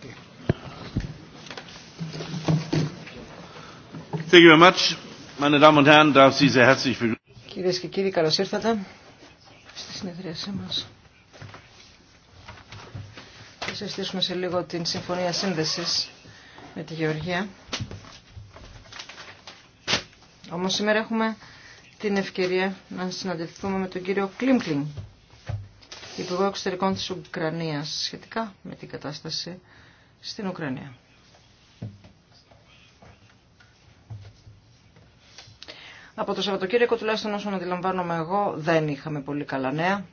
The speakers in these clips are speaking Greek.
Thank και κύριοι, καλώ ήρθατε στη συνεδρίασή μα. Θα συζητήσουμε σε λίγο την Συμφωνία σύνδεση με τη Γεωργία. Όμω σήμερα έχουμε την ευκαιρία να συναντηθούμε με τον κύριο Κλίμκλιν, Υπουργό Εξωτερικών τη Ουκρανία σχετικά με την κατάσταση στην Ουκρανία. Από το Σαββατοκύριακο τουλάχιστον όσο αντιλαμβάνομαι εγώ δεν είχαμε πολύ καλά νέα.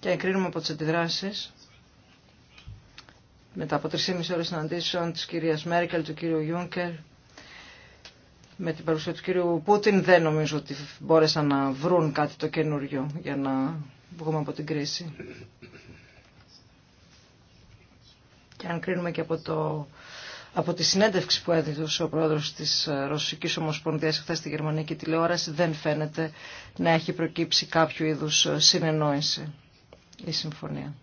Και εγκρίνουμε από τις αντιδράσεις μετά από 3,5 ώρες συναντήσεων της κυρίας Μέρκελ, του κύριου Γιούνκερ, με την παρουσία του κύριου Πούτιν δεν νομίζω ότι μπόρεσαν να βρουν κάτι το καινούριο για να βγούμε από την κρίση. Και αν κρίνουμε και από, το, από τη συνέντευξη που έδωσε ο πρόεδρος της Ρωσικής Ομοσπονδίας χθε στη Γερμανική τηλεόραση, δεν φαίνεται να έχει προκύψει κάποιο είδους συνεννόηση η συμφωνία.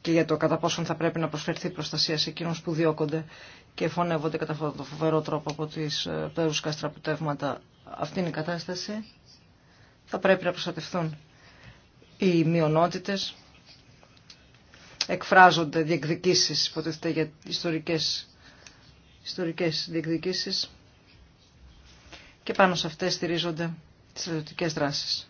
και για το κατά πόσον θα πρέπει να προσφερθεί προστασία σε εκείνου που διώκονται και φωνεύονται κατά αυτόν τον φοβερό τρόπο από τις ε, πέρουσκα στραπουτεύματα. Αυτή είναι η κατάσταση. Θα πρέπει να προστατευθούν οι μειονότητε. Εκφράζονται διεκδικήσεις, υποτίθεται για ιστορικές, ιστορικές διεκδικήσεις. Και πάνω σε αυτέ στηρίζονται τι στρατιωτικέ δράσει.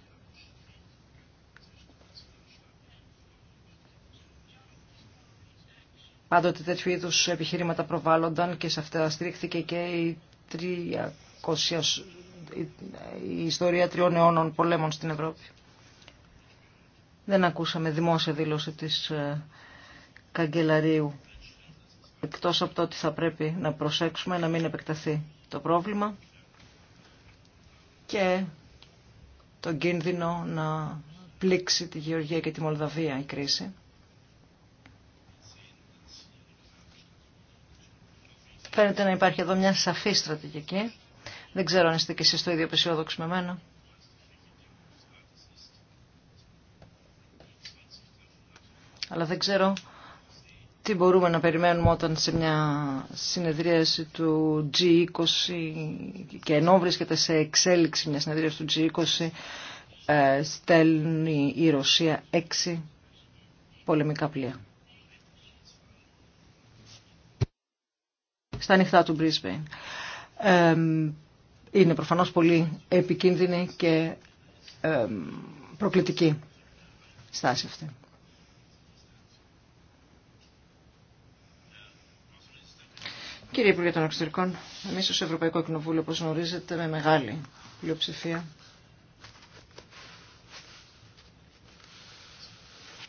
Πάντοτε τέτοιου είδου επιχειρήματα προβάλλονταν και σε αυτά στηρίχθηκε και η, 300, η ιστορία τριών αιώνων πολέμων στην Ευρώπη. Δεν ακούσαμε δημόσια δήλωση της ε, καγκελαρίου εκτός από το ότι θα πρέπει να προσέξουμε να μην επεκταθεί το πρόβλημα και το κίνδυνο να πλήξει τη Γεωργία και τη Μολδαβία η κρίση. Φαίνεται να υπάρχει εδώ μια σαφή στρατηγική. Δεν ξέρω αν είστε και εσείς το ίδιο πεσιόδοξο με μένα. Αλλά δεν ξέρω τι μπορούμε να περιμένουμε όταν σε μια συνεδρίαση του G20 και ενώ βρίσκεται σε εξέλιξη μια συνεδρίαση του G20 ε, στέλνει η Ρωσία έξι πολεμικά πλοία. στα νυχτά του Μπρίσμπεϊν. είναι προφανώς πολύ επικίνδυνη και προκλητική στάση αυτή. Κύριε Υπουργέ των Εξωτερικών, εμείς ως Ευρωπαϊκό Κοινοβούλιο, όπως γνωρίζετε, με μεγάλη πλειοψηφία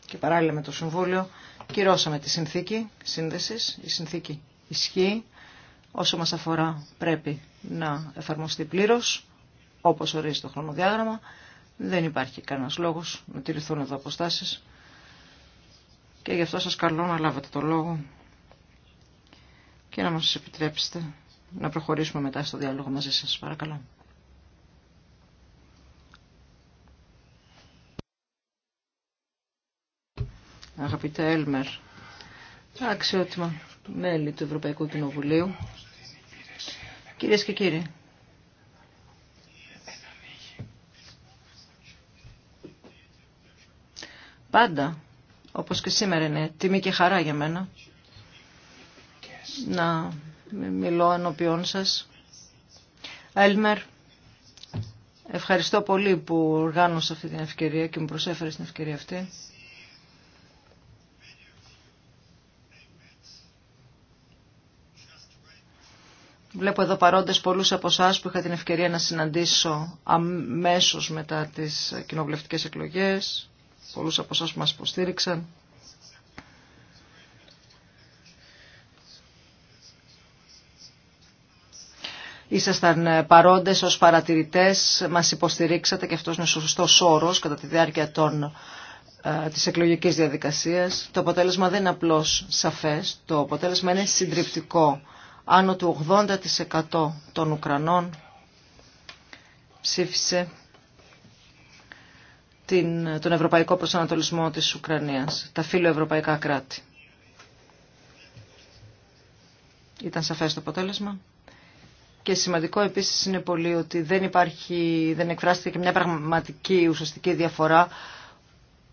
και παράλληλα με το Συμβούλιο, κυρώσαμε τη συνθήκη σύνδεσης, η συνθήκη ισχύει όσο μας αφορά πρέπει να εφαρμοστεί πλήρως, όπως ορίζει το χρονοδιάγραμμα. Δεν υπάρχει κανένας λόγος να τηρηθούν εδώ αποστάσεις και γι' αυτό σας καλώ να λάβετε το λόγο και να μας επιτρέψετε να προχωρήσουμε μετά στο διάλογο μαζί σας. Παρακαλώ. Αγαπητέ Έλμερ, αξιότιμα μέλη του Ευρωπαϊκού Κοινοβουλίου, κυρίες και κύριοι, πάντα, όπως και σήμερα είναι τιμή και χαρά για μένα, να μιλώ ενώπιόν σας. Έλμερ, ευχαριστώ πολύ που οργάνωσα αυτή την ευκαιρία και μου προσέφερε την ευκαιρία αυτή. Βλέπω εδώ παρόντες πολλούς από εσά που είχα την ευκαιρία να συναντήσω αμέσως μετά τις κοινοβουλευτικές εκλογές, πολλούς από εσά που μας υποστήριξαν. Ήσασταν παρόντες ως παρατηρητές, μας υποστηρίξατε και αυτός είναι σωστός όρος κατά τη διάρκεια των ε, της εκλογικής διαδικασίας. Το αποτέλεσμα δεν είναι απλώς σαφές, το αποτέλεσμα είναι συντριπτικό. Άνω του 80% των Ουκρανών ψήφισε την, τον ευρωπαϊκό προσανατολισμό της Ουκρανίας, τα φιλοευρωπαϊκά κράτη. Ήταν σαφές το αποτέλεσμα. Και σημαντικό επίσης είναι πολύ ότι δεν υπάρχει, δεν εκφράστηκε και μια πραγματική ουσιαστική διαφορά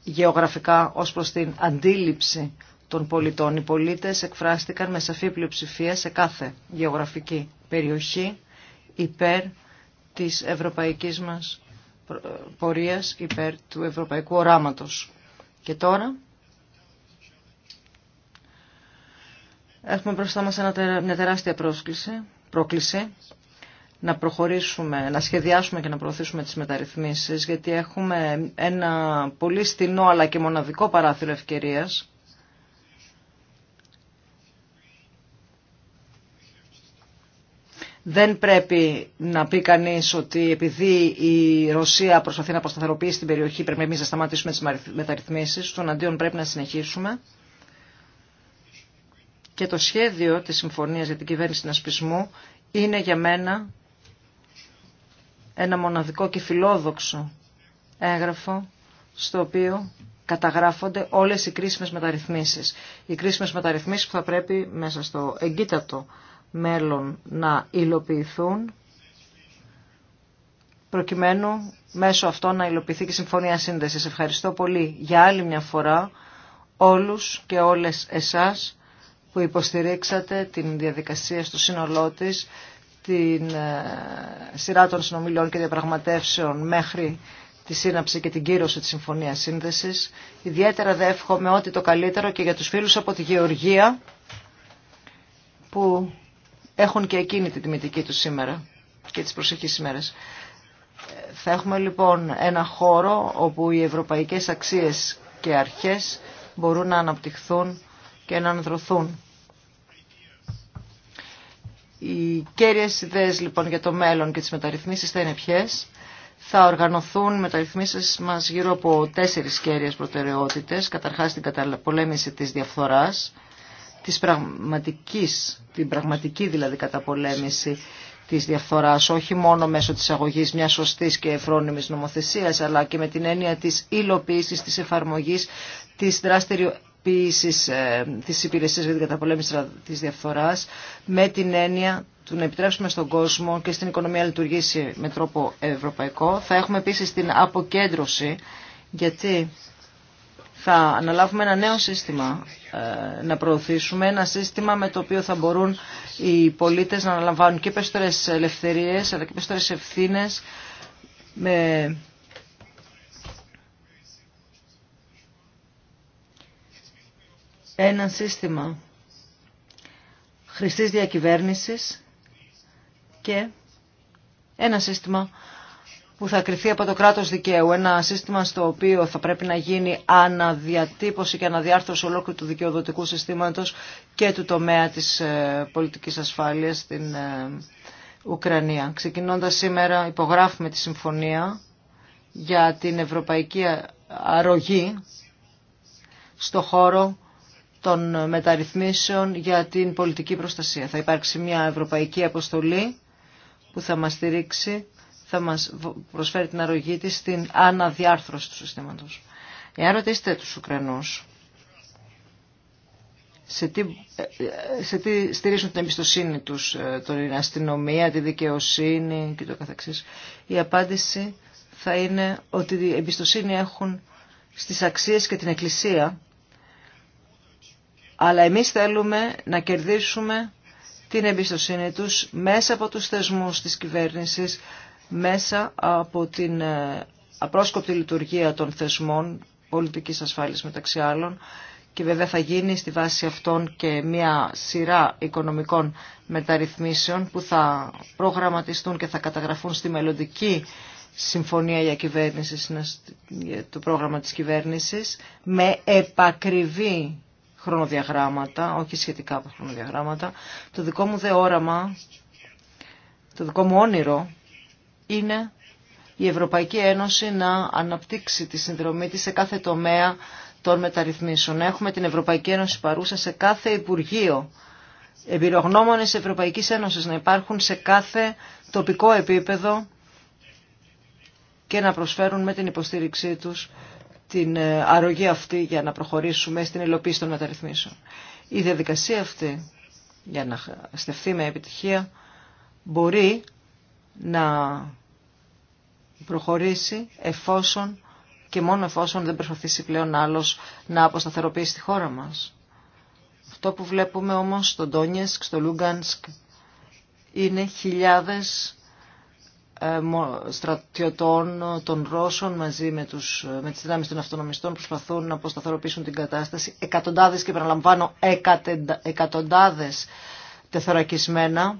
γεωγραφικά ως προς την αντίληψη των πολιτών. Οι πολίτες εκφράστηκαν με σαφή πλειοψηφία σε κάθε γεωγραφική περιοχή υπέρ της ευρωπαϊκής μας πορείας, υπέρ του ευρωπαϊκού οράματος. Και τώρα έχουμε μπροστά μας μια τεράστια πρόσκληση, πρόκληση να προχωρήσουμε, να σχεδιάσουμε και να προωθήσουμε τις μεταρρυθμίσεις, γιατί έχουμε ένα πολύ στενό αλλά και μοναδικό παράθυρο ευκαιρίας Δεν πρέπει να πει κανεί ότι επειδή η Ρωσία προσπαθεί να αποσταθεροποιήσει την περιοχή πρέπει εμεί να σταματήσουμε τις μεταρρυθμίσεις. Στον αντίον πρέπει να συνεχίσουμε. Και το σχέδιο της συμφωνίας για την κυβέρνηση συνασπισμού είναι για μένα ένα μοναδικό και φιλόδοξο έγγραφο στο οποίο καταγράφονται όλες οι κρίσιμες μεταρρυθμίσεις. Οι κρίσιμες μεταρρυθμίσεις που θα πρέπει μέσα στο εγκύτατο μέλλον να υλοποιηθούν προκειμένου μέσω αυτό να υλοποιηθεί και η Συμφωνία Σύνδεσης. Ευχαριστώ πολύ για άλλη μια φορά όλους και όλες εσάς που υποστηρίξατε την διαδικασία στο σύνολό τη την ε, σειρά των συνομιλιών και διαπραγματεύσεων μέχρι τη σύναψη και την κύρωση της Συμφωνίας Σύνδεσης. Ιδιαίτερα δε εύχομαι ότι το καλύτερο και για τους φίλους από τη Γεωργία που έχουν και εκείνη τη τιμητική του σήμερα και τις προσεχείς ημέρες. Θα έχουμε λοιπόν ένα χώρο όπου οι ευρωπαϊκές αξίες και αρχές μπορούν να αναπτυχθούν και να ανδρωθούν. Οι κέρυες ιδέες λοιπόν για το μέλλον και τις μεταρρυθμίσεις θα είναι ποιες. Θα οργανωθούν μεταρρυθμίσεις μας γύρω από τέσσερις κέρυες προτεραιότητες. Καταρχάς την καταπολέμηση της διαφθοράς της πραγματικής, την πραγματική δηλαδή καταπολέμηση της διαφθοράς, όχι μόνο μέσω της αγωγής μιας σωστής και εφρόνιμης νομοθεσίας, αλλά και με την έννοια της υλοποίησης, της εφαρμογής, της δραστηριοποίησης ε, της υπηρεσίας για την καταπολέμηση της διαφθοράς, με την έννοια του να επιτρέψουμε στον κόσμο και στην οικονομία να λειτουργήσει με τρόπο ευρωπαϊκό. Θα έχουμε επίσης την αποκέντρωση, γιατί θα αναλάβουμε ένα νέο σύστημα ε, να προωθήσουμε, ένα σύστημα με το οποίο θα μπορούν οι πολίτες να αναλαμβάνουν και περισσότερες ελευθερίες αλλά και περισσότερες ευθύνες με... ένα σύστημα χρηστής διακυβέρνησης και ένα σύστημα που θα κριθεί από το κράτος δικαίου. Ένα σύστημα στο οποίο θα πρέπει να γίνει αναδιατύπωση και αναδιάρθρωση ολόκληρου του δικαιοδοτικού συστήματος και του τομέα της ε, πολιτικής ασφάλειας στην ε, Ουκρανία. Ξεκινώντας σήμερα υπογράφουμε τη συμφωνία για την ευρωπαϊκή αρρωγή στο χώρο των μεταρρυθμίσεων για την πολιτική προστασία. Θα υπάρξει μια ευρωπαϊκή αποστολή που θα μας στηρίξει θα μας προσφέρει την αρρωγή της στην αναδιάρθρωση του συστήματος. Εάν ρωτήσετε τους Ουκρανούς σε τι, ε, ε, σε τι στηρίζουν την εμπιστοσύνη τους, ε, την αστυνομία, τη δικαιοσύνη και το καθεξής, η απάντηση θα είναι ότι η εμπιστοσύνη έχουν στις αξίες και την εκκλησία, αλλά εμείς θέλουμε να κερδίσουμε την εμπιστοσύνη τους μέσα από τους θεσμούς της κυβέρνησης, μέσα από την ε, απρόσκοπτη λειτουργία των θεσμών πολιτικής ασφάλειας μεταξύ άλλων και βέβαια θα γίνει στη βάση αυτών και μια σειρά οικονομικών μεταρρυθμίσεων που θα προγραμματιστούν και θα καταγραφούν στη μελλοντική συμφωνία για κυβέρνηση, το πρόγραμμα της κυβέρνησης, με επακριβή χρονοδιαγράμματα, όχι σχετικά από χρονοδιαγράμματα. Το δικό μου δε όραμα, το δικό μου όνειρο είναι η Ευρωπαϊκή Ένωση να αναπτύξει τη συνδρομή της σε κάθε τομέα των μεταρρυθμίσεων. Έχουμε την Ευρωπαϊκή Ένωση παρούσα σε κάθε Υπουργείο. Εμπειρογνώμονες Ευρωπαϊκής Ένωσης να υπάρχουν σε κάθε τοπικό επίπεδο και να προσφέρουν με την υποστήριξή τους την ε, αρρωγή αυτή για να προχωρήσουμε στην υλοποίηση των μεταρρυθμίσεων. Η διαδικασία αυτή για να στεφθεί με επιτυχία μπορεί να προχωρήσει εφόσον και μόνο εφόσον δεν προσπαθήσει πλέον άλλος να αποσταθεροποιήσει τη χώρα μας. Αυτό που βλέπουμε όμως στο Ντόνιεσκ, στο Λούγκανσκ είναι χιλιάδες ε, στρατιωτών των Ρώσων μαζί με, τους, με τις δυνάμεις των αυτονομιστών προσπαθούν να αποσταθεροποιήσουν την κατάσταση. Εκατοντάδες και επαναλαμβάνω εκατοντάδες τεθωρακισμένα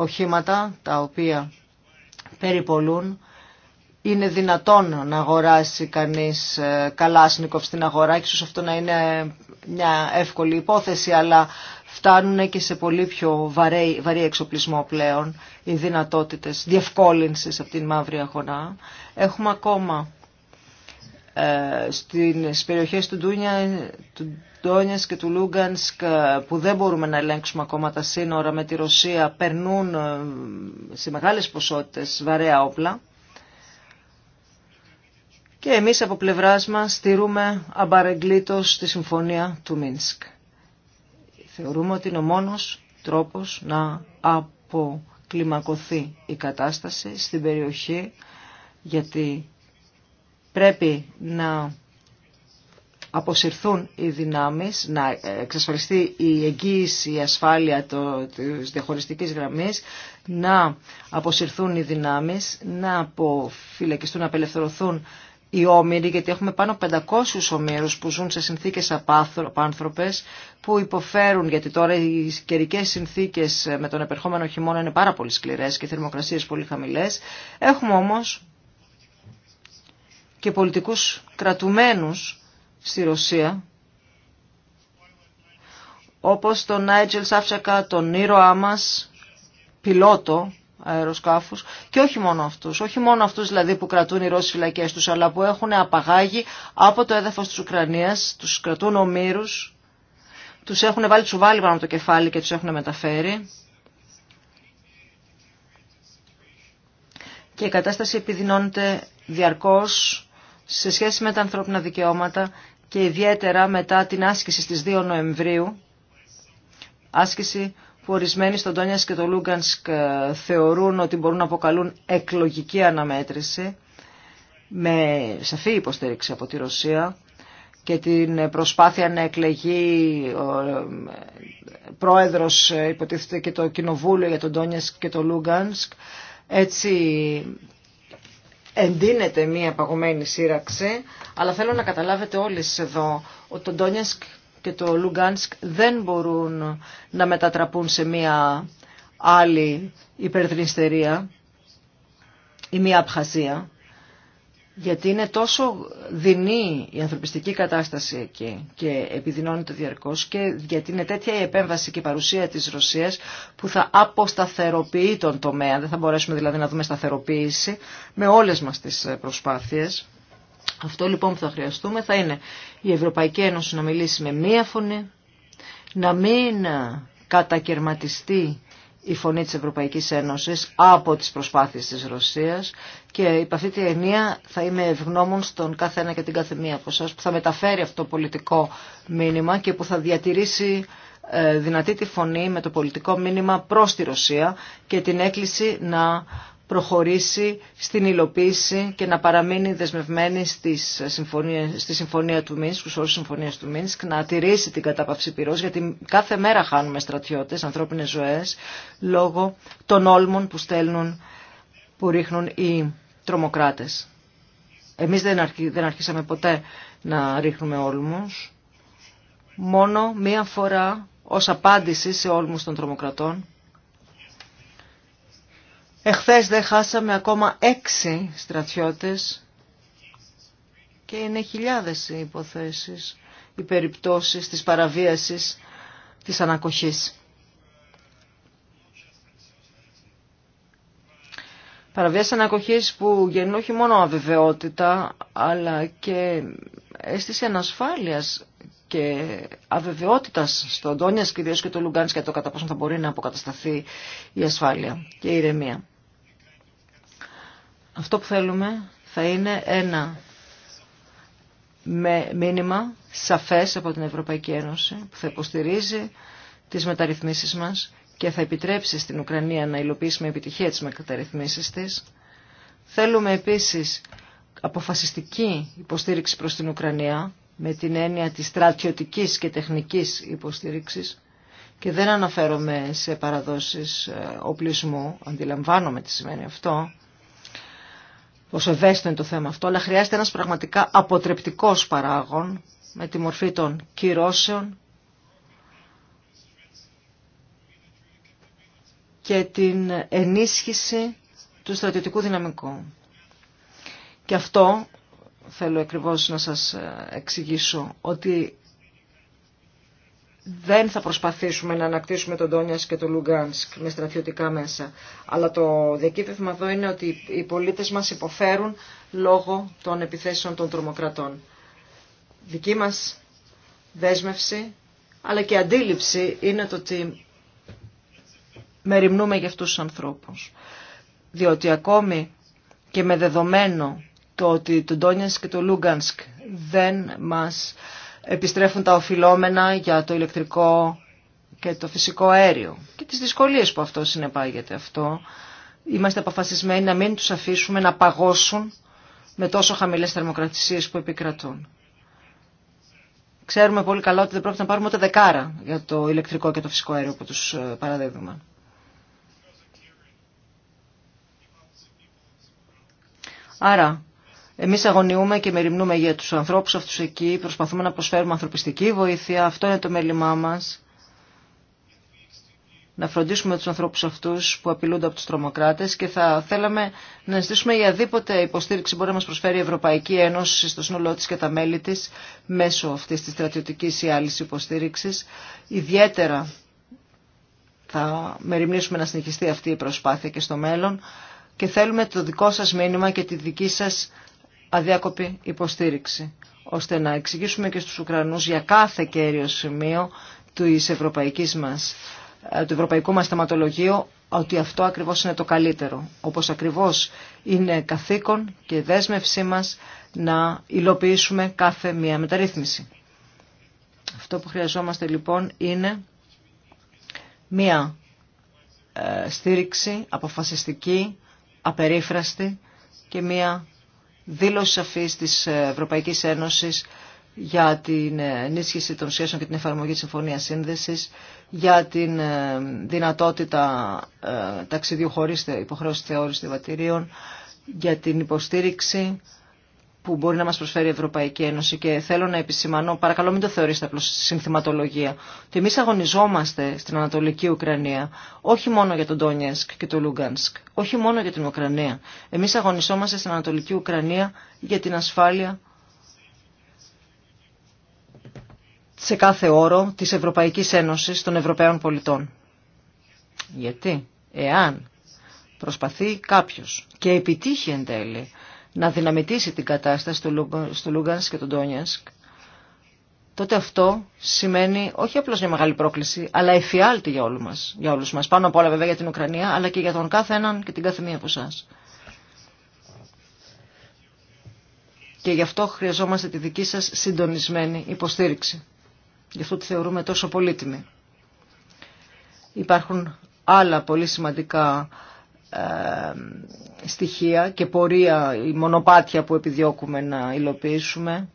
οχήματα τα οποία περιπολούν είναι δυνατόν να αγοράσει κανείς ε, καλάσνικοφ στην αγορά και ίσως αυτό να είναι μια εύκολη υπόθεση αλλά φτάνουν και σε πολύ πιο βαρύ, βαρύ εξοπλισμό πλέον οι δυνατότητες διευκόλυνσης από την μαύρη αγορά. Έχουμε ακόμα ε, στις περιοχές του Ντούνια, Ντόνιας και του Λούγκανσκ ε, που δεν μπορούμε να ελέγξουμε ακόμα τα σύνορα με τη Ρωσία περνούν ε, σε μεγάλες ποσότητες βαρέα όπλα. Και εμείς από πλευράς μας στηρούμε αμπαρεγκλήτως τη συμφωνία του Μίνσκ. Θεωρούμε ότι είναι ο μόνος τρόπος να αποκλιμακωθεί η κατάσταση στην περιοχή γιατί πρέπει να αποσυρθούν οι δυνάμεις, να εξασφαλιστεί η εγγύηση, η ασφάλεια το, της διαχωριστικής γραμμής, να αποσυρθούν οι δυνάμεις, να αποφυλακιστούν, να απελευθερωθούν οι όμοιροι, γιατί έχουμε πάνω 500 ομοίρους που ζουν σε συνθήκες απάνθρωπες, που υποφέρουν, γιατί τώρα οι καιρικέ συνθήκες με τον επερχόμενο χειμώνα είναι πάρα πολύ σκληρές και οι θερμοκρασίες πολύ χαμηλές. Έχουμε όμως και πολιτικούς κρατουμένους στη Ρωσία, όπως τον Νάιτζελ Σάφτσακα, τον ήρωά μας, πιλότο αεροσκάφους και όχι μόνο αυτούς, όχι μόνο αυτούς δηλαδή που κρατούν οι Ρώσοι φυλακές τους, αλλά που έχουν απαγάγει από το έδαφος της Ουκρανίας, τους κρατούν ομήρους, τους έχουν βάλει τσουβάλι πάνω από το κεφάλι και τους έχουν μεταφέρει. Και η κατάσταση επιδεινώνεται διαρκώς σε σχέση με τα ανθρώπινα δικαιώματα και ιδιαίτερα μετά την άσκηση στις 2 Νοεμβρίου, άσκηση που ορισμένοι στον Τόνιας και το Λούγκανσκ ε, θεωρούν ότι μπορούν να αποκαλούν εκλογική αναμέτρηση, με σαφή υποστήριξη από τη Ρωσία και την προσπάθεια να εκλεγεί ε, πρόεδρος ε, υποτίθεται και το Κοινοβούλιο για τον Τόνιας και το Λούγκανσκ, έτσι εντείνεται μία παγωμένη σύραξη, αλλά θέλω να καταλάβετε όλοι εδώ ότι το Ντόνιασκ και το Λουγκάνσκ δεν μπορούν να μετατραπούν σε μία άλλη υπερδνηστερία ή μία Απχαζία γιατί είναι τόσο δεινή η ανθρωπιστική κατάσταση εκεί και επιδεινώνεται διαρκώς και γιατί είναι τέτοια η επέμβαση και η παρουσία της Ρωσίας που θα αποσταθεροποιεί τον τομέα, δεν θα μπορέσουμε δηλαδή να δούμε σταθεροποίηση με όλες μας τις προσπάθειες. Αυτό λοιπόν που θα χρειαστούμε θα είναι η Ευρωπαϊκή Ένωση να μιλήσει με μία φωνή, να μην κατακαιρματιστεί η φωνή της Ευρωπαϊκής Ένωσης από τις προσπάθειες της Ρωσίας και υπ' αυτή τη ενία θα είμαι ευγνώμων στον κάθε ένα και την κάθε μία από εσάς που θα μεταφέρει αυτό το πολιτικό μήνυμα και που θα διατηρήσει ε, δυνατή τη φωνή με το πολιτικό μήνυμα προς τη Ρωσία και την έκκληση να προχωρήσει στην υλοποίηση και να παραμείνει δεσμευμένη στις στη συμφωνία του Μίνσκ, στους όρους συμφωνίας του Μίνσκ, να τηρήσει την κατάπαυση πυρός, γιατί κάθε μέρα χάνουμε στρατιώτες, ανθρώπινες ζωές, λόγω των όλμων που στέλνουν, που ρίχνουν οι τρομοκράτες. Εμείς δεν, δεν αρχίσαμε ποτέ να ρίχνουμε όλμους, μόνο μία φορά ως απάντηση σε όλμους των τρομοκρατών, Εχθές δεν χάσαμε ακόμα έξι στρατιώτες και είναι χιλιάδες οι υποθέσεις, οι περιπτώσεις της παραβίασης της ανακοχής. Παραβίαση ανακοχής που γεννούν μόνο αβεβαιότητα, αλλά και αίσθηση ανασφάλειας και αβεβαιότητα στον Αντώνια και και το Λουγκάνσκ για το κατά πόσο θα μπορεί να αποκατασταθεί η ασφάλεια και η ηρεμία. Αυτό που θέλουμε θα είναι ένα με μήνυμα σαφές από την Ευρωπαϊκή Ένωση που θα υποστηρίζει τις μεταρρυθμίσεις μας και θα επιτρέψει στην Ουκρανία να υλοποιήσει με επιτυχία τις μεταρρυθμίσεις της. Θέλουμε επίσης αποφασιστική υποστήριξη προς την Ουκρανία με την έννοια της στρατιωτικής και τεχνικής υποστήριξης και δεν αναφέρομαι σε παραδόσεις ε, οπλισμού, αντιλαμβάνομαι τι σημαίνει αυτό, πόσο ευαίσθητο είναι το θέμα αυτό, αλλά χρειάζεται ένας πραγματικά αποτρεπτικός παράγων με τη μορφή των κυρώσεων και την ενίσχυση του στρατιωτικού δυναμικού. Και αυτό θέλω ακριβώς να σας ε, εξηγήσω ότι δεν θα προσπαθήσουμε να ανακτήσουμε τον Τόνιας και τον Λουγκάνσκ με στρατιωτικά μέσα. Αλλά το διακύβευμα εδώ είναι ότι οι πολίτες μας υποφέρουν λόγω των επιθέσεων των τρομοκρατών. Δική μας δέσμευση αλλά και αντίληψη είναι το ότι μεριμνούμε για αυτούς τους ανθρώπους. Διότι ακόμη και με δεδομένο το ότι το Ντόνιανσκ και το Λούγκανσκ δεν μας επιστρέφουν τα οφειλόμενα για το ηλεκτρικό και το φυσικό αέριο και τις δυσκολίες που αυτό συνεπάγεται αυτό. Είμαστε αποφασισμένοι να μην τους αφήσουμε να παγώσουν με τόσο χαμηλές θερμοκρατησίες που επικρατούν. Ξέρουμε πολύ καλά ότι δεν πρόκειται να πάρουμε ούτε δεκάρα για το ηλεκτρικό και το φυσικό αέριο που τους ε, παραδεύουμε. Άρα, εμείς αγωνιούμε και μεριμνούμε για τους ανθρώπους αυτούς εκεί, προσπαθούμε να προσφέρουμε ανθρωπιστική βοήθεια, αυτό είναι το μέλημά μας. Να φροντίσουμε τους ανθρώπους αυτούς που απειλούνται από τους τρομοκράτες και θα θέλαμε να ζητήσουμε οποιαδήποτε υποστήριξη μπορεί να μας προσφέρει η Ευρωπαϊκή Ένωση στο σύνολό της και τα μέλη της μέσω αυτής της στρατιωτικής ή άλλης υποστήριξης. Ιδιαίτερα θα μεριμνήσουμε να συνεχιστεί αυτή η προσπάθεια και στο μέλλον και θέλουμε το δικό σας μήνυμα και τη δική σας αδιάκοπη υποστήριξη, ώστε να εξηγήσουμε και στους Ουκρανούς για κάθε κέριο σημείο ευρωπαϊκής ε, του ευρωπαϊκού μας θεματολογίου ότι αυτό ακριβώς είναι το καλύτερο. Όπως ακριβώς είναι καθήκον και δέσμευσή μας να υλοποιήσουμε κάθε μία μεταρρύθμιση. Αυτό που χρειαζόμαστε λοιπόν είναι μία ε, στήριξη αποφασιστική, απερίφραστη και μία δήλωση αφή της Ευρωπαϊκή Ένωσης για την ενίσχυση των σχέσεων και την εφαρμογή της Συμφωνίας Σύνδεσης, για την ε, δυνατότητα ε, ταξιδιού χωρίς υποχρέωση θεώρηση διαβατηρίων, για την υποστήριξη που μπορεί να μας προσφέρει η Ευρωπαϊκή Ένωση και θέλω να επισημανώ, παρακαλώ μην το θεωρήσετε απλώς συνθηματολογία, ότι εμείς αγωνιζόμαστε στην Ανατολική Ουκρανία, όχι μόνο για τον Ντόνιεσκ και τον Λούγκανσκ, όχι μόνο για την Ουκρανία. Εμείς αγωνιζόμαστε στην Ανατολική Ουκρανία για την ασφάλεια σε κάθε όρο της Ευρωπαϊκής Ένωσης των Ευρωπαίων πολιτών. Γιατί, εάν προσπαθεί κάποιος και επιτύχει εν τέλει να δυναμητήσει την κατάσταση στο Λούγκανσκ και τον Τόνιασκ, τότε αυτό σημαίνει όχι απλώς μια μεγάλη πρόκληση, αλλά εφιάλτη για όλους μας. Για όλους μας. Πάνω απ' όλα βέβαια για την Ουκρανία, αλλά και για τον κάθε έναν και την κάθε μία από εσά. Και γι' αυτό χρειαζόμαστε τη δική σας συντονισμένη υποστήριξη. Γι' αυτό τη θεωρούμε τόσο πολύτιμη. Υπάρχουν άλλα πολύ σημαντικά ε, στοιχεία και πορεία, η μονοπάτια που επιδιώκουμε να υλοποιήσουμε.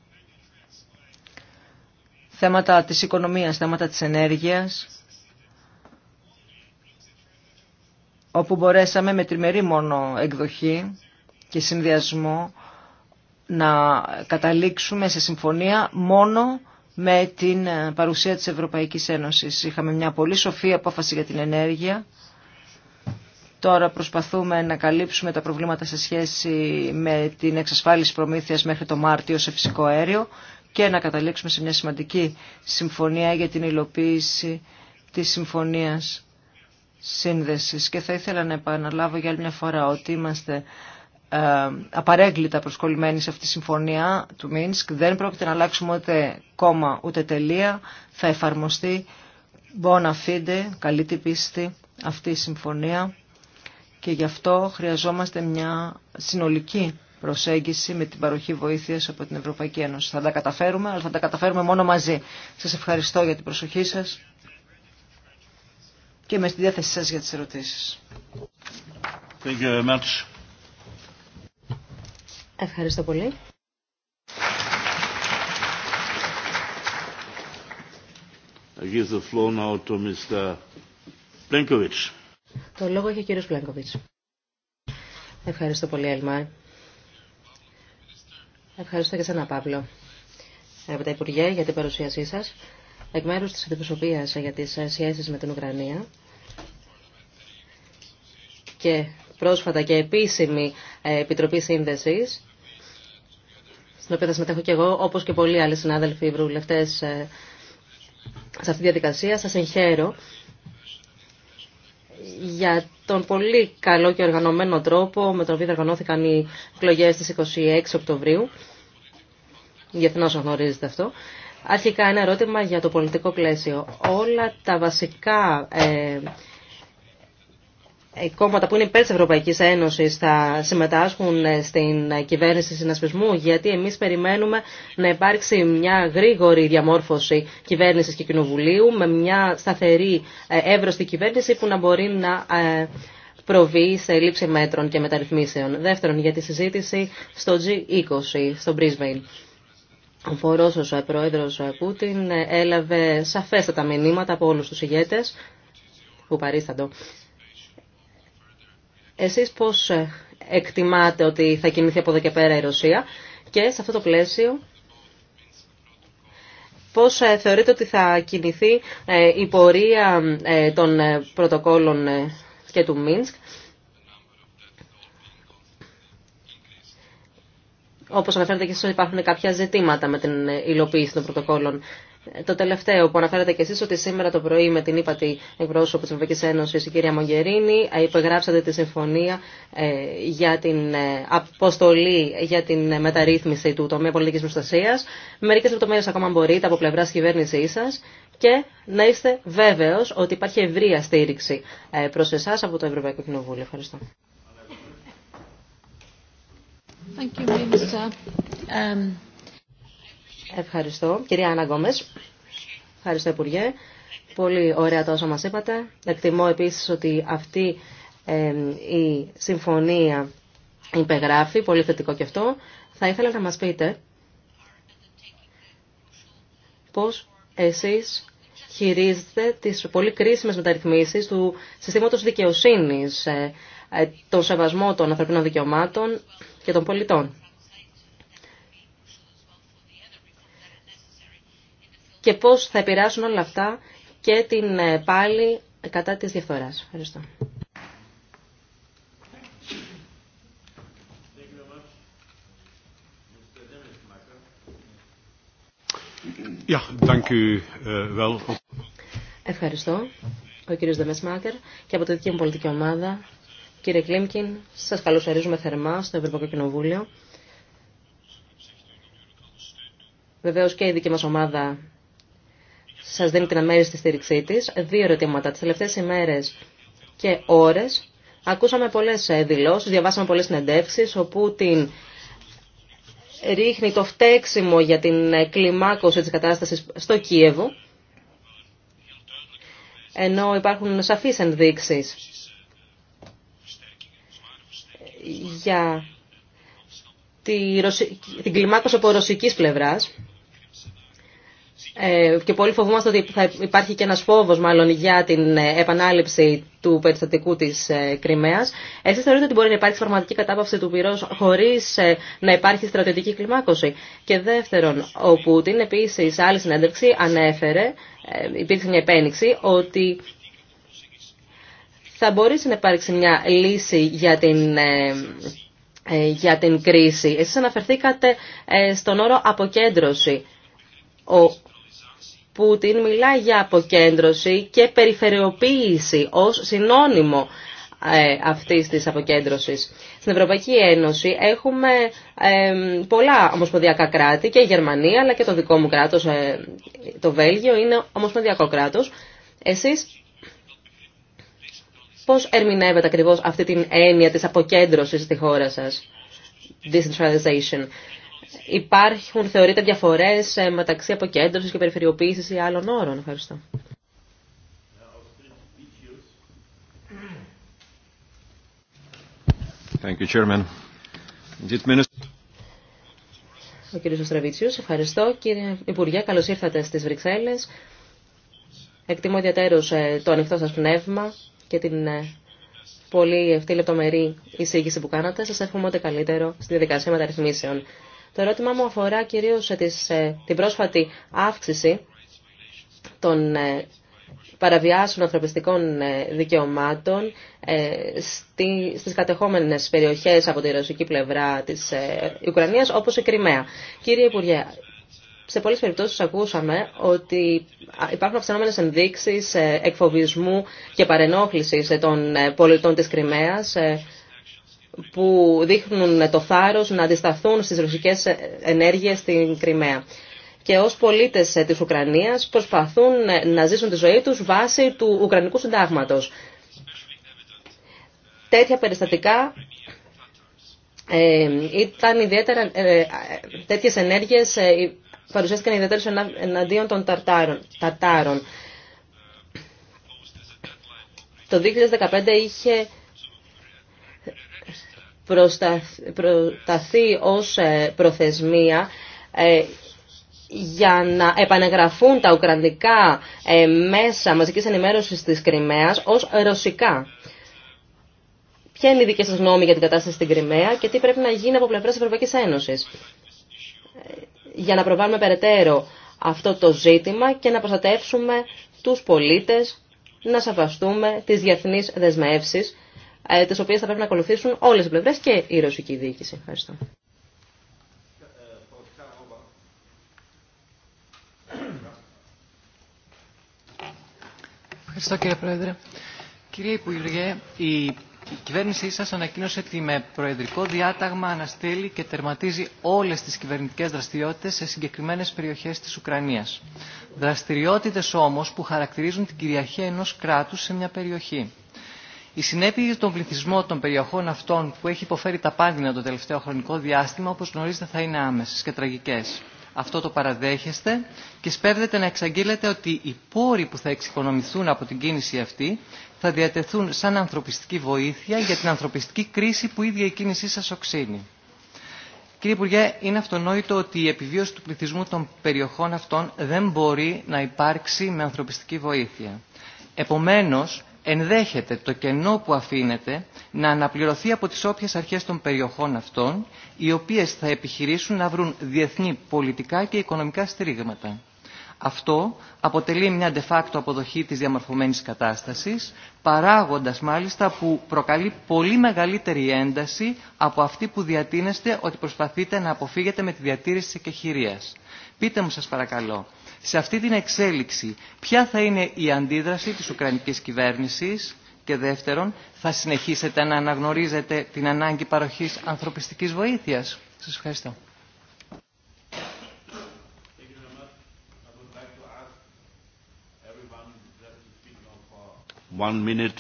Θέματα της οικονομίας, θέματα της ενέργειας, όπου μπορέσαμε με τριμερή μόνο εκδοχή και συνδυασμό να καταλήξουμε σε συμφωνία μόνο με την παρουσία της Ευρωπαϊκής Ένωσης. Είχαμε μια πολύ σοφή απόφαση για την ενέργεια Τώρα προσπαθούμε να καλύψουμε τα προβλήματα σε σχέση με την εξασφάλιση προμήθειας μέχρι το Μάρτιο σε φυσικό αέριο και να καταλήξουμε σε μια σημαντική συμφωνία για την υλοποίηση της συμφωνίας σύνδεσης. Και θα ήθελα να επαναλάβω για άλλη μια φορά ότι είμαστε ε, απαρέγκλητα προσκολλημένοι σε αυτή τη συμφωνία του Μίνσκ. Δεν πρόκειται να αλλάξουμε ούτε κόμμα ούτε τελεία. Θα εφαρμοστεί bona να καλή την πίστη, αυτή η συμφωνία και γι' αυτό χρειαζόμαστε μια συνολική προσέγγιση με την παροχή βοήθειας από την Ευρωπαϊκή Ένωση. Θα τα καταφέρουμε, αλλά θα τα καταφέρουμε μόνο μαζί. Σας ευχαριστώ για την προσοχή σας και με στη διάθεσή σας για τις ερωτήσεις. Ευχαριστώ πολύ. I give the floor now to Mr. Plenković. Το λόγο έχει ο κύριος Πλάνκοβιτς. Ευχαριστώ πολύ, Έλμα. Ευχαριστώ και σένα, Παύλο. τα Υπουργέ, για την παρουσίασή σας. Εκ μέρους της αντιπροσωπείας για τις σχέσεις με την Ουκρανία και πρόσφατα και επίσημη ε, Επιτροπή Σύνδεσης, στην οποία θα συμμετέχω και εγώ, όπως και πολλοί άλλοι συνάδελφοι βουλευτές ε, σε αυτή τη διαδικασία. Σας εγχαίρω για τον πολύ καλό και οργανωμένο τρόπο με τον οποίο οργανώθηκαν οι εκλογέ στις 26 Οκτωβρίου. διεθνώ γνωρίζετε αυτό. Αρχικά ένα ερώτημα για το πολιτικό πλαίσιο. Όλα τα βασικά ε, ε, κόμματα που είναι υπέρ της Ευρωπαϊκής Ένωσης θα συμμετάσχουν ε, στην κυβέρνηση συνασπισμού, γιατί εμείς περιμένουμε να υπάρξει μια γρήγορη διαμόρφωση κυβέρνησης και κοινοβουλίου με μια σταθερή ε, εύρωστη κυβέρνηση που να μπορεί να προβεί σε λήψη μέτρων και μεταρρυθμίσεων. Δεύτερον, για τη συζήτηση στο G20, στο Brisbane. Ο φορός ο Πρόεδρος Πούτιν έλαβε σαφέστατα μηνύματα από όλους τους ηγέτες που παρίσταντο εσείς πώς ε, εκτιμάτε ότι θα κινηθεί από εδώ και πέρα η Ρωσία και σε αυτό το πλαίσιο πώς ε, θεωρείτε ότι θα κινηθεί ε, η πορεία των πρωτοκόλων και του Μίνσκ Όπως αναφέρατε και εσείς υπάρχουν κάποια ζητήματα με την υλοποίηση των πρωτοκόλων το τελευταίο που αναφέρατε και εσείς ότι σήμερα το πρωί με την ύπατη εκπρόσωπο της Ευρωπαϊκή Ένωση, η κυρία Μογγερίνη ε, υπεγράψατε τη συμφωνία ε, για την ε, αποστολή για την μεταρρύθμιση του τομέα πολιτικής προστασίας. Μερικές λεπτομέρειε ακόμα μπορείτε από πλευρά κυβέρνησή σα και να είστε βέβαιο ότι υπάρχει ευρία στήριξη προ εσά από το Ευρωπαϊκό Κοινοβούλιο. Ευχαριστώ. Thank you, Ευχαριστώ. Κυρία Άννα Γκόμες. Ευχαριστώ, Υπουργέ. Πολύ ωραία τα όσα μας είπατε. Εκτιμώ επίσης ότι αυτή η συμφωνία υπεγράφει. Πολύ θετικό και αυτό. Θα ήθελα να μας πείτε πώς εσείς χειρίζετε τις πολύ κρίσιμες μεταρρυθμίσεις του συστήματος δικαιοσύνης, ε, ε, τον σεβασμό των ανθρωπίνων δικαιωμάτων και των πολιτών. και πώς θα επηρεάσουν όλα αυτά και την ε, πάλι κατά της διαφθοράς. Ευχαριστώ. Eh, Ευχαριστώ. Ο κύριος Δεμεσμάκερ και από τη δική μου πολιτική ομάδα. Κύριε Κλίμκιν, σας καλωσορίζουμε θερμά στο Ευρωπαϊκό Κοινοβούλιο. Βεβαίως και η δική μας ομάδα σας δίνει την αμέριστη στήριξή τη, Δύο ερωτήματα. Τις τελευταίες ημέρε και ώρες ακούσαμε πολλές ε, δηλώσει, διαβάσαμε πολλές συνεντεύξει, όπου την ρίχνει το φταίξιμο για την ε, κλιμάκωση της κατάστασης στο Κίεβο ενώ υπάρχουν σαφείς ενδείξεις για την κλιμάκωση από ρωσικής πλευράς ε, και πολύ φοβούμαστε ότι θα υπάρχει και ένας φόβος μάλλον για την ε, επανάληψη του περιστατικού της ε, Κρυμαίας. Εσείς θεωρείτε ότι μπορεί να υπάρξει πραγματική κατάπαυση του πυρός χωρίς να υπάρχει στρατιωτική κλιμάκωση. Και δεύτερον, ο Πούτιν επίσης άλλη συνέντευξη ανέφερε, υπήρξε μια επένοιξη ότι θα μπορέσει να υπάρξει μια λύση για την για την κρίση. Εσείς αναφερθήκατε στον όρο «αποκέντρωση». Ο την μιλά για αποκέντρωση και περιφερειοποίηση ως συνώνυμο ε, αυτής της αποκέντρωσης. Στην Ευρωπαϊκή Ένωση έχουμε ε, πολλά ομοσπονδιακά κράτη και η Γερμανία αλλά και το δικό μου κράτος, ε, το Βέλγιο, είναι ομοσπονδιακό κράτος. Εσείς πώς ερμηνεύετε ακριβώς αυτή την έννοια της αποκέντρωσης στη χώρα σας, decentralization υπάρχουν, θεωρείται, διαφορές ε, μεταξύ αποκέντρωσης και περιφερειοποίησης ή άλλων όρων. Ευχαριστώ. Thank you, Chairman. Ο κύριος ευχαριστώ. Κύριε Υπουργέ, καλώς ήρθατε στις Βρυξέλλες. Εκτιμώ ιδιαίτερως ε, το ανοιχτό σας πνεύμα και την ε, πολύ αυτή λεπτομερή εισήγηση που κάνατε. Σας εύχομαι ό,τι καλύτερο στη διαδικασία μεταρρυθμίσεων. Το ερώτημά μου αφορά κυρίως ε, ε, την πρόσφατη αύξηση των ε, παραβιάσεων ανθρωπιστικών δικαιωμάτων στις κατεχόμενες περιοχές από τη ρωσική πλευρά της Ουκρανίας, όπως η Κρυμαία. Κύριε Υπουργέ, σε πολλές περιπτώσεις ακούσαμε ότι υπάρχουν αυξανόμενες ενδείξεις εκφοβισμού και παρενόχλησης των πολιτών της Κρυμαίας που δείχνουν το θάρρος να αντισταθούν στις ρωσικές ενέργειες στην Κρυμαία. Και ως πολίτες της Ουκρανίας προσπαθούν να ζήσουν τη ζωή τους βάσει του Ουκρανικού Συντάγματος. Τέτοια περιστατικά ε, ήταν ιδιαίτερα, ε, τέτοιες ενέργειες ε, παρουσιάστηκαν ιδιαίτερα εναντίον των ταρτάρων, ταρτάρων. Το 2015 είχε προσταθεί ως ε, προθεσμία ε, για να επανεγραφούν τα ουκρανικά ε, μέσα μαζικής ενημέρωσης της Κρυμαίας ως ρωσικά. Ποια είναι η δική σας γνώμη για την κατάσταση στην Κρυμαία και τι πρέπει να γίνει από πλευράς Ευρωπαϊκής Ένωσης για να προβάλλουμε περαιτέρω αυτό το ζήτημα και να προστατεύσουμε τους πολίτες να σαβαστούμε τις διεθνείς δεσμεύσεις ε, τις οποίες θα πρέπει να ακολουθήσουν όλες οι πλευρέ και η ρωσική διοίκηση. Ευχαριστώ. Ευχαριστώ κύριε Πρόεδρε. Κύριε Υπουργέ, η κυβέρνησή σας ανακοίνωσε ότι με προεδρικό διάταγμα αναστέλει και τερματίζει όλες τις κυβερνητικές δραστηριότητες σε συγκεκριμένες περιοχές της Ουκρανίας. Δραστηριότητες όμως που χαρακτηρίζουν την κυριαρχία ενός κράτους σε μια περιοχή. Η συνέπειε για τον πληθυσμό των περιοχών αυτών που έχει υποφέρει τα πάντα το τελευταίο χρονικό διάστημα, όπω γνωρίζετε, θα είναι άμεσε και τραγικέ. Αυτό το παραδέχεστε και σπέβδεται να εξαγγείλετε ότι οι πόροι που θα εξοικονομηθούν από την κίνηση αυτή θα διατεθούν σαν ανθρωπιστική βοήθεια για την ανθρωπιστική κρίση που η ίδια η κίνησή σα οξύνει. Κύριε Υπουργέ, είναι αυτονόητο ότι η επιβίωση του πληθυσμού των περιοχών αυτών δεν μπορεί να υπάρξει με ανθρωπιστική βοήθεια. Επομένως, ενδέχεται το κενό που αφήνεται να αναπληρωθεί από τις όποιες αρχές των περιοχών αυτών, οι οποίες θα επιχειρήσουν να βρουν διεθνή πολιτικά και οικονομικά στηρίγματα. Αυτό αποτελεί μια de facto αποδοχή της διαμορφωμένης κατάστασης, παράγοντας μάλιστα που προκαλεί πολύ μεγαλύτερη ένταση από αυτή που διατείνεστε ότι προσπαθείτε να αποφύγετε με τη διατήρηση της εκεχηρίας. Πείτε μου σας παρακαλώ, σε αυτή την εξέλιξη ποια θα είναι η αντίδραση της Ουκρανικής κυβέρνησης και δεύτερον θα συνεχίσετε να αναγνωρίζετε την ανάγκη παροχής ανθρωπιστικής βοήθειας. Σας ευχαριστώ. One minute.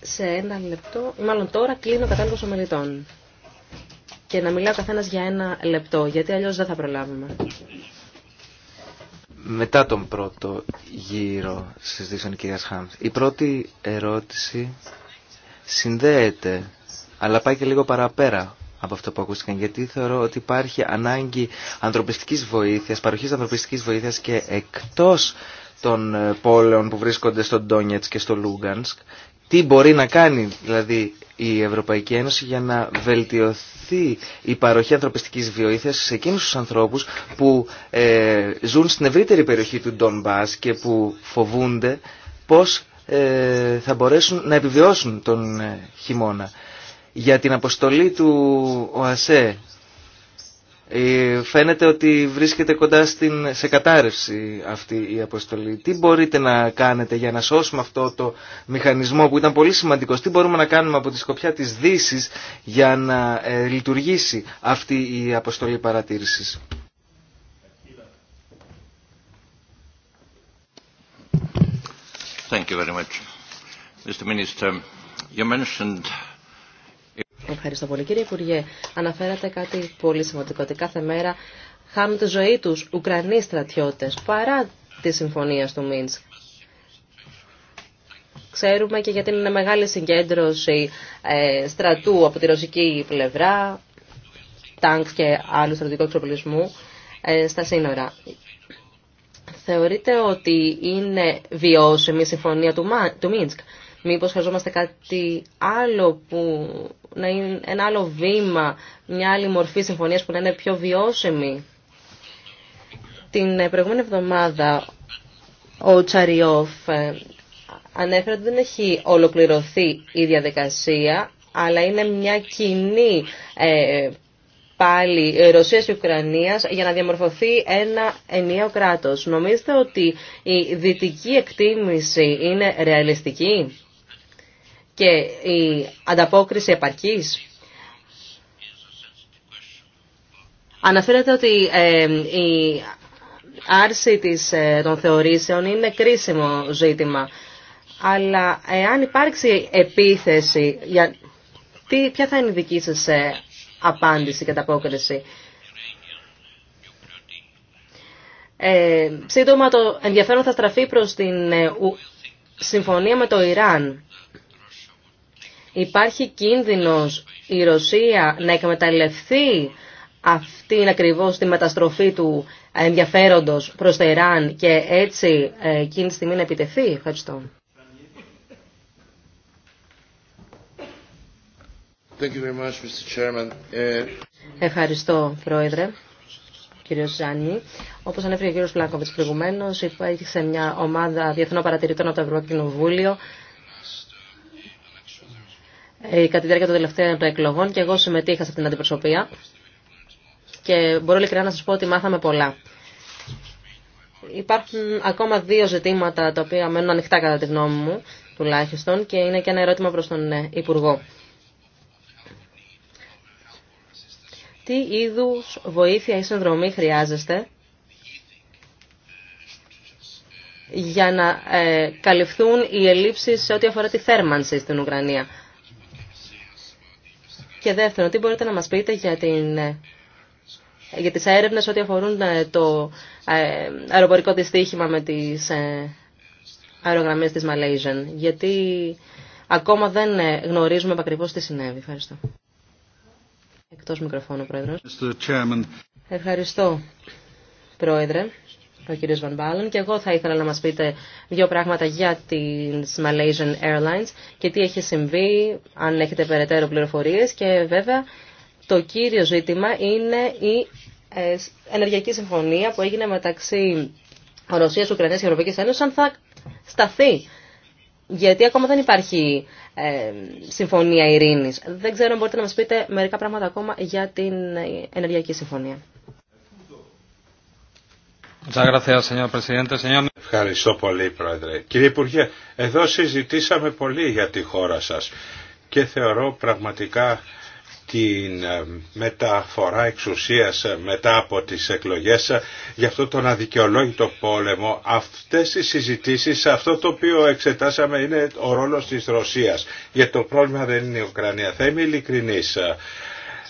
Σε ένα λεπτό, μάλλον τώρα κλείνω κατάλληλο ομιλητών και να μιλάει ο καθένας για ένα λεπτό, γιατί αλλιώς δεν θα προλάβουμε. Μετά τον πρώτο γύρο συζητήσεων κυρία Χάμ, η πρώτη ερώτηση συνδέεται, αλλά πάει και λίγο παραπέρα από αυτό που ακούστηκαν, γιατί θεωρώ ότι υπάρχει ανάγκη ανθρωπιστικής βοήθειας, παροχής ανθρωπιστικής βοήθειας και εκτός των ε, πόλεων που βρίσκονται στο Ντόνιετς και στο Λούγκανσκ, τι μπορεί να κάνει δηλαδή η Ευρωπαϊκή Ένωση για να βελτιωθεί η παροχή ανθρωπιστικής βιοήθειας σε εκείνους τους ανθρώπους που ε, ζουν στην ευρύτερη περιοχή του Ντόν και που φοβούνται πώς ε, θα μπορέσουν να επιβιώσουν τον ε, χειμώνα. Για την αποστολή του ΟΑΣΕ ε, φαίνεται ότι βρίσκεται κοντά στην, σε κατάρρευση αυτή η αποστολή. Τι μπορείτε να κάνετε για να σώσουμε αυτό το μηχανισμό που ήταν πολύ σημαντικό; Τι μπορούμε να κάνουμε από τη σκοπιά της δύση για να ε, λειτουργήσει αυτή η αποστολή παρατήρησης. Thank you very much. Mr. Ευχαριστώ πολύ. Κύριε Υπουργέ, αναφέρατε κάτι πολύ σημαντικό, ότι κάθε μέρα χάνουν τη ζωή τους Ουκρανοί στρατιώτες, παρά τη συμφωνία του Μίνσκ. Ξέρουμε και γιατί είναι μεγάλη συγκέντρωση ε, στρατού από τη ρωσική πλευρά, τάγκ και άλλου στρατιωτικού εξοπλισμού ε, στα σύνορα. Θεωρείτε ότι είναι βιώσιμη η συμφωνία του, του Μίνσκ. Μήπως χρειαζόμαστε κάτι άλλο που να είναι ένα άλλο βήμα, μια άλλη μορφή συμφωνίας που να είναι πιο βιώσιμη. Την ε, προηγούμενη εβδομάδα ο Τσαριόφ ε, ανέφερε ότι δεν έχει ολοκληρωθεί η διαδικασία, αλλά είναι μια κοινή ε, πάλι Ρωσία και Ουκρανίας για να διαμορφωθεί ένα ενιαίο κράτος. Νομίζετε ότι η δυτική εκτίμηση είναι ρεαλιστική? και η ανταπόκριση επαρκής. Αναφέρεται ότι ε, η άρση της, ε, των θεωρήσεων είναι κρίσιμο ζήτημα. Αλλά εάν υπάρξει επίθεση, για... Τι, ποια θα είναι η δική σας ε, απάντηση και ανταπόκριση. Ε, σύντομα το ενδιαφέρον θα στραφεί προς την συμφωνία με το Ιράν. Υπάρχει κίνδυνος η Ρωσία να εκμεταλλευτεί αυτήν ακριβώς τη μεταστροφή του ενδιαφέροντος προς το Ιράν και έτσι ε, εκείνη τη στιγμή να επιτεθεί. Ευχαριστώ. Ε, Ευχαριστώ, Πρόεδρε Κύριο Ζάνι. Όπως ανέφερε ο κύριο Πλάκοβιτ προηγουμένως, υπάρχει σε μια ομάδα διεθνών παρατηρητών από το Ευρωπαϊκό Κοινοβούλιο ε, κατά τη διάρκεια των τελευταίων εκλογών και εγώ συμμετείχα σε αυτήν την αντιπροσωπεία και μπορώ ειλικρινά να σα πω ότι μάθαμε πολλά. Υπάρχουν ακόμα δύο ζητήματα τα οποία μένουν ανοιχτά κατά τη γνώμη μου τουλάχιστον και είναι και ένα ερώτημα προς τον ε, Υπουργό. Τι είδου βοήθεια ή συνδρομή χρειάζεστε για να ε, καλυφθούν οι ελλείψεις σε ό,τι αφορά τη θέρμανση στην Ουκρανία. Και δεύτερον, τι μπορείτε να μας πείτε για, την, για τις έρευνες ό,τι αφορούν ε, το ε, αεροπορικό δυστύχημα με τις ε, αερογραμμές της Malaysian. Γιατί ακόμα δεν γνωρίζουμε ακριβώς τι συνέβη. Ευχαριστώ. Εκτός μικροφώνου, Πρόεδρος. Ευχαριστώ, Πρόεδρε ο κύριος Βαν και εγώ θα ήθελα να μας πείτε δύο πράγματα για τις Malaysian Airlines και τι έχει συμβεί, αν έχετε περαιτέρω πληροφορίες και βέβαια το κύριο ζήτημα είναι η ε, ενεργειακή συμφωνία που έγινε μεταξύ Ρωσίας, Ουκρανίας και Ευρωπαϊκής Ένωσης αν θα σταθεί. Γιατί ακόμα δεν υπάρχει ε, συμφωνία ειρήνης. Δεν ξέρω αν μπορείτε να μας πείτε μερικά πράγματα ακόμα για την ενεργειακή συμφωνία. Ευχαριστώ πολύ Πρόεδρε. Κύριε Υπουργέ, εδώ συζητήσαμε πολύ για τη χώρα σας και θεωρώ πραγματικά τη ε, μεταφορά εξουσίας ε, μετά από τις εκλογές ε, για αυτό τον αδικαιολόγητο πόλεμο. Αυτές οι συζητήσεις, αυτό το οποίο εξετάσαμε είναι ο ρόλος της Ρωσίας. Για το πρόβλημα δεν είναι η Ουκρανία. Θα είμαι ειλικρινής.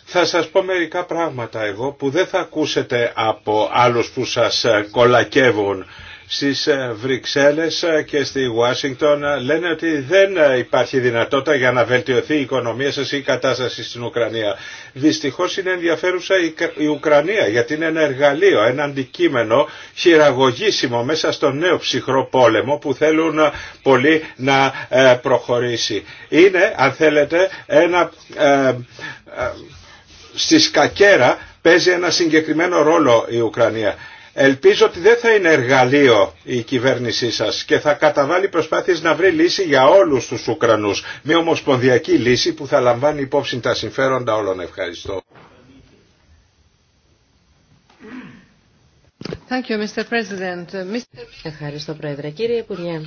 Θα σας πω μερικά πράγματα εγώ που δεν θα ακούσετε από άλλους που σας κολακεύουν στις ε, Βρυξέλλες και στη Ουάσιγκτον λένε ότι δεν υπάρχει δυνατότητα για να βελτιωθεί η οικονομία σας ή η κατάσταση στην Ουκρανία. Δυστυχώς είναι ενδιαφέρουσα η Ουκρανία γιατί είναι ένα εργαλείο, ένα αντικείμενο χειραγωγήσιμο μέσα στο νέο ψυχρό πόλεμο που θέλουν πολύ να ε, προχωρήσει. Είναι, αν θέλετε, ένα ε, στη σκακέρα παίζει ένα συγκεκριμένο ρόλο η Ουκρανία. Ελπίζω ότι δεν θα είναι εργαλείο η κυβέρνησή σας και θα καταβάλει προσπάθειες να βρει λύση για όλους τους Ουκρανούς. Μια ομοσπονδιακή λύση που θα λαμβάνει υπόψη τα συμφέροντα όλων. Ευχαριστώ. Thank you, Mr. President. Ευχαριστώ, Πρόεδρε. Κύριε Υπουργέ,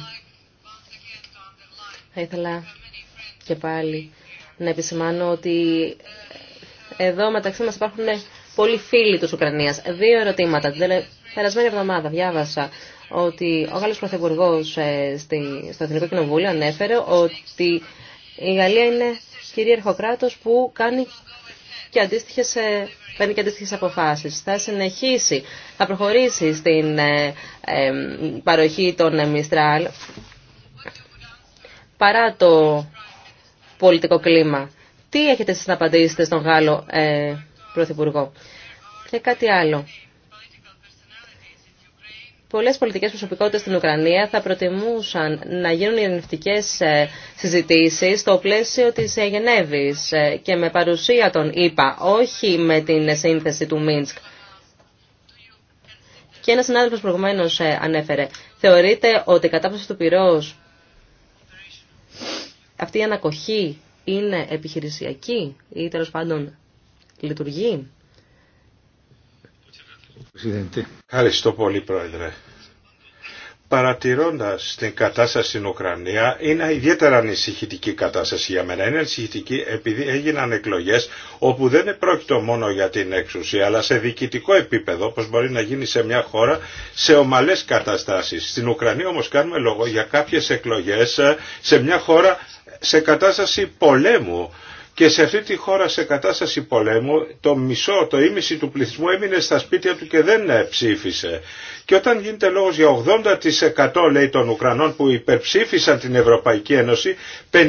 θα ήθελα και πάλι να επισημάνω ότι εδώ μεταξύ μας υπάρχουν ναι, πολλοί φίλοι της Ουκρανίας. Δύο ερωτήματα. Την περασμένη εβδομάδα διάβασα ότι ο Γάλλος Πρωθυπουργός ε, στο Εθνικό Κοινοβούλιο ανέφερε ότι η Γαλλία είναι κυρίαρχο κράτος που κάνει και αντίστοιχες, ε, παίρνει αποφάσεις. Θα συνεχίσει, θα προχωρήσει στην ε, παροχή των Μιστράλ παρά το πολιτικό κλίμα. Τι έχετε εσείς να απαντήσετε στον Γάλλο ε, Πρωθυπουργό. Και κάτι άλλο. Πολλέ πολιτικέ προσωπικότητε στην Ουκρανία θα προτιμούσαν να γίνουν ειρηνευτικέ ε, συζητήσει στο πλαίσιο τη ε, Γενέβη ε, και με παρουσία των ΗΠΑ, όχι με την σύνθεση του Μίνσκ. Και ένα συνάδελφο προηγουμένω ανέφερε. Θεωρείτε ότι η κατάψευση του πυρό, αυτή η ανακοχή είναι επιχειρησιακή ή τέλο πάντων λειτουργεί. Ευχαριστώ πολύ Πρόεδρε. Παρατηρώντας την κατάσταση στην Ουκρανία, είναι ιδιαίτερα ανησυχητική κατάσταση για μένα. Είναι ανησυχητική επειδή έγιναν εκλογές όπου δεν επρόκειτο μόνο για την εξουσία, αλλά σε διοικητικό επίπεδο, όπως μπορεί να γίνει σε μια χώρα, σε ομαλές καταστάσεις. Στην Ουκρανία όμως κάνουμε λόγο για κάποιες εκλογές σε μια χώρα σε κατάσταση πολέμου. Και σε αυτή τη χώρα σε κατάσταση πολέμου το μισό, το ίμιση του πληθυσμού έμεινε στα σπίτια του και δεν ψήφισε. Και όταν γίνεται λόγος για 80% λέει των Ουκρανών που υπερψήφισαν την Ευρωπαϊκή Ένωση, 52%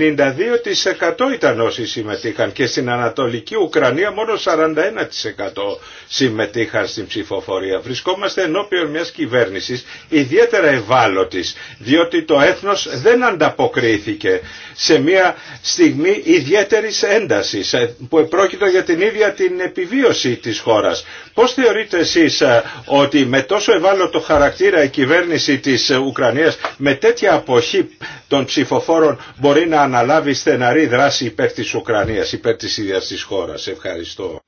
ήταν όσοι συμμετείχαν και στην Ανατολική Ουκρανία μόνο 41% συμμετείχαν στην ψηφοφορία. Βρισκόμαστε ενώπιον μιας κυβέρνησης ιδιαίτερα ευάλωτης, διότι το έθνος δεν ανταποκρίθηκε σε μια στιγμή ιδιαίτερης έντασης ε, που επρόκειτο για την ίδια την επιβίωση της χώρας. Πώς θεωρείτε εσείς ε, ότι με τόσο το χαρακτήρα η κυβέρνηση της Ουκρανίας με τέτοια αποχή των ψηφοφόρων μπορεί να αναλάβει στεναρή δράση υπέρ της Ουκρανίας, υπέρ της ίδιας της χώρας. Ευχαριστώ.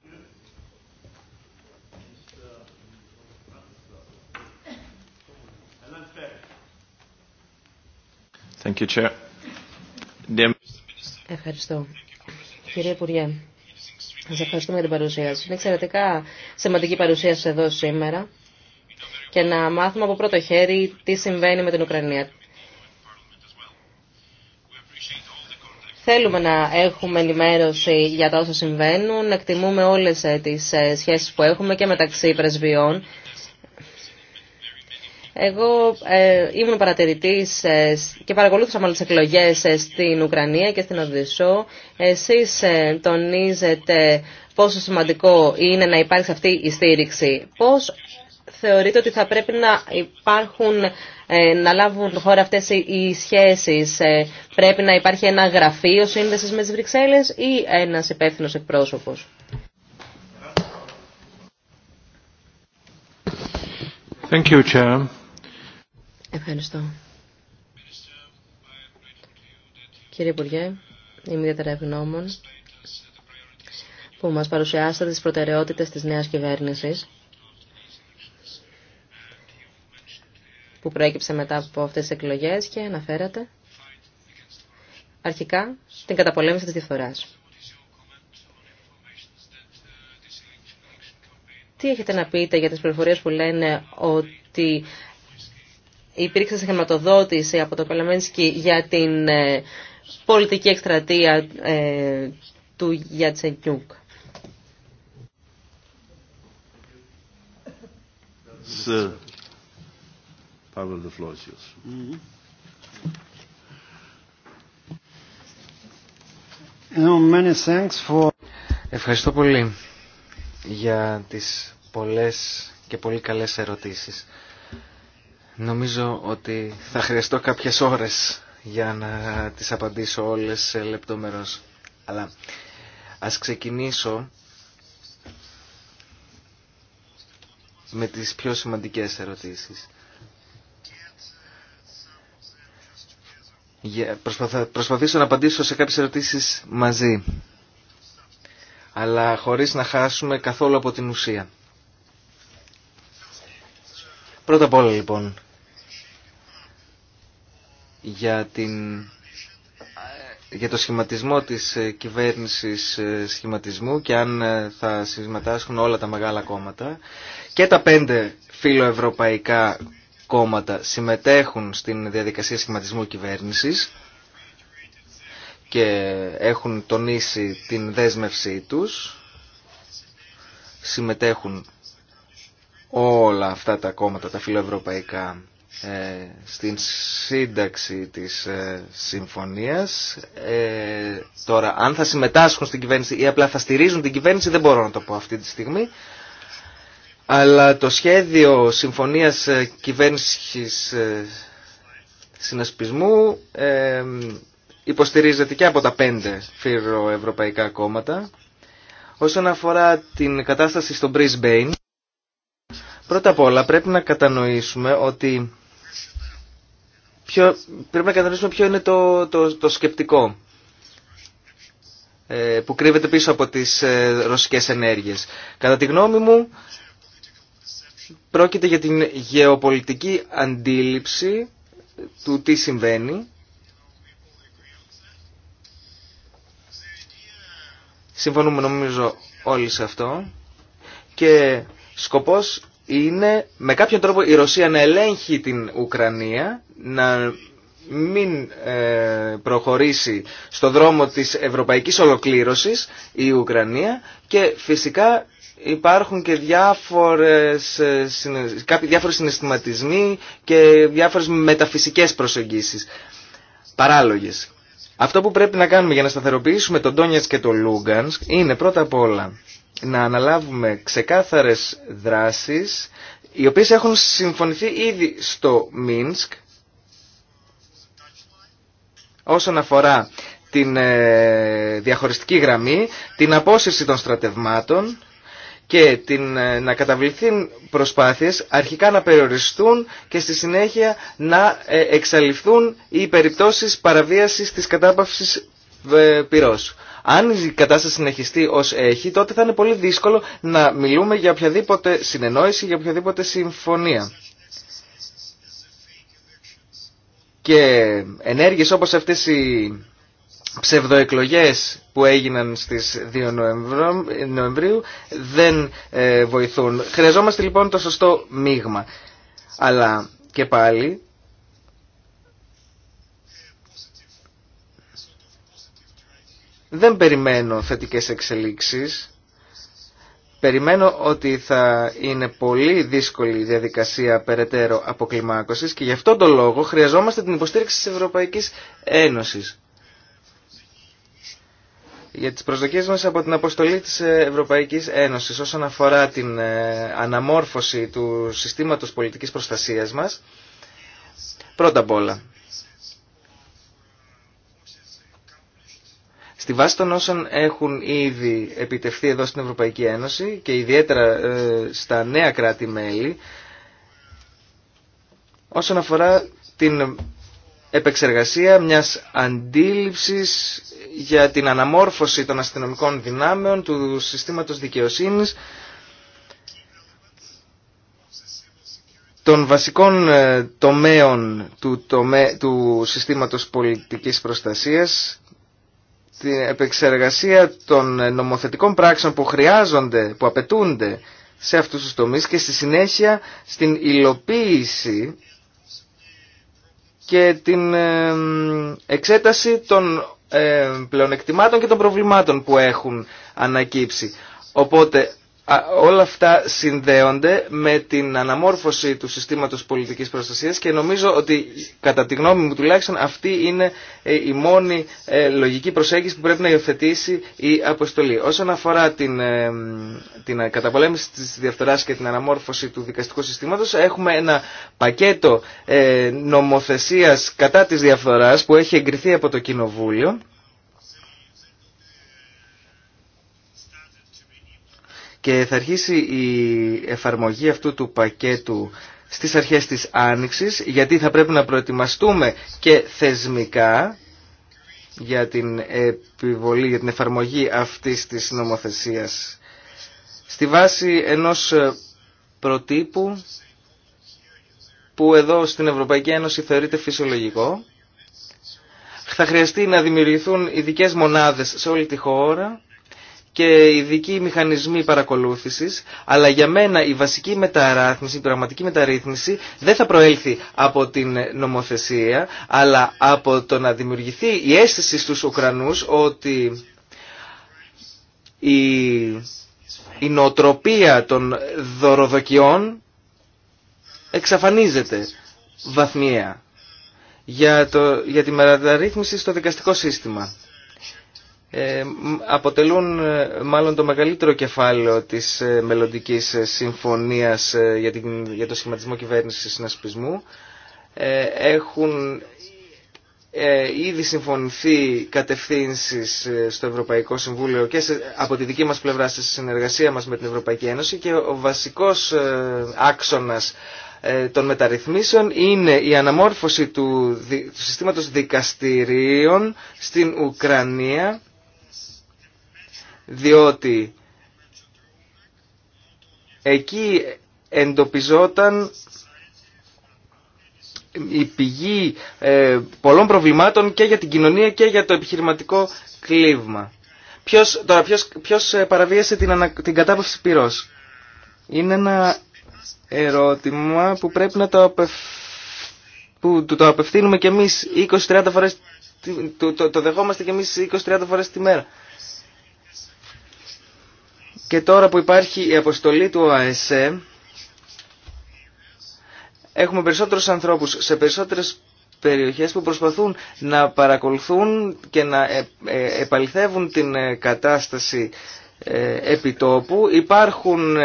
Thank you, Chair. Ευχαριστώ. Κύριε Υπουργέ, σας ευχαριστούμε για την παρουσία σας. Είναι εξαιρετικά σημαντική παρουσία σας εδώ σήμερα και να μάθουμε από πρώτο χέρι τι συμβαίνει με την Ουκρανία. Θέλουμε να έχουμε ενημέρωση για τα όσα συμβαίνουν, εκτιμούμε όλες ε, τις ε, σχέσεις που έχουμε και μεταξύ πρεσβειών. Εγώ ε, ήμουν παρατηρητής ε, και παρακολούθησα μάλλον τις εκλογές στην Ουκρανία και στην Οδυσσό. Εσείς τονίζετε πόσο σημαντικό είναι να υπάρξει αυτή η στήριξη. Πώς θεωρείτε ότι θα πρέπει να υπάρχουν, ε, να λάβουν χώρα αυτές οι σχέσεις. Ε, πρέπει να υπάρχει ένα γραφείο σύνδεσης με τις Βρυξέλλες ή ένας υπεύθυνο εκπρόσωπος. Thank you, Chair. Ευχαριστώ. Κύριε Υπουργέ, είμαι ιδιαίτερα ευγνώμων που μας παρουσιάσατε τις προτεραιότητες της νέας κυβέρνησης που προέκυψε μετά από αυτές τις εκλογές και αναφέρατε αρχικά την καταπολέμηση της διαφοράς. Τι έχετε να πείτε για τις πληροφορίες που λένε ότι υπήρξε χρηματοδότηση από το Παλαμένσκι για την ε, πολιτική εκστρατεία ε, του Γιατσενιούκ the Ευχαριστώ πολύ για τις πολλές και πολύ καλές ερωτήσεις. Νομίζω ότι θα χρειαστώ κάποιες ώρες για να τις απαντήσω όλες λεπτομερώς. Αλλά ας ξεκινήσω με τις πιο σημαντικές ερωτήσεις. προσπαθήσω να απαντήσω σε κάποιες ερωτήσεις μαζί, αλλά χωρίς να χάσουμε καθόλου από την ουσία. Πρώτα απ' όλα λοιπόν, για, για το σχηματισμό της ε, κυβέρνησης ε, σχηματισμού και αν ε, θα συμμετάσχουν όλα τα μεγάλα κόμματα και τα πέντε φιλοευρωπαϊκά κόμματα συμμετέχουν στην διαδικασία σχηματισμού κυβέρνησης και έχουν τονίσει την δέσμευσή τους. Συμμετέχουν όλα αυτά τα κόμματα, τα φιλοευρωπαϊκά, ε, στην σύνταξη της ε, συμφωνίας. Ε, τώρα, αν θα συμμετάσχουν στην κυβέρνηση ή απλά θα στηρίζουν την κυβέρνηση, δεν μπορώ να το πω αυτή τη στιγμή αλλά το σχέδιο συμφωνίας ε, κυβέρνησης ε, συνασπισμού ε, υποστηρίζεται και από τα πέντε φύρο-ευρωπαϊκά κόμματα. Όσον αφορά την κατάσταση στο Brisbane, πρώτα απ' όλα πρέπει να κατανοήσουμε ότι ποιο, πρέπει να κατανοήσουμε ποιο είναι το, το, το σκεπτικό που κρύβεται πίσω από τις ρωσικές ενέργειες. Κατά τη γνώμη μου, πρόκειται για την γεωπολιτική αντίληψη του τι συμβαίνει. Συμφωνούμε νομίζω όλοι σε αυτό. Και σκοπός είναι με κάποιον τρόπο η Ρωσία να ελέγχει την Ουκρανία, να μην ε, προχωρήσει στο δρόμο της ευρωπαϊκής ολοκλήρωσης η Ουκρανία και φυσικά υπάρχουν και διάφορες, ε, κάποιοι διάφοροι συναισθηματισμοί και διάφορες μεταφυσικές προσεγγίσεις, παράλογες. Αυτό που πρέπει να κάνουμε για να σταθεροποιήσουμε τον Τόνιας και τον Λούγκανς είναι πρώτα απ' όλα να αναλάβουμε ξεκάθαρες δράσεις οι οποίες έχουν συμφωνηθεί ήδη στο Μίνσκ όσον αφορά την ε, διαχωριστική γραμμή, την απόσυρση των στρατευμάτων και την, ε, να καταβληθούν προσπάθειες αρχικά να περιοριστούν και στη συνέχεια να ε, εξαλειφθούν οι περιπτώσεις παραβίασης της κατάπαυσης ε, πυρός. Αν η κατάσταση συνεχιστεί ως έχει, τότε θα είναι πολύ δύσκολο να μιλούμε για οποιαδήποτε συνεννόηση, για οποιαδήποτε συμφωνία. Και ενέργειες όπως αυτές οι ψευδοεκλογές που έγιναν στις 2 Νοεμβρίου δεν ε, βοηθούν. Χρειαζόμαστε λοιπόν το σωστό μείγμα. Αλλά και πάλι δεν περιμένω θετικές εξελίξεις. Περιμένω ότι θα είναι πολύ δύσκολη η διαδικασία περαιτέρω αποκλιμάκωσης και γι' αυτόν τον λόγο χρειαζόμαστε την υποστήριξη της Ευρωπαϊκής Ένωσης για τις προσδοκίες μας από την αποστολή της ε, Ευρωπαϊκής Ένωσης όσον αφορά την ε, αναμόρφωση του συστήματος πολιτικής προστασίας μας. Πρώτα απ' όλα, στη βάση των όσων έχουν ήδη επιτευχθεί εδώ στην Ευρωπαϊκή Ένωση και ιδιαίτερα ε, στα νέα κράτη-μέλη, όσον αφορά την επεξεργασία μιας αντίληψης για την αναμόρφωση των αστυνομικών δυνάμεων του συστήματος δικαιοσύνης των βασικών ε, τομέων του, τομέ, του συστήματος πολιτικής προστασίας την επεξεργασία των νομοθετικών πράξεων που χρειάζονται, που απαιτούνται σε αυτούς τους τομείς και στη συνέχεια στην υλοποίηση και την ε, εξέταση των ε, πλεονεκτημάτων και των προβλημάτων που έχουν ανακύψει. Οπότε όλα αυτά συνδέονται με την αναμόρφωση του συστήματος πολιτικής προστασίας και νομίζω ότι κατά τη γνώμη μου τουλάχιστον αυτή είναι ε, η μόνη ε, λογική προσέγγιση που πρέπει να υιοθετήσει η αποστολή. Όσον αφορά την, ε, την καταπολέμηση της διαφθοράς και την αναμόρφωση του δικαστικού συστήματος έχουμε ένα πακέτο νομοθεσίας κατά της διαφθοράς που έχει εγκριθεί από το Κοινοβούλιο και θα αρχίσει η εφαρμογή αυτού του πακέτου στις αρχές της Άνοιξης γιατί θα πρέπει να προετοιμαστούμε και θεσμικά για την επιβολή, για την εφαρμογή αυτής της νομοθεσίας. Στη βάση ενός προτύπου που εδώ στην Ευρωπαϊκή Ένωση θεωρείται φυσιολογικό θα χρειαστεί να δημιουργηθούν ειδικέ μονάδες σε όλη τη χώρα και ειδικοί μηχανισμοί παρακολούθησης, αλλά για μένα η βασική μεταρρύθμιση, η πραγματική μεταρρύθμιση δεν θα προέλθει από την νομοθεσία, αλλά από το να δημιουργηθεί η αίσθηση στους Ουκρανούς ότι η, η νοοτροπία των δωροδοκιών εξαφανίζεται βαθμιαία για, το, για τη μεταρρύθμιση στο δικαστικό σύστημα. Ε, αποτελούν ε, μάλλον το μεγαλύτερο κεφάλαιο της ε, μελλοντική συμφωνίας για, την, το σχηματισμό κυβέρνησης συνασπισμού. Έχουν ήδη συμφωνηθεί κατευθύνσεις στο Ευρωπαϊκό Συμβούλιο και από τη δική μας πλευρά στη συνεργασία μας με την Ευρωπαϊκή Ένωση και ο βασικός άξονας των μεταρρυθμίσεων είναι η αναμόρφωση του συστήματος δικαστηρίων στην Ουκρανία διότι εκεί εντοπιζόταν η πηγή ε, πολλών προβλημάτων και για την κοινωνία και για το επιχειρηματικό κλίμα. Ποιος, τώρα, ποιος, ποιος ε, παραβίασε την, ανα, την κατάπαυση πυρός. Είναι ένα ερώτημα που πρέπει να το, που το απευθύνουμε και εμείς 20-30 φορές, το, το, δεχόμαστε και εμείς 20-30 φορές τη μέρα. Και τώρα που υπάρχει η αποστολή του ΟΑΕΣΕ, έχουμε περισσότερους ανθρώπους σε περισσότερες περιοχές που προσπαθούν να παρακολουθούν και να ε, ε, επαληθεύουν την ε, κατάσταση επιτόπου. Υπάρχουν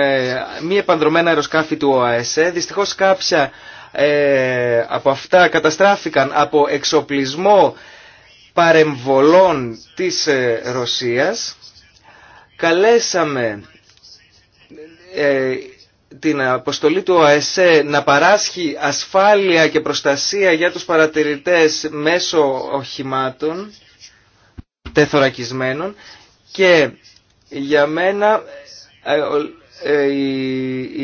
μη επανδρομένα αεροσκάφη του ΟΑΕΣΕ. Δυστυχώς κάποια από αυτά καταστράφηκαν από εξοπλισμό παρεμβολών της Ρωσίας καλέσαμε ε, την αποστολή του ΟΑΕΣΕ να παράσχει ασφάλεια και προστασία για τους παρατηρητές μέσω οχημάτων τεθωρακισμένων και για μένα ε, ε,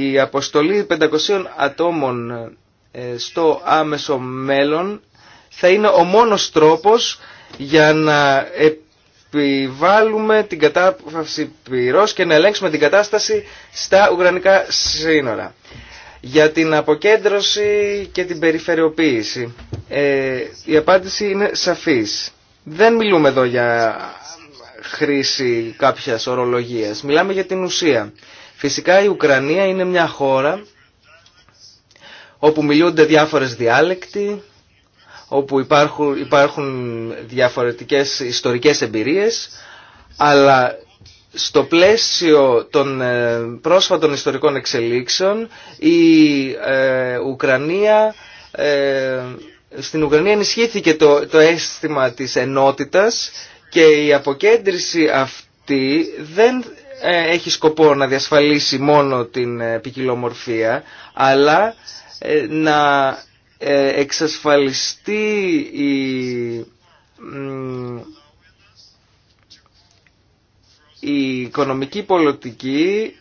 η αποστολή 500 ατόμων στο άμεσο μέλλον θα είναι ο μόνος τρόπος για να επιβάλλουμε την κατάφαση πυρός και να ελέγξουμε την κατάσταση στα ουγρανικά σύνορα. Για την αποκέντρωση και την περιφερειοποίηση, ε, η απάντηση είναι σαφής. Δεν μιλούμε εδώ για χρήση κάποιας ορολογίας, μιλάμε για την ουσία. Φυσικά η Ουκρανία είναι μια χώρα όπου μιλούνται διάφορες διάλεκτοι, όπου υπάρχουν, υπάρχουν διαφορετικές ιστορικές εμπειρίες, αλλά στο πλαίσιο των ε, πρόσφατων ιστορικών εξελίξεων η ε, Ουκρανία... Ε, στην Ουκρανία ενισχύθηκε το, το αίσθημα της ενότητας και η αποκέντρηση αυτή δεν έχει σκοπό να διασφαλίσει μόνο την ποικιλομορφία αλλά να ε, εξασφαλιστεί η, η οικονομική πολιτική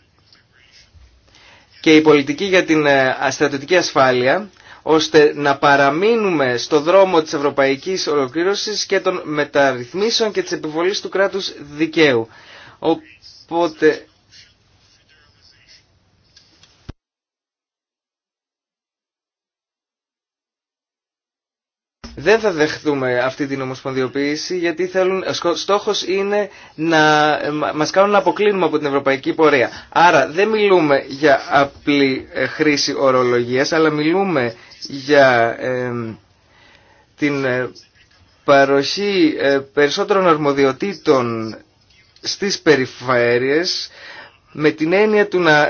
και η πολιτική για την αστρατιωτική ε, ασφάλεια ώστε να παραμείνουμε στο δρόμο της ευρωπαϊκής ολοκλήρωσης και των μεταρρυθμίσεων και της επιβολής του κράτους δικαίου. Οπότε δεν θα δεχθούμε αυτή την ομοσπονδιοποίηση γιατί θέλουν, στόχος είναι να μας κάνουν να αποκλίνουμε από την ευρωπαϊκή πορεία. Άρα δεν μιλούμε για απλή ε, χρήση ορολογίας αλλά μιλούμε για την ε, παροχή ε, περισσότερων αρμοδιοτήτων στις περιφέρειες με την έννοια του να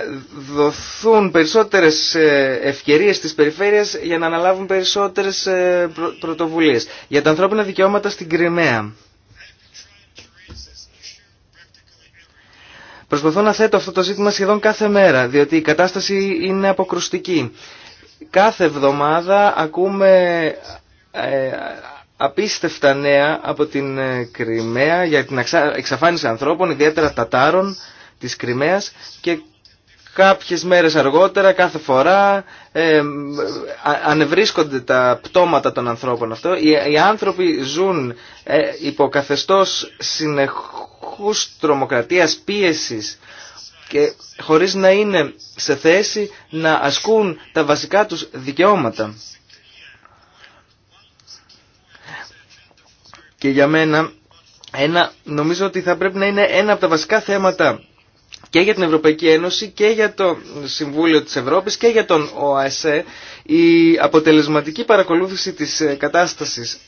δοθούν περισσότερες ε, ευκαιρίες στις περιφέρειες για να αναλάβουν περισσότερες ε, πρωτοβουλίες. Για τα ανθρώπινα δικαιώματα στην Κρυμαία. Προσπαθώ να θέτω αυτό το ζήτημα σχεδόν κάθε μέρα, διότι η κατάσταση είναι αποκρουστική. Κάθε εβδομάδα ακούμε ε, απίστευτα νέα από την Κρυμαία για την εξαφάνιση ανθρώπων, ιδιαίτερα Τατάρων, της Κρυμαίας και κάποιες μέρες αργότερα κάθε φορά ε, ανεβρίσκονται τα πτώματα των ανθρώπων αυτό. Οι, άνθρωποι ζουν ε, υπό καθεστώς συνεχούς τρομοκρατίας πίεσης και χωρίς να είναι σε θέση να ασκούν τα βασικά τους δικαιώματα. Και για μένα ένα, νομίζω ότι θα πρέπει να είναι ένα από τα βασικά θέματα και για την Ευρωπαϊκή Ένωση και για το Συμβούλιο της Ευρώπης και για τον ΟΑΣΕ η αποτελεσματική παρακολούθηση της ε, κατάστασης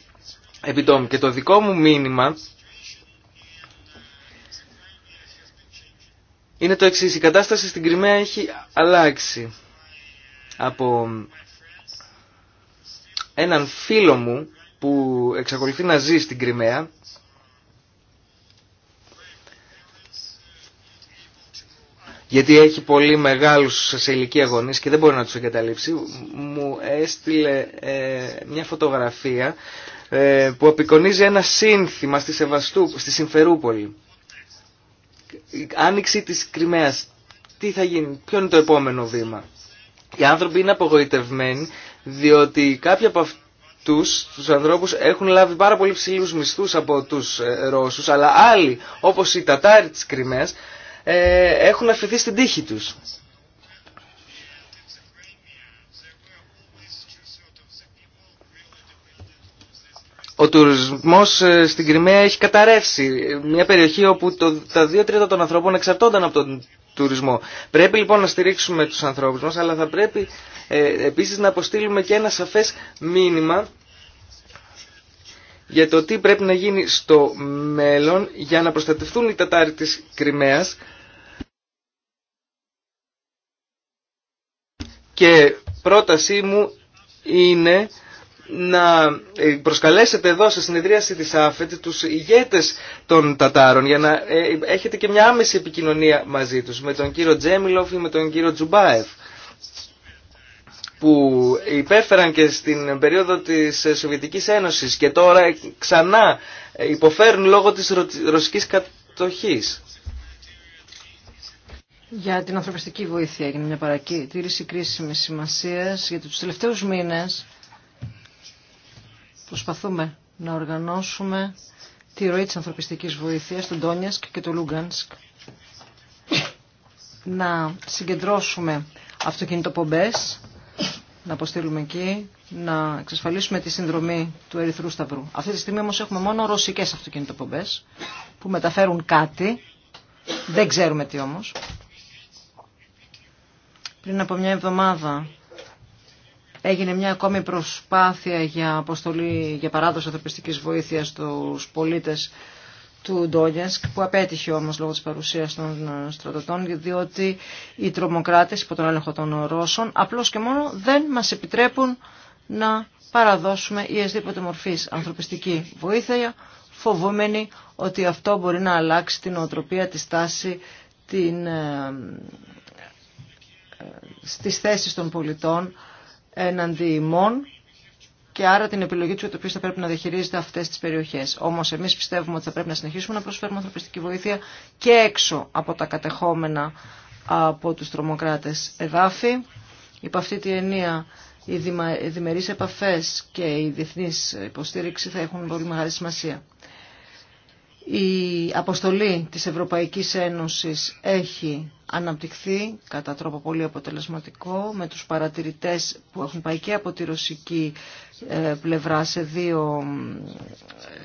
επιτόμου. Και το δικό μου μήνυμα είναι το εξής. Η κατάσταση στην Κρυμαία έχει αλλάξει από έναν φίλο μου που εξακολουθεί να ζει στην Κρυμαία γιατί έχει πολύ μεγάλους σε ηλικία γονείς και δεν μπορεί να τους εγκαταλείψει, μου έστειλε ε, μια φωτογραφία ε, που απεικονίζει ένα σύνθημα στη, Σεβαστού, στη Συμφερούπολη. άνοιξη της Κρυμαίας. Τι θα γίνει, ποιο είναι το επόμενο βήμα. Οι άνθρωποι είναι απογοητευμένοι διότι κάποιοι από αυτούς τους ανθρώπους έχουν λάβει πάρα πολύ ψηλούς μισθούς από τους ε, Ρώσους αλλά άλλοι όπως οι Τατάροι της Κρυμαίας ε, έχουν αφηθεί στην τύχη τους. Ο τουρισμός ε, στην Κρυμαία έχει καταρρεύσει. Μια περιοχή όπου το, τα δύο τρίτα των ανθρώπων εξαρτώνταν από τον τουρισμό. Πρέπει λοιπόν να στηρίξουμε τους ανθρώπους μας, αλλά θα πρέπει ε, επίσης να αποστείλουμε και ένα σαφές μήνυμα για το τι πρέπει να γίνει στο μέλλον για να προστατευτούν οι Τατάροι της Κρυμαίας Και πρότασή μου είναι να ε, προσκαλέσετε εδώ σε συνεδρίαση της ΑΦΕΤ τους ηγέτες των Τατάρων για να ε, έχετε και μια άμεση επικοινωνία μαζί τους με τον κύριο Τζέμιλοφ ή με τον κύριο Τζουμπάεφ που υπέφεραν και στην περίοδο της Σοβιετικής Ένωσης και τώρα ξανά υποφέρουν λόγω της ρωσικής κατοχής. Για την ανθρωπιστική βοήθεια έγινε μια παρακήρυξη κρίσιμη σημασία γιατί τους τελευταίους μήνες προσπαθούμε να οργανώσουμε τη ροή της ανθρωπιστικής βοήθειας στον Ντόνιασκ και το Λούγκανσκ να συγκεντρώσουμε αυτοκινητοπομπές να αποστείλουμε εκεί, να εξασφαλίσουμε τη συνδρομή του Ερυθρού Σταυρού. Αυτή τη στιγμή όμως έχουμε μόνο ρωσικές αυτοκινητοπομπές που μεταφέρουν κάτι, δεν ξέρουμε τι όμως. Πριν από μια εβδομάδα έγινε μια ακόμη προσπάθεια για αποστολή, για παράδοση ανθρωπιστικής βοήθειας στους πολίτες του Ντόγιανσκ που απέτυχε όμως λόγω της παρουσίας των στρατοτών διότι οι τρομοκράτες υπό τον έλεγχο των Ρώσων απλώς και μόνο δεν μας επιτρέπουν να παραδώσουμε ή εσδήποτε μορφής ανθρωπιστική βοήθεια φοβόμενοι ότι αυτό μπορεί να αλλάξει την οτροπία, τη στάση, την ε, στις θέσεις των πολιτών εναντί και άρα την επιλογή του ποιο θα πρέπει να διαχειρίζεται αυτέ τι περιοχέ. Όμω εμεί πιστεύουμε ότι θα πρέπει να συνεχίσουμε να προσφέρουμε ανθρωπιστική βοήθεια και έξω από τα κατεχόμενα από του τρομοκράτε εδάφη. Υπ' αυτή τη ενία οι διμερεί επαφές και η διεθνής υποστήριξη θα έχουν πολύ μεγάλη σημασία. Η αποστολή της Ευρωπαϊκής Ένωσης έχει αναπτυχθεί κατά τρόπο πολύ αποτελεσματικό με τους παρατηρητές που έχουν πάει και από τη ρωσική ε, πλευρά σε δύο,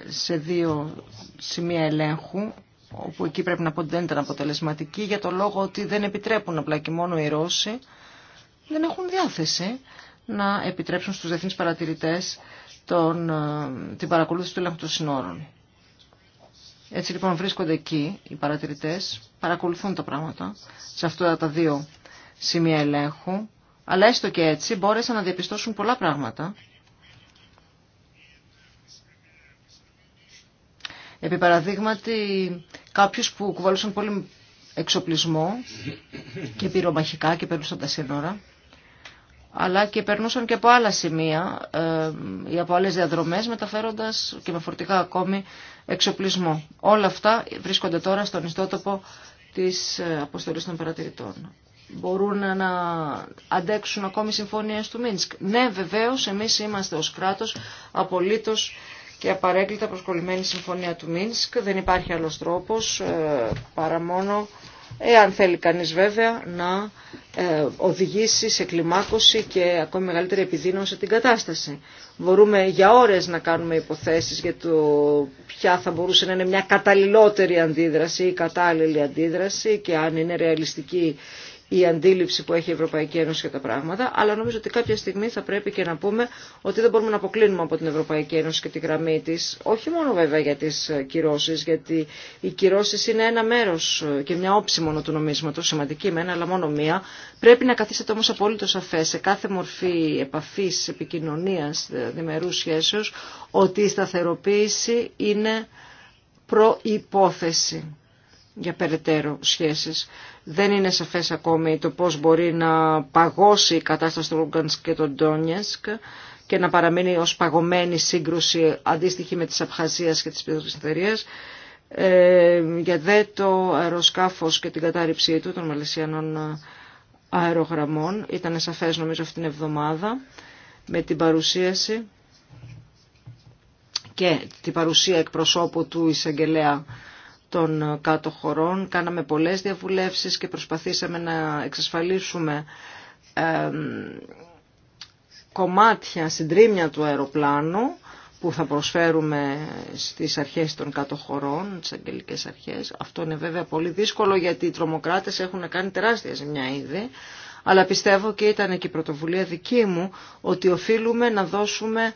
σε δύο σημεία ελέγχου όπου εκεί πρέπει να πω ότι δεν ήταν αποτελεσματική για το λόγο ότι δεν επιτρέπουν απλά και μόνο οι Ρώσοι δεν έχουν διάθεση να επιτρέψουν στους διεθνείς παρατηρητές τον, ε, την παρακολούθηση του ελέγχου των συνόρων. Έτσι λοιπόν βρίσκονται εκεί οι παρατηρητές, παρακολουθούν τα πράγματα σε αυτά τα δύο σημεία ελέγχου, αλλά έστω και έτσι μπόρεσαν να διαπιστώσουν πολλά πράγματα. Επί παραδείγματι κάποιους που κουβαλούσαν πολύ εξοπλισμό και πυρομαχικά και περνούσαν τα σύνορα, αλλά και περνούσαν και από άλλα σημεία ε, ή από άλλες διαδρομές μεταφέροντας και με φορτικά ακόμη εξοπλισμό. Όλα αυτά βρίσκονται τώρα στον ιστότοπο της αποστολής των παρατηρητών. Μπορούν να αντέξουν ακόμη συμφωνίες του Μίνσκ. Ναι, βεβαίως, εμείς είμαστε ως κράτος απολύτως και απαρέγκλητα προσκολλημένη συμφωνία του Μίνσκ. Δεν υπάρχει άλλος τρόπος ε, παρά μόνο εάν θέλει κανείς βέβαια να ε, οδηγήσει σε κλιμάκωση και ακόμη μεγαλύτερη επιδείνωση την κατάσταση. Μπορούμε για ώρες να κάνουμε υποθέσεις για το ποια θα μπορούσε να είναι μια καταλληλότερη αντίδραση ή κατάλληλη αντίδραση και αν είναι ρεαλιστική η αντίληψη που έχει η Ευρωπαϊκή Ένωση για τα πράγματα, αλλά νομίζω ότι κάποια στιγμή θα πρέπει και να πούμε ότι δεν μπορούμε να αποκλίνουμε από την Ευρωπαϊκή Ένωση και τη γραμμή τη, όχι μόνο βέβαια για τι κυρώσει, γιατί οι κυρώσει είναι ένα μέρο και μια όψη μόνο του νομίσματο, σημαντική μένα, αλλά μόνο μία. Πρέπει να καθίσετε όμω απόλυτο σαφέ σε κάθε μορφή επαφή, επικοινωνία, διμερού σχέσεω, ότι η σταθεροποίηση είναι προϋπόθεση για περαιτέρω σχέσεις. Δεν είναι σαφές ακόμη το πώς μπορεί να παγώσει η κατάσταση του Λουγκανσκ και του Ντόνιεσκ και να παραμείνει ως παγωμένη σύγκρουση αντίστοιχη με τις Απχαζίας και τις Πιδοσυνθερίας. Ε, για δε το αεροσκάφος και την κατάρριψή του των μαλαισιανών αερογραμμών ήταν σαφές νομίζω αυτήν την εβδομάδα με την παρουσίαση και την παρουσία εκπροσώπου του εισαγγελέα των κάτω χωρών. Κάναμε πολλές διαβουλεύσεις και προσπαθήσαμε να εξασφαλίσουμε κομμάτια, συντρίμια του αεροπλάνου που θα προσφέρουμε στις αρχές των κατοχωρών, τις αγγελικές αρχές. Αυτό είναι βέβαια πολύ δύσκολο γιατί οι τρομοκράτες έχουν κάνει τεράστια ζημιά ήδη. Αλλά πιστεύω και ήταν και η πρωτοβουλία δική μου ότι οφείλουμε να δώσουμε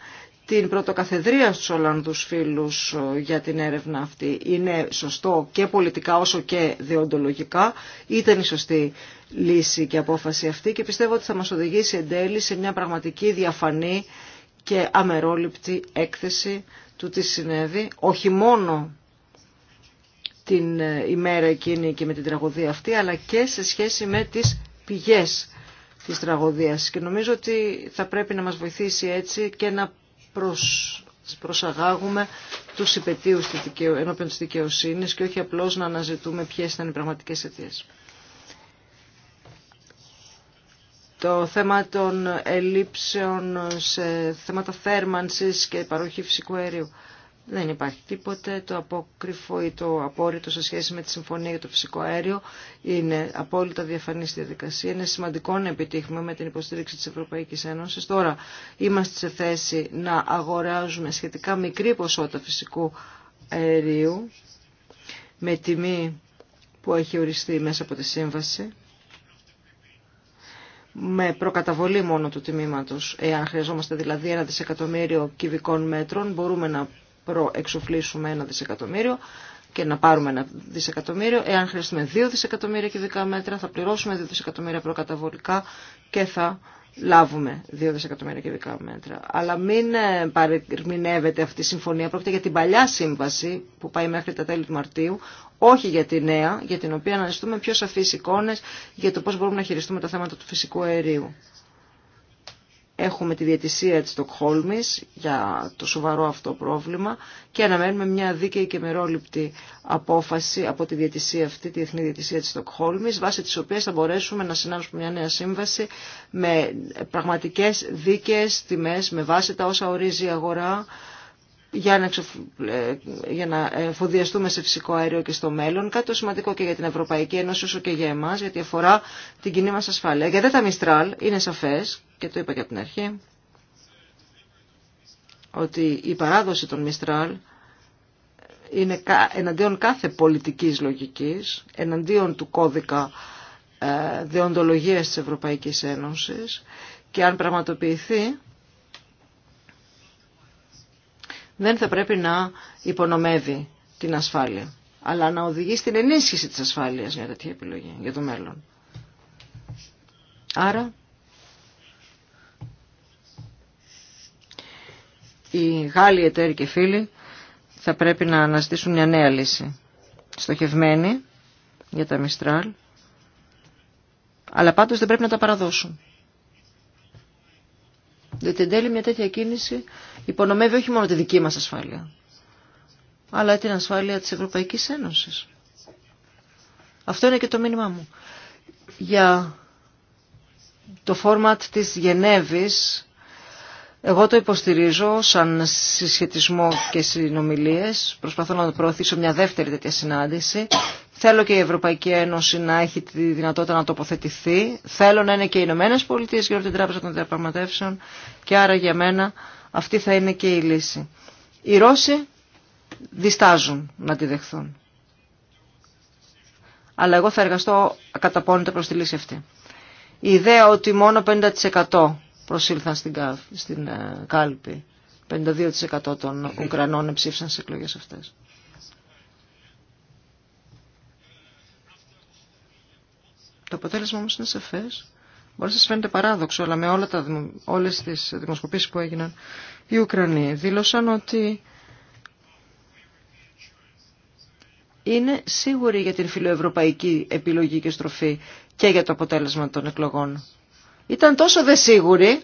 την πρωτοκαθεδρία στους Ολλανδούς φίλους ε, για την έρευνα αυτή είναι σωστό και πολιτικά όσο και δεοντολογικά. Ήταν η σωστή λύση και απόφαση αυτή και πιστεύω ότι θα μας οδηγήσει εν τέλει σε μια πραγματική διαφανή και αμερόληπτη έκθεση του τι συνέβη, όχι μόνο την ε, ημέρα εκείνη και με την τραγωδία αυτή, αλλά και σε σχέση με τις πηγές της τραγωδίας. Και νομίζω ότι θα πρέπει να μας βοηθήσει έτσι και να προς, προσαγάγουμε τους υπετίους ενώπιον της δικαιοσύνη και όχι απλώς να αναζητούμε ποιες ήταν οι πραγματικές αιτίε. Το θέμα των ελλείψεων σε θέματα θέρμανσης και παροχή φυσικού αερίου. Δεν υπάρχει τίποτε. Το απόκριφο ή το απόρριτο σε σχέση με τη συμφωνία για το φυσικό αέριο είναι απόλυτα διαφανή στη διαδικασία. Είναι σημαντικό να επιτύχουμε με την υποστήριξη τη Ευρωπαϊκή Ένωση. Τώρα είμαστε σε θέση να αγοράζουμε σχετικά μικρή ποσότητα φυσικού αερίου με τιμή που έχει οριστεί μέσα από τη σύμβαση με προκαταβολή μόνο του τιμήματος. Εάν χρειαζόμαστε δηλαδή ένα δισεκατομμύριο κυβικών μέτρων, μπορούμε να προεξοφλήσουμε ένα δισεκατομμύριο και να πάρουμε ένα δισεκατομμύριο. Εάν χρειαστούμε δύο δισεκατομμύρια κυβικά μέτρα, θα πληρώσουμε δύο δισεκατομμύρια προκαταβολικά και θα λάβουμε δύο δισεκατομμύρια κυβικά μέτρα. Αλλά μην ε, παρερμηνεύεται αυτή η συμφωνία. Πρόκειται για την παλιά σύμβαση που πάει μέχρι τα τέλη του Μαρτίου, όχι για τη νέα, για την οποία αναζητούμε πιο σαφεί εικόνε για το πώ μπορούμε να χειριστούμε τα θέματα του φυσικού αερίου. Έχουμε τη διατησία της Στοκχόλμης για το σοβαρό αυτό πρόβλημα και αναμένουμε μια δίκαιη και μερόληπτη απόφαση από τη διατησία αυτή, τη διεθνή διατησία της Στοκχόλμης, βάσει της οποίας θα μπορέσουμε να συνάψουμε μια νέα σύμβαση με πραγματικές δίκαιες τιμές, με βάση τα όσα ορίζει η αγορά, για να, ε, για ε, εφοδιαστούμε σε φυσικό αέριο και στο μέλλον. Κάτι το σημαντικό και για την Ευρωπαϊκή Ένωση όσο και για εμάς, γιατί αφορά την κοινή μας ασφάλεια. Γιατί τα Μιστράλ είναι σαφές, και το είπα και από την αρχή, ότι η παράδοση των Μιστράλ είναι εναντίον κάθε πολιτικής λογικής, εναντίον του κώδικα ε, δεοντολογίας της Ευρωπαϊκής Ένωσης και αν πραγματοποιηθεί δεν θα πρέπει να υπονομεύει την ασφάλεια, αλλά να οδηγεί στην ενίσχυση της ασφάλειας για τέτοια επιλογή για το μέλλον. Άρα, οι Γάλλοι εταίροι και φίλοι θα πρέπει να αναζητήσουν μια νέα λύση, στοχευμένη για τα Μιστράλ, αλλά πάντως δεν πρέπει να τα παραδώσουν. Διότι εν τέλει μια τέτοια κίνηση υπονομεύει όχι μόνο τη δική μας ασφάλεια, αλλά την ασφάλεια της Ευρωπαϊκής Ένωσης. Αυτό είναι και το μήνυμά μου. Για το φόρματ της Γενέβης, εγώ το υποστηρίζω σαν συσχετισμό και συνομιλίες. Προσπαθώ να προωθήσω μια δεύτερη τέτοια συνάντηση Θέλω και η Ευρωπαϊκή Ένωση να έχει τη δυνατότητα να τοποθετηθεί. Θέλω να είναι και οι Ηνωμένε Πολιτείε γύρω από την Τράπεζα των Διαπραγματεύσεων. Και άρα για μένα αυτή θα είναι και η λύση. Οι Ρώσοι διστάζουν να τη δεχθούν. Αλλά εγώ θα εργαστώ καταπώνητα προς τη λύση αυτή. Η ιδέα ότι μόνο 50% προσήλθαν στην, στην ε, κάλπη, 52% των Ουκρανών ψήφισαν στις εκλογές αυτές. Το αποτέλεσμα όμως είναι σαφές. Μπορεί να σας φαίνεται παράδοξο, αλλά με όλα τα, όλες τις δημοσκοπήσεις που έγιναν, οι Ουκρανοί δήλωσαν ότι είναι σίγουροι για την φιλοευρωπαϊκή επιλογή και στροφή και για το αποτέλεσμα των εκλογών. Ήταν τόσο δε σίγουροι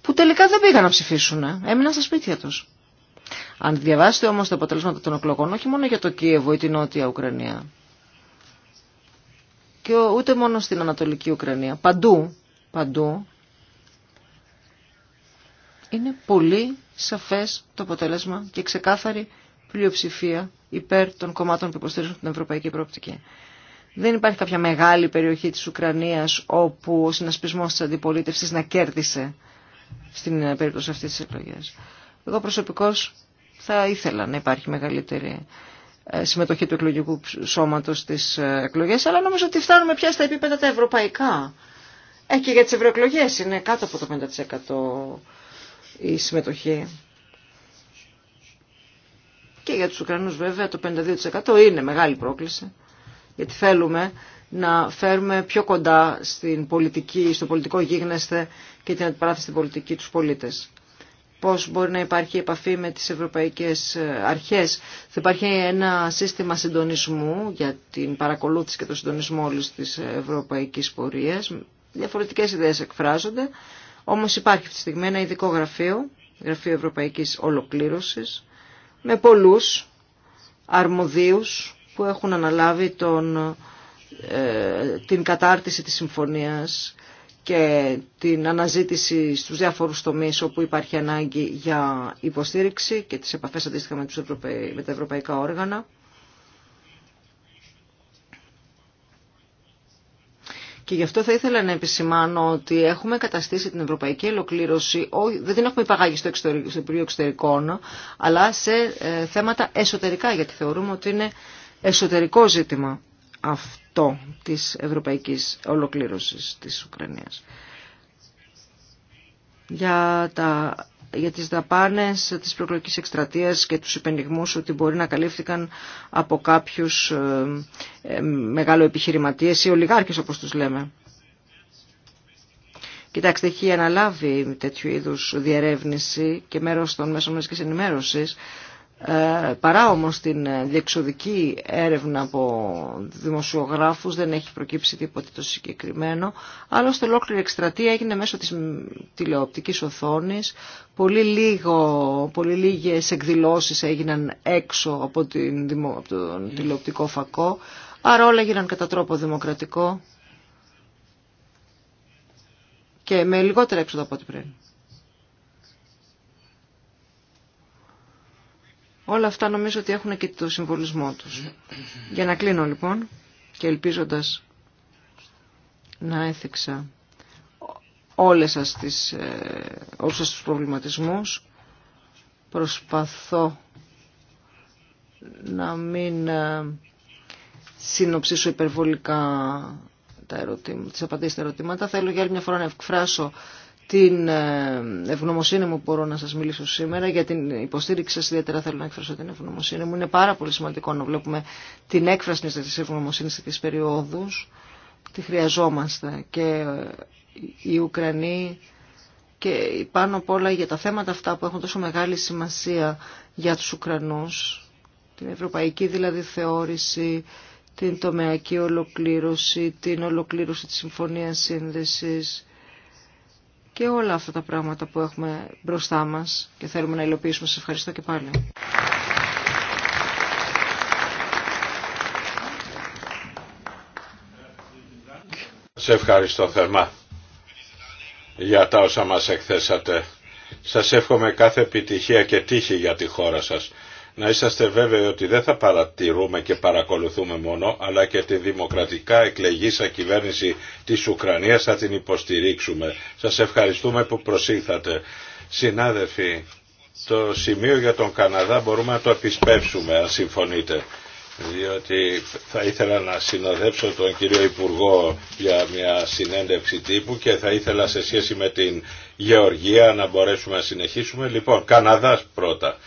που τελικά δεν πήγαν να ψηφίσουν, ε. έμειναν στα σπίτια τους. Αν διαβάσετε όμως τα αποτελέσματα των εκλογών, όχι μόνο για το Κίεβο ή την Νότια Ουκρανία, και ούτε μόνο στην Ανατολική Ουκρανία. Παντού, παντού είναι πολύ σαφές το αποτέλεσμα και ξεκάθαρη πλειοψηφία υπέρ των κομμάτων που υποστηρίζουν την ευρωπαϊκή προοπτική. Δεν υπάρχει κάποια μεγάλη περιοχή της Ουκρανίας όπου ο συνασπισμός της αντιπολίτευσης να κέρδισε στην περίπτωση αυτής της εκλογής. Εγώ προσωπικώς θα ήθελα να υπάρχει μεγαλύτερη ε, συμμετοχή του εκλογικού σώματος στις ε, εκλογές, αλλά νομίζω ότι φτάνουμε πια στα επίπεδα τα ευρωπαϊκά. Ε, και για τις ευρωεκλογές είναι κάτω από το 50% η συμμετοχή. Και για τους Ουκρανούς βέβαια το 52% είναι μεγάλη πρόκληση, γιατί θέλουμε να φέρουμε πιο κοντά στην πολιτική, στο πολιτικό γίγνεσθε και την αντιπαράθεση στην πολιτική τους πολίτες πώς μπορεί να υπάρχει επαφή με τις ευρωπαϊκές ε, αρχές. Θα υπάρχει ένα σύστημα συντονισμού για την παρακολούθηση και το συντονισμό όλης της ευρωπαϊκής πορείας. Διαφορετικές ιδέες εκφράζονται, όμως υπάρχει αυτή τη στιγμή ένα ειδικό γραφείο, γραφείο ευρωπαϊκής ολοκλήρωσης, με πολλούς αρμοδίους που έχουν αναλάβει τον, ε, την κατάρτιση της συμφωνίας και την αναζήτηση στους διάφορους τομείς όπου υπάρχει ανάγκη για υποστήριξη και τις επαφές αντίστοιχα με, τα ευρωπαϊκά όργανα. Και γι' αυτό θα ήθελα να επισημάνω ότι έχουμε καταστήσει την ευρωπαϊκή ολοκλήρωση, δεν την έχουμε υπαγάγει στο, εξωτερικό, στο Υπουργείο Εξωτερικών, αλλά σε ε, θέματα εσωτερικά, γιατί θεωρούμε ότι είναι εσωτερικό ζήτημα αυτό το της ευρωπαϊκής ολοκλήρωσης της Ουκρανίας. Για, τα, για τις δαπάνες της προκλογικής εκστρατείας και τους υπενιγμούς ότι μπορεί να καλύφθηκαν από κάποιους ε, ε, μεγάλο επιχειρηματίες ή ολιγάρχες όπως τους λέμε. Κοιτάξτε, έχει αναλάβει τέτοιου είδους διερεύνηση και μέρος των μέσων μαζικής ενημέρωσης ε, παρά όμως την διεξοδική έρευνα από δημοσιογράφους δεν έχει προκύψει τίποτα το συγκεκριμένο. Άλλωστε ολόκληρη εκστρατεία έγινε μέσω της τηλεοπτικής οθόνης. Πολύ, λίγο, πολύ λίγες εκδηλώσεις έγιναν έξω από, την, από τον τηλεοπτικό φακό. Άρα όλα έγιναν κατά τρόπο δημοκρατικό και με λιγότερα έξοδα από ό,τι πρέπει. Όλα αυτά νομίζω ότι έχουν και το συμβολισμό τους. Για να κλείνω λοιπόν και ελπίζοντας να έθιξα όλες σας τις, ε, όλους τους προβληματισμούς προσπαθώ να μην ε, συνοψίσω υπερβολικά τα ερωτήματα, τις απαντήσεις στα ερωτήματα. Θέλω για άλλη μια φορά να εκφράσω την ε, ευγνωμοσύνη μου μπορώ να σας μιλήσω σήμερα, για την υποστήριξη σας ιδιαίτερα θέλω να εκφράσω την ευγνωμοσύνη μου. Είναι πάρα πολύ σημαντικό να βλέπουμε την έκφραση της ευγνωμοσύνης της περιόδου. περιόδους, τη χρειαζόμαστε και ε, οι Ουκρανοί και πάνω απ' όλα για τα θέματα αυτά που έχουν τόσο μεγάλη σημασία για τους Ουκρανούς, την ευρωπαϊκή δηλαδή θεώρηση, την τομεακή ολοκλήρωση, την ολοκλήρωση της Συμφωνίας Σύνδεσης, και όλα αυτά τα πράγματα που έχουμε μπροστά μας και θέλουμε να υλοποιήσουμε. Σας ευχαριστώ και πάλι. Σε ευχαριστώ θερμά για τα όσα μας εκθέσατε. Σας εύχομαι κάθε επιτυχία και τύχη για τη χώρα σας να είσαστε βέβαιοι ότι δεν θα παρατηρούμε και παρακολουθούμε μόνο, αλλά και τη δημοκρατικά εκλεγήσα κυβέρνηση της Ουκρανίας θα την υποστηρίξουμε. Σας ευχαριστούμε που προσήλθατε. Συνάδελφοι, το σημείο για τον Καναδά μπορούμε να το επισπεύσουμε, αν συμφωνείτε διότι θα ήθελα να συνοδέψω τον κύριο Υπουργό για μια συνέντευξη τύπου και θα ήθελα σε σχέση με την Γεωργία να μπορέσουμε να συνεχίσουμε. Λοιπόν, Καναδάς πρώτα.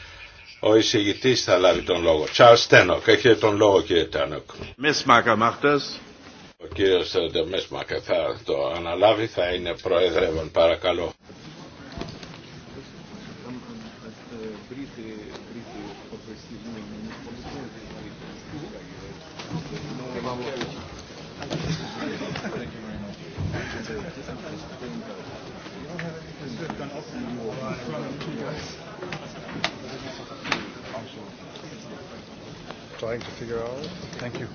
Ο εισηγητής θα λάβει τον λόγο. Charles Τένοκ. έχετε τον λόγο κύριε Τάνοκ. Ο κύριος Μέσμακα θα το αναλάβει, θα είναι προεδρεύον παρακαλώ. trying to figure out. Thank you.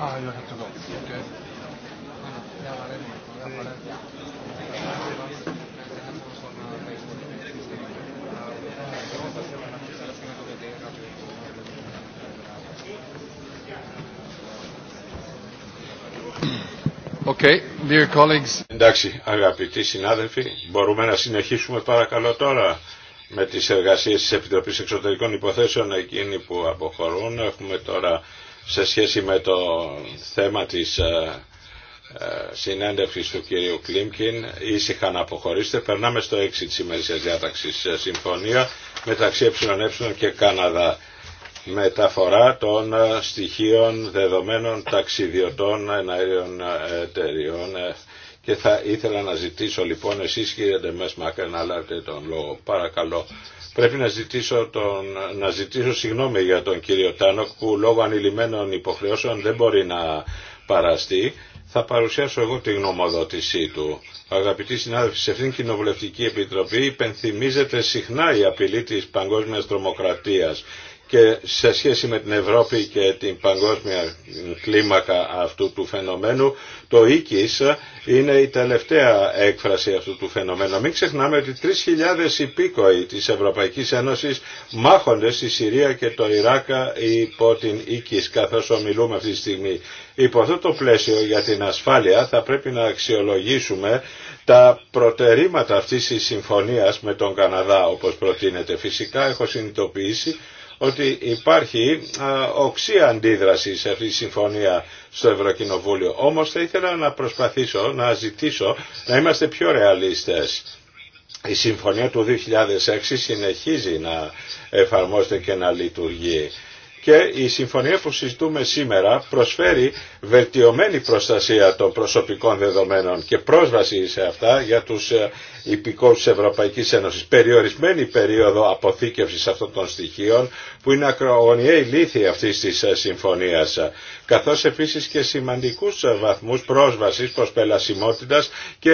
Ah, you have to go. Okay. Okay, dear colleagues. Εντάξει, αγαπητοί συνάδελφοι, μπορούμε να συνεχίσουμε παρακαλώ τώρα με τις εργασίες της Επιτροπής Εξωτερικών Υποθέσεων εκείνοι που αποχωρούν. Έχουμε τώρα σε σχέση με το θέμα της ε, ε, συνέντευξης του κυρίου Κλίμκιν ήσυχα να αποχωρήσετε. Περνάμε στο 6 της ημερήσιας διάταξης ε, συμφωνία μεταξύ ΕΕ και Καναδά μεταφορά των ε, στοιχείων δεδομένων ταξιδιωτών εναέριων ε, εταιριών ε. και θα ήθελα να ζητήσω λοιπόν εσείς κύριε Ντεμέσμακα να λάβετε τον λόγο. Παρακαλώ. Πρέπει να ζητήσω, τον, να ζητήσω συγγνώμη για τον κύριο Τάνοκ που λόγω ανηλυμένων υποχρεώσεων δεν μπορεί να παραστεί. Θα παρουσιάσω εγώ τη γνωμοδότησή του. Αγαπητοί συνάδελφοι, σε αυτήν την Κοινοβουλευτική Επιτροπή υπενθυμίζεται συχνά η απειλή της παγκόσμιας τρομοκρατίας και σε σχέση με την Ευρώπη και την παγκόσμια κλίμακα αυτού του φαινομένου, το οίκης είναι η τελευταία έκφραση αυτού του φαινομένου. Μην ξεχνάμε ότι 3.000 υπήκοοι της Ευρωπαϊκής Ένωσης μάχονται στη Συρία και το Ιράκ υπό την οίκης καθώς ομιλούμε αυτή τη στιγμή. Υπό αυτό το πλαίσιο για την ασφάλεια θα πρέπει να αξιολογήσουμε τα προτερήματα αυτής της συμφωνίας με τον Καναδά όπως προτείνεται. Φυσικά έχω συνειδητοποιήσει ότι υπάρχει οξία αντίδραση σε αυτή τη συμφωνία στο Ευρωκοινοβούλιο. Όμως θα ήθελα να προσπαθήσω να ζητήσω να είμαστε πιο ρεαλίστες. Η συμφωνία του 2006 συνεχίζει να εφαρμόζεται και να λειτουργεί και η συμφωνία που συζητούμε σήμερα προσφέρει βελτιωμένη προστασία των προσωπικών δεδομένων και πρόσβαση σε αυτά για τους ε, υπηκόους της Ευρωπαϊκής Ένωσης. Περιορισμένη περίοδο αποθήκευσης αυτών των στοιχείων που είναι ακρογωνιαίοι λύθη αυτής της ε, συμφωνίας καθώς επίσης και σημαντικούς ε, βαθμούς πρόσβασης, πελασιμότητας και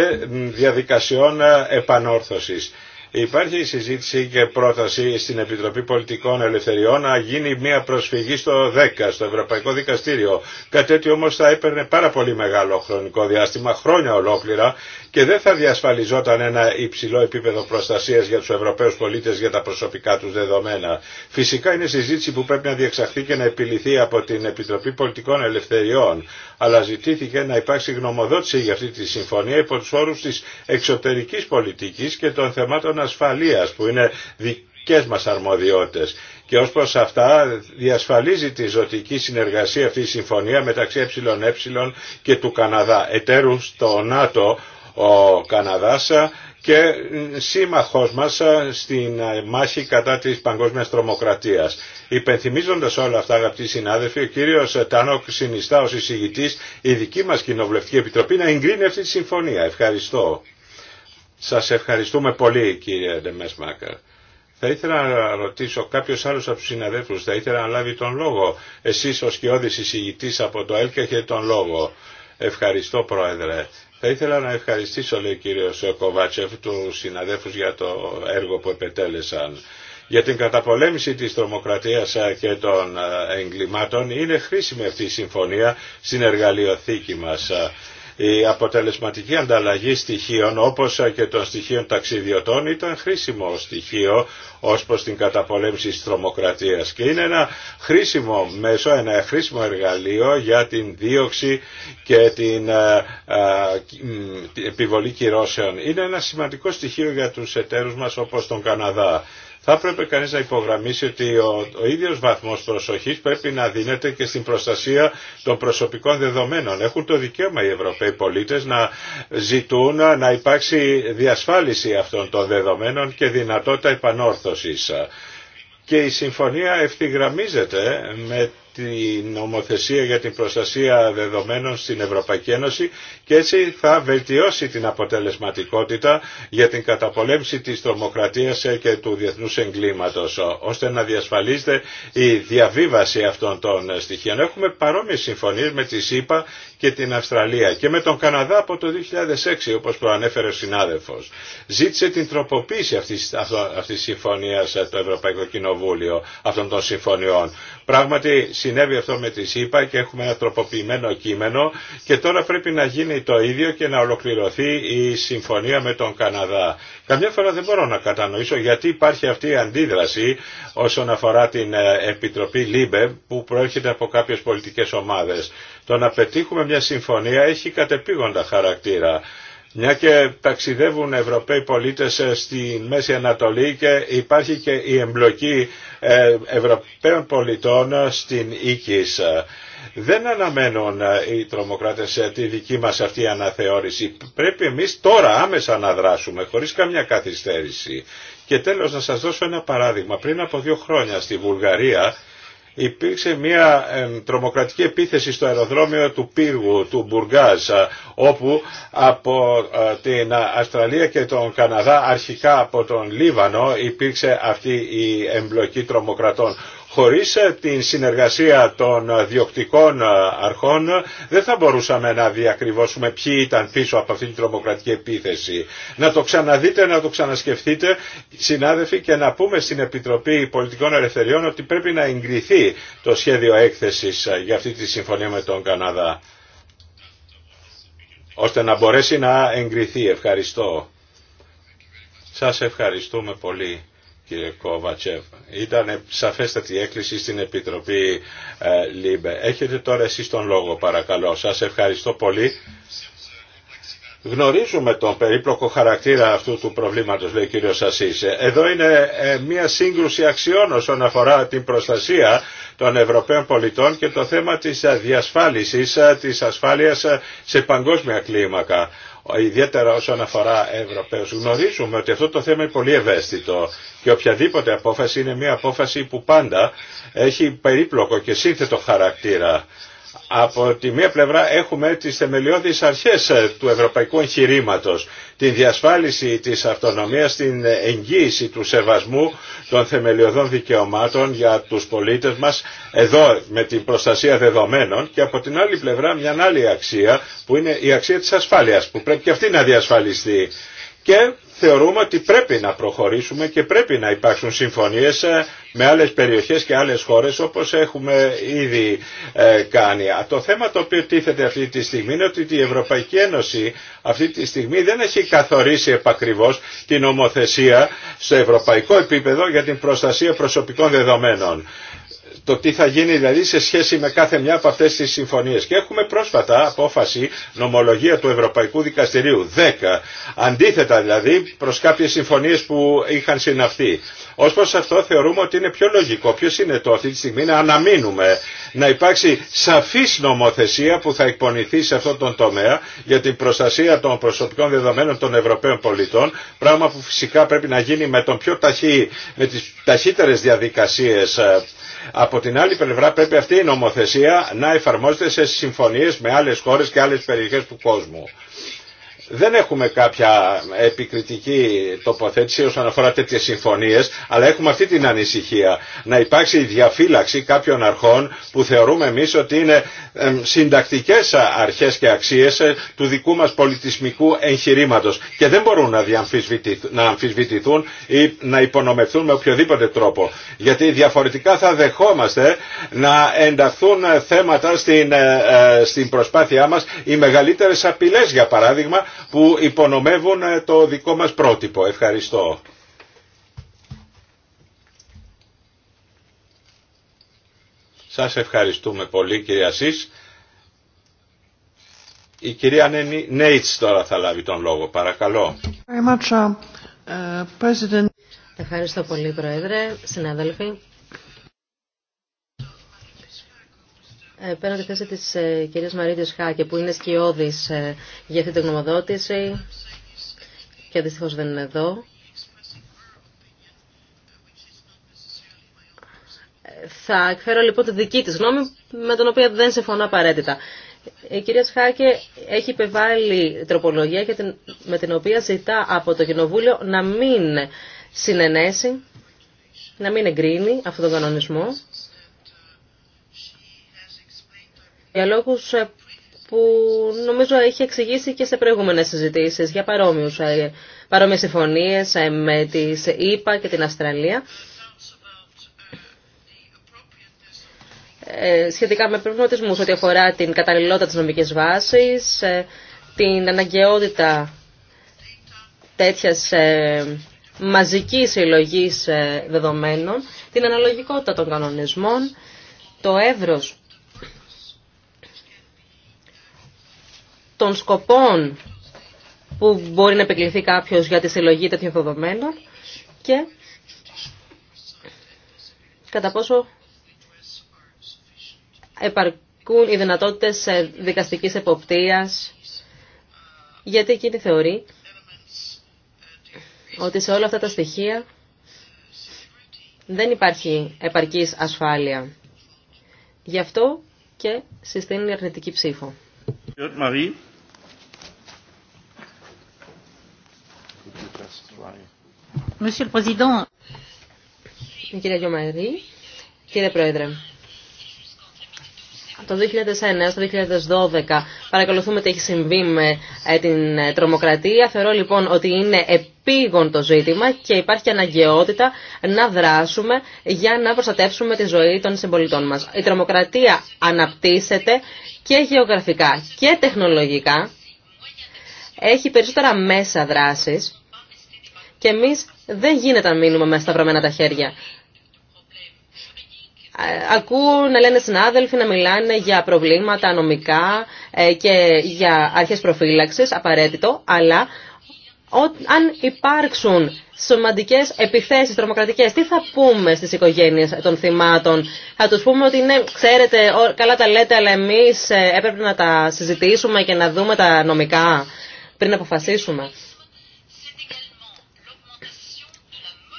διαδικασιών επανόρθωσης. Υπάρχει συζήτηση και πρόταση στην Επιτροπή Πολιτικών Ελευθεριών να γίνει μια προσφυγή στο 10, στο Ευρωπαϊκό Δικαστήριο. Κάτι έτσι όμως θα έπαιρνε πάρα πολύ μεγάλο χρονικό διάστημα, χρόνια ολόκληρα και δεν θα διασφαλιζόταν ένα υψηλό επίπεδο προστασία για του Ευρωπαίου πολίτε για τα προσωπικά του δεδομένα. Φυσικά είναι συζήτηση που πρέπει να διεξαχθεί και να επιληθεί από την Επιτροπή Πολιτικών Ελευθεριών, αλλά ζητήθηκε να υπάρξει γνωμοδότηση για αυτή τη συμφωνία υπό του όρου τη εξωτερική πολιτική και των θεμάτων ασφαλεία, που είναι δικέ μα αρμοδιότητε και ως προς αυτά διασφαλίζει τη ζωτική συνεργασία αυτή η συμφωνία μεταξύ ΕΕ και του Καναδά, εταίρου στο ΝΑΤΟ ο Καναδάς και σύμμαχός μας στην μάχη κατά της παγκόσμιας τρομοκρατίας. Υπενθυμίζοντας όλα αυτά αγαπητοί συνάδελφοι, ο κύριος Τάνοκ συνιστά ως εισηγητής η δική μας Κοινοβουλευτική Επιτροπή να εγκρίνει αυτή τη συμφωνία. Ευχαριστώ. Σας ευχαριστούμε πολύ κύριε Ντεμέσμακερ. Θα ήθελα να ρωτήσω κάποιος άλλος από τους συναδέλφους, θα ήθελα να λάβει τον λόγο. Εσείς ως κοιόδης εισηγητής από το ΕΛΚΑ έχετε τον λόγο. Ευχαριστώ Πρόεδρε. Θα ήθελα να ευχαριστήσω, λέει ο Κοβάτσεφ, του συναδέφους για το έργο που επετέλεσαν. Για την καταπολέμηση της τρομοκρατίας και των ε, εγκλημάτων είναι χρήσιμη αυτή η συμφωνία στην εργαλειοθήκη μας. Η αποτελεσματική ανταλλαγή στοιχείων όπως και των στοιχείων ταξιδιωτών ήταν χρήσιμο στοιχείο ως προς την καταπολέμηση της τρομοκρατίας και είναι ένα χρήσιμο μέσο, ένα χρήσιμο εργαλείο για την δίωξη και την ε, ε, επιβολή κυρώσεων. Είναι ένα σημαντικό στοιχείο για τους εταίρους μας όπως τον Καναδά θα έπρεπε κανείς να υπογραμμίσει ότι ο, ο ίδιος βαθμός προσοχής πρέπει να δίνεται και στην προστασία των προσωπικών δεδομένων. Έχουν το δικαίωμα οι Ευρωπαίοι πολίτες να ζητούν να υπάρξει διασφάλιση αυτών των δεδομένων και δυνατότητα επανόρθωσης. Και η συμφωνία ευθυγραμμίζεται με την νομοθεσία για την προστασία δεδομένων στην Ευρωπαϊκή Ένωση και έτσι θα βελτιώσει την αποτελεσματικότητα για την καταπολέμηση της τρομοκρατίας και του διεθνούς εγκλήματος ώστε να διασφαλίζεται η διαβίβαση αυτών των στοιχείων. Έχουμε παρόμοιες συμφωνίες με τη ΣΥΠΑ και την Αυστραλία και με τον Καναδά από το 2006 όπως προανέφερε ο συνάδελφος. Ζήτησε την τροποποίηση αυτής, αυτής της συμφωνίας το Ευρωπαϊκό Κοινοβούλιο αυτών των συμφωνιών Πράγματι συνέβη αυτό με τη ΣΥΠΑ και έχουμε ένα τροποποιημένο κείμενο και τώρα πρέπει να γίνει το ίδιο και να ολοκληρωθεί η συμφωνία με τον Καναδά. Καμιά φορά δεν μπορώ να κατανοήσω γιατί υπάρχει αυτή η αντίδραση όσον αφορά την ε, Επιτροπή ΛΥΜΠΕ που προέρχεται από κάποιες πολιτικές ομάδες. Το να πετύχουμε μια συμφωνία έχει κατεπήγοντα χαρακτήρα. Μια και ταξιδεύουν Ευρωπαίοι πολίτες ε, στη Μέση Ανατολή και υπάρχει και η εμπλοκή ε, Ευρωπαίων πολιτών ε, στην Ίκης. Δεν αναμένουν οι τρομοκράτες τη δική μας αυτή αναθεώρηση. Πρέπει εμείς τώρα άμεσα να δράσουμε χωρίς καμιά καθυστέρηση. Και τέλος να σας δώσω ένα παράδειγμα. Πριν από δύο χρόνια στη Βουλγαρία υπήρξε μια τρομοκρατική επίθεση στο αεροδρόμιο του Πύργου, του Μπουργκάζ, όπου από την Αυστραλία και τον Καναδά, αρχικά από τον Λίβανο, υπήρξε αυτή η εμπλοκή τρομοκρατών. Χωρίς ε, την συνεργασία των ε, διοκτικών ε, αρχών δεν θα μπορούσαμε να διακριβώσουμε ποιοι ήταν πίσω από αυτήν την τρομοκρατική επίθεση. Να το ξαναδείτε, να το ξανασκεφτείτε συνάδελφοι και να πούμε στην Επιτροπή Πολιτικών Ελευθεριών ότι πρέπει να εγκριθεί το σχέδιο έκθεσης για αυτή τη συμφωνία με τον Καναδά ώστε να μπορέσει να εγκριθεί. Ευχαριστώ. Σας ευχαριστούμε πολύ κύριε Κοβατσέφ. Ήταν σαφέστατη έκκληση στην Επιτροπή ε, ΛΥΜΠΕ. Έχετε τώρα εσείς τον λόγο παρακαλώ. Σας ευχαριστώ πολύ. Γνωρίζουμε τον περίπλοκο χαρακτήρα αυτού του προβλήματος, λέει ο κύριος Σασίς. Ε, εδώ είναι ε, μια σύγκρουση αξιών όσον αφορά την προστασία των Ευρωπαίων πολιτών και το θέμα της ε, διασφάλισης της ασφάλειας σε παγκόσμια κλίμακα ιδιαίτερα όσον αφορά Ευρωπαίους. Γνωρίζουμε ότι αυτό το θέμα είναι πολύ ευαίσθητο και οποιαδήποτε απόφαση είναι μια απόφαση που πάντα έχει περίπλοκο και σύνθετο χαρακτήρα από τη μία πλευρά έχουμε τις θεμελιώδεις αρχές ε, του ευρωπαϊκού εγχειρήματο, την διασφάλιση της αυτονομίας, την εγγύηση του σεβασμού των θεμελιωδών δικαιωμάτων για τους πολίτες μας, εδώ με την προστασία δεδομένων και από την άλλη πλευρά μια άλλη αξία που είναι η αξία της ασφάλειας που πρέπει και αυτή να διασφαλιστεί. Και θεωρούμε ότι πρέπει να προχωρήσουμε και πρέπει να υπάρξουν συμφωνίες ε, με άλλες περιοχές και άλλες χώρες όπως έχουμε ήδη ε, κάνει. Το θέμα το οποίο τίθεται αυτή τη στιγμή είναι ότι η Ευρωπαϊκή Ένωση αυτή τη στιγμή δεν έχει καθορίσει επακριβώς την ομοθεσία στο ευρωπαϊκό επίπεδο για την προστασία προσωπικών δεδομένων το τι θα γίνει δηλαδή σε σχέση με κάθε μια από αυτές τις συμφωνίες. Και έχουμε πρόσφατα απόφαση νομολογία του Ευρωπαϊκού Δικαστηρίου 10, αντίθετα δηλαδή προς κάποιες συμφωνίες που είχαν συναυθεί. Ως προς αυτό θεωρούμε ότι είναι πιο λογικό, πιο συνετό αυτή τη στιγμή να αναμείνουμε, να υπάρξει σαφής νομοθεσία που θα εκπονηθεί σε αυτόν τον τομέα για την προστασία των προσωπικών δεδομένων των Ευρωπαίων πολιτών, πράγμα που φυσικά πρέπει να γίνει με τον πιο ταχύ, τις ταχύτερες διαδικασίες ε, από την άλλη πλευρά πρέπει αυτή η νομοθεσία να εφαρμόζεται σε συμφωνίες με άλλες χώρες και άλλες περιοχές του κόσμου δεν έχουμε κάποια επικριτική τοποθέτηση όσον αφορά τέτοιες συμφωνίες, αλλά έχουμε αυτή την ανησυχία να υπάρξει η διαφύλαξη κάποιων αρχών που θεωρούμε εμείς ότι είναι συντακτικές αρχές και αξίες ε, του δικού μας πολιτισμικού εγχειρήματος και δεν μπορούν να, να αμφισβητηθούν ή να υπονομευθούν με οποιοδήποτε τρόπο. Γιατί διαφορετικά θα δεχόμαστε να ενταχθούν ε, θέματα στην, ε, στην προσπάθειά μας οι μεγαλύτερες απειλές για παράδειγμα που υπονομεύουν ε, το δικό μας πρότυπο. Ευχαριστώ. Σας ευχαριστούμε πολύ κυρία Σις. Η κυρία Νέιτς τώρα θα λάβει τον λόγο. Παρακαλώ. Uh, uh, Ευχαριστώ πολύ Πρόεδρε, συνάδελφοι. Ε, παίρνω τη θέση της ε, κυρίας Μαρίτης Χάκε που είναι σκιώδης ε, για αυτή την γνωμοδότηση και δυστυχώς δεν είναι εδώ. Θα εκφέρω λοιπόν τη δική της γνώμη με την οποία δεν συμφωνώ απαραίτητα. Η κυρία Σχάκε έχει υπεβάλει τροπολογία με την οποία ζητά από το Κοινοβούλιο να μην συνενέσει, να μην εγκρίνει αυτόν τον κανονισμό για λόγους ε, που νομίζω έχει εξηγήσει και σε προηγούμενες συζητήσεις για παρόμοιους, ε, παρόμοιες ε, με τις ΗΠΑ και την Αυστραλία. σχετικά με προβληματισμούς ό,τι αφορά την καταλληλότητα της νομικής βάσης, την αναγκαιότητα τέτοιας μαζικής συλλογή δεδομένων, την αναλογικότητα των κανονισμών, το εύρος των σκοπών που μπορεί να επικληθεί κάποιος για τη συλλογή τέτοιων δεδομένων και κατά πόσο επαρκούν οι δυνατότητες δικαστικής εποπτείας γιατί εκείνη θεωρεί ότι σε όλα αυτά τα στοιχεία δεν υπάρχει επαρκής ασφάλεια. Γι' αυτό και συστήνει αρνητική ψήφο. Κύριε Πρόεδρε, κύριε Πρόεδρε, το 2009 στο 2012 παρακολουθούμε τι έχει συμβεί με ε, την ε, τρομοκρατία. Θεωρώ λοιπόν ότι είναι επίγον το ζήτημα και υπάρχει αναγκαιότητα να δράσουμε για να προστατεύσουμε τη ζωή των συμπολιτών μας. Η τρομοκρατία αναπτύσσεται και γεωγραφικά και τεχνολογικά. Έχει περισσότερα μέσα δράσης και εμεί δεν γίνεται να μείνουμε με σταυρωμένα τα χέρια. Ε, ακούω να λένε συνάδελφοι να μιλάνε για προβλήματα νομικά ε, και για αρχές προφύλαξης, απαραίτητο, αλλά αν υπάρξουν σωματικές επιθέσεις τρομοκρατικές, τι θα πούμε στις οικογένειες των θυμάτων. Θα τους πούμε ότι ναι, ξέρετε, καλά τα λέτε, αλλά εμείς ε, έπρεπε να τα συζητήσουμε και να δούμε τα νομικά πριν αποφασίσουμε.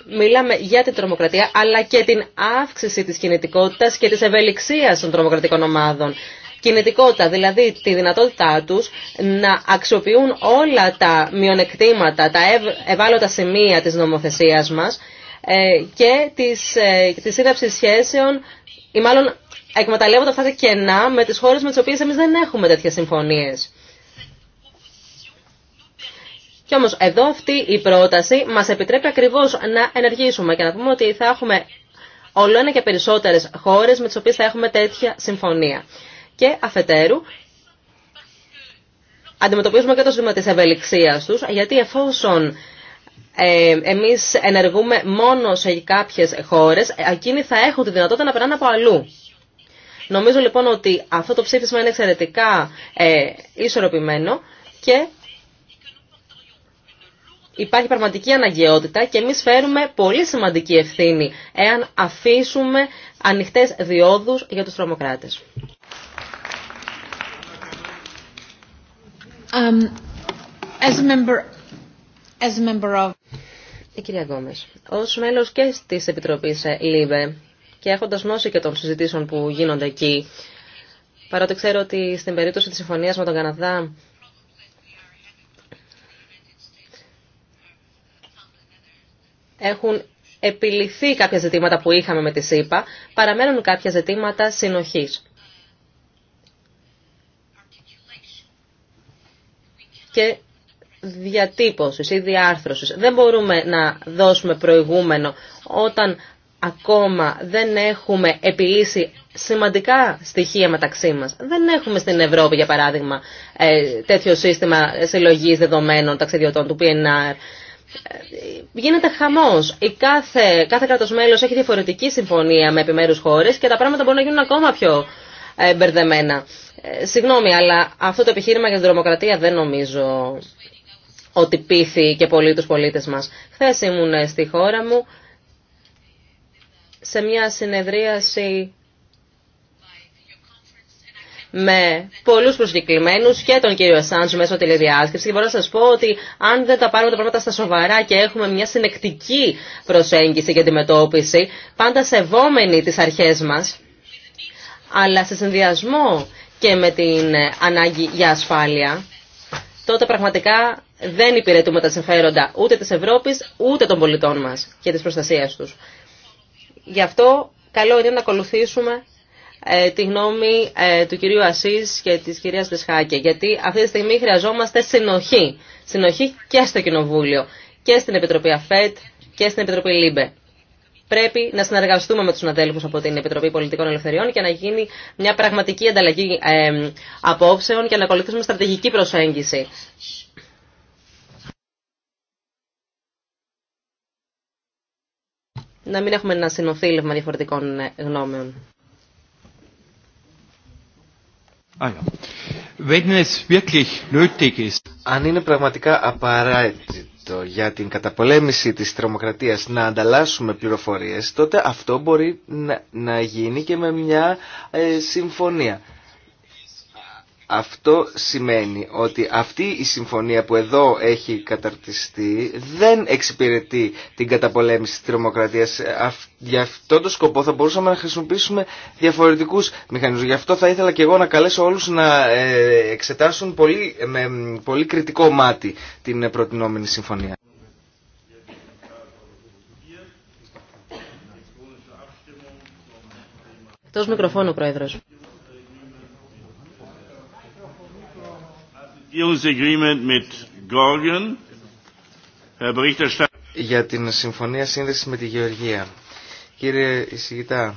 μιλάμε για την τρομοκρατία, αλλά και την αύξηση της κινητικότητας και της ευελιξίας των τρομοκρατικών ομάδων. Κινητικότητα, δηλαδή τη δυνατότητά τους να αξιοποιούν όλα τα μειονεκτήματα, τα ευάλωτα σημεία της νομοθεσίας μας ε, και της, ε, της σύναψης σχέσεων, ή μάλλον εκμεταλλεύονται αυτά τα κενά με τις χώρες με τις οποίες εμείς δεν έχουμε τέτοιες συμφωνίες. Κι όμως εδώ αυτή η πρόταση μας επιτρέπει ακριβώς να ενεργήσουμε και να πούμε ότι θα έχουμε όλο ένα και περισσότερες χώρες με τις οποίες θα έχουμε τέτοια συμφωνία. Και αφετέρου αντιμετωπίζουμε και το ζήτημα της ευελιξίας τους, γιατί εφόσον ε, εμείς ενεργούμε μόνο σε κάποιες χώρες, εκείνοι θα έχουν τη δυνατότητα να περνάνε από αλλού. Νομίζω λοιπόν ότι αυτό το ψήφισμα είναι εξαιρετικά ε, ισορροπημένο και υπάρχει πραγματική αναγκαιότητα και εμείς φέρουμε πολύ σημαντική ευθύνη εάν αφήσουμε ανοιχτές διόδους για τους τρομοκράτες. Um, Η ε, κυρία Γκόμες, ως μέλος και της Επιτροπής ε, ΛΥΒΕ και έχοντας γνώση και των συζητήσεων που γίνονται εκεί, παρότι ξέρω ότι στην περίπτωση της συμφωνίας με τον Καναδά έχουν επιληθεί κάποια ζητήματα που είχαμε με τη ΣΥΠΑ, παραμένουν κάποια ζητήματα συνοχής. Και διατύπωση ή διάρθρωσης. Δεν μπορούμε να δώσουμε προηγούμενο όταν ακόμα δεν έχουμε επιλύσει σημαντικά στοιχεία μεταξύ μας. Δεν έχουμε στην Ευρώπη, για παράδειγμα, ε, τέτοιο σύστημα συλλογής δεδομένων ταξιδιωτών του PNR γίνεται χαμός. Η κάθε, κάθε κράτος μέλος έχει διαφορετική συμφωνία με επιμέρους χώρες και τα πράγματα μπορούν να γίνουν ακόμα πιο ε, μπερδεμένα. Ε, συγγνώμη, αλλά αυτό το επιχείρημα για την δρομοκρατία δεν νομίζω ότι πείθει και πολύ τους πολίτες μας. Χθε ήμουν στη χώρα μου σε μια συνεδρίαση με πολλούς προσκεκλημένου και τον κύριο Ασάντζ μέσω τηλεδιάσκεψη και μπορώ να σα πω ότι αν δεν τα πάρουμε τα πράγματα στα σοβαρά και έχουμε μια συνεκτική προσέγγιση και αντιμετώπιση, πάντα σεβόμενοι τις αρχές μας, αλλά σε συνδυασμό και με την ανάγκη για ασφάλεια, τότε πραγματικά δεν υπηρετούμε τα συμφέροντα ούτε της Ευρώπης, ούτε των πολιτών μας και της προστασίας τους. Γι' αυτό καλό είναι να ακολουθήσουμε ε, τη γνώμη ε, του κυρίου Ασή και τη κυρία Τεσχάκη. Γιατί αυτή τη στιγμή χρειαζόμαστε συνοχή. Συνοχή και στο Κοινοβούλιο και στην Επιτροπή ΑΦΕΤ και στην Επιτροπή ΛΥΜΠΕ. Πρέπει να συνεργαστούμε με του συναδέλφου από την Επιτροπή Πολιτικών Ελευθεριών και να γίνει μια πραγματική ανταλλαγή ε, απόψεων και να ακολουθήσουμε στρατηγική προσέγγιση. Να μην έχουμε ένα συνοθήλευμα διαφορετικών γνώμεων. Ah Αν είναι πραγματικά απαραίτητο για την καταπολέμηση της τρομοκρατίας να ανταλλάσσουμε πληροφορίες, τότε αυτό μπορεί να, γίνει και με μια ε, συμφωνία. Αυτό σημαίνει ότι αυτή η συμφωνία που εδώ έχει καταρτιστεί δεν εξυπηρετεί την καταπολέμηση της τρομοκρατίας. Γι' αυτό τον σκοπό θα μπορούσαμε να χρησιμοποιήσουμε διαφορετικούς μηχανισμούς. Γι' αυτό θα ήθελα και εγώ να καλέσω όλους να ε, εξετάσουν πολύ, με πολύ κριτικό μάτι την προτινόμενη συμφωνία. Πρόεδρος. Για την συμφωνία σύνδεσης με τη Γεωργία. Κύριε Ισηγητά,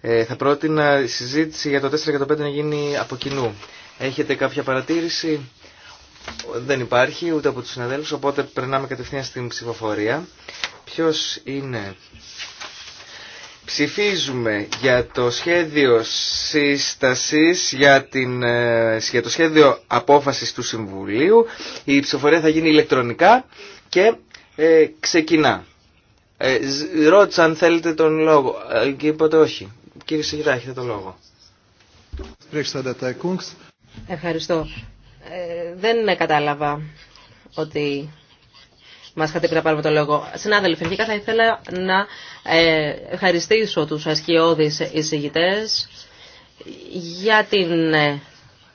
ε, θα πρότεινα η συζήτηση για το 4 και το 5 να γίνει από κοινού. Έχετε κάποια παρατήρηση? Δεν υπάρχει ούτε από τους συναδέλφους, οπότε περνάμε κατευθείαν στην ψηφοφορία. Ποιος είναι Ψηφίζουμε για το σχέδιο σύστασης, για, την, ε, για το σχέδιο απόφασης του Συμβουλίου. Η ψηφοφορία θα γίνει ηλεκτρονικά και ε, ξεκινά. Ε, αν θέλετε τον λόγο. Ε, και είπατε όχι. Κύριε Σιγητά, έχετε τον λόγο. Ευχαριστώ. Ε, δεν κατάλαβα ότι Μα είχατε πει να πάρουμε το λόγο. Συνάδελφοι, αρχικά θα ήθελα να ε, ευχαριστήσω του ασκιώδει εισηγητέ για την ε,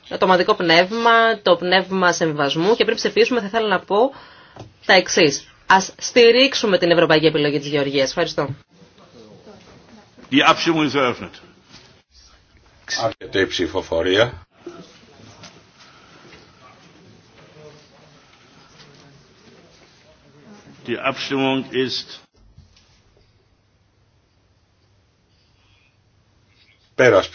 το ομαδικό πνεύμα, το πνεύμα συμβασμού και πριν ψηφίσουμε θα ήθελα να πω τα εξή. Α στηρίξουμε την ευρωπαϊκή επιλογή τη Γεωργία. Ευχαριστώ. Η ψηφοφορία. Die Abstimmung ist πέρας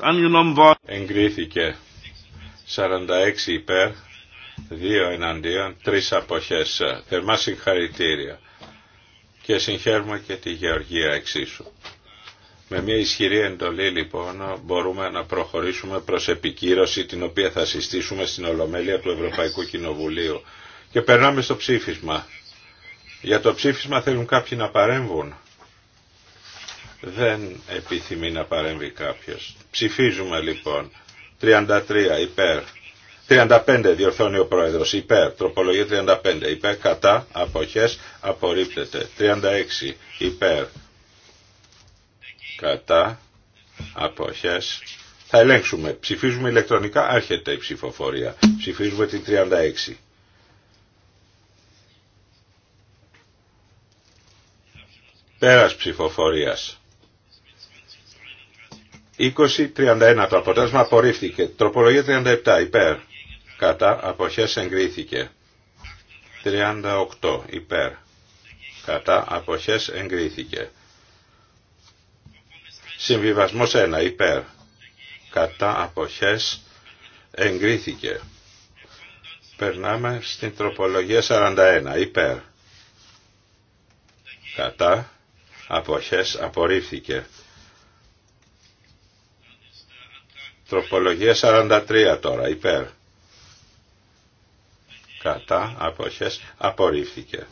angenommen τώρα. Εγκρίθηκε 46 υπέρ, 2 εναντίον, 3 αποχές. Θερμά συγχαρητήρια. Και συγχαίρουμε και τη Γεωργία εξίσου. Με μια ισχυρή εντολή λοιπόν μπορούμε να προχωρήσουμε προς επικύρωση την οποία θα συστήσουμε στην Ολομέλεια του Ευρωπαϊκού Κοινοβουλίου. Και περνάμε στο ψήφισμα. Για το ψήφισμα θέλουν κάποιοι να παρέμβουν. Δεν επιθυμεί να παρέμβει κάποιος. Ψηφίζουμε λοιπόν. 33 υπέρ. 35 διορθώνει ο πρόεδρος. Υπέρ. Τροπολογία 35. Υπέρ κατά. Αποχές. Απορρίπτεται. 36 υπέρ κατά, αποχές. Θα ελέγξουμε. Ψηφίζουμε ηλεκτρονικά, άρχεται η ψηφοφορία. Ψηφίζουμε την 36. Πέρας ψηφοφορίας. 20-31 το αποτέλεσμα απορρίφθηκε. Τροπολογία 37 υπέρ. Κατά αποχές εγκρίθηκε. 38 υπέρ. Κατά αποχές εγκρίθηκε. Συμβιβασμός 1 υπέρ κατά αποχές εγκρίθηκε. Περνάμε στην τροπολογία 41 υπέρ κατά αποχές απορρίφθηκε. Τροπολογία 43 τώρα υπέρ κατά αποχές απορρίφθηκε.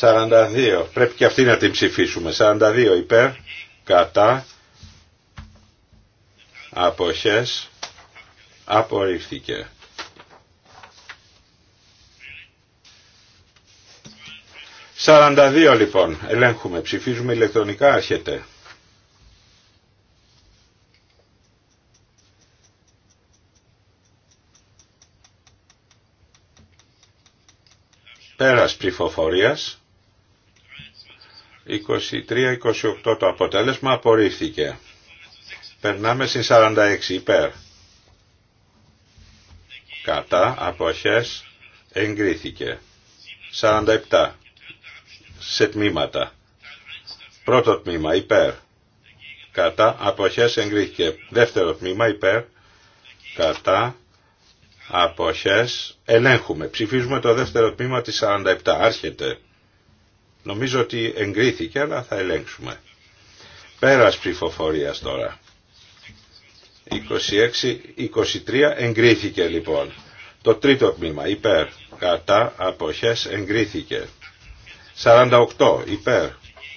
42. Πρέπει και αυτή να την ψηφίσουμε. 42 υπέρ, κατά, αποχές, απορρίφθηκε. 42 λοιπόν. Ελέγχουμε. Ψηφίζουμε ηλεκτρονικά. Άρχεται. Πέρας ψηφοφορίας. 23-28 το αποτέλεσμα απορρίφθηκε. Περνάμε στην 46 υπέρ. Κατά αποχές εγκρίθηκε. 47 σε τμήματα. Πρώτο τμήμα υπέρ. Κατά αποχές εγκρίθηκε. Δεύτερο τμήμα υπέρ. Κατά αποχές ελέγχουμε. Ψηφίζουμε το δεύτερο τμήμα της 47. Άρχεται. Νομίζω ότι εγκρίθηκε, αλλά θα ελέγξουμε. ψηφοφορία ψηφοφορίας τώρα. 26-23 εγκρίθηκε λοιπόν. Το τρίτο τμήμα υπέρ, κατά, αποχές εγκρίθηκε. 48 υπέρ,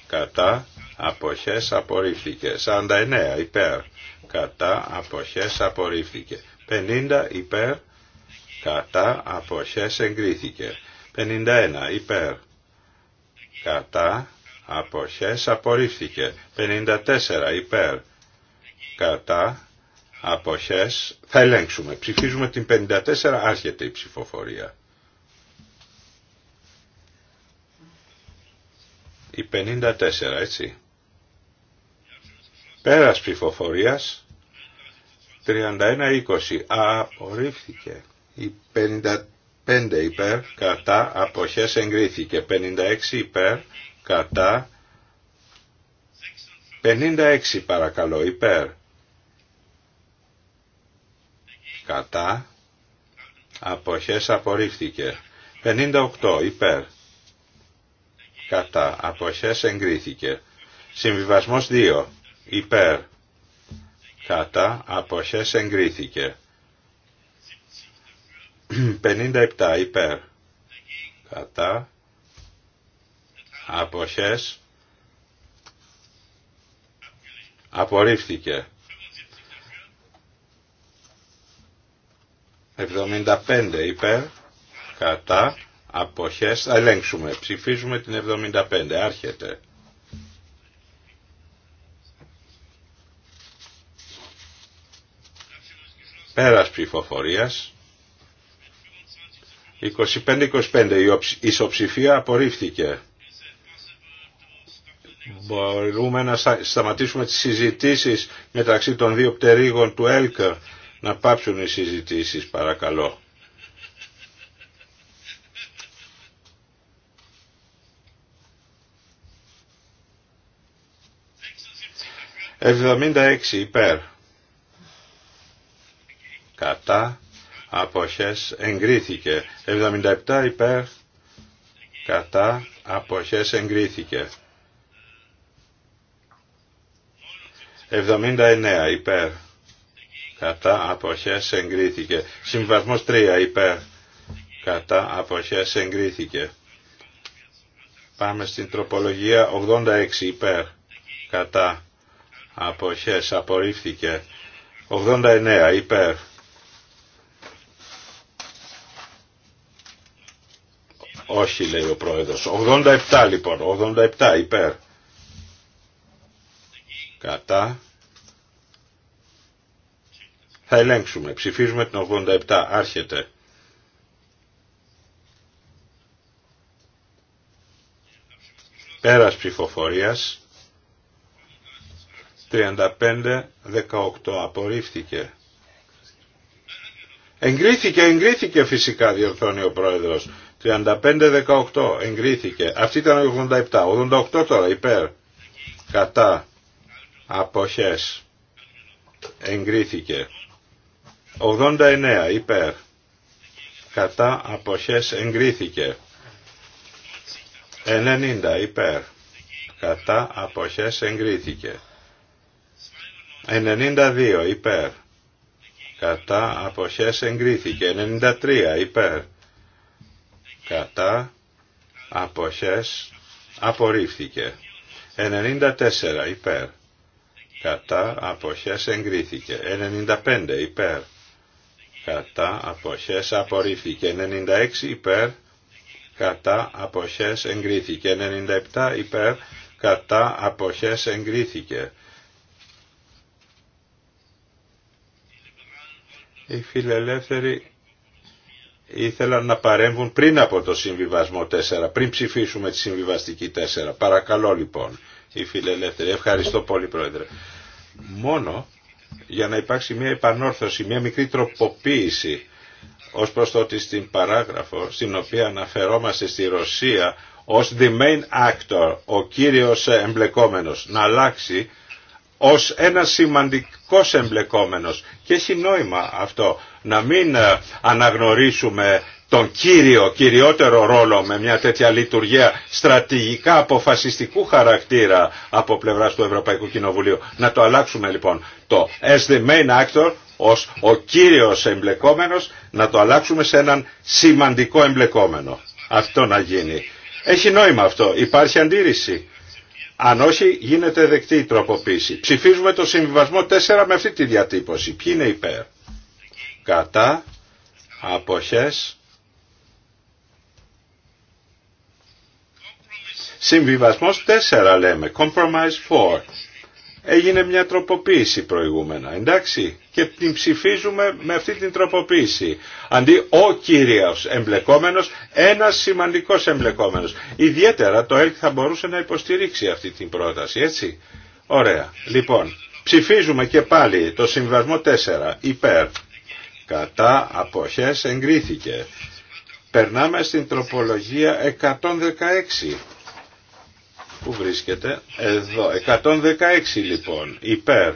κατά, αποχές απορρίφθηκε. 49 υπέρ, κατά, αποχές απορρίφθηκε. 50 υπέρ, κατά, αποχές εγκρίθηκε. 51 υπέρ, κατά, αποχές, απορρίφθηκε. 54 υπέρ, κατά, αποχές, θα ελέγξουμε. Ψηφίζουμε την 54, άρχεται η ψηφοφορία. Η 54, έτσι. Πέρας ψηφοφορίας, 31-20, απορρίφθηκε. Η 54 5 υπέρ κατά αποχές εγκρίθηκε 56 υπέρ κατά 56 παρακαλώ υπέρ κατά αποχές απορρίφθηκε 58 υπέρ κατά αποχές εγκρίθηκε συμβιβασμός 2 υπέρ κατά αποχές εγκρίθηκε 57 υπέρ κατά αποχές απορρίφθηκε 75 υπέρ κατά αποχές θα ελέγξουμε ψηφίζουμε την 75 άρχεται πέρας ψηφοφορίας 25-25 η ισοψηφία απορρίφθηκε. Μπορούμε να σταματήσουμε τις συζητήσεις μεταξύ των δύο πτερίγων του ΕΛΚ. Να πάψουν οι συζητήσεις παρακαλώ. Εβδομήντα υπέρ. Κατά αποχές εγκρίθηκε. 77 υπέρ κατά αποχές εγκρίθηκε. 79 υπέρ κατά αποχές εγκρίθηκε. Συμβασμός 3 υπέρ κατά αποχές εγκρίθηκε. Πάμε στην τροπολογία 86 υπέρ κατά αποχές απορρίφθηκε. 89 υπέρ Όχι λέει ο πρόεδρος. 87 λοιπόν. 87 υπέρ. Κατά. Θα ελέγξουμε. Ψηφίζουμε την 87. Άρχεται. Πέρας ψηφοφορίας. 35-18. Απορρίφθηκε. Εγκρίθηκε, εγκρίθηκε φυσικά διορθώνει ο πρόεδρος. 35-18 εγκρίθηκε. Αυτή ήταν 87. 88 τώρα υπέρ. Κατά. Αποχές. Εγκρίθηκε. 89 υπέρ. Κατά. Αποχές. Εγκρίθηκε. 90 υπέρ. Κατά. Αποχές. Εγκρίθηκε. 92 υπέρ. Κατά. Αποχές. Εγκρίθηκε. 93 υπέρ κατά αποχές απορρίφθηκε. 94 υπέρ κατά αποχές εγκρίθηκε. 95 υπέρ κατά αποχές απορρίφθηκε. 96 υπέρ κατά αποχές εγκρίθηκε. 97 υπέρ κατά αποχές εγκρίθηκε. Οι φιλελεύθεροι ήθελαν να παρέμβουν πριν από το συμβιβασμό 4, πριν ψηφίσουμε τη συμβιβαστική 4. Παρακαλώ λοιπόν οι φιλελεύθεροι. Ευχαριστώ πολύ Πρόεδρε. Μόνο για να υπάρξει μια επανόρθωση, μια μικρή τροποποίηση ως προς το ότι στην παράγραφο στην οποία αναφερόμαστε στη Ρωσία ως the main actor, ο κύριος εμπλεκόμενος, να αλλάξει ως ένα σημαντικός εμπλεκόμενος. Και έχει νόημα αυτό να μην ε, αναγνωρίσουμε τον κύριο, κυριότερο ρόλο με μια τέτοια λειτουργία στρατηγικά αποφασιστικού χαρακτήρα από πλευράς του Ευρωπαϊκού Κοινοβουλίου. Να το αλλάξουμε λοιπόν το as the main actor ως ο κύριος εμπλεκόμενος να το αλλάξουμε σε έναν σημαντικό εμπλεκόμενο. Αυτό να γίνει. Έχει νόημα αυτό. Υπάρχει αντίρρηση. Αν όχι γίνεται δεκτή η τροποποίηση. Ψηφίζουμε το συμβιβασμό 4 με αυτή τη διατύπωση. Ποιοι είναι υπέρ κατά, αποχές, Συμβιβασμός 4 λέμε, compromise 4. Έγινε μια τροποποίηση προηγούμενα, εντάξει, και την ψηφίζουμε με αυτή την τροποποίηση. Αντί ο κύριος εμπλεκόμενος, ένας σημαντικός εμπλεκόμενος. Ιδιαίτερα το ΕΛΚ θα μπορούσε να υποστηρίξει αυτή την πρόταση, έτσι. Ωραία, λοιπόν, ψηφίζουμε και πάλι το συμβιβασμό 4, υπέρ, κατά αποχές εγκρίθηκε. Περνάμε στην τροπολογία 116 που βρίσκεται εδώ. 116 λοιπόν υπέρ.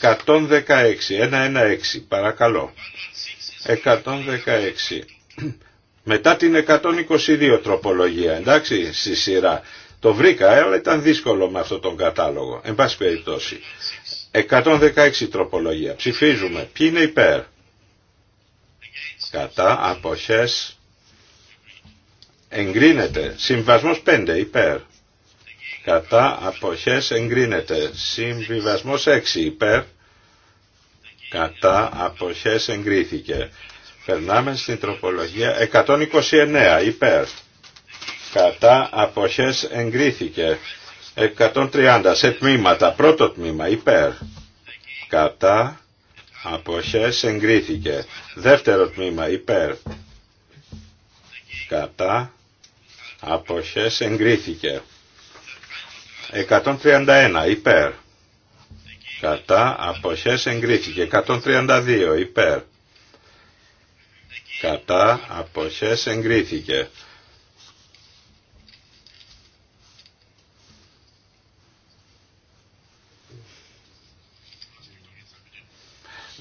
116 δεκαέξι, ένα παρακαλώ. 1-1-6 Μετά την 122 τροπολογία, εντάξει, στη σειρά. Το βρήκα, ε, αλλά ήταν δύσκολο με αυτόν τον κατάλογο. Εν πάση περιπτώσει. 116 τροπολογία. Ψηφίζουμε. Ποιοι είναι υπέρ. Κατά. Αποχές. Εγκρίνεται. Συμβασμός 5. Υπέρ. Κατά. Αποχές. Εγκρίνεται. Συμβιβασμός 6. Υπέρ. Κατά. Αποχές. Εγκρίθηκε. Περνάμε στην τροπολογία 129. Υπέρ κατά αποχές εγκρίθηκε 130 σε τμήματα πρώτο τμήμα υπέρ κατά αποχές εγκρίθηκε δεύτερο τμήμα υπέρ κατά αποχές εγκρίθηκε 131 υπέρ κατά αποχές εγκρίθηκε 132 υπέρ κατά αποχές εγκρίθηκε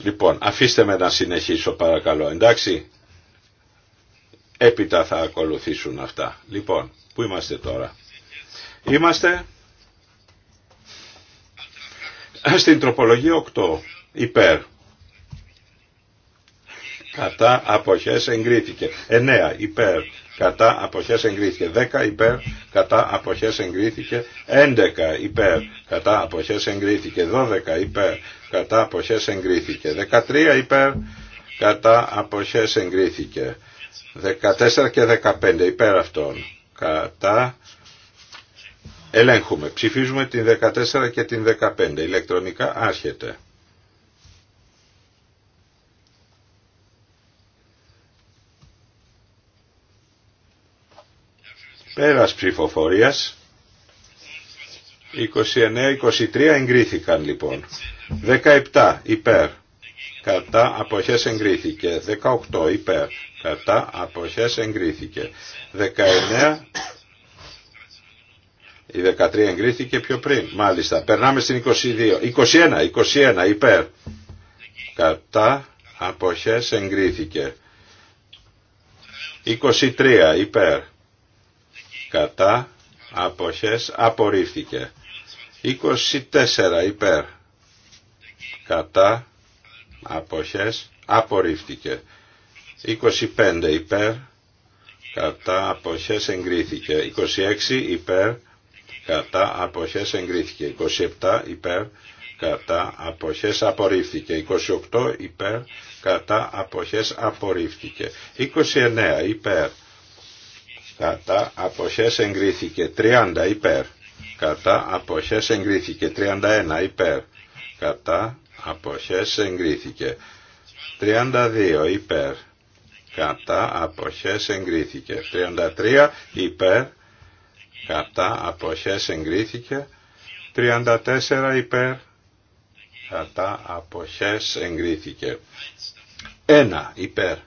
Λοιπόν, αφήστε με να συνεχίσω παρακαλώ, εντάξει. Έπειτα θα ακολουθήσουν αυτά. Λοιπόν, πού είμαστε τώρα. Είμαστε στην τροπολογία 8, υπέρ. Κατά αποχές εγκρίθηκε. 9, υπέρ κατά αποχές εγκρίθηκε. 10 υπέρ κατά αποχές εγκρίθηκε. 11 υπέρ κατά αποχές εγκρίθηκε. 12 υπέρ κατά αποχές εγκρίθηκε. 13 υπέρ κατά αποχές εγκρίθηκε. 14 και 15 υπέρ αυτών κατά ελέγχουμε. Ψηφίζουμε την 14 και την 15 ηλεκτρονικά άρχεται. Πέρας ψηφοφορίας. 29-23 εγκρίθηκαν λοιπόν. 17 υπέρ. Κατά αποχές εγκρίθηκε. 18 υπέρ. Κατά αποχές εγκρίθηκε. 19 η 13 εγκρίθηκε πιο πριν. Μάλιστα. Περνάμε στην 22. 21, 21 υπέρ. Κατά αποχές εγκρίθηκε. 23 υπέρ κατά, αποχές, απορρίφθηκε. 24 υπέρ, κατά, αποχές, απορρίφθηκε. 25 υπέρ, κατά, αποχές, εγκρίθηκε. 26 υπέρ, κατά, αποχές, εγκρίθηκε. 27 υπέρ, κατά, αποχές, απορρίφθηκε. 28 υπέρ, κατά, αποχές, απορρίφθηκε. 29 υπέρ, κατά αποχές εγκρίθηκε 30 υπέρ κατά αποχές εγκρίθηκε 31 υπέρ κατά αποχές εγκρίθηκε 32 υπέρ κατά αποχές εγκρίθηκε 33 υπέρ κατά αποχές εγκρίθηκε 34 υπέρ κατά αποχές εγκρίθηκε 1 υπέρ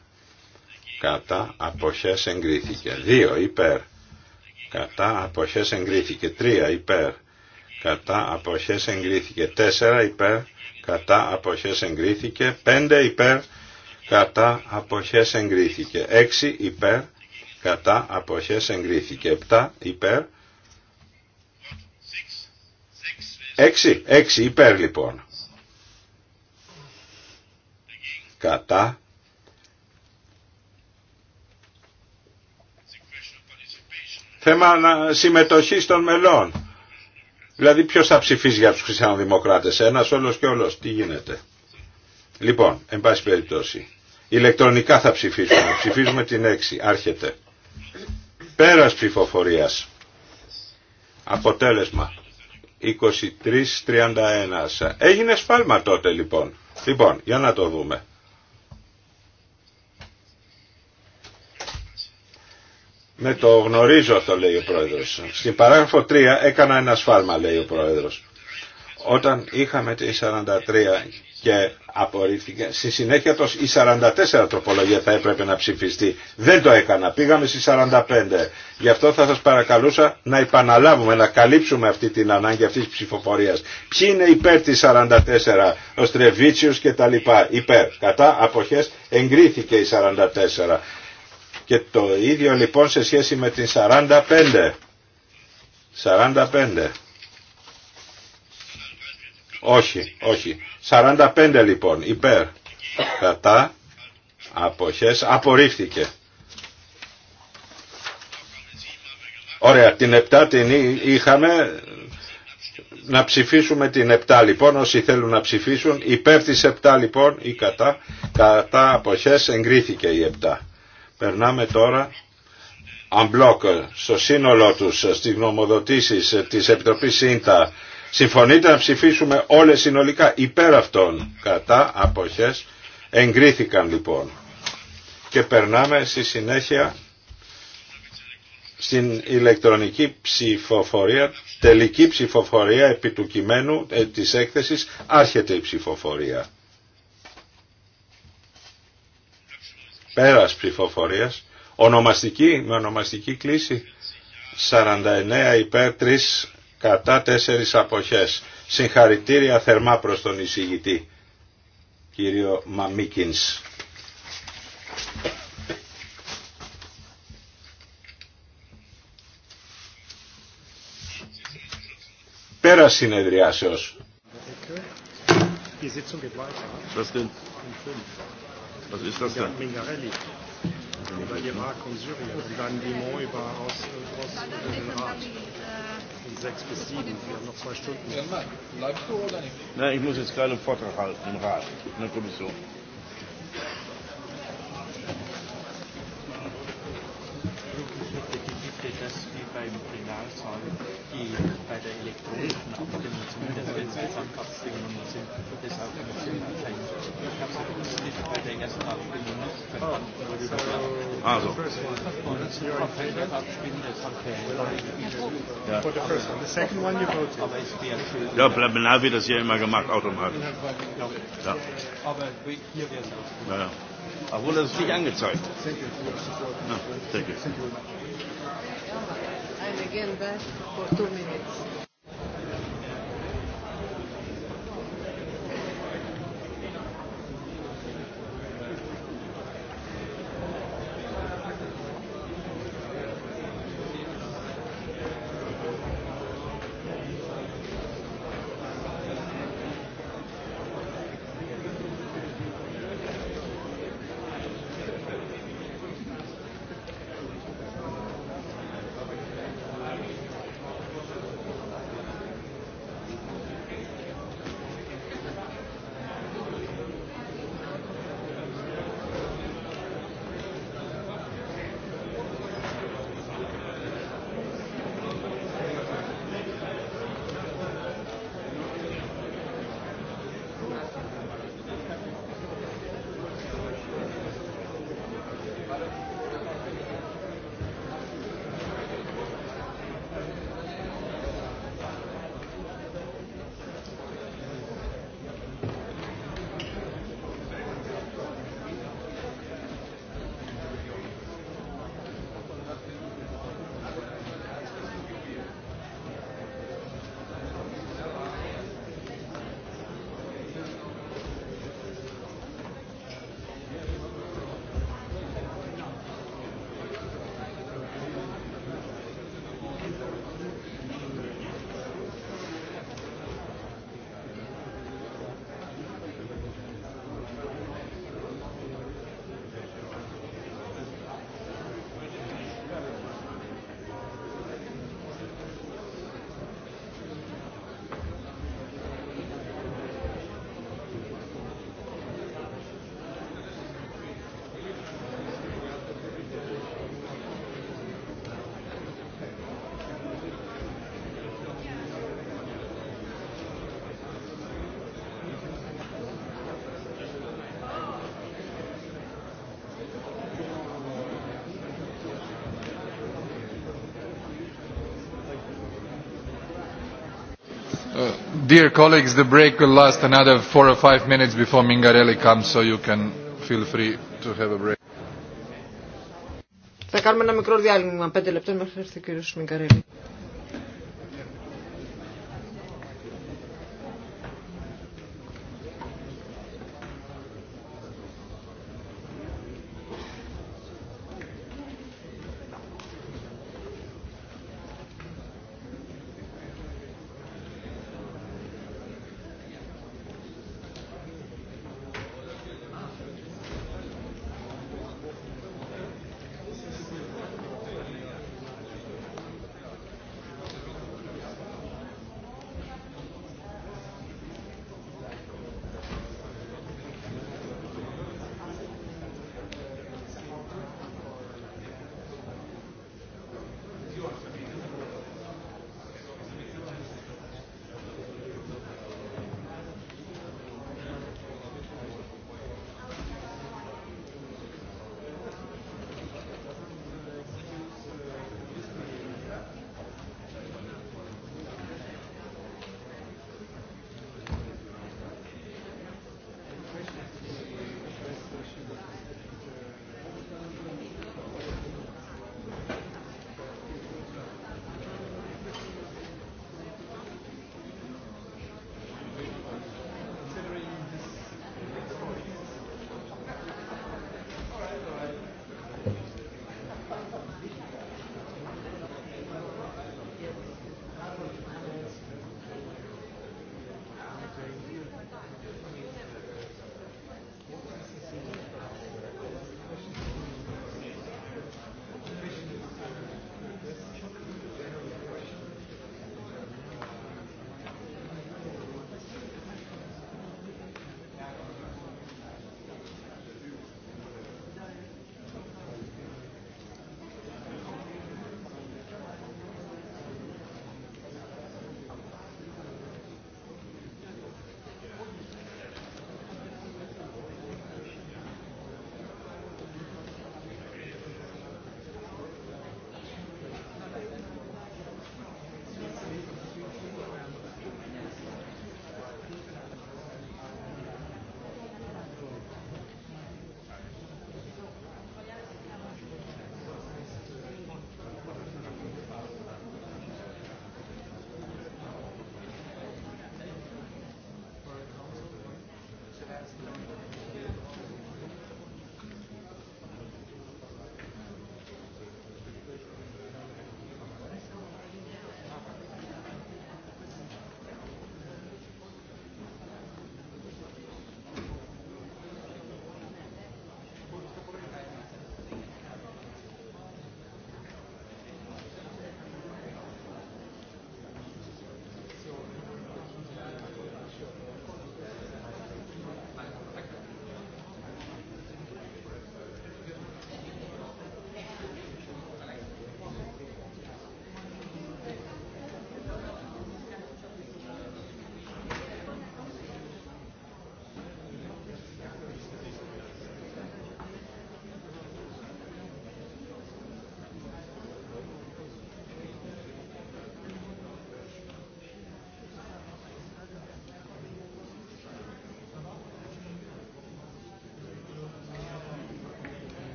κατά αποχές εγκρίθηκε. 2 υπέρ κατά αποχές εγκρίθηκε. 3 υπέρ κατά αποχές εγκρίθηκε. 4 υπέρ κατά αποχές εγκρίθηκε. 5 υπέρ κατά αποχές εγκρίθηκε. 6 υπέρ κατά αποχές εγκρίθηκε. 7 υπέρ 6, 6 υπέρ λοιπόν. Κατά Θέμα συμμετοχής των μελών. Δηλαδή ποιος θα ψηφίσει για τους χριστιανοδημοκράτες, ένας όλος και όλος, τι γίνεται. Λοιπόν, εν πάση περιπτώσει, ηλεκτρονικά θα ψηφίσουμε, ψηφίζουμε την εξι άρχεται. Πέρας ψηφοφορίας. Αποτέλεσμα. 23-31. Έγινε σφάλμα τότε λοιπόν. Λοιπόν, για να το δούμε. Ναι, το γνωρίζω αυτό λέει ο Πρόεδρος. Στην παράγραφο 3 έκανα ένα σφάλμα λέει ο Πρόεδρος. Όταν είχαμε τη 43 και απορρίφθηκε, στη συνέχεια η 44 τροπολογία θα έπρεπε να ψηφιστεί. Δεν το έκανα, πήγαμε στη 45. Γι' αυτό θα σας παρακαλούσα να επαναλάβουμε, να καλύψουμε αυτή την ανάγκη αυτής της ψηφοφορίας. Ποιοι είναι υπέρ της 44, ο Στρεβίτσιος και τα λοιπά. Υπέρ, κατά, αποχές, εγκρίθηκε η 44. Και το ίδιο λοιπόν σε σχέση με την 45. 45. Όχι, όχι. 45 λοιπόν, υπέρ. Κατά, αποχές, απορρίφθηκε. Ωραία, την 7 την είχαμε, να ψηφίσουμε την 7 λοιπόν, όσοι θέλουν να ψηφίσουν, υπέρ της 7 λοιπόν ή κατά, κατά αποχές εγκρίθηκε η 7. Περνάμε τώρα αμπλόκ στο σύνολό τους στις γνωμοδοτήσεις της Επιτροπής ΣΥΝΤΑ. Συμφωνείτε να ψηφίσουμε όλες συνολικά υπέρ αυτών. Κατά αποχές εγκρίθηκαν λοιπόν. Και περνάμε στη συνέχεια στην ηλεκτρονική ψηφοφορία, τελική ψηφοφορία επί του κειμένου ε, της έκθεσης, άρχεται η ψηφοφορία. Πέρας ψηφοφορίας. Ονομαστική, με ονομαστική κλίση. 49 υπέρ 3 κατά 4 αποχές. Συγχαρητήρια θερμά προς τον εισηγητή, κύριο Μαμίκινς. Πέρα συνεδριάσεως. Was ist das denn? Mingarelli. Über Irak und Syrien. Und dann die Limon über aus, aus den Rat. sechs bis sieben. Wir haben noch zwei Stunden. Bleibst du oder nicht? Nein, ich muss jetzt gerade einen Vortrag halten im Rat, in der Kommission. Ja, das hier immer gemacht, automatisch. Obwohl das nicht angezeigt. Dear colleagues, the break will last another four or five minutes before Mingarelli comes, so you can feel free to have a break. Θα κάνουμε ένα μικρό διάλειμμα, πέντε λεπτών μέχρι να έρθει ο κύριος Μιγκαρέλη.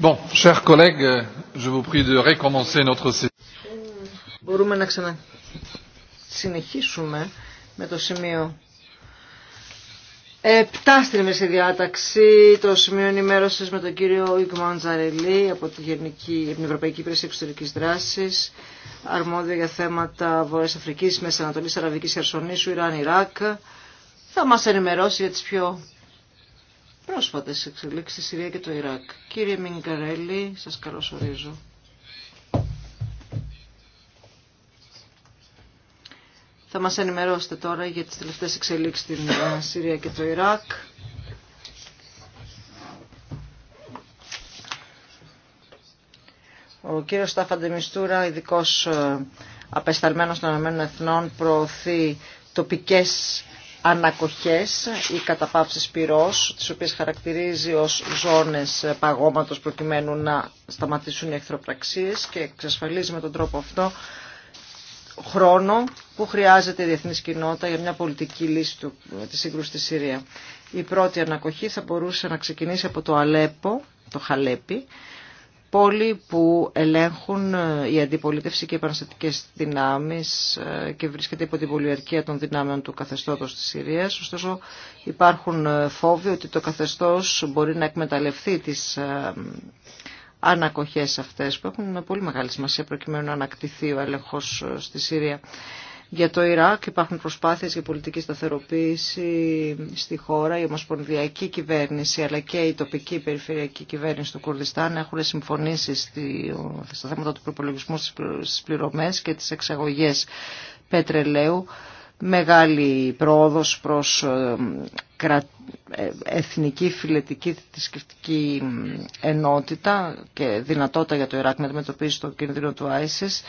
Bon, chers collègues, je vous prie de recommencer notre Μπορούμε να ξανασυνεχίσουμε με το σημείο 7 στην μέση διάταξη, το σημείο ενημέρωση με τον κύριο Ιγκμαν Τζαρελή από, την Ευρωπαϊκή Υπηρεσία Εξωτερική Δράση, αρμόδιο για θέματα Βόρεια Αφρική, Μέση Ανατολή, Αραβική Χερσονήσου, Ιράν, Ιράκ. Θα μα ενημερώσει για τι πιο πρόσφατε εξελίξει στη Συρία και το Ιράκ. Κύριε Μιγκαρέλη, σας καλωσορίζω. Θα μας ενημερώσετε τώρα για τις τελευταίες εξελίξεις στην ε, Συρία και το Ιράκ. Ο κύριος Στάφαντε Μιστούρα, ειδικός ε, απεσταλμένος των Ηνωμένων Εθνών, προωθεί τοπικές ανακοχές ή καταπαύσεις πυρός, τις οποίες χαρακτηρίζει ως ζώνες παγώματος προκειμένου να σταματήσουν οι εχθροπραξίες και εξασφαλίζει με τον τρόπο αυτό χρόνο που χρειάζεται η διεθνής κοινότητα για μια πολιτική λύση του, τη σύγκρουση στη Συρία. Η πρώτη ανακοχή θα μπορούσε να ξεκινήσει από το Αλέπο, το Χαλέπι, Πόλοι που ελέγχουν ε, η αντιπολίτευση και οι επαναστατικές δυνάμεις ε, και βρίσκεται υπό την πολιορκία των δυνάμεων του καθεστώτος της Συρίας. Ωστόσο υπάρχουν ε, φόβοι ότι το καθεστώς μπορεί να εκμεταλλευτεί τις ανακοχές αυτές που έχουν πολύ μεγάλη σημασία προκειμένου να ανακτηθεί ο έλεγχος στη Συρία. Για το Ιράκ υπάρχουν προσπάθειες για πολιτική σταθεροποίηση στη χώρα. Η ομοσπονδιακή κυβέρνηση αλλά και η τοπική περιφερειακή κυβέρνηση του Κουρδιστάν έχουν συμφωνήσει στα θέματα του προπολογισμού στις πληρωμές και τις εξαγωγές πετρελαίου. Μεγάλη πρόοδος προς ε, ε, εθνική φιλετική θρησκευτική ενότητα και δυνατότητα για το Ιράκ να αντιμετωπίσει το κίνδυνο του ISIS.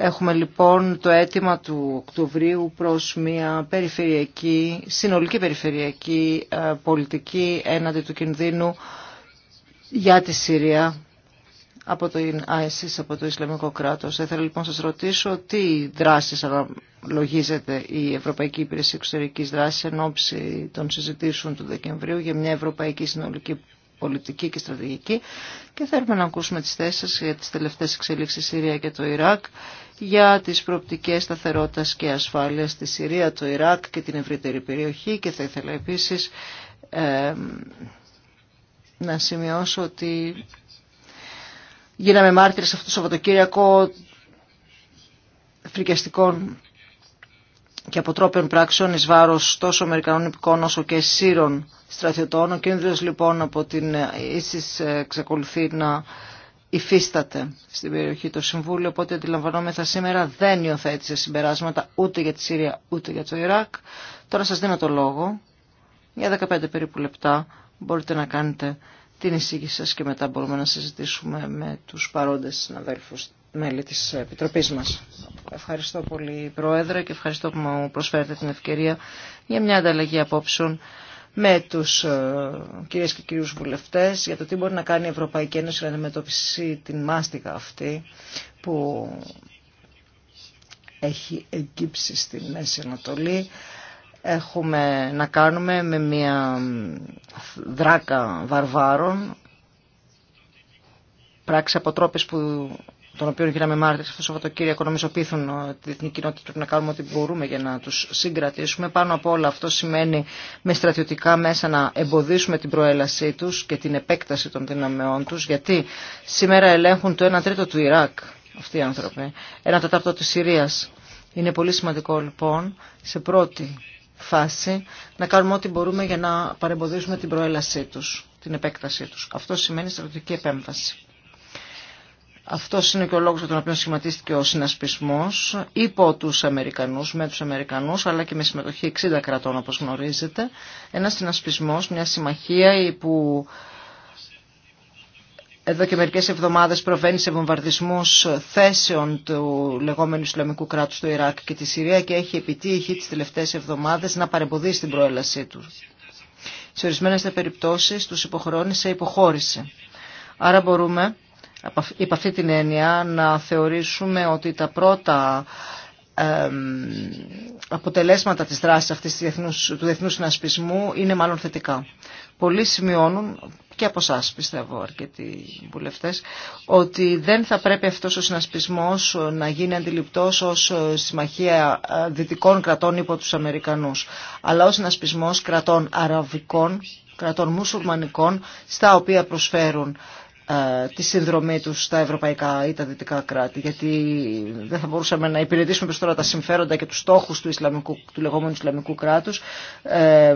Έχουμε λοιπόν το αίτημα του Οκτωβρίου προς μια περιφερειακή, συνολική περιφερειακή ε, πολιτική έναντι του κινδύνου για τη Συρία από το ISIS, από το Ισλαμικό κράτος. Θα ήθελα λοιπόν να σας ρωτήσω τι δράσεις αναλογίζεται η Ευρωπαϊκή Υπηρεσία Εξωτερικής Δράσης εν ώψη των συζητήσεων του Δεκεμβρίου για μια ευρωπαϊκή συνολική πολιτική και στρατηγική και θέλουμε να ακούσουμε τις θέσεις για τις τελευταίες εξελίξεις Συρία και το Ιράκ για τις προοπτικές σταθερότητας και ασφάλειας στη Συρία, το Ιράκ και την ευρύτερη περιοχή και θα ήθελα επίσης να σημειώσω ότι γίναμε μάρτυρες αυτό το Σαββατοκύριακο φρικιαστικών και αποτρόπιων πράξεων εις βάρος τόσο Αμερικανών υπηκών όσο και Σύρων στρατιωτών. Ο κίνδυνος λοιπόν από την ίσης ε, εξακολουθεί να υφίσταται στην περιοχή το Συμβούλιο, οπότε αντιλαμβανόμεθα σήμερα δεν υιοθέτησε συμπεράσματα ούτε για τη Συρία ούτε για το Ιράκ. Τώρα σας δίνω το λόγο, για 15 περίπου λεπτά μπορείτε να κάνετε την εισήγηση σας και μετά μπορούμε να συζητήσουμε με τους παρόντες συναδέλφους μέλη της Επιτροπής μας. Ευχαριστώ πολύ Πρόεδρε και ευχαριστώ που μου προσφέρετε την ευκαιρία για μια ανταλλαγή απόψεων με τους ε, κυρίες και κυρίους βουλευτές για το τι μπορεί να κάνει η Ευρωπαϊκή Ένωση να αντιμετωπίσει την μάστιγα αυτή που έχει εγκύψει στη Μέση Ανατολή. Έχουμε να κάνουμε με μια δράκα βαρβάρων, πράξη αποτρόπες που των οποίων γίναμε μάρτυρε αυτό το Σαββατοκύριακο, νομίζω πείθουν ότι η διεθνή κοινότητα πρέπει να κάνουμε ό,τι μπορούμε για να του συγκρατήσουμε. Πάνω από όλα αυτό σημαίνει με στρατιωτικά μέσα να εμποδίσουμε την προέλασή του και την επέκταση των δυναμεών του, γιατί σήμερα ελέγχουν το 1 τρίτο του Ιράκ αυτοί οι άνθρωποι, 1 τέταρτο τη Συρία. Είναι πολύ σημαντικό λοιπόν σε πρώτη φάση να κάνουμε ό,τι μπορούμε για να παρεμποδίσουμε την προέλασή τους, την επέκτασή τους. Αυτό σημαίνει στρατιωτική επέμβαση. Αυτό είναι και ο λόγο για τον οποίο σχηματίστηκε ο συνασπισμό υπό του Αμερικανού με του Αμερικανού, αλλά και με συμμετοχή 60 κρατών όπω γνωρίζετε. ένα συνασπισμό, μια συμμαχία που εδώ και μερικέ εβδομάδε προβαίνει σε βομβαρδισμού θέσεων του λεγόμενου Ισλαμικού κράτου στο Ιράκ και τη Συρία και έχει επιτύχει τι τελευταίε εβδομάδε να παρεμποδίσει την προέλασή του. Σε ορισμένε περιπτώσει του υποχρώνει σε υποχώρηση. Άρα μπορούμε υπ' αυτή την έννοια να θεωρήσουμε ότι τα πρώτα αποτελέσματα της δράσης αυτής του διεθνούς, του συνασπισμού είναι μάλλον θετικά. Πολλοί σημειώνουν, και από εσά πιστεύω αρκετοί βουλευτέ, ότι δεν θα πρέπει αυτός ο συνασπισμός να γίνει αντιληπτός ως συμμαχία ε, δυτικών κρατών υπό τους Αμερικανούς, αλλά ως συνασπισμός κρατών αραβικών, κρατών μουσουλμανικών, στα οποία προσφέρουν ε, τη συνδρομή του στα ευρωπαϊκά ή τα δυτικά κράτη γιατί δεν θα μπορούσαμε να υπηρετήσουμε τώρα τα συμφέροντα και τους στόχους του, στόχου του λεγόμενου Ισλαμικού κράτους ε,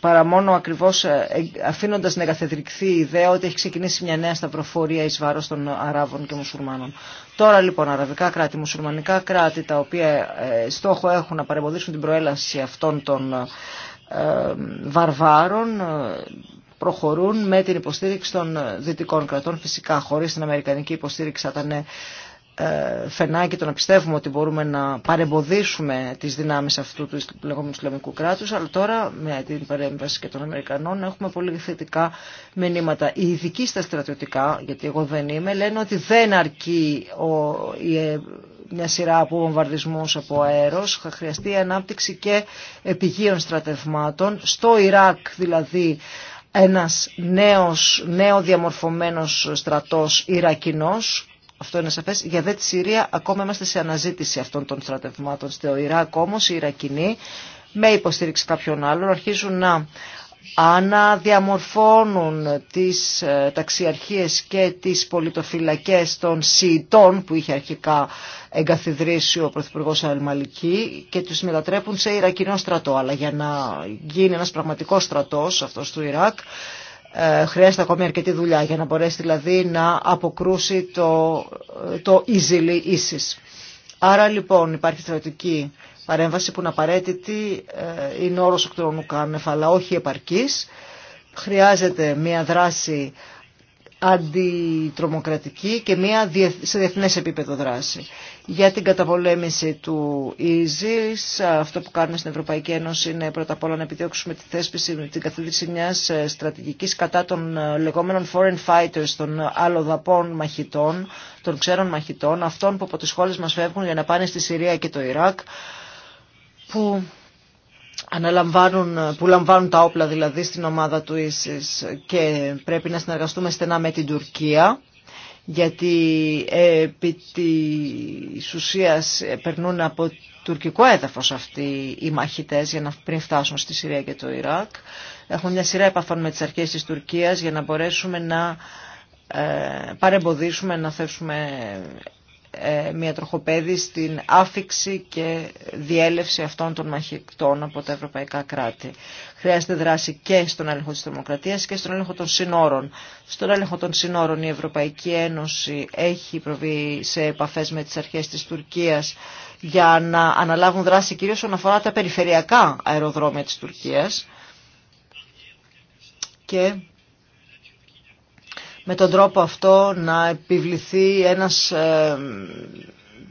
παρά μόνο ακριβώς ε, αφήνοντα να καθεδρυκθεί η ιδέα ότι έχει ξεκινήσει μια νέα σταυροφορία ει βάρο των Αράβων και Μουσουλμάνων. Τώρα λοιπόν αραβικά κράτη, μουσουλμανικά κράτη τα οποία στόχο έχουν να παρεμποδίσουν την προέλαση αυτών των βαρβάρων προχωρούν με την υποστήριξη των δυτικών κρατών. Φυσικά χωρίς την αμερικανική υποστήριξη θα ήταν ε, φαινάκι το να πιστεύουμε ότι μπορούμε να παρεμποδίσουμε τις δυνάμεις αυτού του λεγόμενου Ισλαμικού κράτους, αλλά τώρα με την παρέμβαση και των Αμερικανών έχουμε πολύ θετικά μηνύματα. Οι ειδικοί στα στρατιωτικά, γιατί εγώ δεν είμαι, λένε ότι δεν αρκεί ο, η, ε, μια σειρά από βομβαρδισμού από αέρος, θα χρειαστεί η ανάπτυξη και επιγείων στρατευμάτων. Στο Ιράκ δηλαδή ένας νέος, νέο διαμορφωμένος στρατός Ιρακινός, αυτό είναι σαφές, για δε τη Συρία ακόμα είμαστε σε αναζήτηση αυτών των στρατευμάτων. Στο Ιράκ όμως οι Ιρακινοί με υποστήριξη κάποιων άλλων αρχίζουν να αναδιαμορφώνουν τις ε, ταξιαρχίες και τις πολιτοφυλακές των ΣΥΙΤΟΝ που είχε αρχικά εγκαθιδρύσει ο Πρωθυπουργός Αλμαλική και τους μετατρέπουν σε Ιρακινό στρατό. Αλλά για να γίνει ένας πραγματικός στρατός αυτός του Ιράκ ε, χρειάζεται ακόμη αρκετή δουλειά για να μπορέσει δηλαδή να αποκρούσει το, ε, το Ιζιλί Ίσης. Άρα λοιπόν υπάρχει στρατική παρέμβαση που είναι απαραίτητη, ε, είναι όρος οκτωνού κάμεφα αλλά όχι επαρκής. Χρειάζεται μια δράση αντιτρομοκρατική και μια σε διεθνές επίπεδο δράση. Για την καταπολέμηση του ΙΖΙΣ, αυτό που κάνουμε στην Ευρωπαϊκή Ένωση είναι πρώτα απ' όλα να επιδιώξουμε τη θέσπιση, την καθίδρυση μιας ε, στρατηγικής κατά των ε, λεγόμενων foreign fighters, των αλλοδαπών μαχητών, των ξένων μαχητών, αυτών που από τις χώρες μας φεύγουν για να πάνε στη Συρία και το Ιράκ, που αναλαμβάνουν, που λαμβάνουν τα όπλα δηλαδή στην ομάδα του ΙΣΙΣ και πρέπει να συνεργαστούμε στενά με την Τουρκία γιατί επί της ουσίας περνούν από τουρκικό έδαφος αυτοί οι μαχητές για να πριν φτάσουν στη Συρία και το Ιράκ. Έχουν μια σειρά επαφών με τις αρχές της Τουρκίας για να μπορέσουμε να ε, παρεμποδίσουμε να θέσουμε ε, μια τροχοπέδη στην άφηξη και διέλευση αυτών των μαχητών από τα ευρωπαϊκά κράτη. Χρειάζεται δράση και στον έλεγχο της τρομοκρατίας και στον έλεγχο των συνόρων. Στον έλεγχο των συνόρων η Ευρωπαϊκή Ένωση έχει προβεί σε επαφές με τις αρχές της Τουρκίας για να αναλάβουν δράση κυρίως όσον αφορά τα περιφερειακά αεροδρόμια της Τουρκίας και με τον τρόπο αυτό να επιβληθεί ένας ε,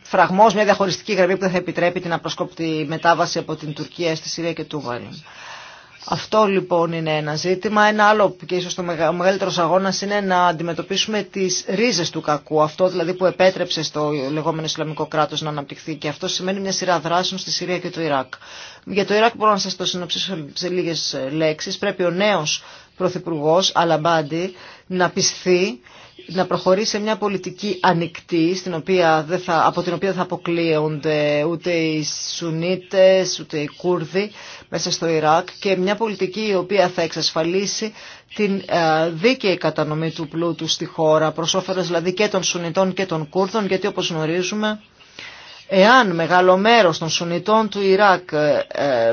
φραγμός, μια διαχωριστική γραμμή που δεν θα επιτρέπει την απροσκόπτη μετάβαση από την Τουρκία στη Συρία και του Αυτό λοιπόν είναι ένα ζήτημα. Ένα άλλο και ίσως το μεγαλύτερο αγώνα είναι να αντιμετωπίσουμε τις ρίζες του κακού. Αυτό δηλαδή που επέτρεψε στο λεγόμενο Ισλαμικό κράτος να αναπτυχθεί και αυτό σημαίνει μια σειρά δράσεων στη Συρία και το Ιράκ. Για το Ιράκ μπορώ να σας το συνοψίσω σε λίγες ε, λέξεις. Πρέπει ο νέος Πρωθυπουργό Αλαμπάντη να πισθεί να προχωρήσει σε μια πολιτική ανοιχτή στην οποία θα, από την οποία δεν θα αποκλείονται ούτε οι Σουνίτες ούτε οι Κούρδοι μέσα στο Ιράκ και μια πολιτική η οποία θα εξασφαλίσει την ε, δίκαιη κατανομή του πλούτου στη χώρα προς δηλαδή και των Σουνιτών και των Κούρδων γιατί όπως γνωρίζουμε Εάν μεγάλο μέρος των Σουνιτών του Ιράκ ε,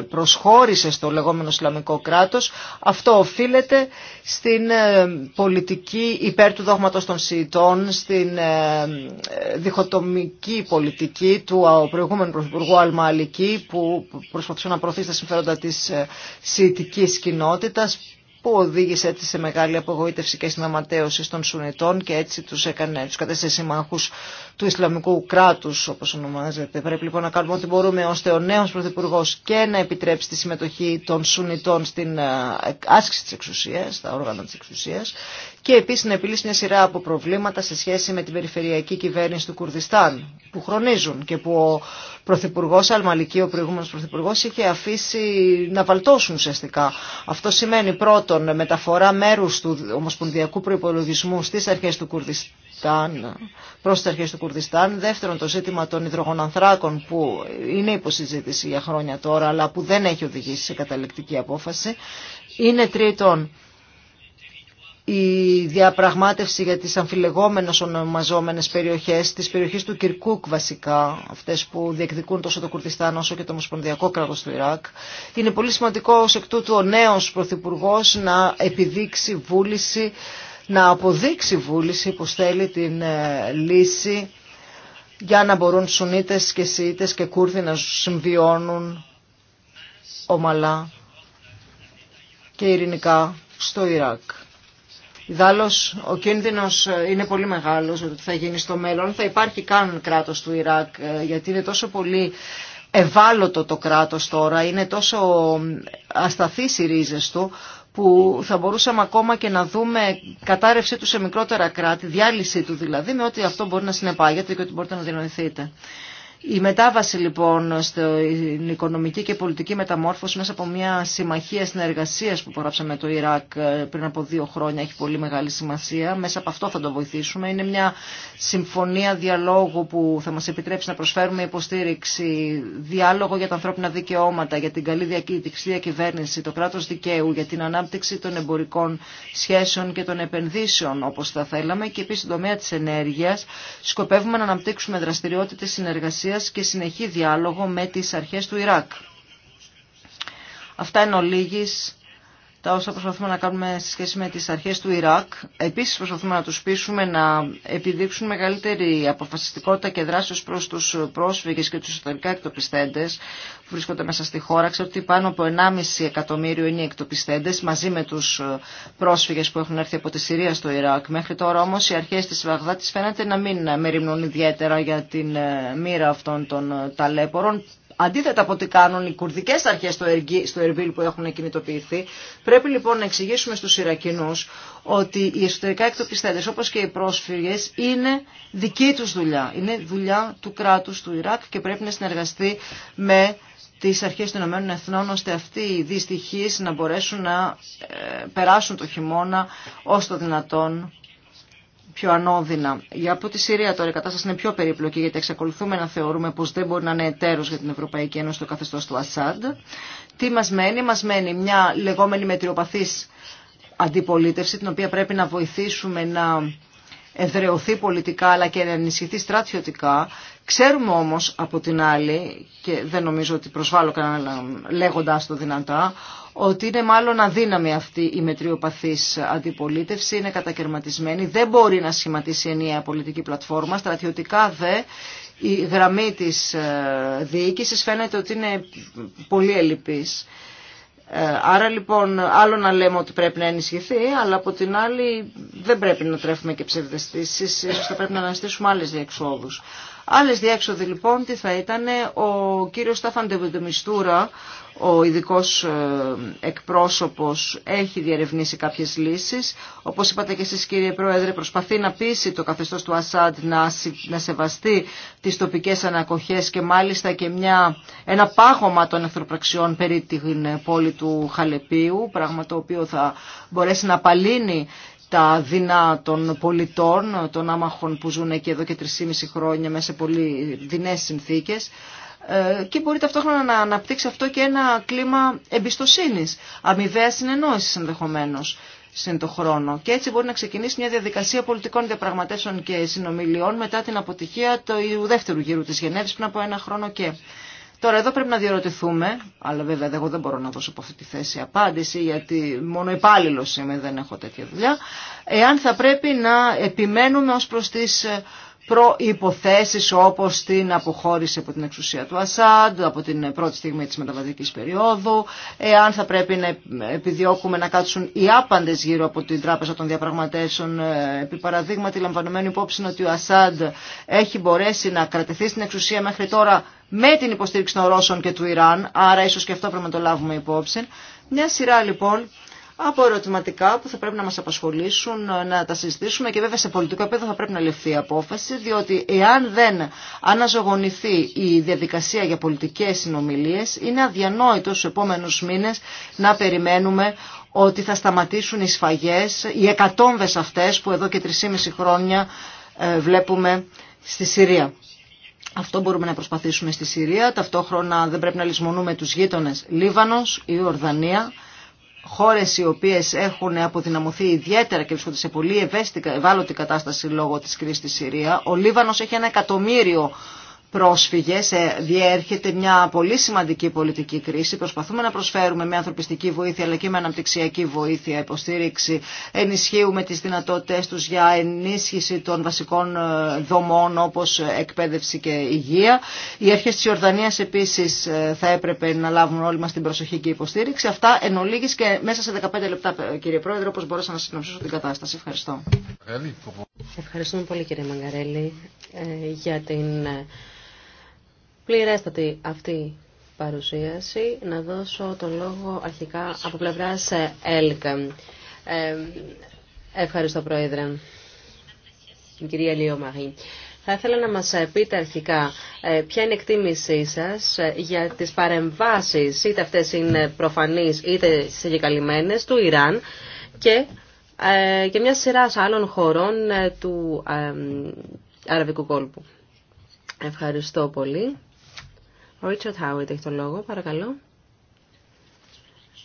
προσχώρησε στο λεγόμενο Ισλαμικό κράτος, αυτό οφείλεται στην ε, πολιτική υπέρ του δόγματος των Σιητών, στην ε, διχοτομική πολιτική του προηγούμενου Πρωθυπουργού Αλμαλική που προσπαθούσε να προωθήσει τα συμφέροντα της Σιητικής κοινότητας, που οδήγησε έτσι σε μεγάλη απογοήτευση και στην των Σουνιτών και έτσι τους, έκανε, τους κατέστησε συμμάχους του Ισλαμικού κράτου, όπω ονομάζεται. Πρέπει λοιπόν να κάνουμε ό,τι μπορούμε ώστε ο νέο Πρωθυπουργό και να επιτρέψει τη συμμετοχή των Σουνιτών στην ε, άσκηση τη εξουσία, στα όργανα τη εξουσία και επίση να επιλύσει μια σειρά από προβλήματα σε σχέση με την περιφερειακή κυβέρνηση του Κουρδιστάν που χρονίζουν και που ο Πρωθυπουργό Αλμαλική, ο προηγούμενο Πρωθυπουργό, είχε αφήσει να βαλτώσουν ουσιαστικά. Αυτό σημαίνει πρώτον μεταφορά μέρου του Ομοσπονδιακού Προπολογισμού στι αρχέ του Κουρδιστάν Κουρδιστάν, προς τις αρχές του Κουρδιστάν. Δεύτερον, το ζήτημα των υδρογονανθράκων που είναι υποσυζήτηση για χρόνια τώρα, αλλά που δεν έχει οδηγήσει σε καταληκτική απόφαση. Είναι τρίτον, η διαπραγμάτευση για τις αμφιλεγόμενες ονομαζόμενες περιοχές, τις περιοχές του Κυρκούκ βασικά, αυτές που διεκδικούν τόσο το Κουρδιστάν όσο και το Ομοσπονδιακό κράτος του Ιράκ. Είναι πολύ σημαντικό ως εκ τούτου ο νέος Πρωθυπουργός να επιδείξει βούληση να αποδείξει βούληση που στέλνει την ε, λύση για να μπορούν Σουνίτες και Σιήτες και Κούρδοι να συμβιώνουν ομαλά και ειρηνικά στο Ιράκ. Ιδάλλως, ο κίνδυνος ε, είναι πολύ μεγάλος ότι θα γίνει στο μέλλον. Θα υπάρχει καν κράτος του Ιράκ, ε, γιατί είναι τόσο πολύ ευάλωτο το κράτος τώρα, είναι τόσο ασταθείς οι ρίζες του, που θα μπορούσαμε ακόμα και να δούμε κατάρρευσή του σε μικρότερα κράτη, διάλυσή του δηλαδή, με ό,τι αυτό μπορεί να συνεπάγεται και ότι μπορείτε να διανοηθείτε. Η μετάβαση λοιπόν στην οικονομική και πολιτική μεταμόρφωση μέσα από μια συμμαχία συνεργασία που παράψαμε το Ιράκ ε, πριν από δύο χρόνια έχει πολύ μεγάλη σημασία. Μέσα από αυτό θα το βοηθήσουμε. Είναι μια συμφωνία διαλόγου που θα μα επιτρέψει να προσφέρουμε υποστήριξη, διάλογο για τα ανθρώπινα δικαιώματα, για την καλή διακυβέρνηση, το κράτο δικαίου, για την ανάπτυξη των εμπορικών σχέσεων και των επενδύσεων όπω θα θέλαμε και επίση τομέα τη ενέργεια. Σκοπεύουμε να αναπτύξουμε δραστηριότητε συνεργασία και συνεχή διάλογο με τις αρχές του Ιράκ. Αυτά ο ολίγης τα όσα προσπαθούμε να κάνουμε σε σχέση με τις αρχές του Ιράκ. Επίσης προσπαθούμε να τους πείσουμε να επιδείξουν μεγαλύτερη αποφασιστικότητα και δράση ως προς τους πρόσφυγες και τους εσωτερικά εκτοπιστέντες που βρίσκονται μέσα στη χώρα. Ξέρω ότι πάνω από 1,5 εκατομμύριο είναι οι εκτοπιστέντες μαζί με τους πρόσφυγες που έχουν έρθει από τη Συρία στο Ιράκ. Μέχρι τώρα όμως οι αρχές της Βαγδάτης φαίνεται να μην μεριμνούν ιδιαίτερα για την μοίρα αυτών των ταλέπορων αντίθετα από ό,τι κάνουν οι κουρδικέ αρχές στο Ερβίλ που έχουν κινητοποιηθεί. Πρέπει λοιπόν να εξηγήσουμε στους Ιρακινού ότι οι εσωτερικά εκτοπιστέτε, όπως και οι πρόσφυγες είναι δική του δουλειά. Είναι δουλειά του κράτους του Ιράκ και πρέπει να συνεργαστεί με τις αρχές των Ηνωμένων Εθνών ώστε αυτοί οι δυστυχεί να μπορέσουν να ε, περάσουν το χειμώνα ω το δυνατόν πιο ανώδυνα. Για από τη Συρία τώρα η κατάσταση είναι πιο περίπλοκη γιατί εξακολουθούμε να θεωρούμε πως δεν μπορεί να είναι εταίρος για την Ευρωπαϊκή Ένωση το καθεστώς του Ασάντ. Τι μας μένει, μας μένει μια λεγόμενη μετριοπαθής αντιπολίτευση την οποία πρέπει να βοηθήσουμε να εδρεωθεί πολιτικά αλλά και να ενισχυθεί στρατιωτικά. Ξέρουμε όμως από την άλλη, και δεν νομίζω ότι προσβάλλω κανέναν λέγοντας το δυνατά, ότι είναι μάλλον αδύναμη αυτή η μετριοπαθής αντιπολίτευση, είναι κατακαιρματισμένη, δεν μπορεί να σχηματίσει ενιαία πολιτική πλατφόρμα, στρατιωτικά δε η γραμμή της ε, διοίκησης φαίνεται ότι είναι πολύ ελλειπής. Ε, άρα λοιπόν άλλο να λέμε ότι πρέπει να ενισχυθεί, αλλά από την άλλη δεν πρέπει να τρέφουμε και ψευδεστήσεις, ίσως θα πρέπει να αναστήσουμε άλλες διεξόδους. Άλλες διέξοδοι λοιπόν τι θα ήταν ο κύριος Στάφαν ο ειδικό ε, εκπρόσωπος έχει διερευνήσει κάποιες λύσεις. Όπως είπατε και εσείς κύριε Πρόεδρε, προσπαθεί να πείσει το καθεστώς του Ασάντ να, σεβαστεί τις τοπικές ανακοχές και μάλιστα και μια, ένα πάγωμα των εχθροπραξιών περί την ε, πόλη του Χαλεπίου, πράγμα το οποίο θα μπορέσει να απαλύνει τα δεινά των πολιτών, των άμαχων που ζουν εκεί εδώ και 3,5 χρόνια μέσα σε πολύ δεινές συνθήκες ε, και μπορεί ταυτόχρονα να αναπτύξει αυτό και ένα κλίμα εμπιστοσύνης, αμοιβαία συνεννόησης ενδεχομένως συν το χρόνο. Και έτσι μπορεί να ξεκινήσει μια διαδικασία πολιτικών διαπραγματεύσεων και συνομιλιών μετά την αποτυχία του δεύτερου γύρου της Γενέβης πριν από ένα χρόνο και. Τώρα εδώ πρέπει να διαρωτηθούμε, αλλά βέβαια εγώ δεν μπορώ να δώσω από αυτή τη θέση απάντηση, γιατί μόνο υπάλληλο είμαι, δεν έχω τέτοια δουλειά, εάν θα πρέπει να επιμένουμε ως προς τις ε, προϋποθέσεις όπως την αποχώρηση από την εξουσία του Ασάντ, από την πρώτη στιγμή της μεταβατικής περίοδου, εάν θα πρέπει να επιδιώκουμε να κάτσουν οι άπαντες γύρω από την Τράπεζα των Διαπραγματεύσεων, ε, επί παραδείγματι λαμβανωμένου υπόψη ότι ο Ασάντ έχει μπορέσει να κρατηθεί στην εξουσία μέχρι τώρα με την υποστήριξη των Ρώσων και του Ιράν, άρα ίσως και αυτό πρέπει να το λάβουμε υπόψη. Μια σειρά λοιπόν από ερωτηματικά που θα πρέπει να μας απασχολήσουν, να τα συζητήσουμε και βέβαια σε πολιτικό επίπεδο θα πρέπει να ληφθεί η απόφαση, διότι εάν δεν αναζωογονηθεί η διαδικασία για πολιτικές συνομιλίες, είναι αδιανόητο στους επόμενους μήνες να περιμένουμε ότι θα σταματήσουν οι σφαγές, οι εκατόμβες αυτές που εδώ και 3,5 χρόνια ε, βλέπουμε στη Συρία. Αυτό μπορούμε να προσπαθήσουμε στη Συρία. Ταυτόχρονα δεν πρέπει να λησμονούμε τους γείτονες Λίβανος, η Ορδανία, χώρες οι οποίες έχουν αποδυναμωθεί ιδιαίτερα και βρίσκονται σε πολύ ευάλωτη κατάσταση λόγω της κρίσης στη Συρία. Ο Λίβανος έχει ένα εκατομμύριο πρόσφυγες, ε, διέρχεται μια πολύ σημαντική πολιτική κρίση. Προσπαθούμε να προσφέρουμε με ανθρωπιστική βοήθεια αλλά και με αναπτυξιακή βοήθεια, υποστήριξη. Ενισχύουμε τις δυνατότητες τους για ενίσχυση των βασικών ε, δομών όπως εκπαίδευση και υγεία. Οι αρχέ της Ιορδανίας επίσης ε, θα έπρεπε να λάβουν όλοι μας την προσοχή και υποστήριξη. Αυτά εν ολίγης και μέσα σε 15 λεπτά κύριε Πρόεδρε όπως μπορέσα να συνοψίσω την κατάσταση. Ευχαριστώ. Ευχαριστούμε πολύ κύριε Μαγκαρέλη για την πληρέστατη αυτή παρουσίαση. Να δώσω το λόγο αρχικά από πλευρά ε, Έλκα. Ε, ευχαριστώ, Πρόεδρε. κυρία Λίο Μαρή. Θα ήθελα να μας ε, πείτε αρχικά ποια είναι η εκτίμησή σας για τις παρεμβάσεις, είτε αυτές είναι προφανείς είτε συγκεκαλυμμένες, του Ιράν και, και μια σειρά άλλων χωρών του Αραβικού κόλπου. Ευχαριστώ πολύ. Ο Ρίτσαρτ Χάουιτ έχει το λόγο, παρακαλώ.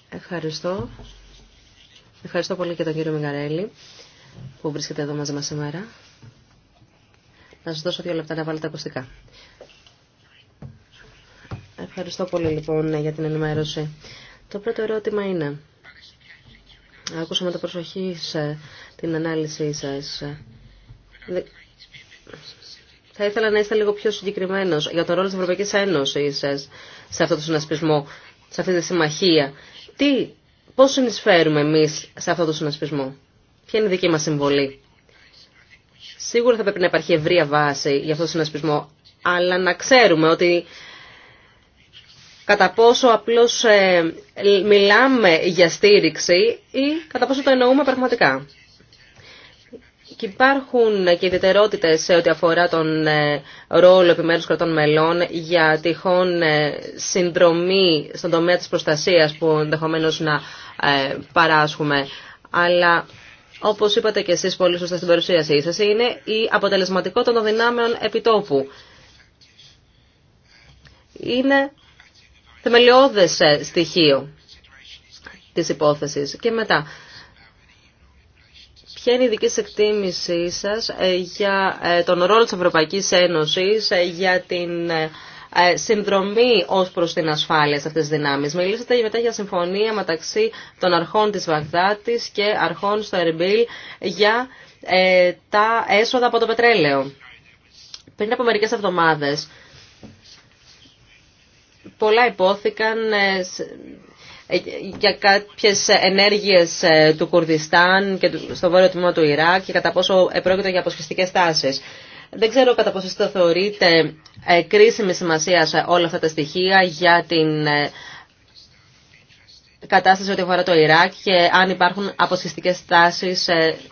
Ευχαριστώ. Ευχαριστώ πολύ και τον κύριο Μιγαρέλη που βρίσκεται εδώ μαζί μας σήμερα. Να σας δώσω δύο λεπτά να βάλετε ακουστικά. Ευχαριστώ πολύ λοιπόν για την ενημέρωση. Το πρώτο ερώτημα είναι, Ακούσαμε το προσοχή σε την ανάλυση σας. Θα ήθελα να είστε λίγο πιο συγκεκριμένο για τον ρόλο τη Ευρωπαϊκή Ένωση σε αυτό το συνασπισμό, σε αυτή τη συμμαχία. Τι, πώς συνεισφέρουμε εμείς σε αυτό το συνασπισμό. Ποια είναι η δική μας συμβολή. Σίγουρα θα πρέπει να υπάρχει ευρία βάση για αυτό το συνασπισμό, αλλά να ξέρουμε ότι κατά πόσο απλώς ε, μιλάμε για στήριξη ή κατά πόσο το εννοούμε πραγματικά. Και υπάρχουν και ιδιαιτερότητε σε ό,τι αφορά τον ε, ρόλο επιμέρους κρατών μελών για τυχόν ε, συνδρομή στον τομέα της προστασίας που ενδεχομένως να ε, παράσχουμε. Αλλά όπως είπατε και εσείς πολύ σωστά στην παρουσίασή σας, είναι η αποτελεσματικότητα των δυνάμεων επιτόπου. Είναι θεμελιώδες στοιχείο της υπόθεσης. Και μετά, Ποια είναι η δική σας εκτίμησή σα ε, για ε, τον ρόλο της Ευρωπαϊκής Ένωσης, ε, για την συνδρομή ως προς την ασφάλεια σε αυτές τις δυνάμεις. Μιλήσατε μετά για συμφωνία μεταξύ των αρχών της Βαγδάτης και αρχών στο Ερμπίλ για τα έσοδα από το πετρέλαιο. Πριν από μερικές εβδομάδες, πολλά υπόθηκαν για κάποιες ενέργειες ε, του Κουρδιστάν και στο βόρειο τμήμα του Ιράκ και κατά πόσο πρόκειται για αποσχιστικές τάσεις. Δεν ξέρω κατά πόσο το θεωρείτε ε, κρίσιμη σημασία σε όλα αυτά τα στοιχεία για την ε, κατάσταση ό,τι αφορά το Ιράκ και αν υπάρχουν αποσχιστικές τάσεις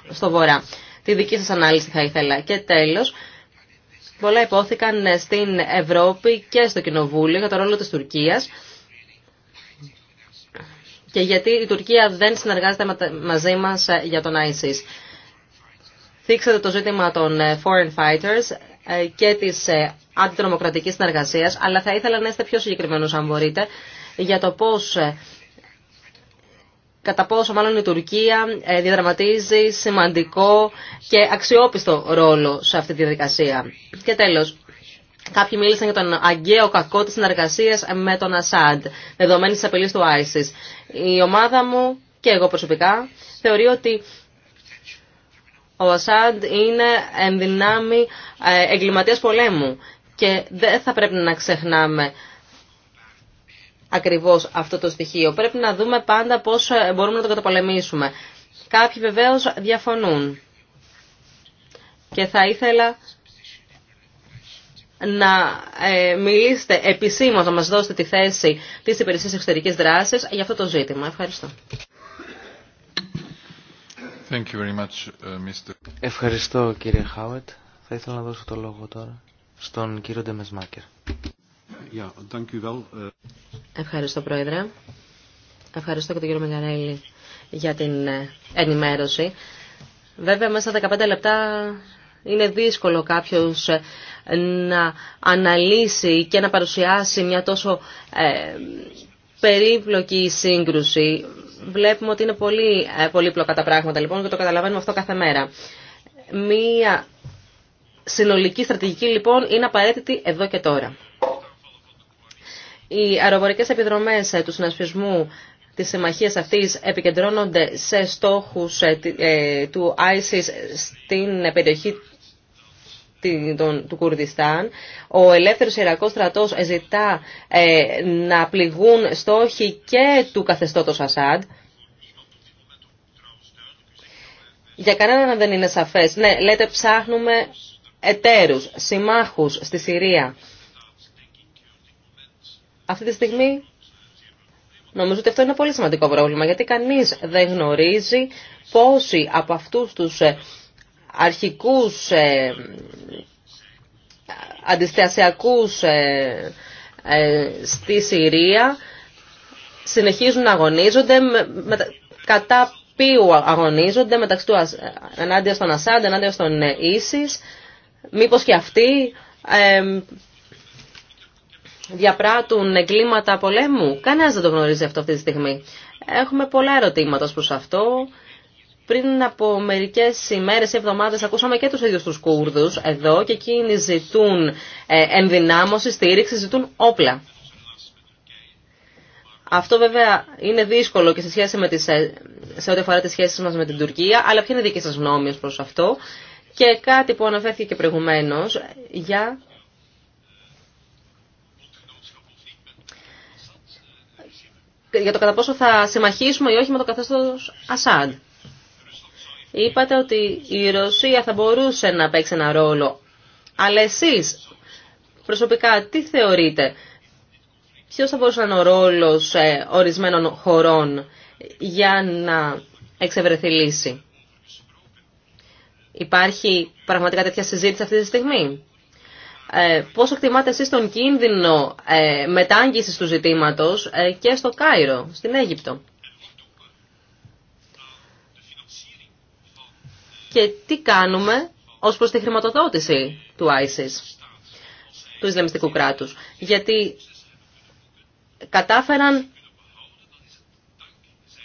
στο βορρά. Τη δική σας ανάλυση θα ήθελα. Και τέλος, πολλά υπόθηκαν στην Ευρώπη και στο Κοινοβούλιο για το ρόλο της Τουρκίας και γιατί η Τουρκία δεν συνεργάζεται μαζί μας ε, για τον ISIS. Θίξατε το ζήτημα των ε, foreign fighters ε, και της αντιτρομοκρατικής συνεργασίας, αλλά θα ήθελα να είστε πιο συγκεκριμένος αν μπορείτε για το πώς κατά πόσο μάλλον η Τουρκία διαδραματίζει σημαντικό και αξιόπιστο ρόλο σε αυτή τη διαδικασία. Και τέλος, Κάποιοι μίλησαν για τον αγκαίο κακό της συνεργασίας με τον Ασάντ, δεδομένη της απειλής του ISIS. Η ομάδα μου και εγώ προσωπικά θεωρεί ότι ο Ασάντ είναι εν δυνάμει ε, εγκληματίας πολέμου και δεν θα πρέπει να ξεχνάμε ακριβώς αυτό το στοιχείο. Πρέπει να δούμε πάντα πώς ε, μπορούμε να το καταπολεμήσουμε. Κάποιοι βεβαίως διαφωνούν και θα ήθελα να ε, μιλήσετε επισήμως, να μας δώσετε τη θέση της υπηρεσίας εξωτερικής δράσης για αυτό το ζήτημα. Ευχαριστώ. Thank you very much, uh, Mr. Ευχαριστώ κύριε Χάουετ. Θα ήθελα να δώσω το λόγο τώρα στον κύριο Ντεμεσμάκερ. Uh, Ευχαριστώ πρόεδρε. Ευχαριστώ και τον κύριο Μεγαρέλη για την ε, ενημέρωση. Βέβαια μέσα στα 15 λεπτά είναι δύσκολο κάποιος ε, να αναλύσει και να παρουσιάσει μια τόσο ε, περίπλοκη σύγκρουση. Βλέπουμε ότι είναι πολύ ε, πολύπλοκα τα πράγματα λοιπόν και το καταλαβαίνουμε αυτό κάθε μέρα. Μια συνολική στρατηγική λοιπόν είναι απαραίτητη εδώ και τώρα. Οι αεροπορικές επιδρομές ε, του συνασπισμού της συμμαχίας αυτής επικεντρώνονται σε στόχους ε, του ISIS στην περιοχή του Κουρδιστάν. Ο ελεύθερος Ιρακός στρατός ζητά ε, να πληγούν στόχοι και του καθεστώτος Ασάντ. Για κανέναν δεν είναι σαφές. Ναι, λέτε ψάχνουμε εταίρους, συμμάχους στη Συρία. Αυτή τη στιγμή νομίζω ότι αυτό είναι πολύ σημαντικό πρόβλημα, γιατί κανείς δεν γνωρίζει πόσοι από αυτούς τους ε, αρχικούς ε, αντιστασιακούς ε, ε, στη Συρία συνεχίζουν να αγωνίζονται με, κατά ποιου αγωνίζονται μεταξύ του ενάντια στον Ασάντ, ενάντια στον ε, Ίσης μήπως και αυτοί διαπράττουν εγκλήματα πολέμου. Κανένας δεν το γνωρίζει αυτό αυτή τη στιγμή. Έχουμε πολλά ερωτήματα προς αυτό. Πριν από μερικέ ημέρες ή εβδομάδε ακούσαμε και του ίδιου του Κούρδους εδώ και εκείνοι ζητούν ε, ενδυνάμωση, στήριξη, ζητούν όπλα. Αυτό βέβαια είναι δύσκολο και σε, σχέση με τις, ε, σε ό,τι αφορά τις σχέσεις μας με την Τουρκία, αλλά ποια είναι η δική σας γνώμη προς αυτό. Και κάτι που αναφέρθηκε και προηγουμένως για για το κατά πόσο θα συμμαχίσουμε ή όχι με το καθεστώς Ασάντ είπατε ότι η Ρωσία θα μπορούσε να παίξει ένα ρόλο. Αλλά εσείς προσωπικά τι θεωρείτε, ποιος θα μπορούσε να είναι ο ρόλος ε, ορισμένων χωρών για να εξευρεθεί λύση. Υπάρχει πραγματικά τέτοια συζήτηση αυτή τη στιγμή. Ε, πόσο εκτιμάτε εσείς τον κίνδυνο ε, μετάγγισης του ζητήματος ε, και στο Κάιρο, στην Αίγυπτο. και τι κάνουμε ως προς τη χρηματοδότηση του ISIS, του Ισλαμιστικού κράτους. Γιατί κατάφεραν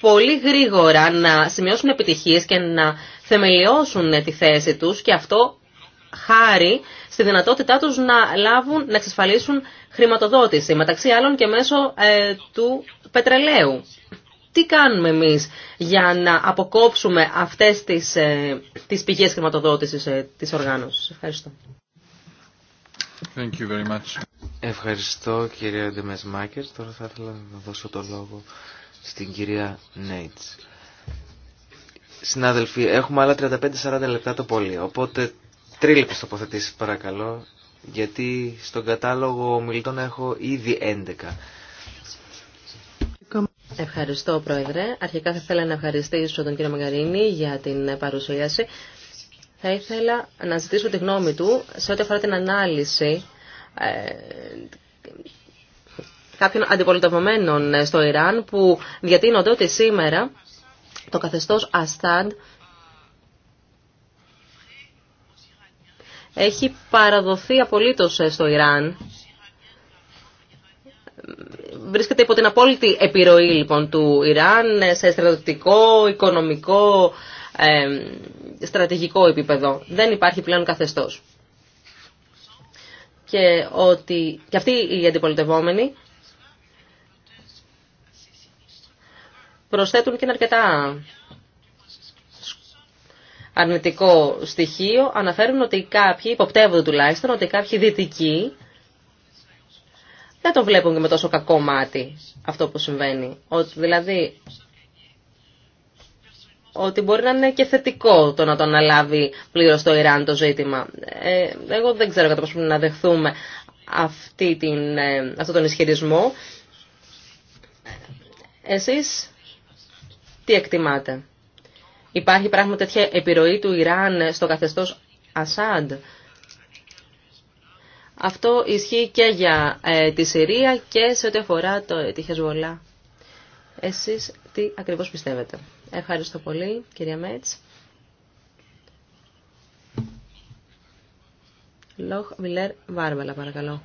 πολύ γρήγορα να σημειώσουν επιτυχίες και να θεμελιώσουν τη θέση τους και αυτό χάρη στη δυνατότητά τους να λάβουν, να εξασφαλίσουν χρηματοδότηση, μεταξύ άλλων και μέσω ε, του πετρελαίου τι κάνουμε εμείς για να αποκόψουμε αυτές τις, ε, τις πηγές χρηματοδότησης ε, της οργάνωσης. Ευχαριστώ. Thank you very much. Ευχαριστώ κύριε Ντεμεσμάκερ. Τώρα θα ήθελα να δώσω το λόγο στην κυρία Νέιτς. Συνάδελφοι, έχουμε άλλα 35-40 λεπτά το πολύ, οπότε τρίλεπες τοποθετήσεις παρακαλώ, γιατί στον κατάλογο ομιλητών έχω ήδη 11. Ευχαριστώ, Πρόεδρε. Αρχικά θα ήθελα να ευχαριστήσω τον κύριο Μαγκαρίνη για την παρουσίαση. Θα ήθελα να ζητήσω τη γνώμη του σε ό,τι αφορά την ανάλυση ε, κάποιων αντιπολιτευμένων στο Ιράν που διατείνονται ότι σήμερα το καθεστώς Αστάντ έχει παραδοθεί απολύτως στο Ιράν βρίσκεται υπό την απόλυτη επιρροή λοιπόν του Ιράν σε στρατιωτικό, οικονομικό, στρατηγικό επίπεδο. Δεν υπάρχει πλέον καθεστώς. Και, ότι, και αυτοί οι αντιπολιτευόμενοι προσθέτουν και ένα αρκετά αρνητικό στοιχείο. Αναφέρουν ότι κάποιοι, υποπτεύονται τουλάχιστον, ότι κάποιοι δυτικοί δεν το βλέπουν και με τόσο κακό μάτι αυτό που συμβαίνει. δηλαδή, ότι μπορεί να είναι και θετικό το να το αναλάβει πλήρως το Ιράν το ζήτημα. Ε, εγώ δεν ξέρω κατά πόσο να δεχθούμε αυτή την, ε, αυτόν τον ισχυρισμό. Εσείς τι εκτιμάτε. Υπάρχει πράγμα τέτοια επιρροή του Ιράν στο καθεστώς Ασάντ. Αυτό ισχύει και για ε, τη Συρία και σε ό,τι αφορά το, τη Χεσβολά. Εσείς τι ακριβώς πιστεύετε. Ευχαριστώ πολύ, κυρία Μέτς. Λοχ Βιλέρ Βάρβελα, παρακαλώ.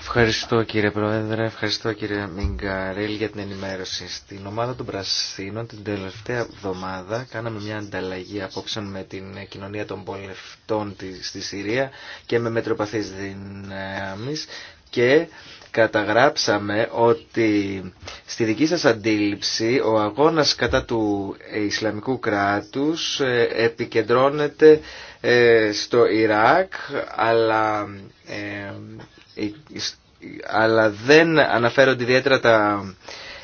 Ευχαριστώ κύριε Πρόεδρε, ευχαριστώ κύριε Μιγκαρέλ για την ενημέρωση. Στην ομάδα των Πρασίνων την τελευταία εβδομάδα κάναμε μια ανταλλαγή απόψεων με την κοινωνία των πολευτών στη Συρία και με μετροπαθείς δυνάμεις και καταγράψαμε ότι στη δική σας αντίληψη ο αγώνας κατά του Ισλαμικού κράτους ε, επικεντρώνεται ε, στο Ιράκ αλλά ε, ε, αλλά δεν αναφέρονται ιδιαίτερα τα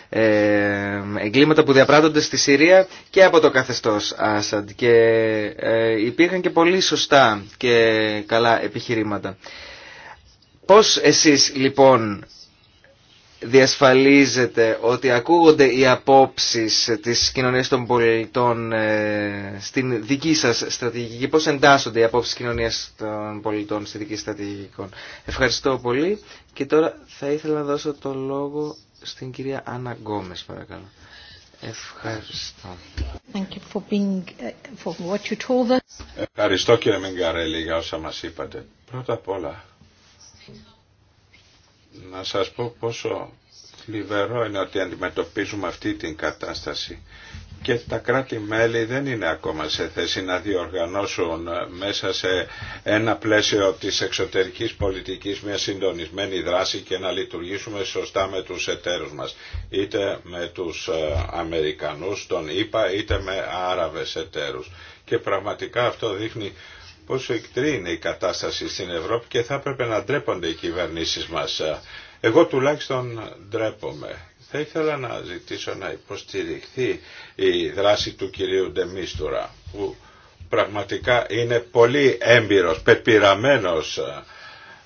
ε, εγκλήματα που διαπράττονται στη Συρία και από το καθεστώς Άσαντ και ε, υπήρχαν και πολύ σωστά και καλά επιχειρήματα. Πώς εσείς λοιπόν διασφαλίζεται ότι ακούγονται οι απόψεις της κοινωνίας των πολιτών ε, στην δική σας στρατηγική, πώς εντάσσονται οι απόψεις της κοινωνίας των πολιτών στη δική στρατηγική. Ευχαριστώ πολύ και τώρα θα ήθελα να δώσω το λόγο στην κυρία Άννα Γκόμες παρακαλώ. Ευχαριστώ. Thank you for being, uh, for what you told us. Ευχαριστώ κύριε Μιγκαρέλη για όσα μας είπατε. Πρώτα απ' όλα να σας πω πόσο θλιβερό είναι ότι αντιμετωπίζουμε αυτή την κατάσταση και τα κράτη-μέλη δεν είναι ακόμα σε θέση να διοργανώσουν μέσα σε ένα πλαίσιο της εξωτερικής πολιτικής μια συντονισμένη δράση και να λειτουργήσουμε σωστά με τους εταίρους μας, είτε με τους ε, Αμερικανούς, τον ΙΠΑ, είτε με Άραβες εταίρους. Και πραγματικά αυτό δείχνει πόσο εκτρή είναι η κατάσταση στην Ευρώπη και θα έπρεπε να ντρέπονται οι κυβερνήσεις μας. Εγώ τουλάχιστον ντρέπομαι. Θα ήθελα να ζητήσω να υποστηριχθεί η δράση του κυρίου Ντεμίστουρα που πραγματικά είναι πολύ έμπειρος, πεπειραμένος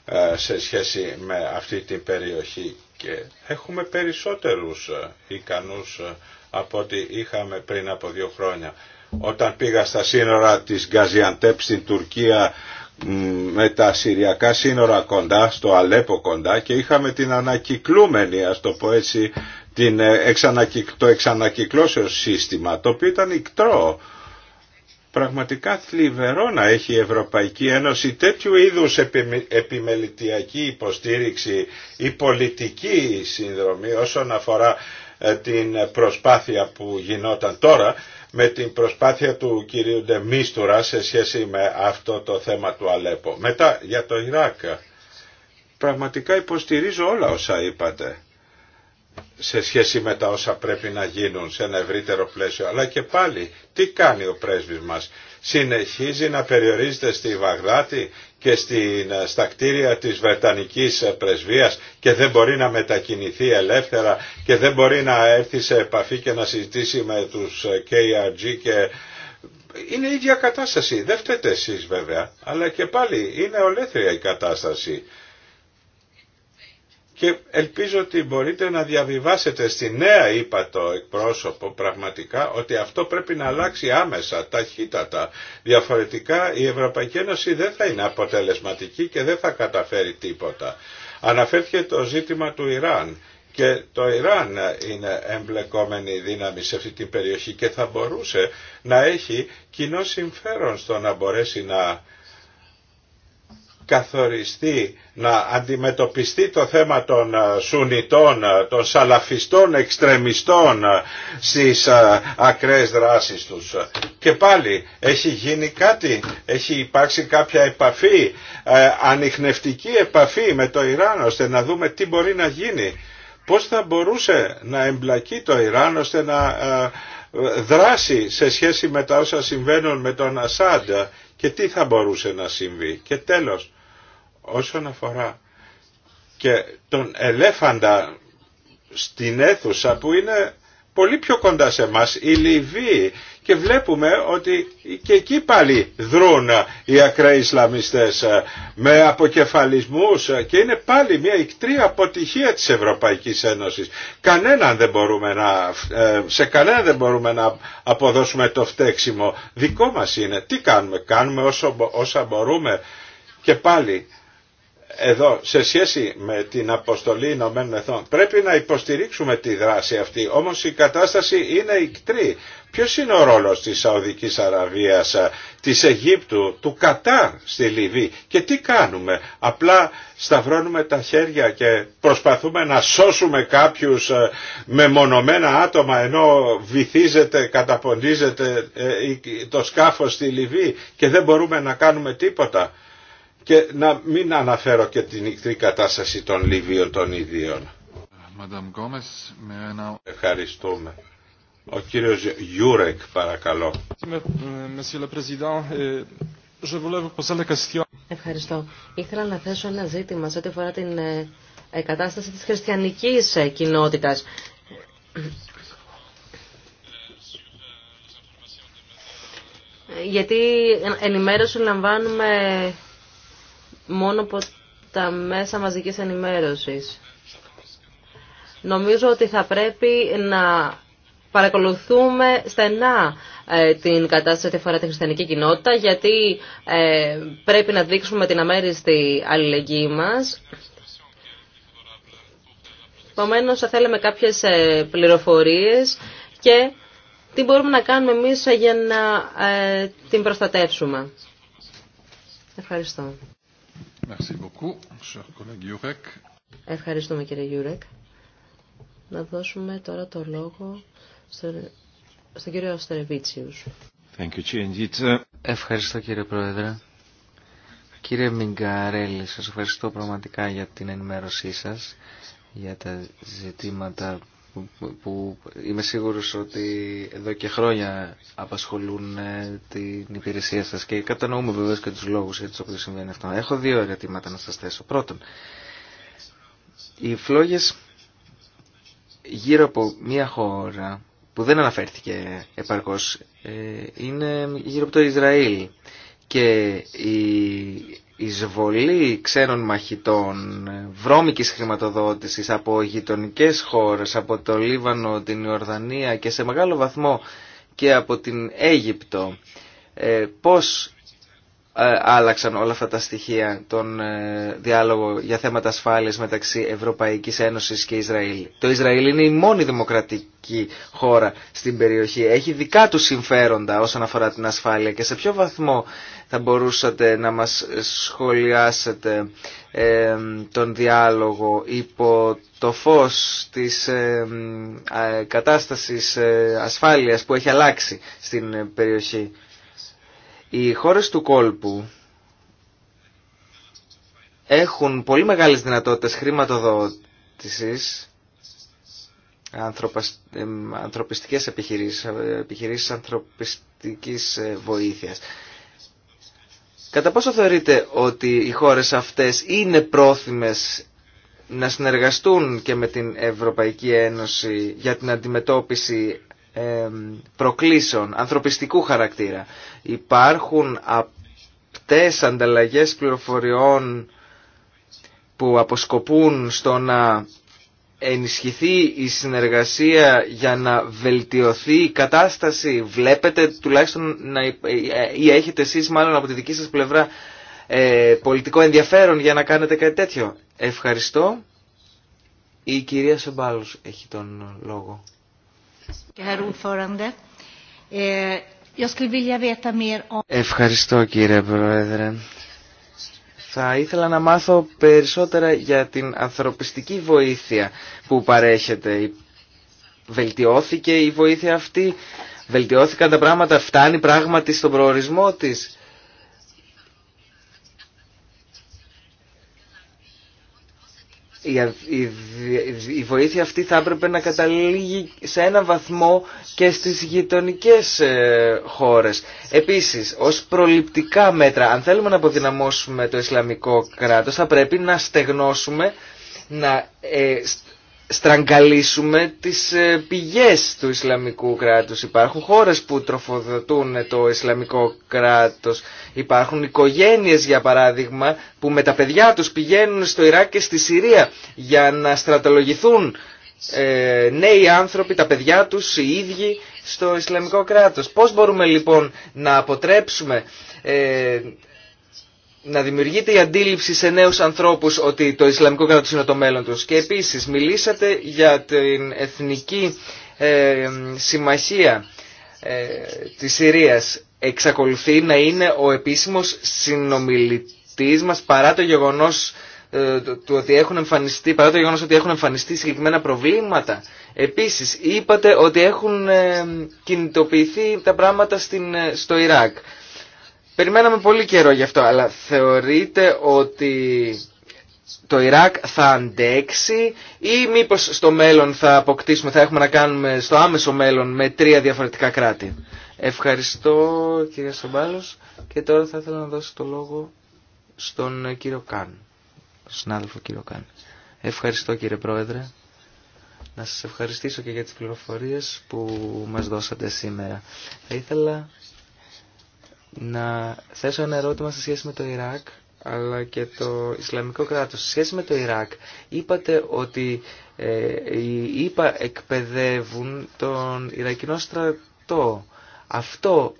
ε, σε σχέση με αυτή την περιοχή και έχουμε περισσότερους ε, ικανούς ε, από ό,τι είχαμε πριν από δύο χρόνια. Όταν πήγα στα σύνορα της Γκαζιαντέπ στην Τουρκία με τα Συριακά σύνορα κοντά, στο Αλέπο κοντά και είχαμε την ανακυκλούμενη, ας το πω έτσι, την, ε, το εξανακυκλώσεως σύστημα, το οποίο ήταν ικτρό. Πραγματικά θλιβερό να έχει η Ευρωπαϊκή Ένωση τέτοιου είδους επιμελητιακή υποστήριξη ή πολιτική συνδρομή όσον αφορά ε, την προσπάθεια που γινόταν τώρα με την προσπάθεια του κυρίου Ντεμίστουρα σε σχέση με αυτό το θέμα του Αλέπο. Μετά για το Ιράκ. Πραγματικά υποστηρίζω όλα όσα είπατε σε σχέση με τα όσα πρέπει να γίνουν σε ένα ευρύτερο πλαίσιο. Αλλά και πάλι, τι κάνει ο πρέσβης μας συνεχίζει να περιορίζεται στη Βαγδάτη και στην, ε, στα κτίρια της Βρετανικής ε, Πρεσβείας και δεν μπορεί να μετακινηθεί ελεύθερα και δεν μπορεί να έρθει σε επαφή και να συζητήσει με τους ε, KRG και είναι η ίδια κατάσταση. Δεν φταίτε εσείς βέβαια, αλλά και πάλι είναι ολέθρια η κατάσταση και ελπίζω ότι μπορείτε να διαβιβάσετε στη νέα το εκπρόσωπο πραγματικά ότι αυτό πρέπει να αλλάξει άμεσα, ταχύτατα. Διαφορετικά η Ευρωπαϊκή Ένωση δεν θα είναι αποτελεσματική και δεν θα καταφέρει τίποτα. Αναφέρθηκε το ζήτημα του Ιράν και το Ιράν είναι εμπλεκόμενη δύναμη σε αυτή την περιοχή και θα μπορούσε να έχει κοινό συμφέρον στο να μπορέσει να καθοριστεί, να αντιμετωπιστεί το θέμα των ε, Σουνιτών, ε, των Σαλαφιστών, εξτρεμιστών ε, στις ακραίες δράσεις τους. Και πάλι έχει γίνει κάτι, έχει υπάρξει κάποια επαφή, ανιχνευτική επαφή με το Ιράν ώστε να δούμε τι μπορεί να γίνει. Πώς θα μπορούσε να εμπλακεί το Ιράν ώστε να δράσει σε σχέση με τα όσα συμβαίνουν με τον Ασάντ και τι θα μπορούσε να συμβεί. Και τέλος, όσον αφορά και τον ελέφαντα στην αίθουσα που είναι πολύ πιο κοντά σε μας, η Λιβύη και βλέπουμε ότι και εκεί πάλι δρούν οι ακραίοι Ισλαμιστές ε, με αποκεφαλισμούς ε, και είναι πάλι μια ικτρή αποτυχία της Ευρωπαϊκής Ένωσης. Κανέναν δεν μπορούμε να, ε, σε κανέναν δεν μπορούμε να αποδώσουμε το φταίξιμο. Δικό μας είναι. Τι κάνουμε. Κάνουμε όσο, όσα μπορούμε και πάλι εδώ σε σχέση με την αποστολή Ηνωμένων Εθνών πρέπει να υποστηρίξουμε τη δράση αυτή όμως η κατάσταση είναι ικτρή Ποιος είναι ο ρόλος της Σαουδικής Αραβίας, ε, της Αιγύπτου, του Κατάρ στη Λιβύη και τι κάνουμε. Απλά σταυρώνουμε τα χέρια και προσπαθούμε να σώσουμε κάποιους ε, μονομένα άτομα ενώ βυθίζεται, καταποντίζεται ε, το σκάφος στη Λιβύη και δεν μπορούμε να κάνουμε τίποτα. Και να μην αναφέρω και την ικτρή κατάσταση των Λιβύων των ιδίων. Ευχαριστούμε. Ο κύριος Γιούρεκ, παρακαλώ. Euh, Ευχαριστώ. Ήθελα να θέσω ένα ζήτημα σε ό,τι αφορά την ε, κατάσταση της χριστιανικής ε, κοινότητας. Γιατί ενημέρωση λαμβάνουμε μόνο από τα μέσα μαζικής ενημέρωσης. Νομίζω ότι θα πρέπει να Παρακολουθούμε στενά ε, την κατάσταση ότι αφορά τη χριστιανική κοινότητα γιατί ε, πρέπει να δείξουμε την αμέριστη αλληλεγγύη μας. Επομένως, θα θέλαμε κάποιες ε, πληροφορίες και τι μπορούμε να κάνουμε εμείς για να την προστατεύσουμε. Ευχαριστώ. Ευχαριστούμε κύριε Γιούρεκ. Να δώσουμε τώρα το λόγο στον κύριο Στερεβίτσιους. Uh, ευχαριστώ κύριε Πρόεδρε. Κύριε Μιγκαρέλη, σας ευχαριστώ πραγματικά για την ενημέρωσή σας, για τα ζητήματα που είμαι σίγουρος ότι εδώ και χρόνια απασχολούν ε, την υπηρεσία σας και κατανοούμε βεβαίως και τους λόγους για τους οποίους συμβαίνει αυτό. Έχω δύο ερωτήματα να σας θέσω. Πρώτον, οι φλόγες γύρω από μια χώρα που δεν αναφέρθηκε επαρκώς ε, είναι γύρω από το Ισραήλ και η εισβολή ξένων μαχητών, βρώμικης χρηματοδότησης από γειτονικέ χώρες, από το Λίβανο, την Ιορδανία και σε μεγάλο βαθμό και από την Αίγυπτο, ε, πώς ε, άλλαξαν όλα αυτά τα στοιχεία τον ε, διάλογο για θέματα ασφάλειας μεταξύ Ευρωπαϊκής Ένωσης και Ισραήλ. Το Ισραήλ είναι η μόνη δημοκρατική χώρα στην περιοχή. Έχει δικά του συμφέροντα όσον αφορά την ασφάλεια και σε ποιο βαθμό θα μπορούσατε να μας σχολιάσετε ε, τον διάλογο υπό το φως της κατάστασης ασφάλειας που έχει αλλάξει στην περιοχή. Οι χώρες του κόλπου έχουν πολύ μεγάλες δυνατότητες χρηματοδότησης ανθρωπιστικές επιχειρήσεις, επιχειρήσεις ανθρωπιστικής ε, βοήθειας. Κατά πόσο θεωρείτε ότι οι χώρες αυτές είναι πρόθυμες να συνεργαστούν και με την Ευρωπαϊκή Ένωση για την αντιμετώπιση προκλήσεων, ανθρωπιστικού χαρακτήρα. Υπάρχουν απτές ανταλλαγές πληροφοριών που αποσκοπούν στο να ενισχυθεί η συνεργασία για να βελτιωθεί η κατάσταση. Βλέπετε τουλάχιστον να, ε, ή έχετε εσείς μάλλον από τη δική σας πλευρά ε, πολιτικό ενδιαφέρον για να κάνετε κάτι τέτοιο. Ευχαριστώ. Η κυρία Σεμπάλους έχει τον λόγο. Ευχαριστώ κύριε Πρόεδρε. Θα ήθελα να μάθω περισσότερα για την ανθρωπιστική βοήθεια που παρέχεται. Βελτιώθηκε η βοήθεια αυτή, βελτιώθηκαν τα πράγματα, φτάνει πράγματι στον προορισμό της. η βοήθεια αυτή θα έπρεπε να καταλήγει σε ένα βαθμό και στις γειτονικές ε, χώρες. Επίσης, ως προληπτικά μέτρα, αν θέλουμε να αποδυναμώσουμε το Ισλαμικό κράτος, θα πρέπει να στεγνώσουμε, να ε, στραγγαλίσουμε τις ε, πηγές του Ισλαμικού κράτους. Υπάρχουν χώρες που τροφοδοτούν το Ισλαμικό κράτος. Υπάρχουν οικογένειες, για παράδειγμα, που με τα παιδιά τους πηγαίνουν στο Ιράκ και στη Συρία για να στρατολογηθούν ε, νέοι άνθρωποι, τα παιδιά τους, οι ίδιοι, στο Ισλαμικό κράτος. Πώς μπορούμε λοιπόν να αποτρέψουμε... Ε, να δημιουργείται η αντίληψη σε νέους ανθρώπους ότι το Ισλαμικό κράτος είναι το μέλλον τους. Και επίσης μιλήσατε για την Εθνική ε, Συμμαχία ε, της Συρίας. Εξακολουθεί να είναι ο επίσημος συνομιλητής μας παρά το γεγονός ε, του ότι έχουν εμφανιστεί, παρά το γεγονός ότι έχουν εμφανιστεί συγκεκριμένα προβλήματα. Επίσης, είπατε ότι έχουν ε, κινητοποιηθεί τα πράγματα στην, στο Ιράκ. Περιμέναμε πολύ καιρό γι' αυτό, αλλά θεωρείτε ότι το Ιράκ θα αντέξει ή μήπως στο μέλλον θα αποκτήσουμε, θα έχουμε να κάνουμε στο άμεσο μέλλον με τρία διαφορετικά κράτη. Ευχαριστώ κύριε Σομπάλος και τώρα θα ήθελα να δώσω το λόγο στον κύριο Κάν, συνάδελφο κύριο Κάν. Ευχαριστώ κύριε Πρόεδρε. Να σας ευχαριστήσω και για τις πληροφορίες που μας δώσατε σήμερα. Θα ήθελα να θέσω ένα ερώτημα σε σχέση με το Ιράκ αλλά και το Ισλαμικό κράτος. Σε σχέση με το Ιράκ, είπατε ότι ε, οι ΙΠΑ εκπαιδεύουν τον Ιρακινό στρατό. Αυτό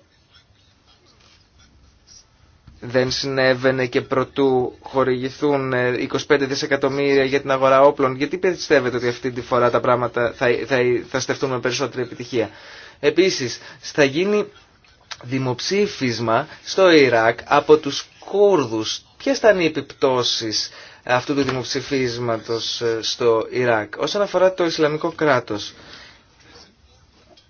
δεν συνέβαινε και προτού χορηγηθούν 25 ε, δισεκατομμύρια για την αγορά όπλων. Γιατί πιστεύετε ότι αυτή τη φορά τα πράγματα θα, θα, θα στεφτούν με περισσότερη επιτυχία. Επίσης, θα γίνει δημοψήφισμα στο Ιράκ από τους Κούρδους. Ποιες ήταν οι επιπτώσεις αυτού του δημοψηφίσματος ε, στο Ιράκ όσον αφορά το Ισλαμικό κράτος.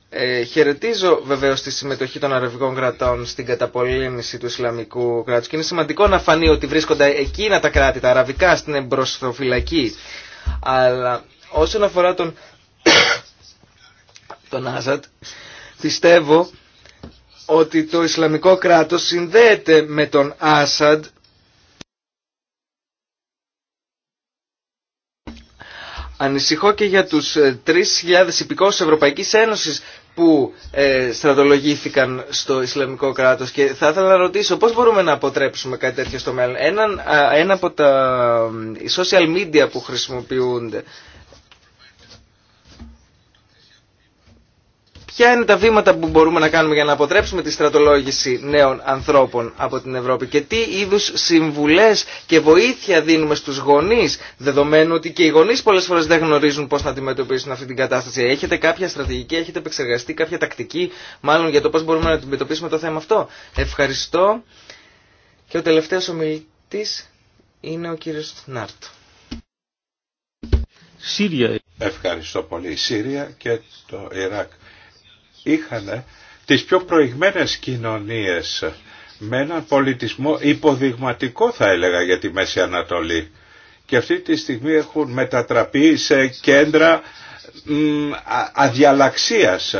Ε, χαιρετίζω βεβαίως τη συμμετοχή των αραβικών κρατών στην καταπολέμηση του Ισλαμικού κράτους και είναι σημαντικό να φανεί ότι βρίσκονται εκείνα τα κράτη, τα αραβικά, στην εμπροσθοφυλακή. Αλλά όσον αφορά τον, τον Άζατ, πιστεύω ότι το Ισλαμικό κράτος συνδέεται με τον Άσαντ Ανησυχώ και για τους 3.000 ε, υπηκόους Ευρωπαϊκής Ένωσης που ε, στρατολογήθηκαν στο Ισλαμικό κράτος και θα ήθελα να ρωτήσω πώς μπορούμε να αποτρέψουμε κάτι τέτοιο στο μέλλον. Ένα, ένα από τα social media που χρησιμοποιούνται Ποια είναι τα βήματα που μπορούμε να κάνουμε για να αποτρέψουμε τη στρατολόγηση νέων ανθρώπων από την Ευρώπη και τι είδους συμβουλές και βοήθεια δίνουμε στους γονείς, δεδομένου ότι και οι γονείς πολλές φορές δεν γνωρίζουν πώς να αντιμετωπίσουν αυτή την κατάσταση. Έχετε κάποια στρατηγική, έχετε επεξεργαστεί κάποια τακτική, μάλλον για το πώς μπορούμε να αντιμετωπίσουμε το θέμα αυτό. Ευχαριστώ. Και ο τελευταίος ομιλητής είναι ο κύριος Νάρτ. Ευχαριστώ πολύ. Η Σύρια και το Ιράκ είχαν τις πιο προηγμένες κοινωνίες με έναν πολιτισμό υποδειγματικό θα έλεγα για τη Μέση Ανατολή και αυτή τη στιγμή έχουν μετατραπεί σε κέντρα αδιαλαξίας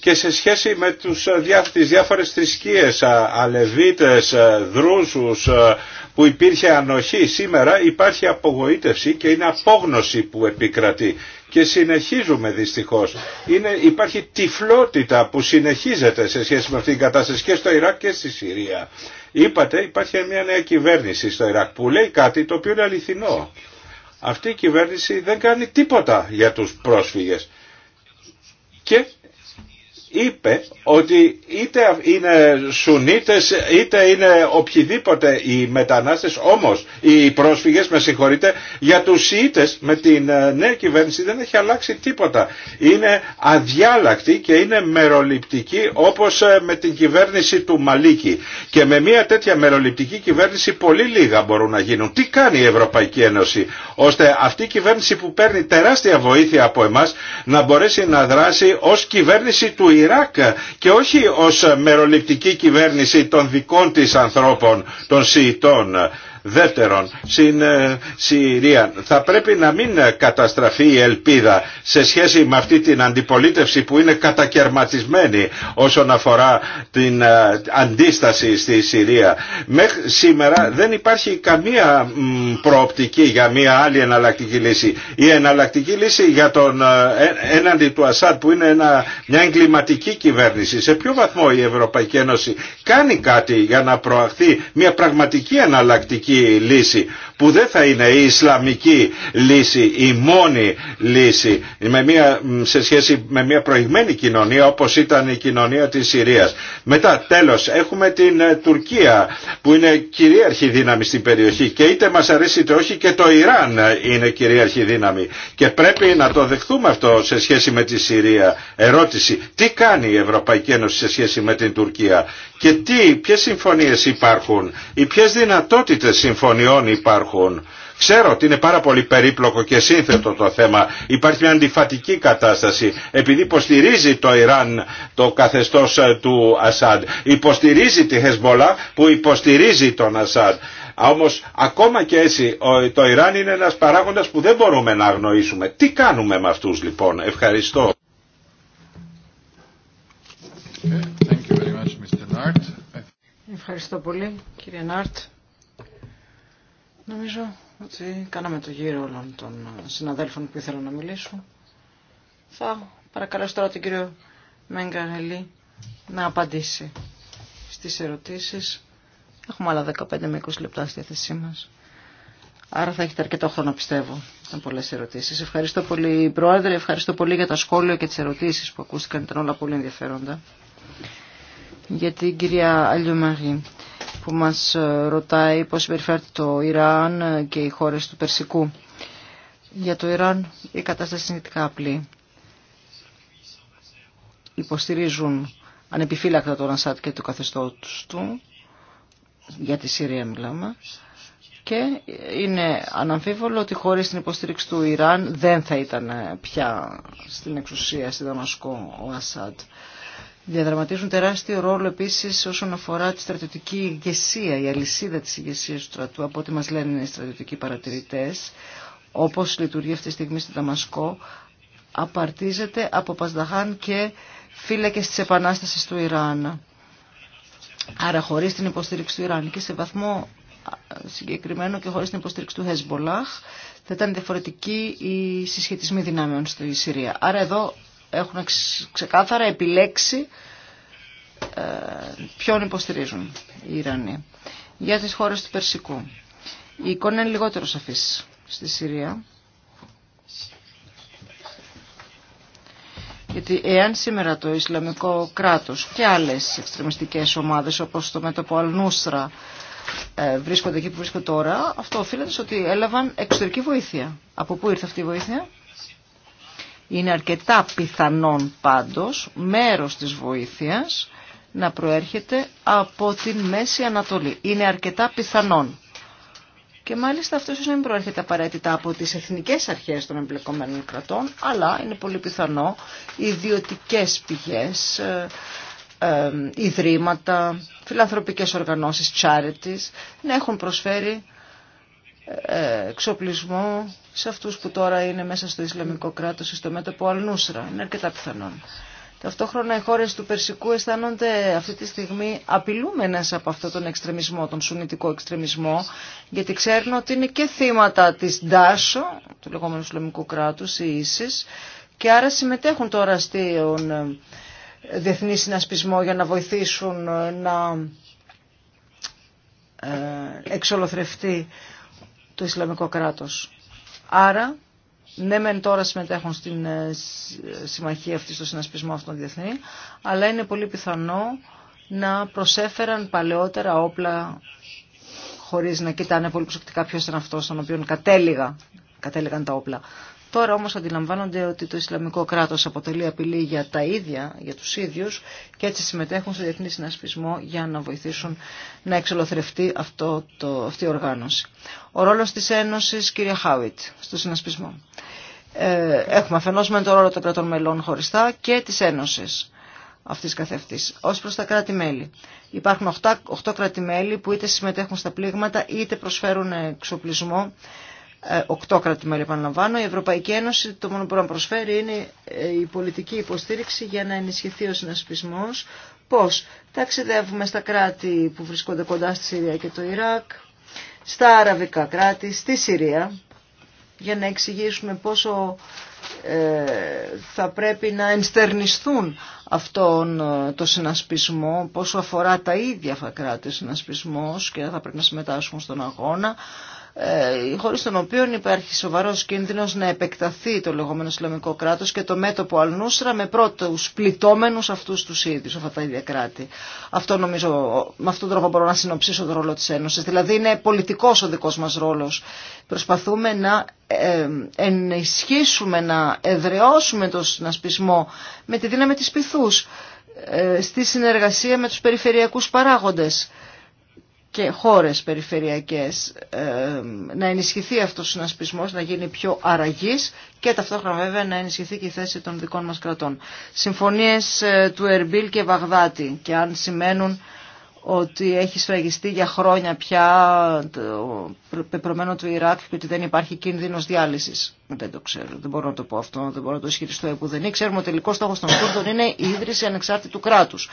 και σε σχέση με τους, τις διάφορες θρησκείες, αλεβίτες, δρούσους που υπήρχε ανοχή σήμερα υπάρχει απογοήτευση και είναι απόγνωση που επικρατεί και συνεχίζουμε δυστυχώς. Είναι, υπάρχει τυφλότητα που συνεχίζεται σε σχέση με αυτήν την κατάσταση και στο Ιράκ και στη Συρία. Είπατε υπάρχει μια νέα κυβέρνηση στο Ιράκ που λέει κάτι το οποίο είναι αληθινό. Αυτή η κυβέρνηση δεν κάνει τίποτα για τους πρόσφυγες. Και είπε ότι είτε είναι Σουνίτες είτε είναι οποιοδήποτε οι μετανάστες όμως οι πρόσφυγες με συγχωρείτε για τους Σιήτες με την ε, νέα κυβέρνηση δεν έχει αλλάξει τίποτα είναι αδιάλακτη και είναι μεροληπτική όπως ε, με την κυβέρνηση του Μαλίκη και με μια τέτοια μεροληπτική κυβέρνηση πολύ λίγα μπορούν να γίνουν τι κάνει η Ευρωπαϊκή Ένωση ώστε αυτή η κυβέρνηση που παίρνει τεράστια βοήθεια από εμάς να μπορέσει να δράσει ως κυβέρνηση του Ιράν και όχι ως μεροληπτική κυβέρνηση των δικών της ανθρώπων, των Σιητών. Δεύτερον, στην ε, Συρία θα πρέπει να μην καταστραφεί η ελπίδα σε σχέση με αυτή την αντιπολίτευση που είναι κατακαιρματισμένη όσον αφορά την ε, αντίσταση στη Συρία. Μέχρι σήμερα δεν υπάρχει καμία προοπτική για μια άλλη εναλλακτική λύση. Η εναλλακτική λύση για τον ε, έναντι του Ασάτ που είναι ένα, μια εγκληματική κυβέρνηση. Σε ποιο βαθμό η Ευρωπαϊκή Ένωση κάνει κάτι για να προαχθεί μια πραγματική εναλλακτική λύση που δεν θα είναι η Ισλαμική λύση, η μόνη λύση με μια, σε σχέση με μια προηγμένη κοινωνία όπως ήταν η κοινωνία της Συρίας. Μετά τέλος έχουμε την ε, Τουρκία που είναι κυρίαρχη δύναμη στην περιοχή και είτε μας αρέσει είτε όχι και το Ιράν ε, είναι κυρίαρχη δύναμη και πρέπει να το δεχθούμε αυτό σε σχέση με τη Συρία. Ερώτηση, τι κάνει η Ευρωπαϊκή Ένωση σε σχέση με την Τουρκία και τι, ποιες συμφωνίες υπάρχουν ή ποιες δυνατότητες συμφωνιών υπάρχουν Ξέρω ότι είναι πάρα πολύ περίπλοκο και σύνθετο το θέμα. Υπάρχει μια αντιφατική κατάσταση. Επειδή υποστηρίζει το Ιράν το καθεστώς ε, του Ασάντ. Υποστηρίζει τη Χεσμολά που υποστηρίζει τον Ασάντ. Όμως ακόμα και έτσι το Ιράν είναι ένας παράγοντας που δεν μπορούμε να αγνοήσουμε. Τι κάνουμε με αυτούς λοιπόν. Ευχαριστώ. thank you very much, Mr. Ευχαριστώ πολύ κύριε Νάρτ. Νομίζω ότι κάναμε το γύρο όλων των συναδέλφων που ήθελα να μιλήσω. Θα παρακαλώ τώρα τον κύριο Μέγκαρελή να απαντήσει στις ερωτήσεις. Έχουμε άλλα 15 με 20 λεπτά στη θέση μας. Άρα θα έχετε αρκετό χρόνο, πιστεύω. Ήταν πολλέ ερωτήσεις. Ευχαριστώ πολύ, Πρόεδρε. Ευχαριστώ πολύ για τα σχόλια και τι ερωτήσει που ακούστηκαν. Ήταν όλα πολύ ενδιαφέροντα. Για την κυρία Αλιομαρή που μας ε, ρωτάει πώς συμπεριφέρεται το Ιράν ε, και οι χώρες του Περσικού. Για το Ιράν η κατάσταση είναι σχετικά απλή. Υποστηρίζουν ανεπιφύλακτα τον Ασάτ και το καθεστώ του, για τη Συρία μιλάμε, και είναι αναμφίβολο ότι χωρίς την υποστήριξη του Ιράν δεν θα ήταν πια στην εξουσία στη Δαμασκό ο Ασάτ διαδραματίζουν τεράστιο ρόλο επίσης όσον αφορά τη στρατιωτική ηγεσία, η αλυσίδα της ηγεσίας του στρατού, από ό,τι μας λένε οι στρατιωτικοί παρατηρητές, όπως λειτουργεί αυτή τη στιγμή στη Δαμασκό, απαρτίζεται από Πασδαχάν και φύλακε της επανάσταση του Ιράν. Άρα χωρίς την υποστήριξη του Ιράν και σε βαθμό συγκεκριμένο και χωρίς την υποστήριξη του Χεσμολάχ θα ήταν διαφορετική η συσχετισμή δυνάμεων στη Συρία. Άρα εδώ έχουν ξεκάθαρα επιλέξει ε, ποιον υποστηρίζουν οι Ιρανοί. Για τις χώρες του Περσικού. Η εικόνα είναι λιγότερο σαφής στη Συρία. Γιατί εάν σήμερα το Ισλαμικό κράτος και άλλες εξτρεμιστικές ομάδες όπως το μέτωπο Αλνούστρα ε, βρίσκονται εκεί που βρίσκονται τώρα, αυτό οφείλεται ότι έλαβαν εξωτερική βοήθεια. Από πού ήρθε αυτή η βοήθεια? Είναι αρκετά πιθανόν πάντως μέρος της βοήθειας να προέρχεται από την Μέση Ανατολή. Είναι αρκετά πιθανόν. Και μάλιστα αυτό ίσως δεν προέρχεται απαραίτητα από τις εθνικές αρχές των εμπλεκομένων κρατών, αλλά είναι πολύ πιθανό ιδιωτικές πηγές, ε, ε, ιδρύματα, φιλανθρωπικές οργανώσεις, charities, να έχουν προσφέρει ε, εξοπλισμό σε αυτούς που τώρα είναι μέσα στο Ισλαμικό κράτος ή στο μέτωπο Αλνούσρα. Είναι αρκετά πιθανόν. Ταυτόχρονα οι χώρες του Περσικού αισθάνονται αυτή τη στιγμή απειλούμενες από αυτόν τον εξτρεμισμό, τον σουνητικό εξτρεμισμό, γιατί ξέρουν ότι είναι και θύματα της Ντάσο, του λεγόμενου Ισλαμικού κράτους, η ίσης, και άρα συμμετέχουν τώρα στον ε, διεθνή συνασπισμό για να βοηθήσουν ε, να εξολοθρευτεί το Ισλαμικό κράτος. Άρα, ναι μεν τώρα συμμετέχουν στην ε, συμμαχία αυτή, στο συνασπισμό αυτών διεθνή, αλλά είναι πολύ πιθανό να προσέφεραν παλαιότερα όπλα χωρίς να κοιτάνε πολύ προσεκτικά ποιος ήταν αυτός τον οποίο κατέληγα, κατέληγαν τα όπλα. Τώρα όμως αντιλαμβάνονται ότι το Ισλαμικό κράτος αποτελεί απειλή για τα ίδια, για τους ίδιους και έτσι συμμετέχουν στο διεθνή συνασπισμό για να βοηθήσουν να εξολοθρευτεί αυτό το, αυτή η οργάνωση. Ο ρόλος της Ένωσης, κύρια Χάουιτ, στο συνασπισμό. Ε, έχουμε αφενός με το ρόλο των κρατών μελών χωριστά και της Ένωσης αυτής καθευτής. Ως προς τα κράτη-μέλη. Υπάρχουν 8, 8 κράτη-μέλη που είτε συμμετέχουν στα πλήγματα είτε προσφέρουν εξοπλισμό ε, οκτώ κράτη-μέλη επαναλαμβάνω. Η Ευρωπαϊκή Ένωση το μόνο που μπορεί να προσφέρει είναι ε, η πολιτική υποστήριξη για να ενισχυθεί ο συνασπισμός. Πώς ταξιδεύουμε στα κράτη που βρισκόνται κοντά στη Συρία και το Ιράκ, στα αραβικά κράτη, στη Συρία, για να εξηγήσουμε πόσο ε, θα πρέπει να ενστερνιστούν αυτόν το συνασπισμό, πόσο αφορά τα ίδια κράτη ο συνασπισμός και θα πρέπει να συμμετάσχουν στον αγώνα. Ε, χωρίς τον οποίο υπάρχει σοβαρός κίνδυνος να επεκταθεί το λεγόμενο Ισλαμικό κράτος και το μέτωπο Αλνούσρα με πρώτους πληττόμενους αυτούς τους ίδιους, αυτά τα ίδια κράτη. Αυτό νομίζω, με αυτόν τον τρόπο μπορώ να συνοψίσω τον ρόλο της Ένωσης. Δηλαδή είναι πολιτικός ο δικός μας ρόλος. Προσπαθούμε να ε, ενισχύσουμε, να εδραιώσουμε τον συνασπισμό με τη δύναμη της πυθούς ε, στη συνεργασία με τους περιφερειακούς παράγοντες και χώρες περιφερειακές ε, να ενισχυθεί αυτός ο συνασπισμός, να γίνει πιο αραγής και ταυτόχρονα βέβαια να ενισχυθεί και η θέση των δικών μας κρατών. Συμφωνίες ε, του Ερμπίλ και Βαγδάτη και αν σημαίνουν ότι έχει σφραγιστεί για χρόνια πια το πεπρωμένο του Ιράκ και ότι δεν υπάρχει κίνδυνος διάλυσης. Δεν το ξέρω, δεν μπορώ να το πω αυτό, δεν μπορώ να το ισχυριστώ επουδενή. Ξέρουμε ότι ο τελικός στόχος των Κούρδων είναι η ίδρυση ανεξάρτητου κράτους.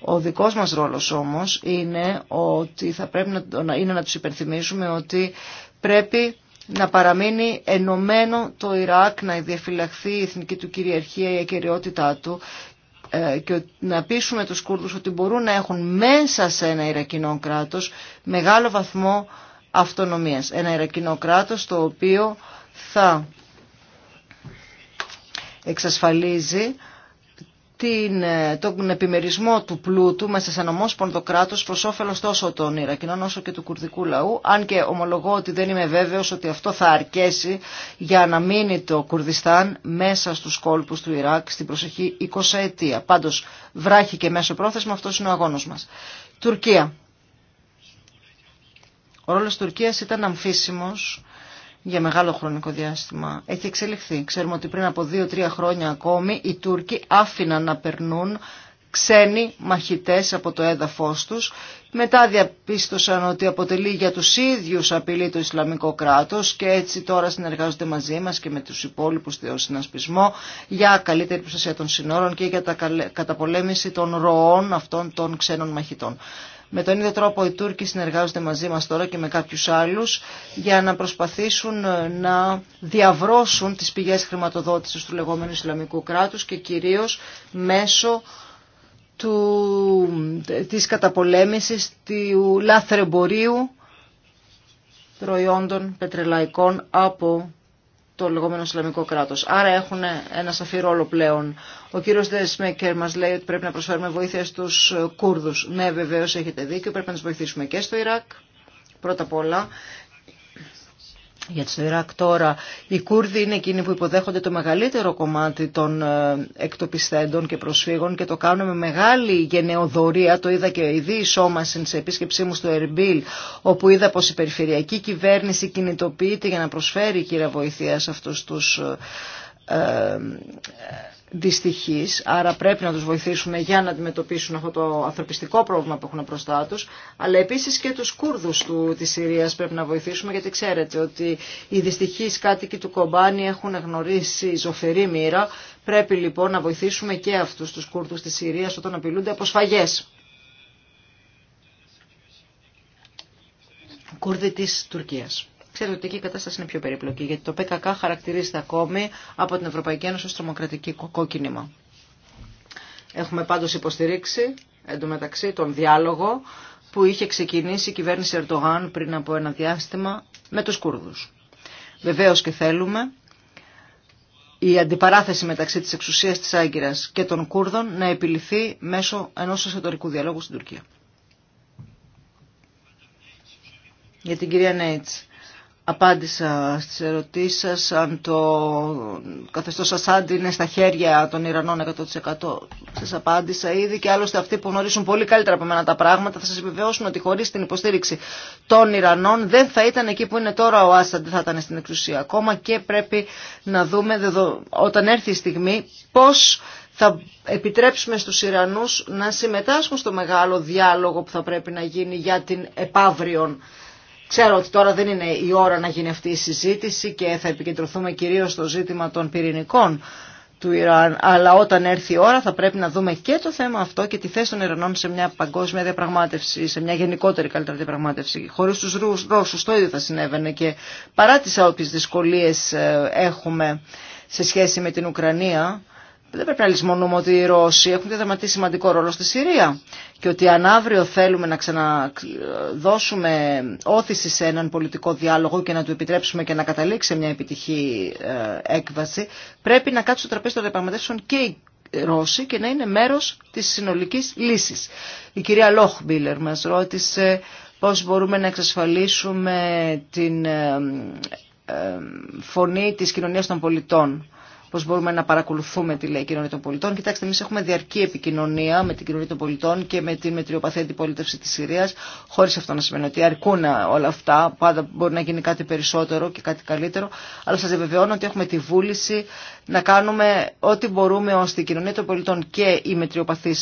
Ο δικός μας ρόλος όμως είναι, ότι θα πρέπει να, είναι να τους υπενθυμίσουμε ότι πρέπει να παραμείνει ενωμένο το Ιράκ, να διαφυλαχθεί η εθνική του κυριαρχία, η ακεραιότητά του ε, και να πείσουμε τους Κούρδους ότι μπορούν να έχουν μέσα σε ένα Ιρακινό κράτος μεγάλο βαθμό αυτονομίας. Ένα Ιρακινό κράτος το οποίο θα εξασφαλίζει την, ε, τον επιμερισμό του πλούτου μέσα σε ένα κράτο προ όφελο τόσο των Ιρακινών όσο και του κουρδικού λαού. Αν και ομολογώ ότι δεν είμαι βέβαιο ότι αυτό θα αρκέσει για να μείνει το Κουρδιστάν μέσα στου κόλπου του Ιράκ στην προσεχή 20 ετία. Πάντω, βράχει και μέσω πρόθεσμα, αυτό είναι ο αγώνα μα. Τουρκία. Ο ρόλος Τουρκίας ήταν αμφίσιμος για μεγάλο χρονικό διάστημα έχει εξελιχθεί. Ξέρουμε ότι πριν από δύο-τρία χρόνια ακόμη οι Τούρκοι άφηναν να περνούν ξένοι μαχητές από το έδαφος τους. Μετά διαπίστωσαν ότι αποτελεί για τους ίδιους απειλή το Ισλαμικό κράτος και έτσι τώρα συνεργάζονται μαζί μας και με τους υπόλοιπους στο συνασπισμό για καλύτερη προστασία των συνόρων και για τα καταπολέμηση των ροών αυτών των ξένων μαχητών. Με τον ίδιο τρόπο οι Τούρκοι συνεργάζονται μαζί μας τώρα και με κάποιους άλλους για να προσπαθήσουν ε, να διαβρώσουν τις πηγές χρηματοδότησης του λεγόμενου Ισλαμικού κράτους και κυρίως μέσω του, ε, της καταπολέμησης του λάθρεμπορίου προϊόντων πετρελαϊκών από το λεγόμενο Ισλαμικό κράτο. Άρα έχουν ένα σαφή ρόλο πλέον. Ο κύριο Δεσμέκερ μα λέει ότι πρέπει να προσφέρουμε βοήθεια στου Κούρδου. Ναι, βεβαίω έχετε δίκιο, πρέπει να του βοηθήσουμε και στο Ιράκ. Πρώτα απ' όλα για το Ιράκ τώρα, οι Κούρδοι είναι εκείνοι που υποδέχονται το μεγαλύτερο κομμάτι των ε, εκτοπιστέντων και προσφύγων και το κάνουν με μεγάλη γενεοδορία. Το είδα και η σώμασιν σε επίσκεψή μου στο Ερμπίλ, όπου είδα πως η περιφερειακή κυβέρνηση κινητοποιείται για να προσφέρει κύρια βοηθεία σε αυτούς τους ε, ε, Δυστυχής, άρα πρέπει να τους βοηθήσουμε για να αντιμετωπίσουν αυτό το ανθρωπιστικό πρόβλημα που έχουν μπροστά τους, αλλά επίσης και τους Κούρδους του, της Συρίας πρέπει να βοηθήσουμε, γιατί ξέρετε ότι οι δυστυχείς κάτοικοι του Κομπάνη έχουν γνωρίσει ζωφερή μοίρα, πρέπει λοιπόν να βοηθήσουμε και αυτούς τους Κούρδους της Συρίας όταν απειλούνται από σφαγές. Κούρδοι της Τουρκίας. Ξέρετε ότι η κατάσταση είναι πιο περιπλοκή, γιατί το ΠΚΚ χαρακτηρίζεται ακόμη από την Ευρωπαϊκή Ένωση ως τρομοκρατική κόκκινημα. Έχουμε πάντως υποστηρίξει εντωμεταξύ τον διάλογο που είχε ξεκινήσει η κυβέρνηση Ερντογάν πριν από ένα διάστημα με τους Κούρδους. Βεβαίως και θέλουμε η αντιπαράθεση μεταξύ της εξουσίας της Άγκυρας και των Κούρδων να επιληθεί μέσω ενός εσωτερικού διαλόγου στην Τουρκία. Για την κυρία Νέιτς. Απάντησα στις ερωτήσεις σας αν το καθεστώς Ασάντ είναι στα χέρια των Ιρανών 100%. Σας απάντησα ήδη και άλλωστε αυτοί που γνωρίζουν πολύ καλύτερα από μένα τα πράγματα θα σας επιβεβαιώσουν ότι χωρίς την υποστήριξη των Ιρανών δεν θα ήταν εκεί που είναι τώρα ο Ασάντ, δεν θα ήταν στην εξουσία ακόμα και πρέπει να δούμε όταν έρθει η στιγμή πώς θα επιτρέψουμε στους Ιρανούς να συμμετάσχουν στο μεγάλο διάλογο που θα πρέπει να γίνει για την επαύριον Ξέρω ότι τώρα δεν είναι η ώρα να γίνει αυτή η συζήτηση και θα επικεντρωθούμε κυρίως στο ζήτημα των πυρηνικών του Ιράν, αλλά όταν έρθει η ώρα θα πρέπει να δούμε και το θέμα αυτό και τη θέση των Ιρανών σε μια παγκόσμια διαπραγμάτευση, σε μια γενικότερη καλύτερη διαπραγμάτευση. Χωρίς τους Ρώσους το ίδιο θα συνέβαινε και παρά τις όποιε δυσκολίες ε, έχουμε σε σχέση με την Ουκρανία, δεν πρέπει να λησμονούμε ότι οι Ρώσοι έχουν διαδραματίσει σημαντικό ρόλο στη Συρία και ότι αν αύριο θέλουμε να ξαναδώσουμε όθηση σε έναν πολιτικό διάλογο και να του επιτρέψουμε και να καταλήξει μια επιτυχή ε, έκβαση, πρέπει να κάτσουν στο τραπέζι των διαπραγματεύσεων και οι Ρώσοι και να είναι μέρος της συνολικής λύσης. Η κυρία Λόχμπίλερ μας ρώτησε πώς μπορούμε να εξασφαλίσουμε την ε, ε, φωνή της κοινωνίας των πολιτών Πώ μπορούμε να παρακολουθούμε τη λέει η κοινωνία των πολιτών. Κοιτάξτε, εμεί έχουμε διαρκή επικοινωνία με την κοινωνία των πολιτών και με την μετριοπαθή αντιπολίτευση τη Συρίας, χωρί αυτό να σημαίνει ότι αρκούν όλα αυτά, πάντα μπορεί να γίνει κάτι περισσότερο και κάτι καλύτερο, αλλά σα βεβαιώνω ότι έχουμε τη βούληση να κάνουμε ό,τι μπορούμε ώστε η κοινωνία των πολιτών και η μετριοπαθή ε,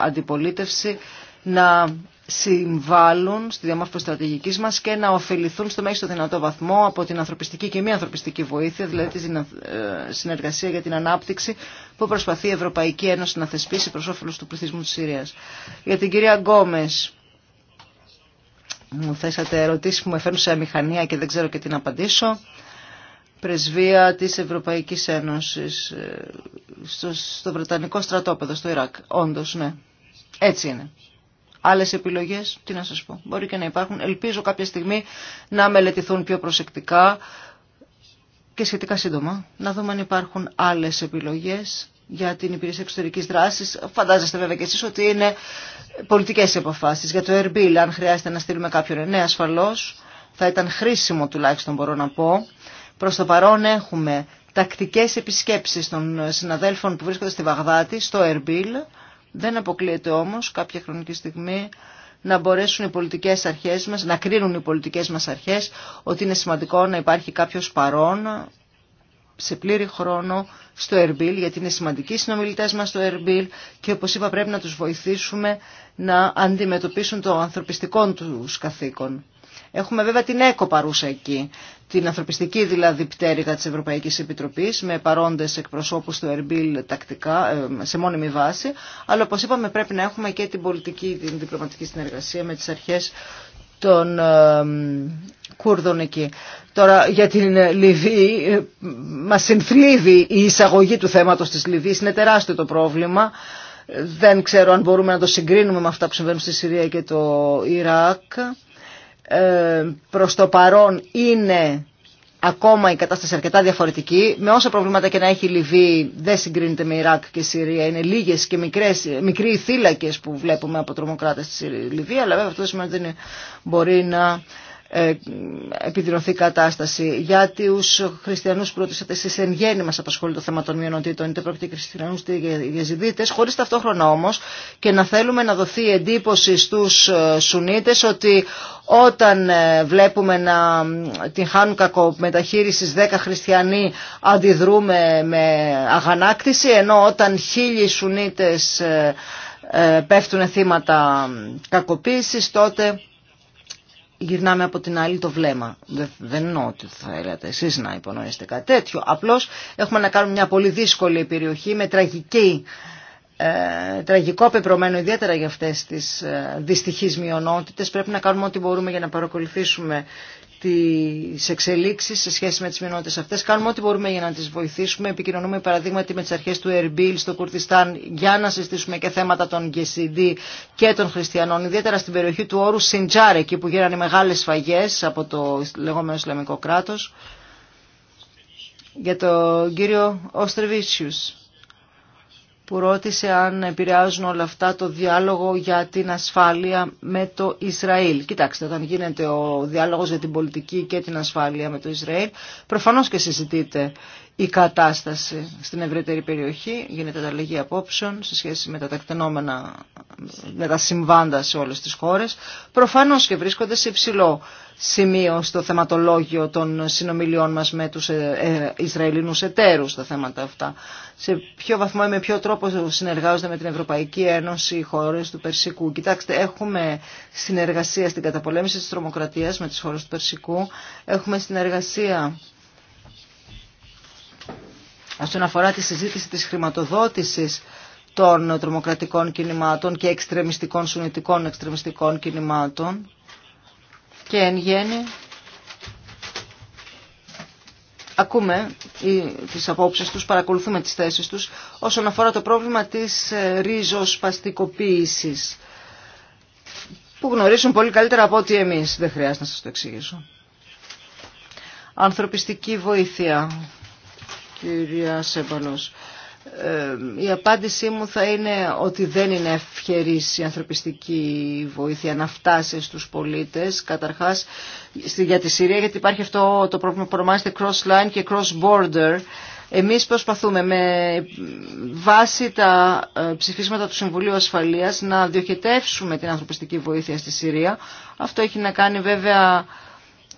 αντιπολίτευση να συμβάλλουν στη διαμόρφωση στρατηγική μα και να ωφεληθούν στο μέγιστο δυνατό βαθμό από την ανθρωπιστική και μη ανθρωπιστική βοήθεια, δηλαδή τη ε, συνεργασία για την ανάπτυξη που προσπαθεί η Ευρωπαϊκή Ένωση να θεσπίσει προ όφελο του πληθυσμού τη Συρία. Για την κυρία Γκόμε, μου θέσατε ερωτήσει που με φέρνουν σε αμηχανία και δεν ξέρω και τι να απαντήσω. Πρεσβεία της Ευρωπαϊκής Ένωσης ε, στο, στο Βρετανικό στρατόπεδο, στο Ιράκ. Όντω, ναι. Έτσι είναι άλλες επιλογές, τι να σα πω, μπορεί και να υπάρχουν. Ελπίζω κάποια στιγμή να μελετηθούν πιο προσεκτικά και σχετικά σύντομα, να δούμε αν υπάρχουν άλλες επιλογές για την υπηρεσία εξωτερική δράση. Φαντάζεστε βέβαια και εσεί ότι είναι πολιτικέ οι αποφάσει. Για το Ερμπίλ, αν χρειάζεται να στείλουμε κάποιον, ναι, ασφαλώ. Θα ήταν χρήσιμο τουλάχιστον μπορώ να πω. Προ το παρόν έχουμε τακτικέ επισκέψει των συναδέλφων που βρίσκονται στη Βαγδάτη, στο Ερμπίλ. Δεν αποκλείεται όμως κάποια χρονική στιγμή να μπορέσουν οι πολιτικές αρχές μας, να κρίνουν οι πολιτικές μας αρχές ότι είναι σημαντικό να υπάρχει κάποιος παρόν σε πλήρη χρόνο στο Ερμπίλ, γιατί είναι σημαντικοί οι συνομιλητές μας στο Ερμπίλ και όπως είπα πρέπει να τους βοηθήσουμε να αντιμετωπίσουν το ανθρωπιστικό του καθήκον. Έχουμε βέβαια την ΕΚΟ παρούσα εκεί, την ανθρωπιστική δηλαδή πτέρυγα της Ευρωπαϊκής Επιτροπής με παρόντες εκπροσώπους του Ερμπίλ τακτικά, ε, σε μόνιμη βάση, αλλά όπως είπαμε πρέπει να έχουμε και την πολιτική, την διπλωματική συνεργασία με τις αρχές των ε, Κούρδων εκεί. Τώρα για την ε, Λιβύη, μας συνθλίβει η εισαγωγή του θέματος της Λιβύης, είναι τεράστιο το πρόβλημα. Δεν ξέρω αν μπορούμε να το συγκρίνουμε με αυτά που συμβαίνουν στη Συρία και το Ιράκ. Ε, προς το παρόν είναι ακόμα η κατάσταση αρκετά διαφορετική. Με όσα προβλήματα και να έχει η Λιβύη δεν συγκρίνεται με Ιράκ και Συρία. Είναι λίγες και μικρές, μικροί θύλακες που βλέπουμε από τρομοκράτες στη Λιβύη, αλλά βέβαια αυτό σημαίνει ότι δεν μπορεί να ε, επιδεινωθεί κατάσταση. Για του χριστιανού ρωτήσατε εσεί εν γέννη μα απασχολεί το θέμα των μειονοτήτων, είτε πρόκειται για χριστιανού είτε για ζηδίτε, χωρί ταυτόχρονα όμω και να θέλουμε να δοθεί εντύπωση στου ε, Σουνίτε ότι όταν ε, βλέπουμε να την χάνουν μεταχείριση 10 χριστιανοί αντιδρούμε με αγανάκτηση ενώ όταν χίλιοι Σουνίτες πέφτουν θύματα κακοποίησης τότε γυρνάμε από την άλλη το βλέμμα. Δεν εννοώ ότι θα έλεγατε εσείς να υπονοήσετε κάτι τέτοιο. Απλώς έχουμε να κάνουμε μια πολύ δύσκολη περιοχή με τραγική, ε, τραγικό πεπρωμένο ιδιαίτερα για αυτές τις ε, δυστυχείς μειονότητες. Πρέπει να κάνουμε ό,τι μπορούμε για να παρακολουθήσουμε τις εξελίξεις σε σχέση με τις μειονότητες αυτές. Κάνουμε ό,τι μπορούμε για να τις βοηθήσουμε. Επικοινωνούμε παραδείγματι με τις αρχές του Ερμπίλ στο Κουρδιστάν για να συζητήσουμε και θέματα των Γκεσιντή και των χριστιανών. Ιδιαίτερα στην περιοχή του όρου Σιντζάρ, εκεί που γίνανε μεγάλες σφαγές από το λεγόμενο Ισλαμικό κράτος. Για τον κύριο Οστρεβίτσιους που ρώτησε αν επηρεάζουν όλα αυτά το διάλογο για την ασφάλεια με το Ισραήλ. Κοιτάξτε, όταν γίνεται ο διάλογος για την πολιτική και την ασφάλεια με το Ισραήλ, προφανώς και συζητείται η κατάσταση στην ευρύτερη περιοχή, γίνεται αλληλεγγύη απόψεων σε σχέση με τα τεκτενόμενα, με τα συμβάντα σε όλες τις χώρες. Προφανώς και βρίσκονται σε υψηλό σημείο στο θεματολόγιο των συνομιλιών μας με τους ε, ε, Ισραηλινούς εταίρους τα θέματα αυτά σε ποιο βαθμό ή με ποιο τρόπο συνεργάζονται με την Ευρωπαϊκή Ένωση οι χώρε του Περσικού. Κοιτάξτε, έχουμε συνεργασία στην καταπολέμηση τη τρομοκρατία με τι χώρε του Περσικού. Έχουμε συνεργασία όσον αφορά τη συζήτηση της χρηματοδότησης των τρομοκρατικών κινημάτων και εξτρεμιστικών, σουνητικών εξτρεμιστικών κινημάτων και εν γέννη ακούμε ή τις απόψεις τους, παρακολουθούμε τις θέσεις τους όσον αφορά το πρόβλημα της ε, ρίζοσπαστικοποίησης που γνωρίζουν πολύ καλύτερα από ό,τι εμείς. Δεν χρειάζεται να σας το εξηγήσω. Ανθρωπιστική βοήθεια, κυρία Σέμπαλος. Ε, η απάντησή μου θα είναι ότι δεν είναι ευχερής η ανθρωπιστική βοήθεια να φτάσει στους πολίτες. Καταρχάς για τη Συρία γιατί υπάρχει αυτό το πρόβλημα που ονομάζεται cross-line και cross-border. Εμείς προσπαθούμε με βάση τα ε, ψηφίσματα του Συμβουλίου Ασφαλείας να διοχετεύσουμε την ανθρωπιστική βοήθεια στη Συρία. Αυτό έχει να κάνει βέβαια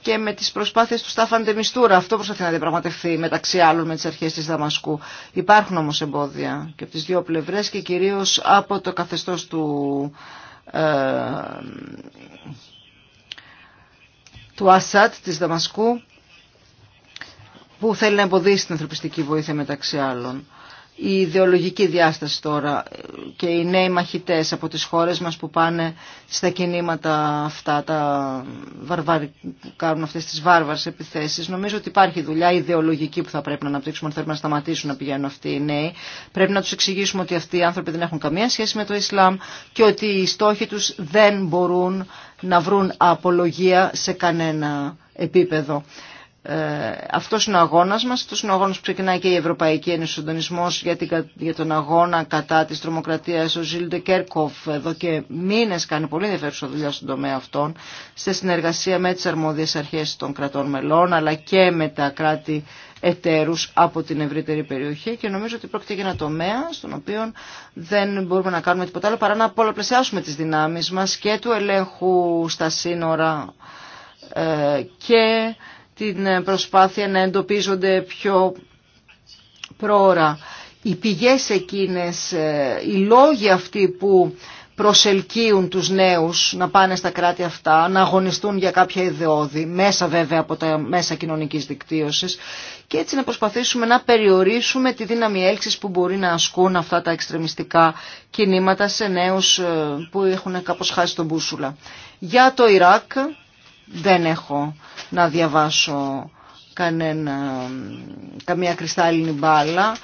και με τις προσπάθειες του Στάφαν Μιστούρα. Αυτό προσπαθεί να διαπραγματευτεί μεταξύ άλλων με τις αρχές της Δαμασκού. Υπάρχουν όμως εμπόδια και από τις δύο πλευρές και κυρίως από το καθεστώς του, ε, του Ασάτ της Δαμασκού που θέλει να εμποδίσει την ανθρωπιστική βοήθεια μεταξύ άλλων η ιδεολογική διάσταση τώρα και οι νέοι μαχητές από τις χώρες μας που πάνε στα κινήματα αυτά, τα βαρβαρι... κάνουν αυτές τις βάρβαρες επιθέσεις. Νομίζω ότι υπάρχει δουλειά ιδεολογική που θα πρέπει να αναπτύξουμε αν θέλουμε να σταματήσουν να πηγαίνουν αυτοί οι νέοι. Πρέπει να τους εξηγήσουμε ότι αυτοί οι άνθρωποι δεν έχουν καμία σχέση με το Ισλάμ και ότι οι στόχοι τους δεν μπορούν να βρουν απολογία σε κανένα επίπεδο ε, αυτός είναι ο αγώνας μας, αυτός είναι ο αγώνας που ξεκινάει και η Ευρωπαϊκή Ένωση, για, τον αγώνα κατά της τρομοκρατίας, ο Ζιλντε Κέρκοφ εδώ και μήνες κάνει πολύ ενδιαφέρουσα δουλειά στον τομέα αυτών, σε συνεργασία με τις αρμόδιες αρχές των κρατών μελών, αλλά και με τα κράτη εταίρους από την ευρύτερη περιοχή και νομίζω ότι πρόκειται για ένα τομέα στον οποίο δεν μπορούμε να κάνουμε τίποτα άλλο παρά να πολλαπλασιάσουμε τις δυνάμεις μας και του ελέγχου στα σύνορα ε, και την ε, προσπάθεια να εντοπίζονται πιο πρόωρα. Οι πηγές εκείνες, ε, οι λόγοι αυτοί που προσελκύουν τους νέους να πάνε στα κράτη αυτά, να αγωνιστούν για κάποια ιδεώδη, μέσα βέβαια από τα μέσα κοινωνικής δικτύωσης και έτσι να προσπαθήσουμε να περιορίσουμε τη δύναμη έλξης που μπορεί να ασκούν αυτά τα εξτρεμιστικά κινήματα σε νέους ε, που έχουν κάπως χάσει τον μπούσουλα. Για το Ιράκ, δεν έχω να διαβάσω κανένα, καμία κρυστάλλινη μπάλα.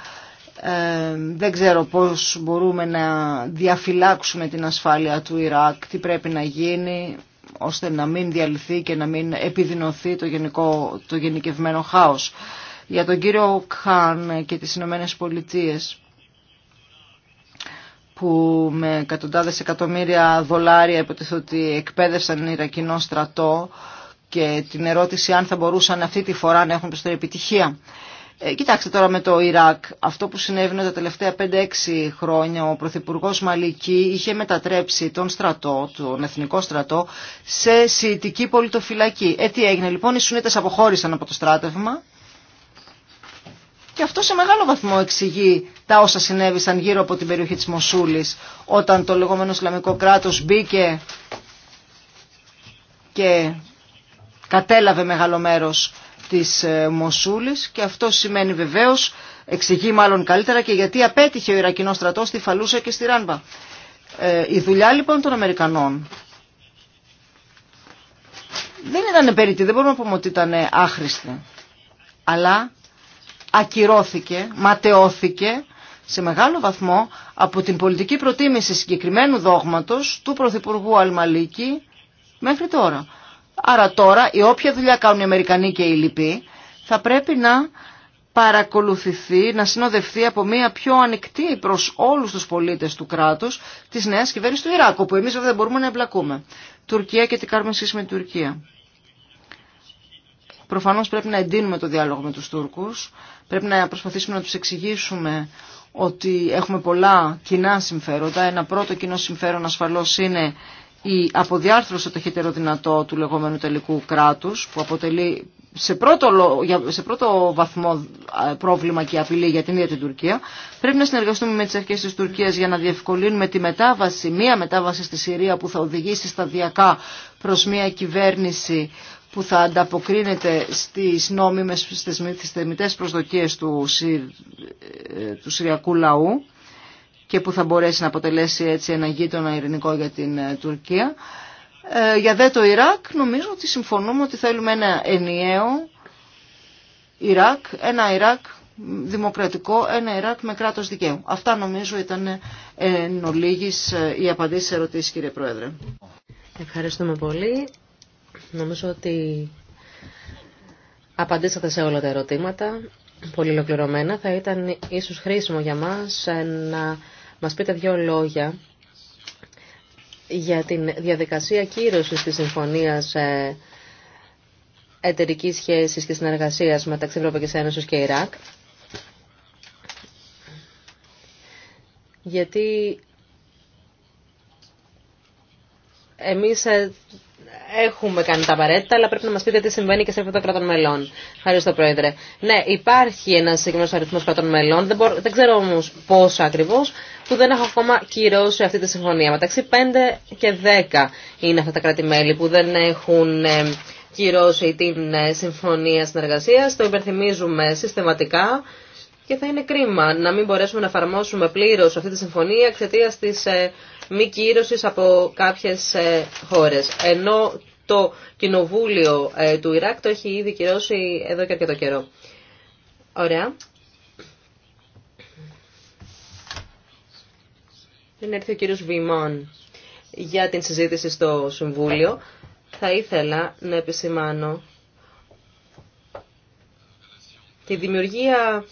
Ε, δεν ξέρω πώς μπορούμε να διαφυλάξουμε την ασφάλεια του Ιράκ, τι πρέπει να γίνει ώστε να μην διαλυθεί και να μην επιδεινωθεί το, γενικό, το γενικευμένο χάος. Για τον κύριο Καν και τις Ηνωμένε Πολιτείες που με εκατοντάδες εκατομμύρια δολάρια υποτίθεται ότι εκπαίδευσαν Ιρακινό στρατό και την ερώτηση αν θα μπορούσαν αυτή τη φορά να έχουν περισσότερη επιτυχία. Ε, κοιτάξτε τώρα με το Ιράκ. Αυτό που συνέβαινε τα τελευταία 5-6 χρόνια, ο Πρωθυπουργό Μαλική είχε μετατρέψει τον στρατό, τον εθνικό στρατό, σε σιητική πολιτοφυλακή. Ε, τι έγινε λοιπόν, οι Σουνίτε αποχώρησαν από το στράτευμα και αυτό σε μεγάλο βαθμό εξηγεί τα όσα συνέβησαν γύρω από την περιοχή της Μοσούλης όταν το λεγόμενο Ισλαμικό κράτος μπήκε και κατέλαβε μεγάλο μέρος της ε, Μοσούλης και αυτό σημαίνει βεβαίως, εξηγεί μάλλον καλύτερα και γιατί απέτυχε ο Ιρακινός στρατός στη Φαλούσα και στη Ράνβα. Ε, η δουλειά λοιπόν των Αμερικανών δεν ήταν περίτη, δεν μπορούμε να πούμε ότι ήταν άχρηστη. Αλλά ακυρώθηκε, ματαιώθηκε σε μεγάλο βαθμό από την πολιτική προτίμηση συγκεκριμένου δόγματος του Πρωθυπουργού Αλμαλίκη μέχρι τώρα. Άρα τώρα η όποια δουλειά κάνουν οι Αμερικανοί και οι λοιποί θα πρέπει να παρακολουθηθεί, να συνοδευτεί από μια πιο ανοιχτή προς όλους τους πολίτες του κράτους της νέας κυβέρνησης του Ιράκου, που εμείς δεν μπορούμε να εμπλακούμε. Τουρκία και τι κάνουμε εσείς με την Τουρκία. Προφανώς πρέπει να εντείνουμε το διάλογο με τους Τούρκους, πρέπει να προσπαθήσουμε να τους εξηγήσουμε ότι έχουμε πολλά κοινά συμφέροντα. Ένα πρώτο κοινό συμφέρον ασφαλώς είναι η αποδιάρθρωση το δυνατό του λεγόμενου τελικού κράτους που αποτελεί σε πρώτο, σε πρώτο βαθμό ε, πρόβλημα και απειλή για την ίδια την Τουρκία. Πρέπει να συνεργαστούμε με τις αρχές της Τουρκίας για να διευκολύνουμε τη μετάβαση, μία μετάβαση στη Συρία που θα οδηγήσει σταδιακά προ μία κυβέρνηση που θα ανταποκρίνεται στις νόμιμες, στις θεμητές προσδοκίες του, ε, του Συριακού λαού και που θα μπορέσει να αποτελέσει έτσι ένα γείτονα ειρηνικό για την ε, Τουρκία. Ε, για δε το Ιράκ νομίζω ότι συμφωνούμε ότι θέλουμε ένα ενιαίο Ιράκ, ένα Ιράκ δημοκρατικό, ένα Ιράκ με κράτος δικαίου. Αυτά νομίζω ήταν εν ολίγης οι απαντήσεις ερωτήσεις κύριε Πρόεδρε. Ευχαριστούμε πολύ. Νομίζω ότι απαντήσατε σε όλα τα ερωτήματα, πολύ ολοκληρωμένα. Θα ήταν ίσως χρήσιμο για μας ε, να μας πείτε δύο λόγια για την διαδικασία κύρωσης της συμφωνίας ε, εταιρική σχέση και συνεργασία μεταξύ Ευρωπαϊκή Ένωση και Ιράκ. Γιατί εμείς ε, έχουμε κάνει τα απαραίτητα, αλλά πρέπει να μα πείτε τι συμβαίνει και σε επίπεδο κρατών μελών. Ευχαριστώ, Πρόεδρε. Ναι, υπάρχει ένα συγκεκριμένο αριθμό κρατών μελών, δεν, μπορώ, δεν ξέρω όμω πόσο ακριβώ, που δεν έχω ακόμα κυρώσει αυτή τη συμφωνία. Μεταξύ 5 και 10 είναι αυτά τα κράτη-μέλη που δεν έχουν ε, κυρώσει την ε, συμφωνία συνεργασία. Το υπερθυμίζουμε συστηματικά. Και θα είναι κρίμα να μην μπορέσουμε να εφαρμόσουμε πλήρω αυτή τη συμφωνία εξαιτία τη ε, μη κύρωσης από κάποιες ε, χώρες. Ενώ το κοινοβούλιο ε, του Ιράκ το έχει ήδη κυρώσει εδώ και αρκετό καιρό. Ωραία. Δεν έρθει ο κύριος Βημών για την συζήτηση στο Συμβούλιο. Θα ήθελα να επισημάνω τη δημιουργία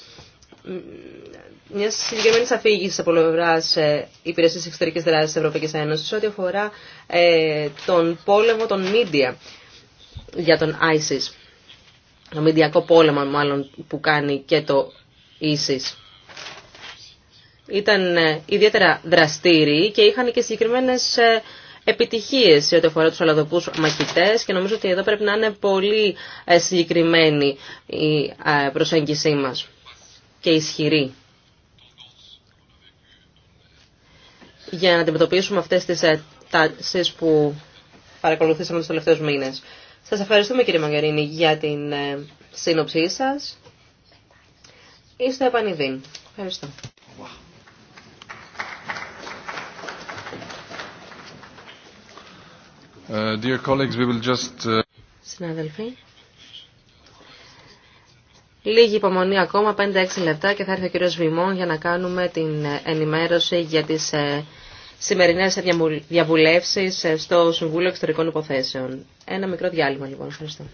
μια συγκεκριμένη αφήγηση από πλευρά ε, υπηρεσία εξωτερική δράση τη Ευρωπαϊκή Ένωση ό,τι αφορά ε, τον πόλεμο των media για τον ISIS. Το μηντιακό πόλεμο μάλλον που κάνει και το ISIS. Ήταν ε, ιδιαίτερα δραστήριοι και είχαν και συγκεκριμένες επιτυχίε σε ό,τι αφορά του αλλαδοπούς μαχητέ και νομίζω ότι εδώ πρέπει να είναι πολύ συγκεκριμένη η προσέγγιση μα και ισχυρή. για να αντιμετωπίσουμε αυτές τις ε, τάσει που παρακολουθήσαμε τους τελευταίους μήνες. Σας ευχαριστούμε κύριε Μαγκαρίνη για την ε, σύνοψή σας. Είστε επανειδήν. Ευχαριστώ. Uh, dear colleagues, we will just... Συνάδελφοι, λίγη υπομονή ακόμα, 5-6 λεπτά και θα έρθει ο κύριος Βημόν για να κάνουμε την ενημέρωση για τις Σημερινέ διαβουλευσει στο Συμβούλιο Εξωτερικών Υποθέσεων. Ένα μικρό διάλειμμα λοιπόν. Ευχαριστώ.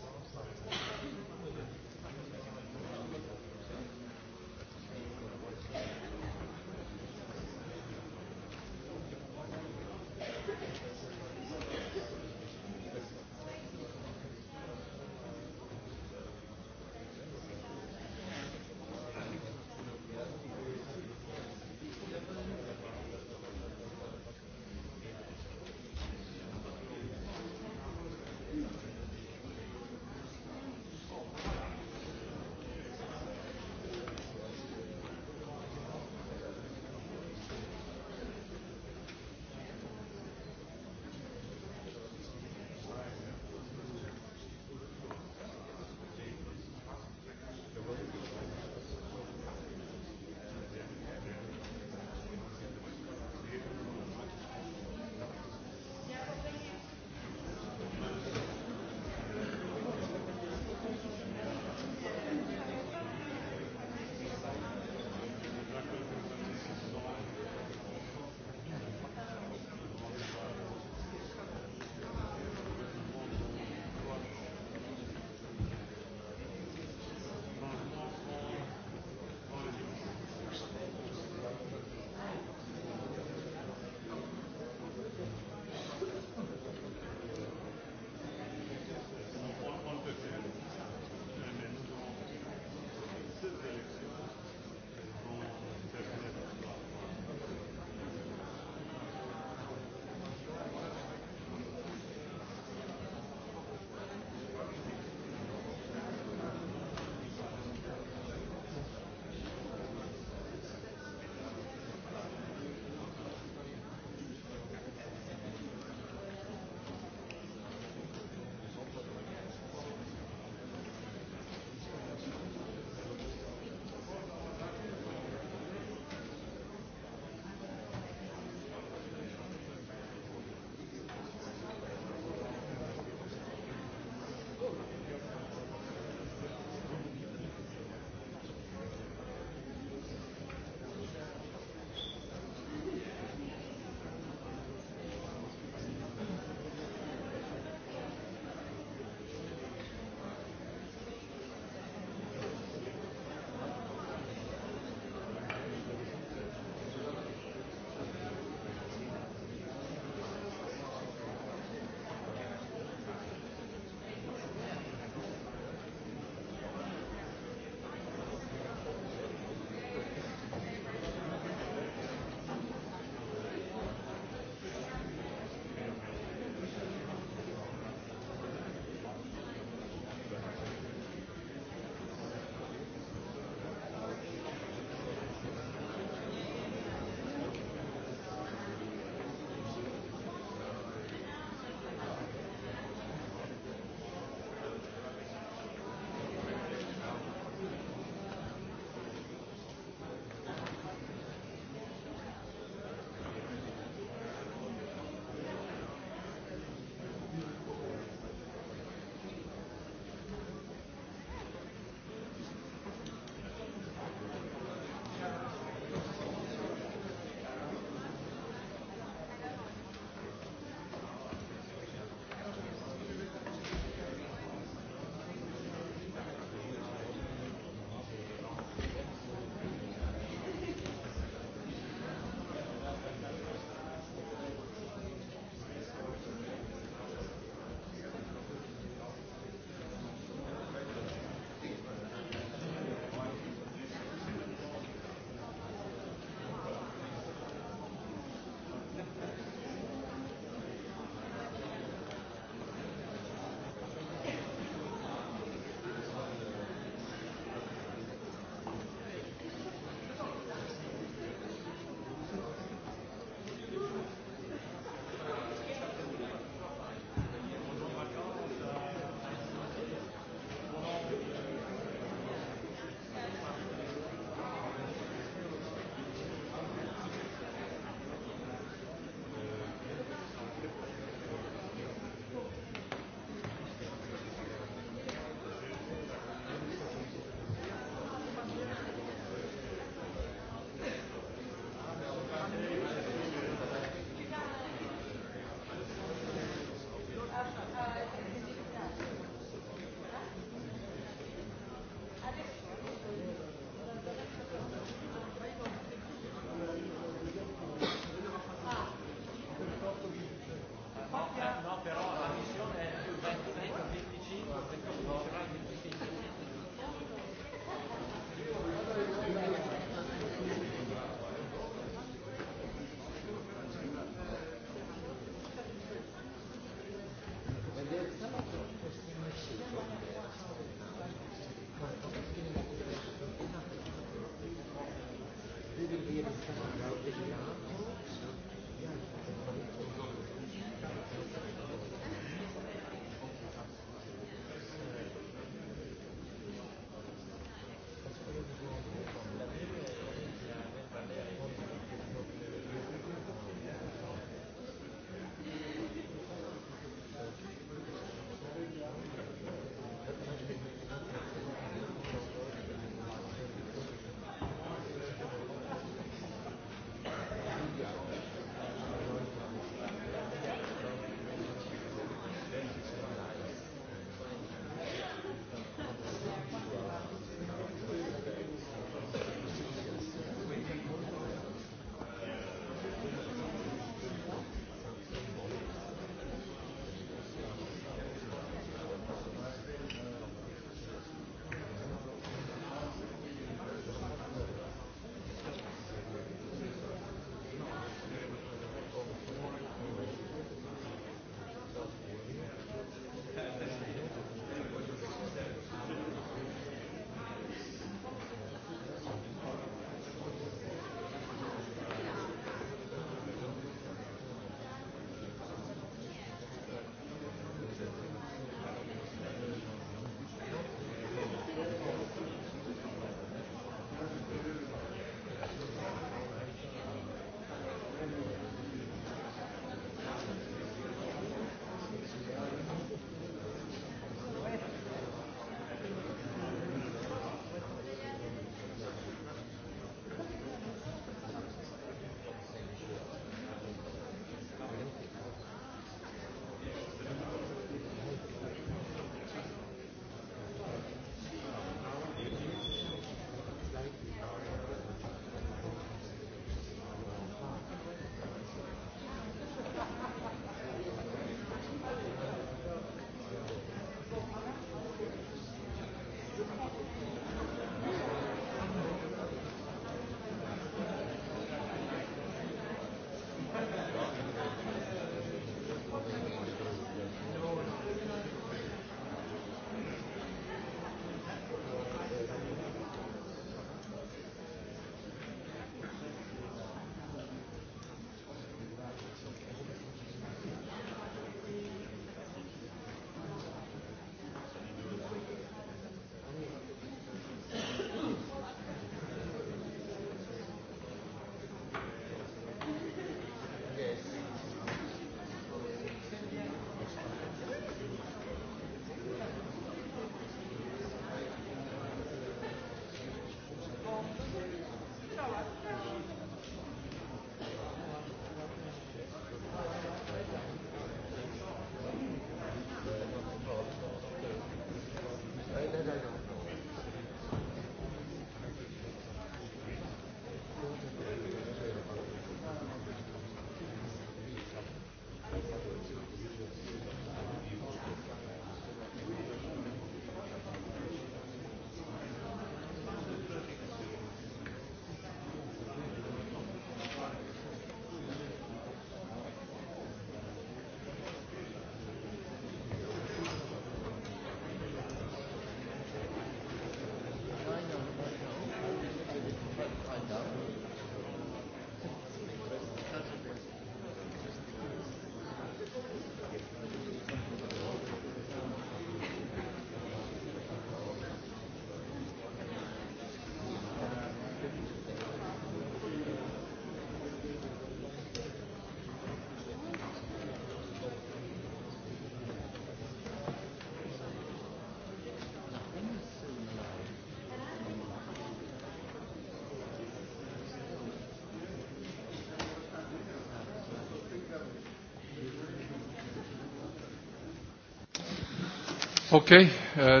Uh,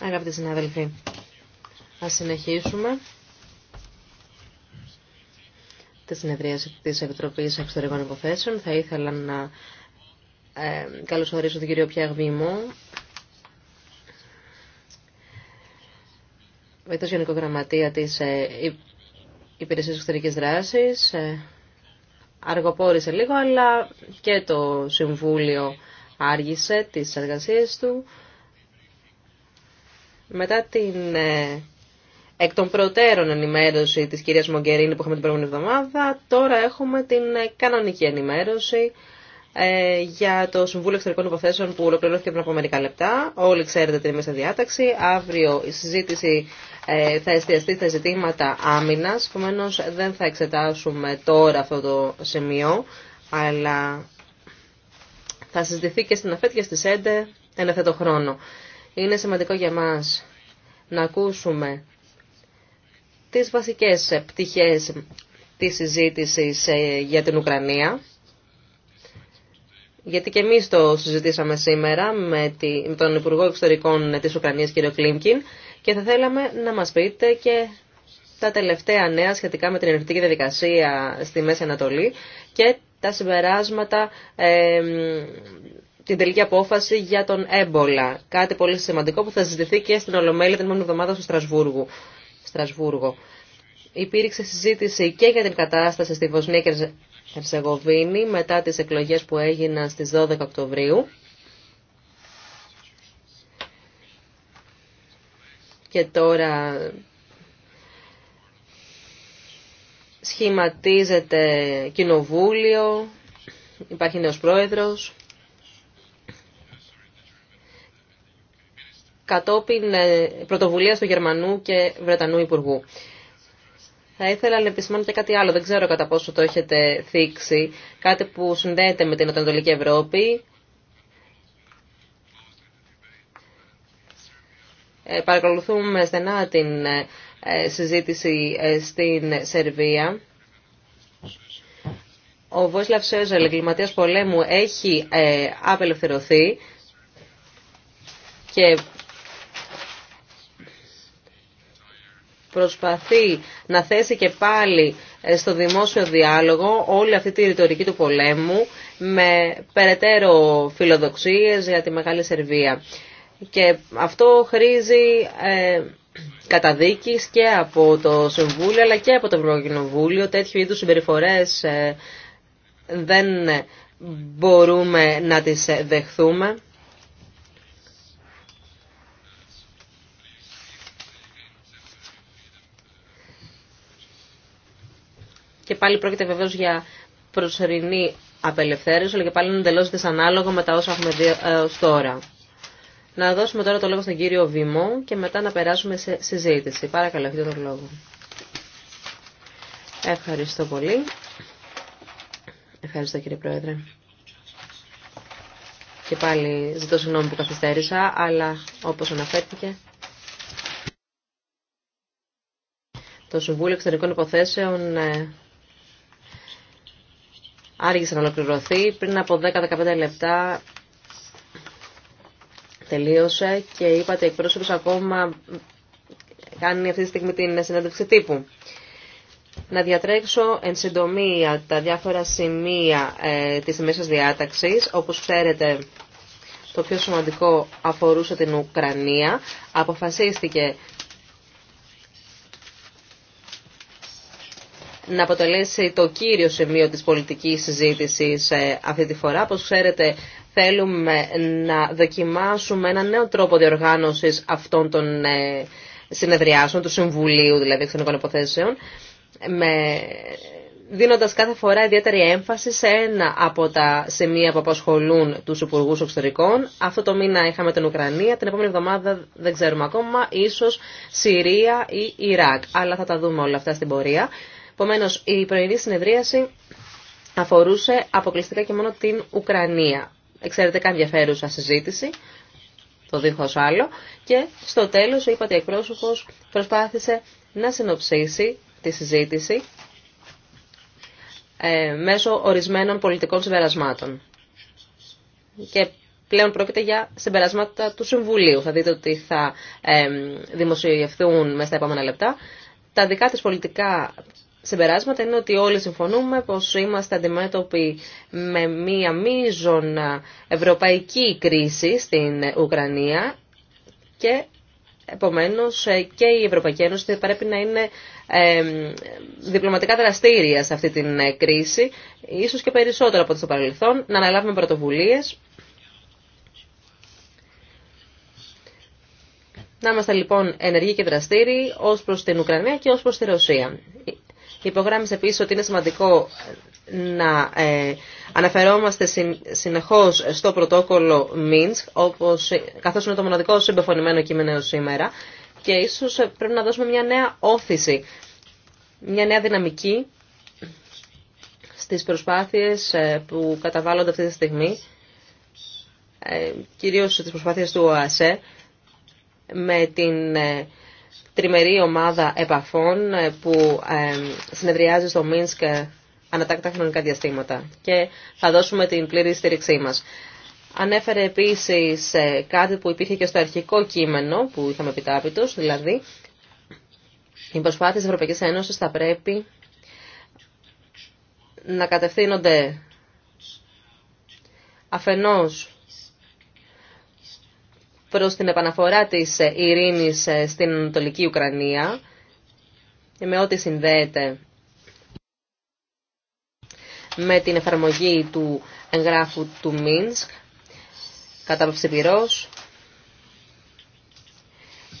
Αγαπητοί συνάδελφοι, ας συνεχίσουμε τη συνεδρία της Επιτροπής Εξωτερικών Υποθέσεων. Θα ήθελα να ε, καλωσορίσω τον κύριο Πιάγ με βοηθός Γενικό Γραμματεία της ε, Υπηρεσίας Εξωτερικής Δράσης. Ε, αργοπόρησε λίγο, αλλά και το Συμβούλιο άργησε τις εργασίες του. Μετά την ε, εκ των προτέρων ενημέρωση της κυρίας Μογκερίνη που είχαμε την προηγούμενη εβδομάδα, τώρα έχουμε την ε, κανονική ενημέρωση ε, για το Συμβούλιο Εξωτερικών Υποθέσεων που ολοκληρώθηκε πριν από μερικά λεπτά. Όλοι ξέρετε την μέσα διάταξη. Αύριο η συζήτηση θα εστιαστεί στα ζητήματα άμυνα. Επομένω, δεν θα εξετάσουμε τώρα αυτό το σημείο, αλλά θα συζητηθεί και στην αφέτια στις ένα εν χρόνο. Είναι σημαντικό για μας να ακούσουμε τις βασικές πτυχές της συζήτησης ε, για την Ουκρανία. Γιατί και εμείς το συζητήσαμε σήμερα με τον Υπουργό Εξωτερικών της Ουκρανίας, κύριο Κλίμκιν, και θα θέλαμε να μας πείτε και τα τελευταία νέα σχετικά με την ενεργητική διαδικασία στη Μέση Ανατολή και τα συμπεράσματα, ε, την τελική απόφαση για τον έμπολα. Κάτι πολύ σημαντικό που θα συζητηθεί και στην Ολομέλεια την μόνη εβδομάδα στο Στρασβούργο. Στρασβούργο. Υπήρξε συζήτηση και για την κατάσταση στη Βοσνία και Ερσεγοβίνη μετά τις εκλογές που έγιναν στις 12 Οκτωβρίου. Και τώρα σχηματίζεται κοινοβούλιο, υπάρχει νέος πρόεδρος. κατόπιν ε, πρωτοβουλία του Γερμανού και Βρετανού Υπουργού. Θα ήθελα να επισημάνω και κάτι άλλο, δεν ξέρω κατά πόσο το έχετε θίξει, κάτι που συνδέεται με την Ανατολική Ευρώπη. Ε, παρακολουθούμε στενά την ε, ε, συζήτηση ε, στην Σερβία. Ο Βόσλαβ Σέζελ, εγκληματίας πολέμου, έχει ε, απελευθερωθεί και προσπαθεί να θέσει και πάλι στο δημόσιο διάλογο όλη αυτή τη ρητορική του πολέμου με περαιτέρω φιλοδοξίες για τη Μεγάλη Σερβία. Και αυτό χρήζει καταδίκης και από το Συμβούλιο αλλά και από το Ευρωκοινοβούλιο. Τέτοιου είδους συμπεριφορές ε, δεν μπορούμε να τις ε, δεχθούμε. Και πάλι πρόκειται βεβαίως για προσωρινή απελευθέρωση, αλλά και πάλι είναι εντελώς δυσανάλογο με τα όσα έχουμε δει ε, ως τώρα. Να δώσουμε τώρα το λόγο στον κύριο Βημό και μετά να περάσουμε σε συζήτηση. Παρακαλώ, έχετε τον λόγο. Ευχαριστώ πολύ. Ευχαριστώ κύριε Πρόεδρε. Και πάλι ζητώ συγγνώμη που καθυστέρησα, αλλά όπως αναφέρθηκε... Το Συμβούλιο Εξωτερικών Υποθέσεων ε, άργησε να ολοκληρωθεί. Πριν από 10-15 λεπτά τελείωσε και είπατε εκπρόσωπος ακόμα κάνει αυτή τη στιγμή την συνέντευξη τύπου. Να διατρέξω εν συντομία τα διάφορα σημεία ε, της μέσας διάταξης. Όπως ξέρετε, το πιο σημαντικό αφορούσε την Ουκρανία. Αποφασίστηκε να αποτελέσει το κύριο σημείο της πολιτικής συζήτησης ε, αυτή τη φορά. Όπως ξέρετε, θέλουμε να δοκιμάσουμε ένα νέο τρόπο διοργάνωσης αυτών των ε, συνεδριάσεων, του Συμβουλίου δηλαδή Εξωτερικών Υποθέσεων, με, δίνοντας κάθε φορά ιδιαίτερη έμφαση σε ένα από τα σημεία που απασχολούν τους Υπουργούς Εξωτερικών. Αυτό το μήνα είχαμε την Ουκρανία, την επόμενη εβδομάδα δεν ξέρουμε ακόμα, ίσως Συρία ή Ιράκ, αλλά θα τα δούμε όλα αυτά στην πορεία. Επομένω, η πρωινή συνεδρίαση αφορούσε αποκλειστικά και μόνο την Ουκρανία εξαιρετικά ενδιαφέρουσα συζήτηση, το δίχως άλλο, και στο τέλος ο είπατε εκπρόσωπος προσπάθησε να συνοψίσει τη συζήτηση ε, μέσω ορισμένων πολιτικών συμπερασμάτων. Και πλέον πρόκειται για συμπεράσματα του Συμβουλίου. Θα δείτε ότι θα ε, δημοσιευθούν μέσα στα επόμενα λεπτά. Τα δικά της πολιτικά συμπεράσματα είναι ότι όλοι συμφωνούμε πως είμαστε αντιμέτωποι με μία μείζον ευρωπαϊκή κρίση στην Ουκρανία και επομένως και η Ευρωπαϊκή Ένωση πρέπει να είναι διπλωματικά δραστήρια σε αυτή την κρίση, ίσως και περισσότερο από ό,τι στο παρελθόν, να αναλάβουμε πρωτοβουλίες. Να είμαστε λοιπόν ενεργοί και δραστήριοι ως προς την Ουκρανία και ως προς τη Ρωσία. Υπογράμμισε επίσης ότι είναι σημαντικό να ε, αναφερόμαστε συνεχώς στο πρωτόκολλο Μίνσκ, όπως, καθώς είναι το μοναδικό συμπεφωνημένο κείμενο σήμερα, και ίσως πρέπει να δώσουμε μια νέα όθηση, μια νέα δυναμική στις προσπάθειες ε, που καταβάλλονται αυτή τη στιγμή, ε, κυρίως στις προσπάθειες του ΟΑΣΕ, με την τριμερή ομάδα επαφών ε, που ε, συνεδριάζει στο Μίνσκ ε, ανατάκτα χρονικά διαστήματα και θα δώσουμε την πλήρη στήριξή μας. Ανέφερε επίσης κάτι που υπήρχε και στο αρχικό κείμενο που είχαμε επιτάπητος, δηλαδή οι προσπάθεια της Ευρωπαϊκής Ένωσης θα πρέπει να κατευθύνονται αφενός προς την επαναφορά της ειρήνης ε, στην Ανατολική Ουκρανία με ό,τι συνδέεται με την εφαρμογή του εγγράφου του Μίνσκ κατά πυρός,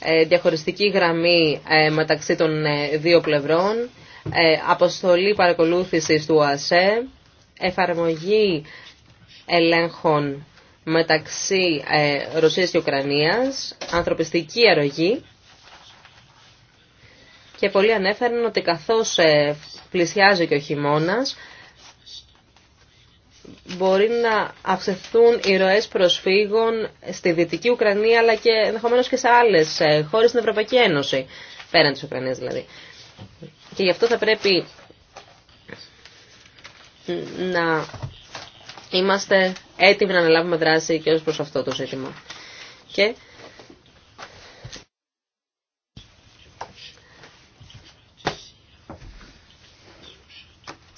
ε, διαχωριστική γραμμή ε, μεταξύ των δύο πλευρών, αποστολή παρακολούθησης του ΟΑΣΕ, εφαρμογή ελέγχων μεταξύ ε, Ρωσίας και Ουκρανίας, ανθρωπιστική αρρωγή και πολλοί ανέφεραν ότι καθώς ε, πλησιάζει και ο χειμώνας, μπορεί να αυξηθούν οι ροές προσφύγων στη Δυτική Ουκρανία αλλά και ενδεχομένω και σε άλλες ε, χώρες στην Ευρωπαϊκή Ένωση, πέραν της Ουκρανίας δηλαδή. Και γι' αυτό θα πρέπει να είμαστε έτοιμοι να αναλάβουμε δράση και ως προς αυτό το ζήτημα. Και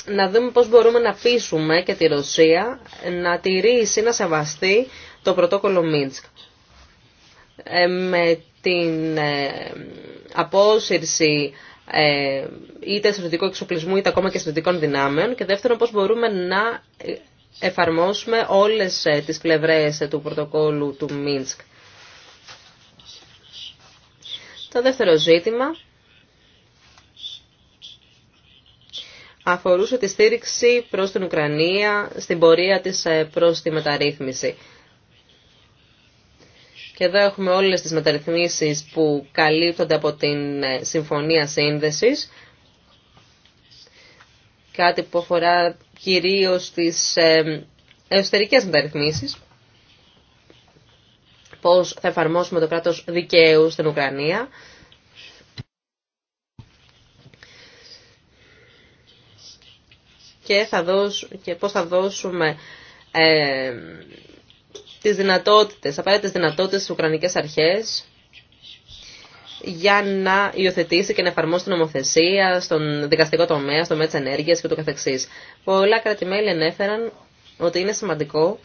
να δούμε πώς μπορούμε να πείσουμε και τη Ρωσία να τηρήσει, να σεβαστεί το πρωτόκολλο Μίντσκ. Ε, με την ε, απόσυρση ε, είτε στρατιωτικού εξοπλισμού είτε ακόμα και στρατιωτικών δυνάμεων και δεύτερον πώς μπορούμε να εφαρμόσουμε όλες ε, τις πλευρές ε, του πρωτοκόλου του Μίνσκ. Το δεύτερο ζήτημα αφορούσε τη στήριξη προς την Ουκρανία στην πορεία της ε, προς τη μεταρρύθμιση. Και εδώ έχουμε όλες τις μεταρρυθμίσεις που καλύπτονται από την Συμφωνία Σύνδεσης, κάτι που αφορά κυρίως τις εσωτερικές μεταρρυθμίσεις, πώς θα εφαρμόσουμε το κράτος δικαίου στην Ουκρανία. Και, θα και πώς θα δώσουμε ε, τις δυνατότητες, απαραίτητες δυνατότητες στις Ουκρανικές αρχές για να υιοθετήσει και να εφαρμόσει την νομοθεσία στον δικαστικό τομέα, στο μέτρο ενέργεια και το καθεξής. Πολλά ενέφεραν ότι είναι σημαντικό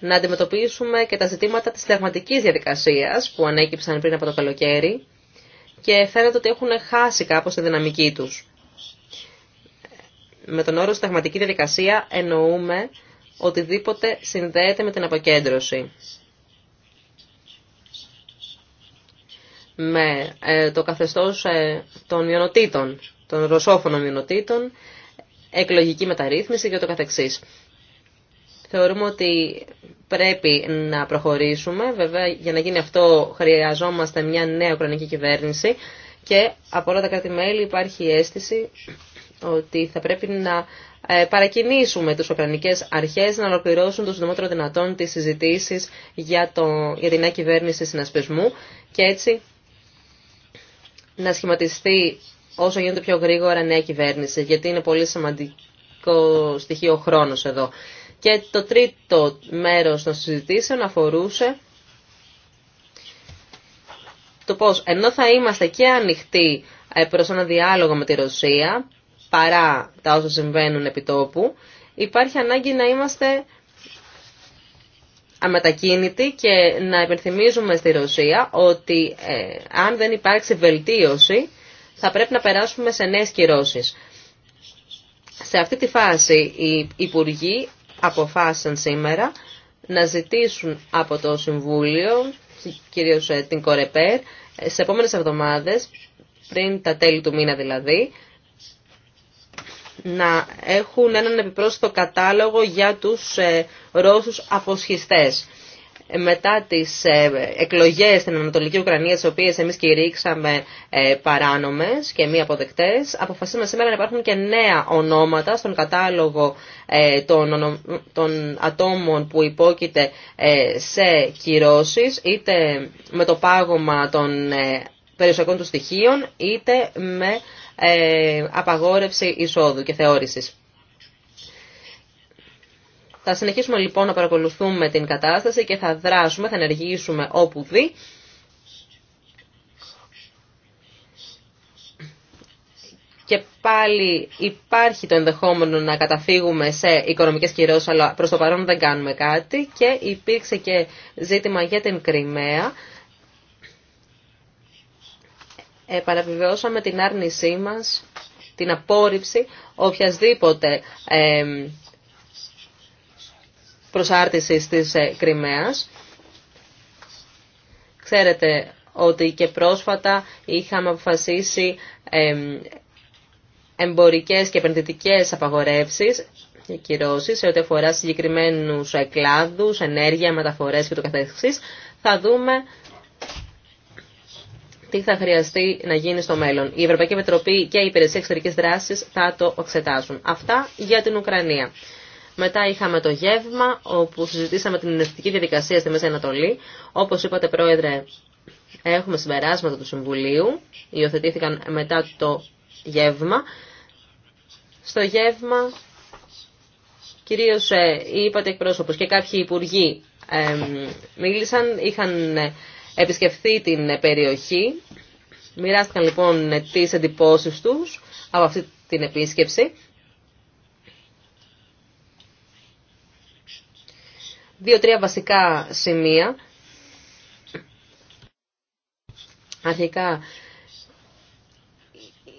να αντιμετωπίσουμε και τα ζητήματα της συνταγματικής διαδικασίας που ανέκυψαν πριν από το καλοκαίρι και φαίνεται ότι έχουν χάσει κάπως τη δυναμική τους. Με τον όρο συνταγματική διαδικασία εννοούμε οτιδήποτε συνδέεται με την αποκέντρωση με ε, το καθεστώς ε, των μειονοτήτων, των ρωσόφωνων μειονοτήτων, εκλογική μεταρρύθμιση και το καθεξής. Θεωρούμε ότι πρέπει να προχωρήσουμε. Βέβαια, για να γίνει αυτό χρειαζόμαστε μια νέα ουκρανική κυβέρνηση και από όλα τα κράτη-μέλη υπάρχει η αίσθηση ότι θα πρέπει να ε, παρακινήσουμε τις ουκρανικές αρχές να ολοκληρώσουν το συντομότερο δυνατόν τις συζητήσεις για, το, για τη νέα κυβέρνηση συνασπισμού και έτσι να σχηματιστεί όσο γίνεται πιο γρήγορα νέα κυβέρνηση, γιατί είναι πολύ σημαντικό στοιχείο ο χρόνος εδώ. Και το τρίτο μέρος των συζητήσεων αφορούσε το πώς ενώ θα είμαστε και ανοιχτοί ε, προς ένα διάλογο με τη Ρωσία, παρά τα όσα συμβαίνουν επί τόπου, υπάρχει ανάγκη να είμαστε αμετακίνητη και να υπενθυμίζουμε στη Ρωσία ότι ε, αν δεν υπάρξει βελτίωση θα πρέπει να περάσουμε σε νέες κυρώσεις. Σε αυτή τη φάση οι Υπουργοί αποφάσισαν σήμερα να ζητήσουν από το Συμβούλιο, κυρίως ε, την Κορεπέρ, ε, σε επόμενες εβδομάδες, πριν τα τέλη του μήνα δηλαδή, να έχουν έναν επιπρόσθετο κατάλογο για τους ε, Ρώσους αποσχιστές. Ε, μετά τις ε, εκλογές στην Ανατολική Ουκρανία, τις οποίες εμείς κηρύξαμε παράνομες και μη αποδεκτές, αποφασίσαμε σήμερα να υπάρχουν και νέα ονόματα στον κατάλογο των ατόμων που υπόκειται σε κυρώσεις, είτε με το πάγωμα των περιουσιακών του στοιχείων, είτε με ε, απαγόρευση εισόδου και θεώρησης. Θα συνεχίσουμε λοιπόν να παρακολουθούμε την κατάσταση και θα δράσουμε, θα ενεργήσουμε όπου δει. Και πάλι υπάρχει το ενδεχόμενο να καταφύγουμε σε οικονομικές κυρώσεις, αλλά προς το παρόν δεν κάνουμε κάτι. Και υπήρξε και ζήτημα για την Κρυμαία. Παραβιβαιώσαμε την άρνησή μας, την απόρριψη οποιασδήποτε προσάρτησης της ε, Κρυμαίας. Ξέρετε ότι και πρόσφατα είχαμε αποφασίσει εμπορικές και επενδυτικές απαγορεύσεις και κυρώσεις σε ό,τι αφορά συγκεκριμένους ε, κλάδους, ενέργεια, μεταφορές και το καθεξής. Θα δούμε τι θα χρειαστεί να γίνει στο μέλλον. Η Ευρωπαϊκή Επιτροπή και η Υπηρεσία Εξωτερική Δράση θα το εξετάσουν. Αυτά για την Ουκρανία. Μετά είχαμε το γεύμα, όπου συζητήσαμε την ενευτική διαδικασία στη Μέση Ανατολή. Όπως είπατε, Πρόεδρε, έχουμε συμπεράσματα του Συμβουλίου, υιοθετήθηκαν μετά το γεύμα. Στο γεύμα, κυρίω ε, είπατε εκπρόσωπο και κάποιοι υπουργοί μίλησαν, είχαν ε, επισκεφθεί την περιοχή. Μοιράστηκαν λοιπόν τις εντυπώσεις τους από αυτή την επίσκεψη. Δύο-τρία βασικά σημεία. Αρχικά,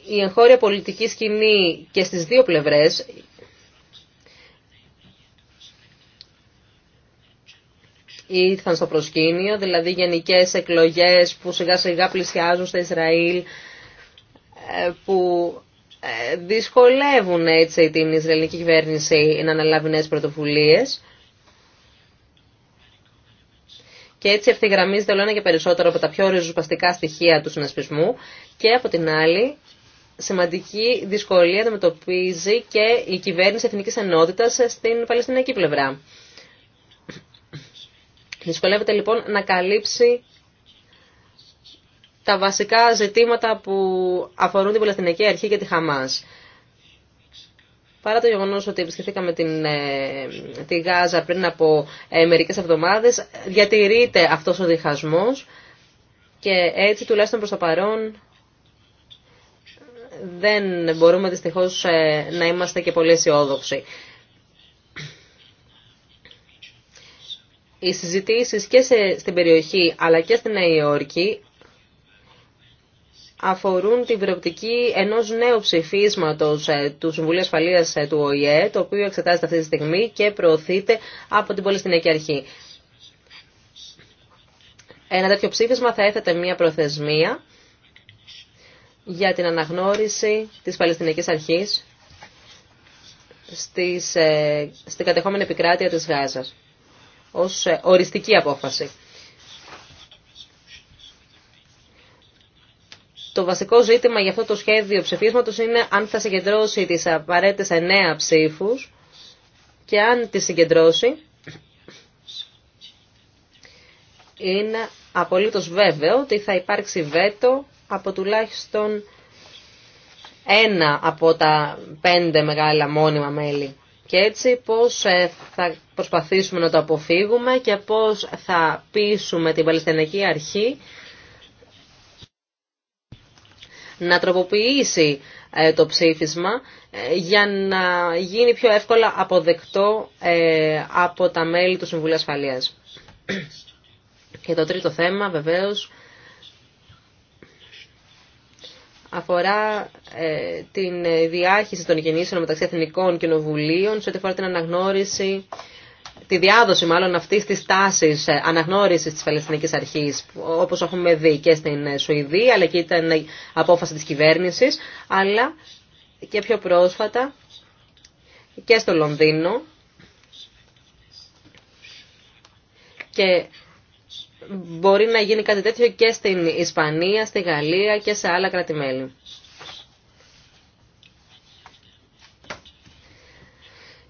η εγχώρια πολιτική σκηνή και στις δύο πλευρές ήρθαν στο προσκήνιο, δηλαδή γενικές εκλογές που σιγά σιγά πλησιάζουν στο Ισραήλ, ε, που ε, δυσκολεύουν έτσι την Ισραηλική κυβέρνηση να αναλάβει νέες πρωτοβουλίες. Και έτσι ευθυγραμμίζεται όλο ένα και περισσότερο από τα πιο ριζοσπαστικά στοιχεία του συνασπισμού και από την άλλη σημαντική δυσκολία αντιμετωπίζει και η κυβέρνηση Εθνικής Ενότητας στην Παλαιστινιακή πλευρά. Δυσκολεύεται λοιπόν να καλύψει τα βασικά ζητήματα που αφορούν την Παλαιστινιακή Αρχή και τη Χαμάς. Παρά το γεγονό ότι επισκεφθήκαμε την, ε, τη Γάζα πριν από ε, μερικές εβδομάδες, διατηρείται αυτός ο διχασμός και έτσι τουλάχιστον προς το παρόν δεν μπορούμε δυστυχώς ε, να είμαστε και πολύ αισιόδοξοι. οι συζητήσεις και σε, στην περιοχή αλλά και στην Νέα Υόρκη αφορούν την προοπτική ενός νέου ψηφίσματος ε, του Συμβουλίου Ασφαλείας ε, του ΟΗΕ, το οποίο εξετάζεται αυτή τη στιγμή και προωθείται από την Πολυστινιακή Αρχή. Ένα τέτοιο ψήφισμα θα έθετε μια προθεσμία για την αναγνώριση της Παλαιστινιακής Αρχής στις, ε, στην κατεχόμενη επικράτεια της Γάζας ως ε, οριστική απόφαση. Το βασικό ζήτημα για αυτό το σχέδιο ψηφίσματος είναι αν θα συγκεντρώσει τις απαραίτητες εννέα ψήφους και αν τις συγκεντρώσει είναι απολύτως βέβαιο ότι θα υπάρξει βέτο από τουλάχιστον ένα από τα πέντε μεγάλα μόνιμα μέλη. Και έτσι πώς ε, θα προσπαθήσουμε να το αποφύγουμε και πώς θα πείσουμε την Παλαισθενική Αρχή να τροποποιήσει ε, το ψήφισμα ε, για να γίνει πιο εύκολα αποδεκτό από τα μέλη του Συμβουλίου Ασφαλείας. Και το τρίτο θέμα βεβαίως αφορά ε, την διάχυση των γεννήσεων μεταξύ εθνικών κοινοβουλίων σε ό,τι αφορά την αναγνώριση, τη διάδοση μάλλον αυτή τη τάση ε, αναγνώριση τη Παλαιστινική Αρχή, όπω έχουμε δει και στην Σουηδία, αλλά και ήταν απόφαση τη κυβέρνηση, αλλά και πιο πρόσφατα και στο Λονδίνο. Και μπορεί να γίνει κάτι τέτοιο και στην Ισπανία, στη Γαλλία και σε άλλα κράτη-μέλη.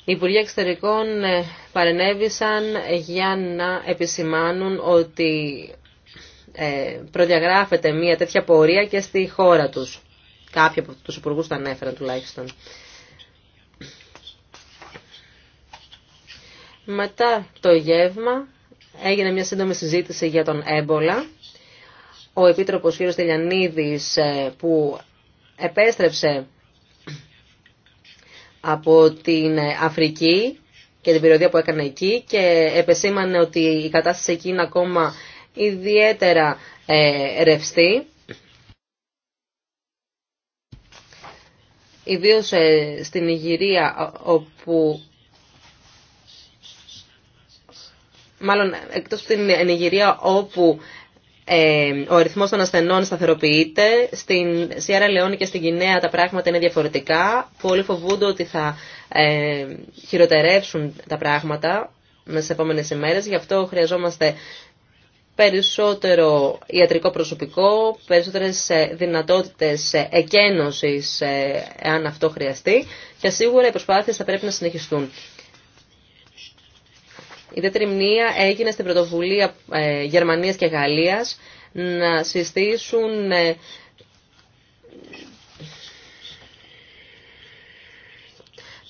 Οι Υπουργοί Εξωτερικών ε, παρενέβησαν για να επισημάνουν ότι ε, προδιαγράφεται μια τέτοια πορεία και στη χώρα τους. Κάποιοι από τους υπουργούς τα ανέφεραν τουλάχιστον. Μετά το γεύμα έγινε μια σύντομη συζήτηση για τον έμπολα. Ο Επίτροπος κ. Τελιανίδης ε, που επέστρεψε από την ε, Αφρική και την περιοδία που έκανε εκεί και επεσήμανε ότι η κατάσταση εκεί είναι ακόμα ιδιαίτερα ε, ρευστή. Ιδίως στην Ιγυρία όπου μάλλον εκτός από την Νιγηρία όπου ε, ο αριθμός των ασθενών σταθεροποιείται, στην Σιέρα Λεόνη και στην Κινέα τα πράγματα είναι διαφορετικά. Πολλοί φοβούνται ότι θα ε, χειροτερεύσουν τα πράγματα μέσα στις επόμενες ημέρες, γι' αυτό χρειαζόμαστε περισσότερο ιατρικό προσωπικό, περισσότερες ε, δυνατότητες εκένωσης, εάν αυτό χρειαστεί, και σίγουρα οι προσπάθειες θα πρέπει να συνεχιστούν. Η τέταρτη μνήμα έγινε στην πρωτοβουλία ε, Γερμανίας και Γαλλίας να συστήσουν ε,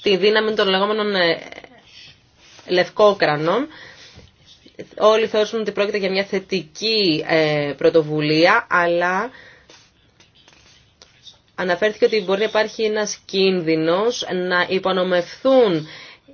τη δύναμη των λεγόμενων ε, λευκόκρανων. Όλοι θεώρησαν ότι πρόκειται για μια θετική πρωτοβουλία, αλλά αναφέρθηκε ότι μπορεί να υπάρχει ένας κίνδυνος να υπονομευθούν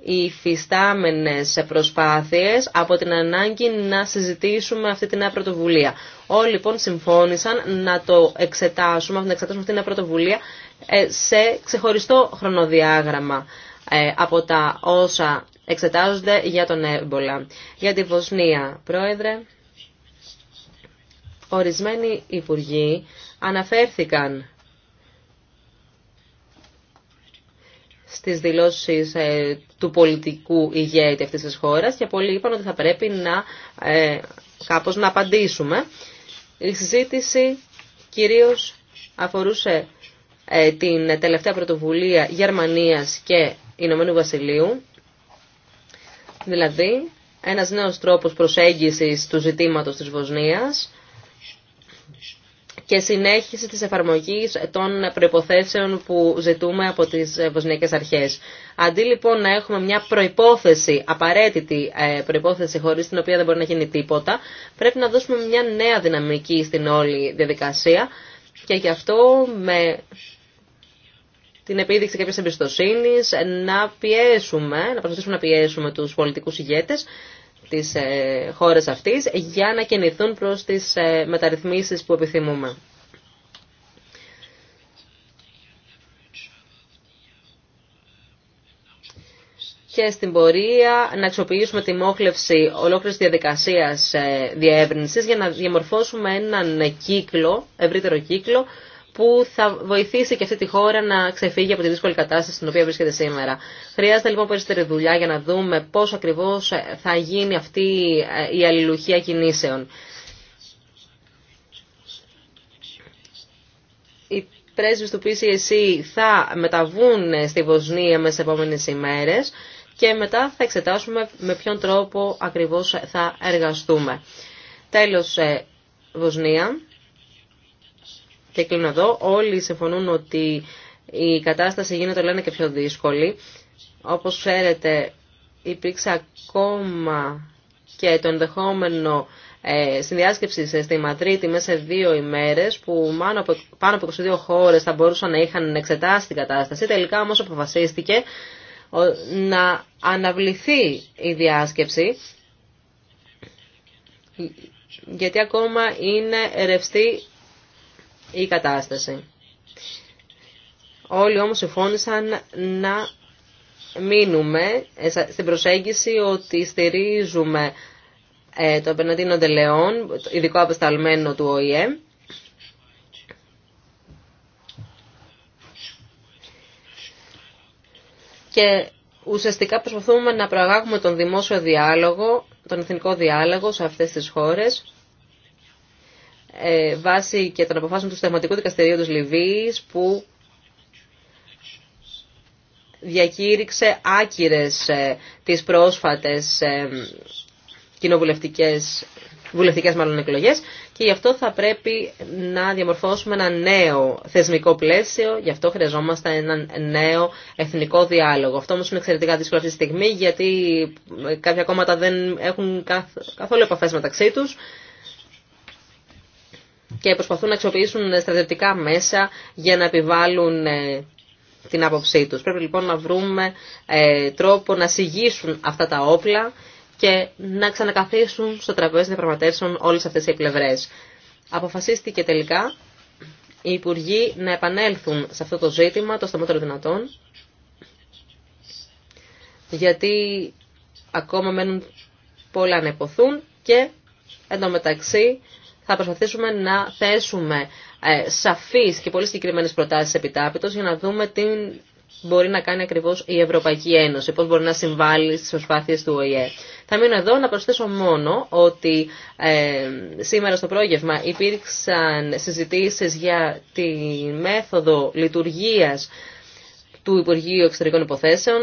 οι φυστάμενες προσπάθειες από την ανάγκη να συζητήσουμε αυτή την πρωτοβουλία. Όλοι λοιπόν συμφώνησαν να το εξετάσουμε, να εξετάσουμε αυτή την νέα πρωτοβουλία ε, σε ξεχωριστό χρονοδιάγραμμα ε, από τα όσα εξετάζονται για τον έμπολα. Για τη Βοσνία, πρόεδρε, ορισμένοι υπουργοί αναφέρθηκαν στις δηλώσεις ε, του πολιτικού ηγέτη αυτής της χώρας και πολλοί είπαν ότι θα πρέπει να ε, κάπως να απαντήσουμε. Η συζήτηση κυρίως αφορούσε ε, την τελευταία πρωτοβουλία Γερμανίας και Ηνωμένου Βασιλείου, δηλαδή ένας νέος τρόπος προσέγγισης του ζητήματος της Βοσνίας και συνέχιση της εφαρμογής των προϋποθέσεων που ζητούμε από τις ε, βοσνιακές αρχές. Αντί λοιπόν να έχουμε μια προϋπόθεση, απαραίτητη ε, προϋπόθεση χωρίς την οποία δεν μπορεί να γίνει τίποτα, πρέπει να δώσουμε μια νέα δυναμική στην όλη διαδικασία και γι' αυτό με την επίδειξη κάποιας εμπιστοσύνης να πιέσουμε, να προσπαθήσουμε να πιέσουμε τους πολιτικούς ηγέτες της ε, χώρες αυτής για να κινηθούν προς τις ε, μεταρρυθμίσεις που επιθυμούμε. και στην πορεία να αξιοποιήσουμε τη μόχλευση ολόκληρης διαδικασίας ε, διεύρυνσης για να διαμορφώσουμε έναν κύκλο, ευρύτερο κύκλο, που θα βοηθήσει και αυτή τη χώρα να ξεφύγει από τη δύσκολη κατάσταση στην οποία βρίσκεται σήμερα. Χρειάζεται λοιπόν περισσότερη δουλειά για να δούμε πώ ακριβώς θα γίνει αυτή ε, η αλληλουχία κινήσεων. Οι πρέσβεις του PCSC θα μεταβούν στη Βοσνία μέσα τι επόμενε ημέρες και μετά θα εξετάσουμε με ποιον τρόπο ακριβώ θα εργαστούμε. Τέλο ε, Βοσνία και κλείνω εδώ, όλοι συμφωνούν ότι η κατάσταση γίνεται λένε και πιο δύσκολη. Όπως ξέρετε υπήρξε ακόμα και το ενδεχόμενο ε, συνδιάσκεψη στη Μαδρίτη μέσα σε δύο ημέρες που από, πάνω από 22 χώρες θα μπορούσαν να είχαν εξετάσει την κατάσταση. Τελικά όμως αποφασίστηκε να αναβληθεί η διάσκεψη γιατί ακόμα είναι ρευστή η κατάσταση. Όλοι όμως συμφώνησαν να μείνουμε στην προσέγγιση ότι στηρίζουμε ε, το Μπερναντίνο Ντελεόν, ειδικό απεσταλμένο του ΟΗΕ, και ουσιαστικά προσπαθούμε να προαγάγουμε τον δημόσιο διάλογο, τον εθνικό διάλογο σε αυτές τις χώρες ε, βάσει και των αποφάσεων του Συνταγματικού Δικαστηρίου της Λιβύης που διακήρυξε άκυρες ε, τις πρόσφατες ε, κοινοβουλευτικές βουλευτικές μάλλον εκλογές και γι' αυτό θα πρέπει να διαμορφώσουμε ένα νέο θεσμικό πλαίσιο, γι' αυτό χρειαζόμαστε ένα νέο εθνικό διάλογο. Αυτό όμως είναι εξαιρετικά δύσκολο αυτή τη στιγμή γιατί κάποια κόμματα δεν έχουν καθόλου επαφές μεταξύ τους και προσπαθούν να αξιοποιήσουν στρατιωτικά μέσα για να επιβάλλουν ε, την άποψή τους. Πρέπει λοιπόν να βρούμε ε, τρόπο να συγγύσουν αυτά τα όπλα και να ξανακαθίσουν στο τραπέζι διαπραγματεύσεων όλες αυτές οι πλευρές. Αποφασίστηκε τελικά οι Υπουργοί να επανέλθουν σε αυτό το ζήτημα το τών. δυνατόν, γιατί ακόμα μένουν πολλά να υποθούν και εν μεταξύ θα προσπαθήσουμε να θέσουμε ε, σαφείς και πολύ συγκεκριμένες προτάσεις επιτάπητος για να δούμε τι μπορεί να κάνει ακριβώς η Ευρωπαϊκή Ένωση, πώς μπορεί να συμβάλλει στις προσπάθειες του ΟΗΕ. Θα μείνω εδώ να προσθέσω μόνο ότι ε, σήμερα στο πρόγευμα υπήρξαν συζητήσεις για τη μέθοδο λειτουργίας του Υπουργείου Εξωτερικών Υποθέσεων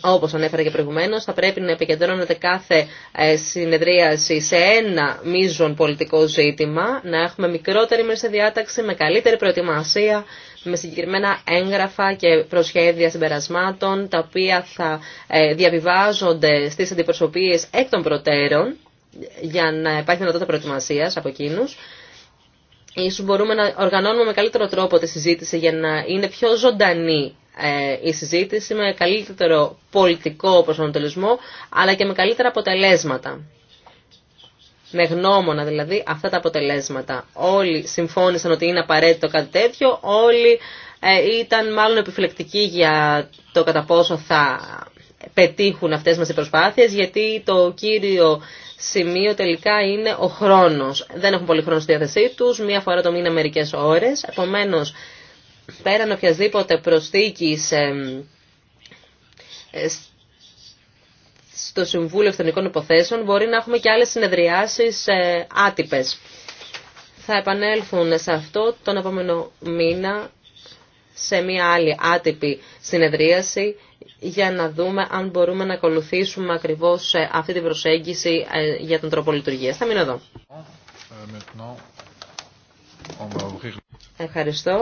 Όπω ανέφερα και προηγουμένω, θα πρέπει να επικεντρώνεται κάθε ε, συνεδρίαση σε ένα μείζον πολιτικό ζήτημα, να έχουμε μικρότερη μέσα διάταξη, με καλύτερη προετοιμασία, με συγκεκριμένα έγγραφα και προσχέδια συμπερασμάτων, τα οποία θα ε, διαβιβάζονται στι αντιπροσωπείε εκ των προτέρων, για να υπάρχει δυνατότητα προετοιμασία από εκείνου. Ίσως μπορούμε να οργανώνουμε με καλύτερο τρόπο τη συζήτηση για να είναι πιο ζωντανή ε, η συζήτηση με καλύτερο πολιτικό προσανατολισμό, αλλά και με καλύτερα αποτελέσματα. Με γνώμονα δηλαδή αυτά τα αποτελέσματα. Όλοι συμφώνησαν ότι είναι απαραίτητο κάτι τέτοιο, όλοι ε, ήταν μάλλον επιφυλεκτικοί για το κατά πόσο θα πετύχουν αυτές μας οι προσπάθειες, γιατί το κύριο σημείο τελικά είναι ο χρόνος. Δεν έχουν πολύ χρόνο στη διάθεσή τους, μία φορά το μήνα μερικές ώρες, επομένως πέραν οποιασδήποτε προσθήκης ε, ε, στο Συμβούλιο Ευθυνικών Υποθέσεων μπορεί να έχουμε και άλλες συνεδριάσεις ε, άτυπες. Θα επανέλθουν σε αυτό τον επόμενο μήνα σε μια άλλη άτυπη συνεδρίαση για να δούμε αν μπορούμε να ακολουθήσουμε ακριβώς αυτή την προσέγγιση για τον τρόπο λειτουργίας. Θα μείνω εδώ. Ευχαριστώ.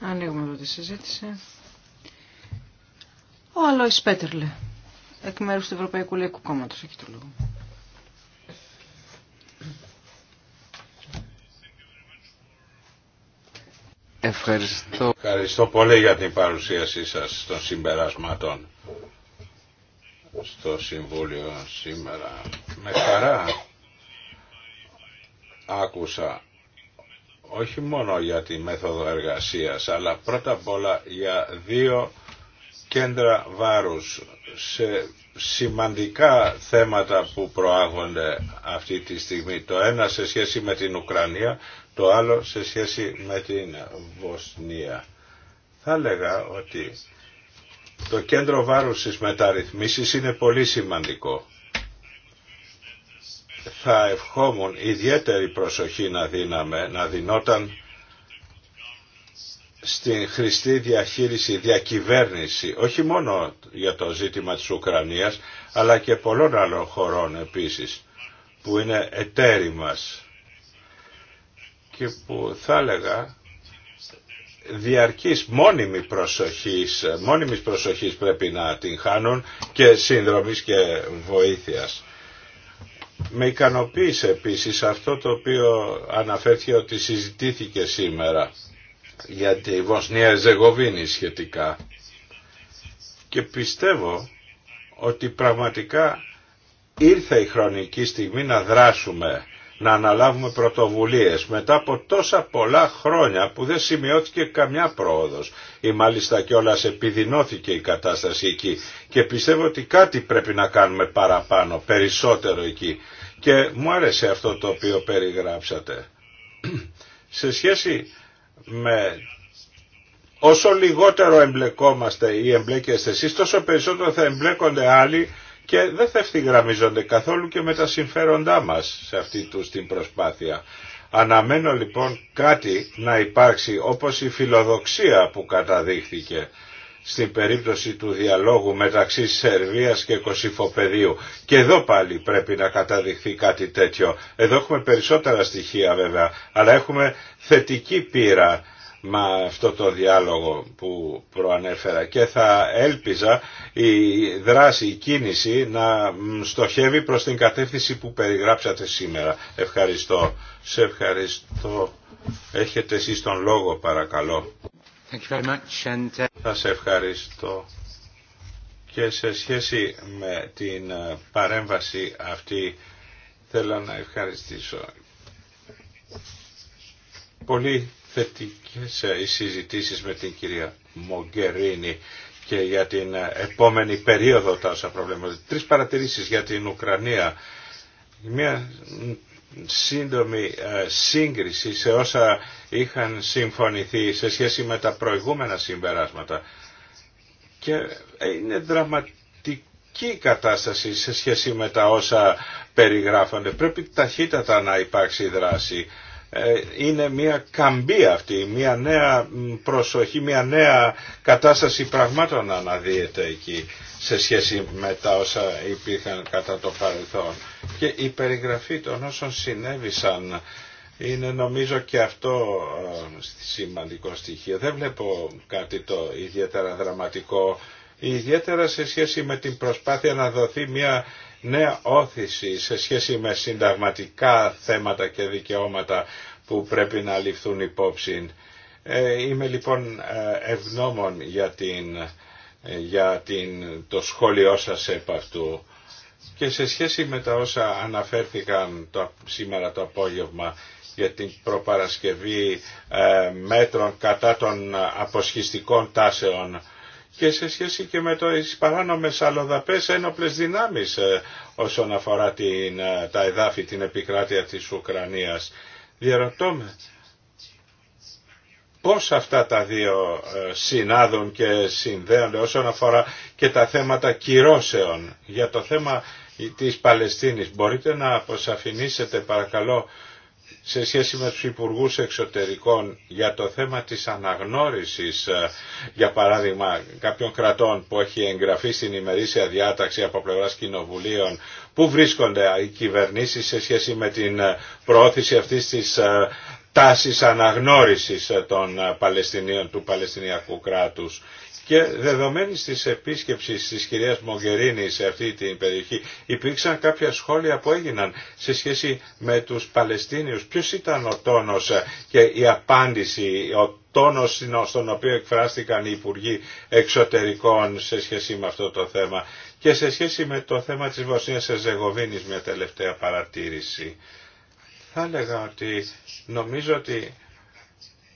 Ανοίγουμε εδώ τη συζήτηση. Ο Αλόης Πέτερλε, εκ μέρους του Ευρωπαϊκού Λαϊκού Κόμματος, έχει το λόγο. Ευχαριστώ. Ευχαριστώ πολύ για την παρουσίασή σας των συμπεράσματων στο Συμβούλιο σήμερα. Με χαρά άκουσα όχι μόνο για τη μέθοδο εργασίας, αλλά πρώτα απ' όλα για δύο κέντρα βάρους σε σημαντικά θέματα που προάγονται αυτή τη στιγμή. Το ένα σε σχέση με την Ουκρανία, το άλλο σε σχέση με την Βοσνία. Θα έλεγα ότι το κέντρο βάρους στις μεταρρυθμίσεις είναι πολύ σημαντικό θα ευχόμουν ιδιαίτερη προσοχή να δίναμε, να δινόταν στην χρηστή διαχείριση, διακυβέρνηση, όχι μόνο για το ζήτημα της Ουκρανίας, αλλά και πολλών άλλων χωρών επίσης, που είναι εταίροι μας και που θα έλεγα διαρκής μόνιμη προσοχής, μόνιμης προσοχής πρέπει να την χάνουν και σύνδρομης και βοήθειας. Με ικανοποίησε επίσης αυτό το οποίο αναφέρθηκε ότι συζητήθηκε σήμερα για τη Βοσνία Ζεγοβίνη σχετικά. Και πιστεύω ότι πραγματικά ήρθε η χρονική στιγμή να δράσουμε να αναλάβουμε πρωτοβουλίες μετά από τόσα πολλά χρόνια που δεν σημειώθηκε καμιά πρόοδος ή μάλιστα κιόλα επιδεινώθηκε η κατάσταση εκεί και πιστεύω ότι κάτι πρέπει να κάνουμε παραπάνω, περισσότερο εκεί και μου άρεσε αυτό το οποίο περιγράψατε. Σε σχέση με όσο λιγότερο εμπλεκόμαστε ή εμπλέκεστε εσείς τόσο περισσότερο θα εμπλέκονται άλλοι και δεν θα ευθυγραμμίζονται καθόλου και με τα συμφέροντά μας σε αυτή τους την προσπάθεια. Αναμένω λοιπόν κάτι να υπάρξει όπως η φιλοδοξία που καταδείχθηκε στην περίπτωση του διαλόγου μεταξύ Σερβίας και Κωσυφοπεδίου. Και εδώ πάλι πρέπει να καταδειχθεί κάτι τέτοιο. Εδώ έχουμε περισσότερα στοιχεία βέβαια, αλλά έχουμε θετική πείρα με αυτό το διάλογο που προανέφερα και θα έλπιζα η δράση, η κίνηση να στοχεύει προς την κατεύθυνση που περιγράψατε σήμερα. Ευχαριστώ. Σε ευχαριστώ. Έχετε εσείς τον λόγο παρακαλώ. Uh, θα σε ευχαριστώ. Και σε σχέση με την ε, παρέμβαση αυτή θέλω να ευχαριστήσω. Πολύ θετικές ε, οι συζητήσεις με την κυρία Μογκερίνη και για την ε, επόμενη περίοδο τα όσα προβλήματα. Τρεις παρατηρήσεις για την Ουκρανία. Μια σύντομη ε, σύγκριση σε όσα είχαν συμφωνηθεί σε σχέση με τα προηγούμενα συμπεράσματα. Και είναι δραματική κατάσταση σε σχέση με τα όσα περιγράφονται. Πρέπει ταχύτατα να υπάρξει δράση ε, είναι μια καμπή αυτή, μια νέα προσοχή, μια νέα κατάσταση πραγμάτων αναδύεται εκεί σε σχέση με τα όσα υπήρχαν κατά το παρελθόν. Και η περιγραφή των όσων συνέβησαν είναι νομίζω και αυτό ε, σημαντικό στοιχείο. Δεν βλέπω κάτι το ιδιαίτερα δραματικό, ιδιαίτερα σε σχέση με την προσπάθεια να δοθεί μια νέα όθηση σε σχέση με συνταγματικά θέματα και δικαιώματα που πρέπει να ληφθούν υπόψη. Ε, είμαι λοιπόν ε, ευγνώμων ε, για, την, το σχόλιο σας επ' αυτού και σε σχέση με τα όσα αναφέρθηκαν το, σήμερα το απόγευμα για την προπαρασκευή μέτρων κατά των αποσχιστικών τάσεων και σε σχέση και με τις παράνομες αλλοδαπές ένοπλες δυνάμεις ε, όσον αφορά την, ε, τα εδάφη, την επικράτεια της Ουκρανίας. Διαρωτώ με, πώς αυτά τα δύο ε, συνάδουν και συνδέονται όσον αφορά και τα θέματα κυρώσεων για το θέμα της Παλαιστίνης. Μπορείτε να αποσαφηνίσετε παρακαλώ σε σχέση με τους Υπουργούς Εξωτερικών για το θέμα της αναγνώρισης, ε, για παράδειγμα, κάποιων κρατών που έχει εγγραφεί στην ημερήσια διάταξη από πλευράς κοινοβουλίων, που βρίσκονται οι κυβερνήσεις σε σχέση με την ε, προώθηση αυτής της ε, τάσης αναγνώρισης των Παλαιστινίων, του Παλαιστινιακού κράτους και δεδομένη τη επίσκεψη τη κυρία Μογκερίνη σε αυτή την περιοχή, υπήρξαν κάποια σχόλια που έγιναν σε σχέση με του Παλαιστίνιου. Ποιο ήταν ο τόνο και η απάντηση, ο τόνος στον οποίο εκφράστηκαν οι Υπουργοί Εξωτερικών σε σχέση με αυτό το θέμα και σε σχέση με το θέμα της Βοσνίας Ερζεγοβίνη, μια τελευταία παρατήρηση. Θα έλεγα ότι νομίζω ότι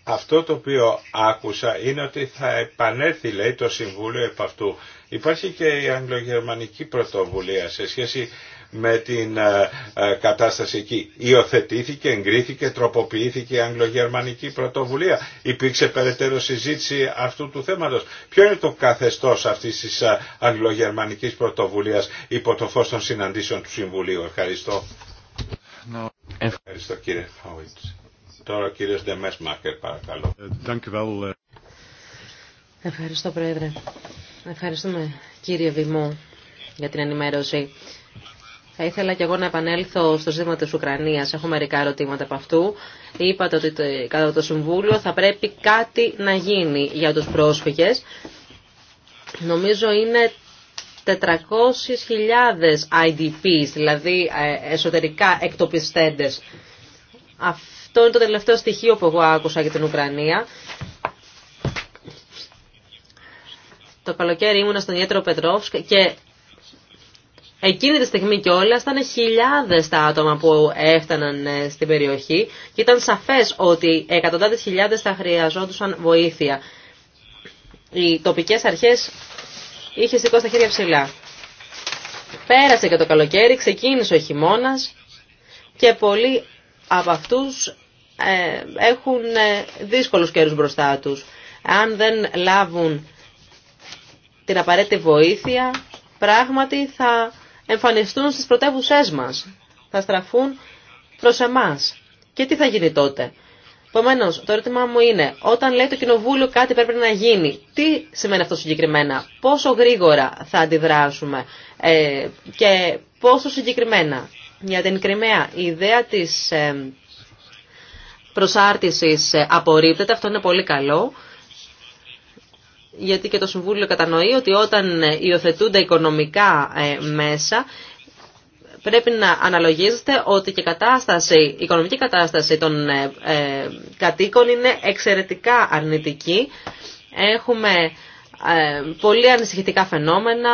αυτό το οποίο άκουσα είναι ότι θα επανέλθει λέει το Συμβούλιο επ' αυτού. Υπάρχει και η Αγγλογερμανική πρωτοβουλία σε σχέση με την ε, ε, κατάσταση εκεί. Υιοθετήθηκε, εγκρίθηκε, τροποποιήθηκε η Αγγλογερμανική πρωτοβουλία. Υπήρξε περαιτέρω συζήτηση αυτού του θέματος. Ποιο είναι το καθεστώς αυτής της ε, Αγγλογερμανικής πρωτοβουλίας υπό το φως των συναντήσεων του Συμβουλίου. Ευχαριστώ. Ευχαριστώ κύριε Φαουίτς. Τώρα ο κύριος Ντεμέσμακερ παρακαλώ. Ε, ε. Ευχαριστώ Πρόεδρε. Ευχαριστούμε κύριε Βημό για την ενημέρωση. Θα ήθελα και εγώ να επανέλθω στο ζήτημα της Ουκρανίας. Έχω μερικά ερωτήματα από αυτού. Είπατε ότι κατά το Συμβούλιο θα πρέπει κάτι να γίνει για τους πρόσφυγες. Νομίζω είναι 400.000 IDPs, δηλαδή ε, εσωτερικά εκτοπιστέντες. Αυτό είναι το τελευταίο στοιχείο που εγώ άκουσα για την Ουκρανία. Το καλοκαίρι ήμουνα στον ιέτρο Πετρόφσκ και Εκείνη τη στιγμή κιόλα ήταν χιλιάδε τα άτομα που έφταναν ε, στην περιοχή και ήταν σαφέ ότι εκατοντάδε χιλιάδε θα χρειαζόντουσαν βοήθεια. Οι τοπικέ αρχέ είχε σηκώσει τα χέρια ψηλά. Πέρασε και το καλοκαίρι, ξεκίνησε ο χειμώνα και πολλοί από αυτούς ε, έχουν ε, δύσκολους καιρούς μπροστά τους. Αν δεν λάβουν την απαραίτητη βοήθεια, πράγματι θα εμφανιστούν στις πρωτεύουσές μας. Θα στραφούν προς εμάς. Και τι θα γίνει τότε. Επομένω, το ερώτημά μου είναι, όταν λέει το Κοινοβούλιο κάτι πρέπει να γίνει, τι σημαίνει αυτό συγκεκριμένα, πόσο γρήγορα θα αντιδράσουμε ε, και πόσο συγκεκριμένα. Για την Κρυμαία, η ιδέα της ε, προσάρτησης απορρίπτεται. Αυτό είναι πολύ καλό. Γιατί και το Συμβούλιο κατανοεί ότι όταν υιοθετούνται οικονομικά ε, μέσα, πρέπει να αναλογίζεται ότι και κατάσταση, η οικονομική κατάσταση των ε, ε, κατοίκων είναι εξαιρετικά αρνητική. Έχουμε πολύ ανησυχητικά φαινόμενα,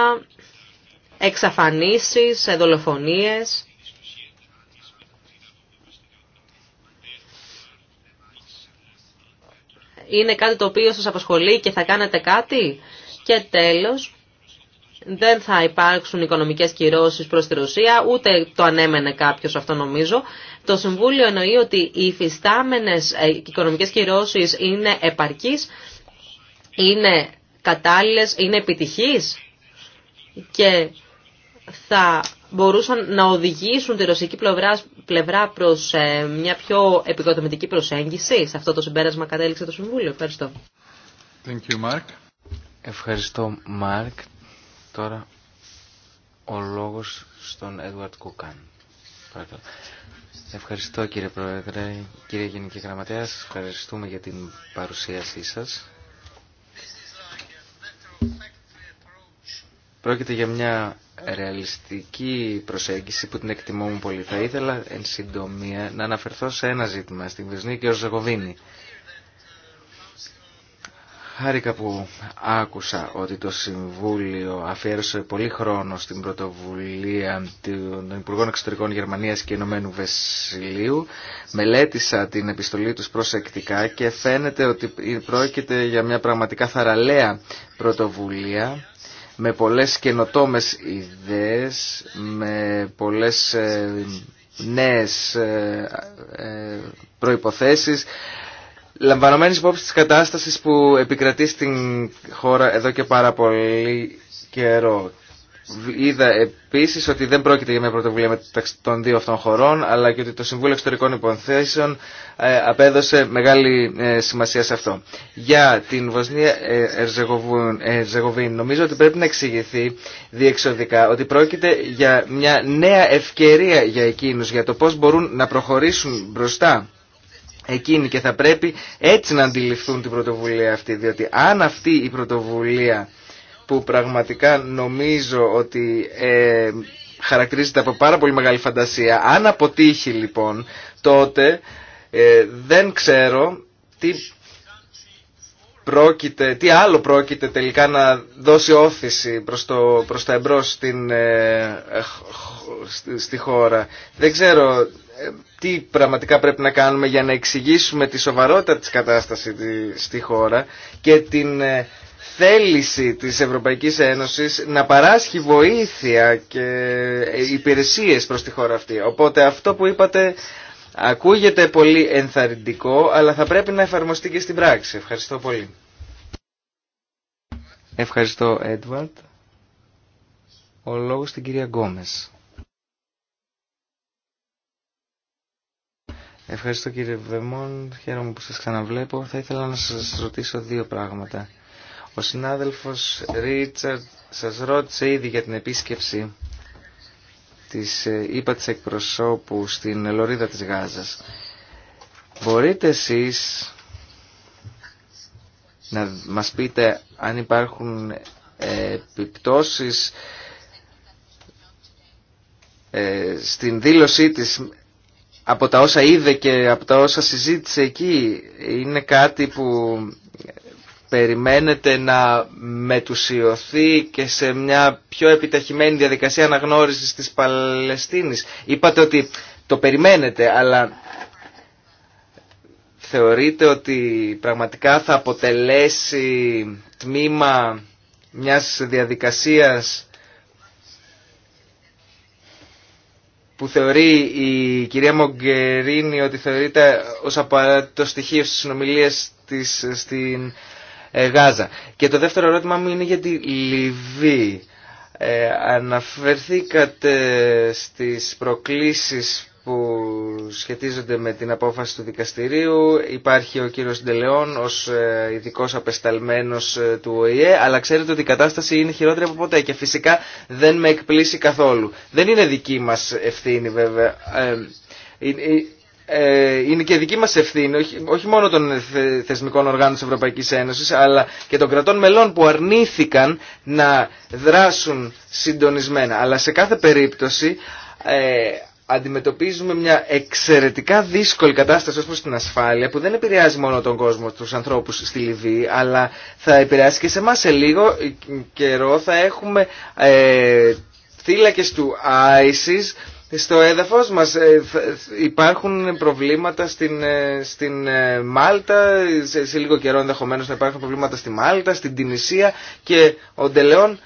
εξαφανίσεις, δολοφονίες. είναι κάτι το οποίο σας απασχολεί και θα κάνετε κάτι. Και τέλος, δεν θα υπάρξουν οικονομικές κυρώσεις προς τη Ρωσία, ούτε το ανέμενε κάποιος αυτό νομίζω. Το Συμβούλιο εννοεί ότι οι υφιστάμενες ε, οικονομικές κυρώσεις είναι επαρκείς, είναι κατάλληλες, είναι επιτυχείς και θα μπορούσαν να οδηγήσουν τη ρωσική πλευρά, πλευρά προς ε, μια πιο επικοδομητική προσέγγιση. Σε αυτό το συμπέρασμα κατέληξε το Συμβούλιο. Ευχαριστώ. Thank you, Mark. Ευχαριστώ, Μάρκ. Τώρα ο λόγος στον Έντουαρτ Κουκάν. Ευχαριστώ κύριε Πρόεδρε, κύριε Γενική Γραμματέα, ευχαριστούμε για την παρουσίασή σας. Πρόκειται για μια ρεαλιστική προσέγγιση που την εκτιμώ μου πολύ. Θα ήθελα εν συντομία να αναφερθώ σε ένα ζήτημα, στην Βεσνή και ο Ζεγοβίνη. Χάρηκα που άκουσα ότι το Συμβούλιο αφιέρωσε πολύ χρόνο στην πρωτοβουλία των Υπουργών Εξωτερικών Γερμανίας και Ηνωμένου Βεσιλείου. Μελέτησα την επιστολή τους προσεκτικά και φαίνεται ότι πρόκειται για μια πραγματικά θαραλέα πρωτοβουλία με πολλές καινοτόμες ιδέες, με πολλές ε, νέες ε, ε, προϋποθέσεις, λαμβανομένης υπόψη της κατάστασης που επικρατεί στην χώρα εδώ και πάρα πολύ καιρό. Είδα επίσης ότι δεν πρόκειται για μια πρωτοβουλία μεταξύ των δύο αυτών χωρών, αλλά και ότι το Συμβούλιο Εξωτερικών Υποθέσεων ε, απέδωσε μεγάλη ε, σημασία σε αυτό. Για την Βοσνία ε, Ερζεγοβίνη, νομίζω ότι πρέπει να εξηγηθεί διεξοδικά ότι πρόκειται για μια νέα ευκαιρία για εκείνους, για το πώς μπορούν να προχωρήσουν μπροστά εκείνοι και θα πρέπει έτσι να αντιληφθούν την πρωτοβουλία αυτή, διότι αν αυτή η πρωτοβουλία που πραγματικά νομίζω ότι ε, χαρακτηρίζεται από πάρα πολύ μεγάλη φαντασία. Αν αποτύχει λοιπόν τότε ε, δεν ξέρω τι, πρόκειται, τι άλλο πρόκειται τελικά να δώσει όθηση προς, το, προς τα εμπρός ε, στη, στη χώρα. Δεν ξέρω ε, τι πραγματικά πρέπει να κάνουμε για να εξηγήσουμε τη σοβαρότητα της κατάστασης στη χώρα και την θέληση της Ευρωπαϊκής Ένωσης να παράσχει βοήθεια και υπηρεσίες προς τη χώρα αυτή. Οπότε αυτό που είπατε ακούγεται πολύ ενθαρρυντικό, αλλά θα πρέπει να εφαρμοστεί και στην πράξη. Ευχαριστώ πολύ. Ευχαριστώ, Έντουαρτ. Ο λόγος στην κυρία Γκόμες. Ευχαριστώ κύριε Βεμόν, χαίρομαι που σας ξαναβλέπω. Θα ήθελα να σας ρωτήσω δύο πράγματα. Ο συνάδελφος Ρίτσαρτ σας ρώτησε ήδη για την επίσκεψη της ε, είπα της εκπροσώπου στην Λωρίδα της Γάζας. Μπορείτε εσείς να μας πείτε αν υπάρχουν ε, επιπτώσεις ε, στην δήλωσή της από τα όσα είδε και από τα όσα συζήτησε εκεί είναι κάτι που περιμένετε να μετουσιωθεί και σε μια πιο επιταχυμένη διαδικασία αναγνώρισης της Παλαιστίνης. Είπατε ότι το περιμένετε, αλλά θεωρείτε ότι πραγματικά θα αποτελέσει τμήμα μιας διαδικασίας που θεωρεί η κυρία Μογκερίνη ότι θεωρείται ως απαραίτητο στοιχείο στις συνομιλίες της στην ε, Γάζα. Και το δεύτερο ερώτημά μου είναι για τη Λιβύη. Ε, αναφερθήκατε στις προκλήσεις που σχετίζονται με την απόφαση του δικαστηρίου. Υπάρχει ο κύριος Ντελεόν ως ε, ειδικό απεσταλμένος του ΟΗΕ, αλλά ξέρετε ότι η κατάσταση είναι χειρότερη από ποτέ και φυσικά δεν με εκπλήσει καθόλου. Δεν είναι δική μας ευθύνη βέβαια. Ε, είναι και δική μας ευθύνη, όχι, όχι μόνο των θεσμικών οργάνων της Ευρωπαϊκής Ένωσης, αλλά και των κρατών μελών που αρνήθηκαν να δράσουν συντονισμένα. Αλλά σε κάθε περίπτωση ε, αντιμετωπίζουμε μια εξαιρετικά δύσκολη κατάσταση ως προς την ασφάλεια που δεν επηρεάζει μόνο τον κόσμο, τους ανθρώπους στη Λιβύη, αλλά θα επηρεάσει και σε εμά σε λίγο καιρό θα έχουμε ε, θύλακες του ISIS στο έδαφος μας ε, υπάρχουν προβλήματα στην, ε, στην ε, Μάλτα, σε, σε λίγο καιρό ενδεχομένως να υπάρχουν προβλήματα στη Μάλτα, στην Τινησία και ο Ντελεόν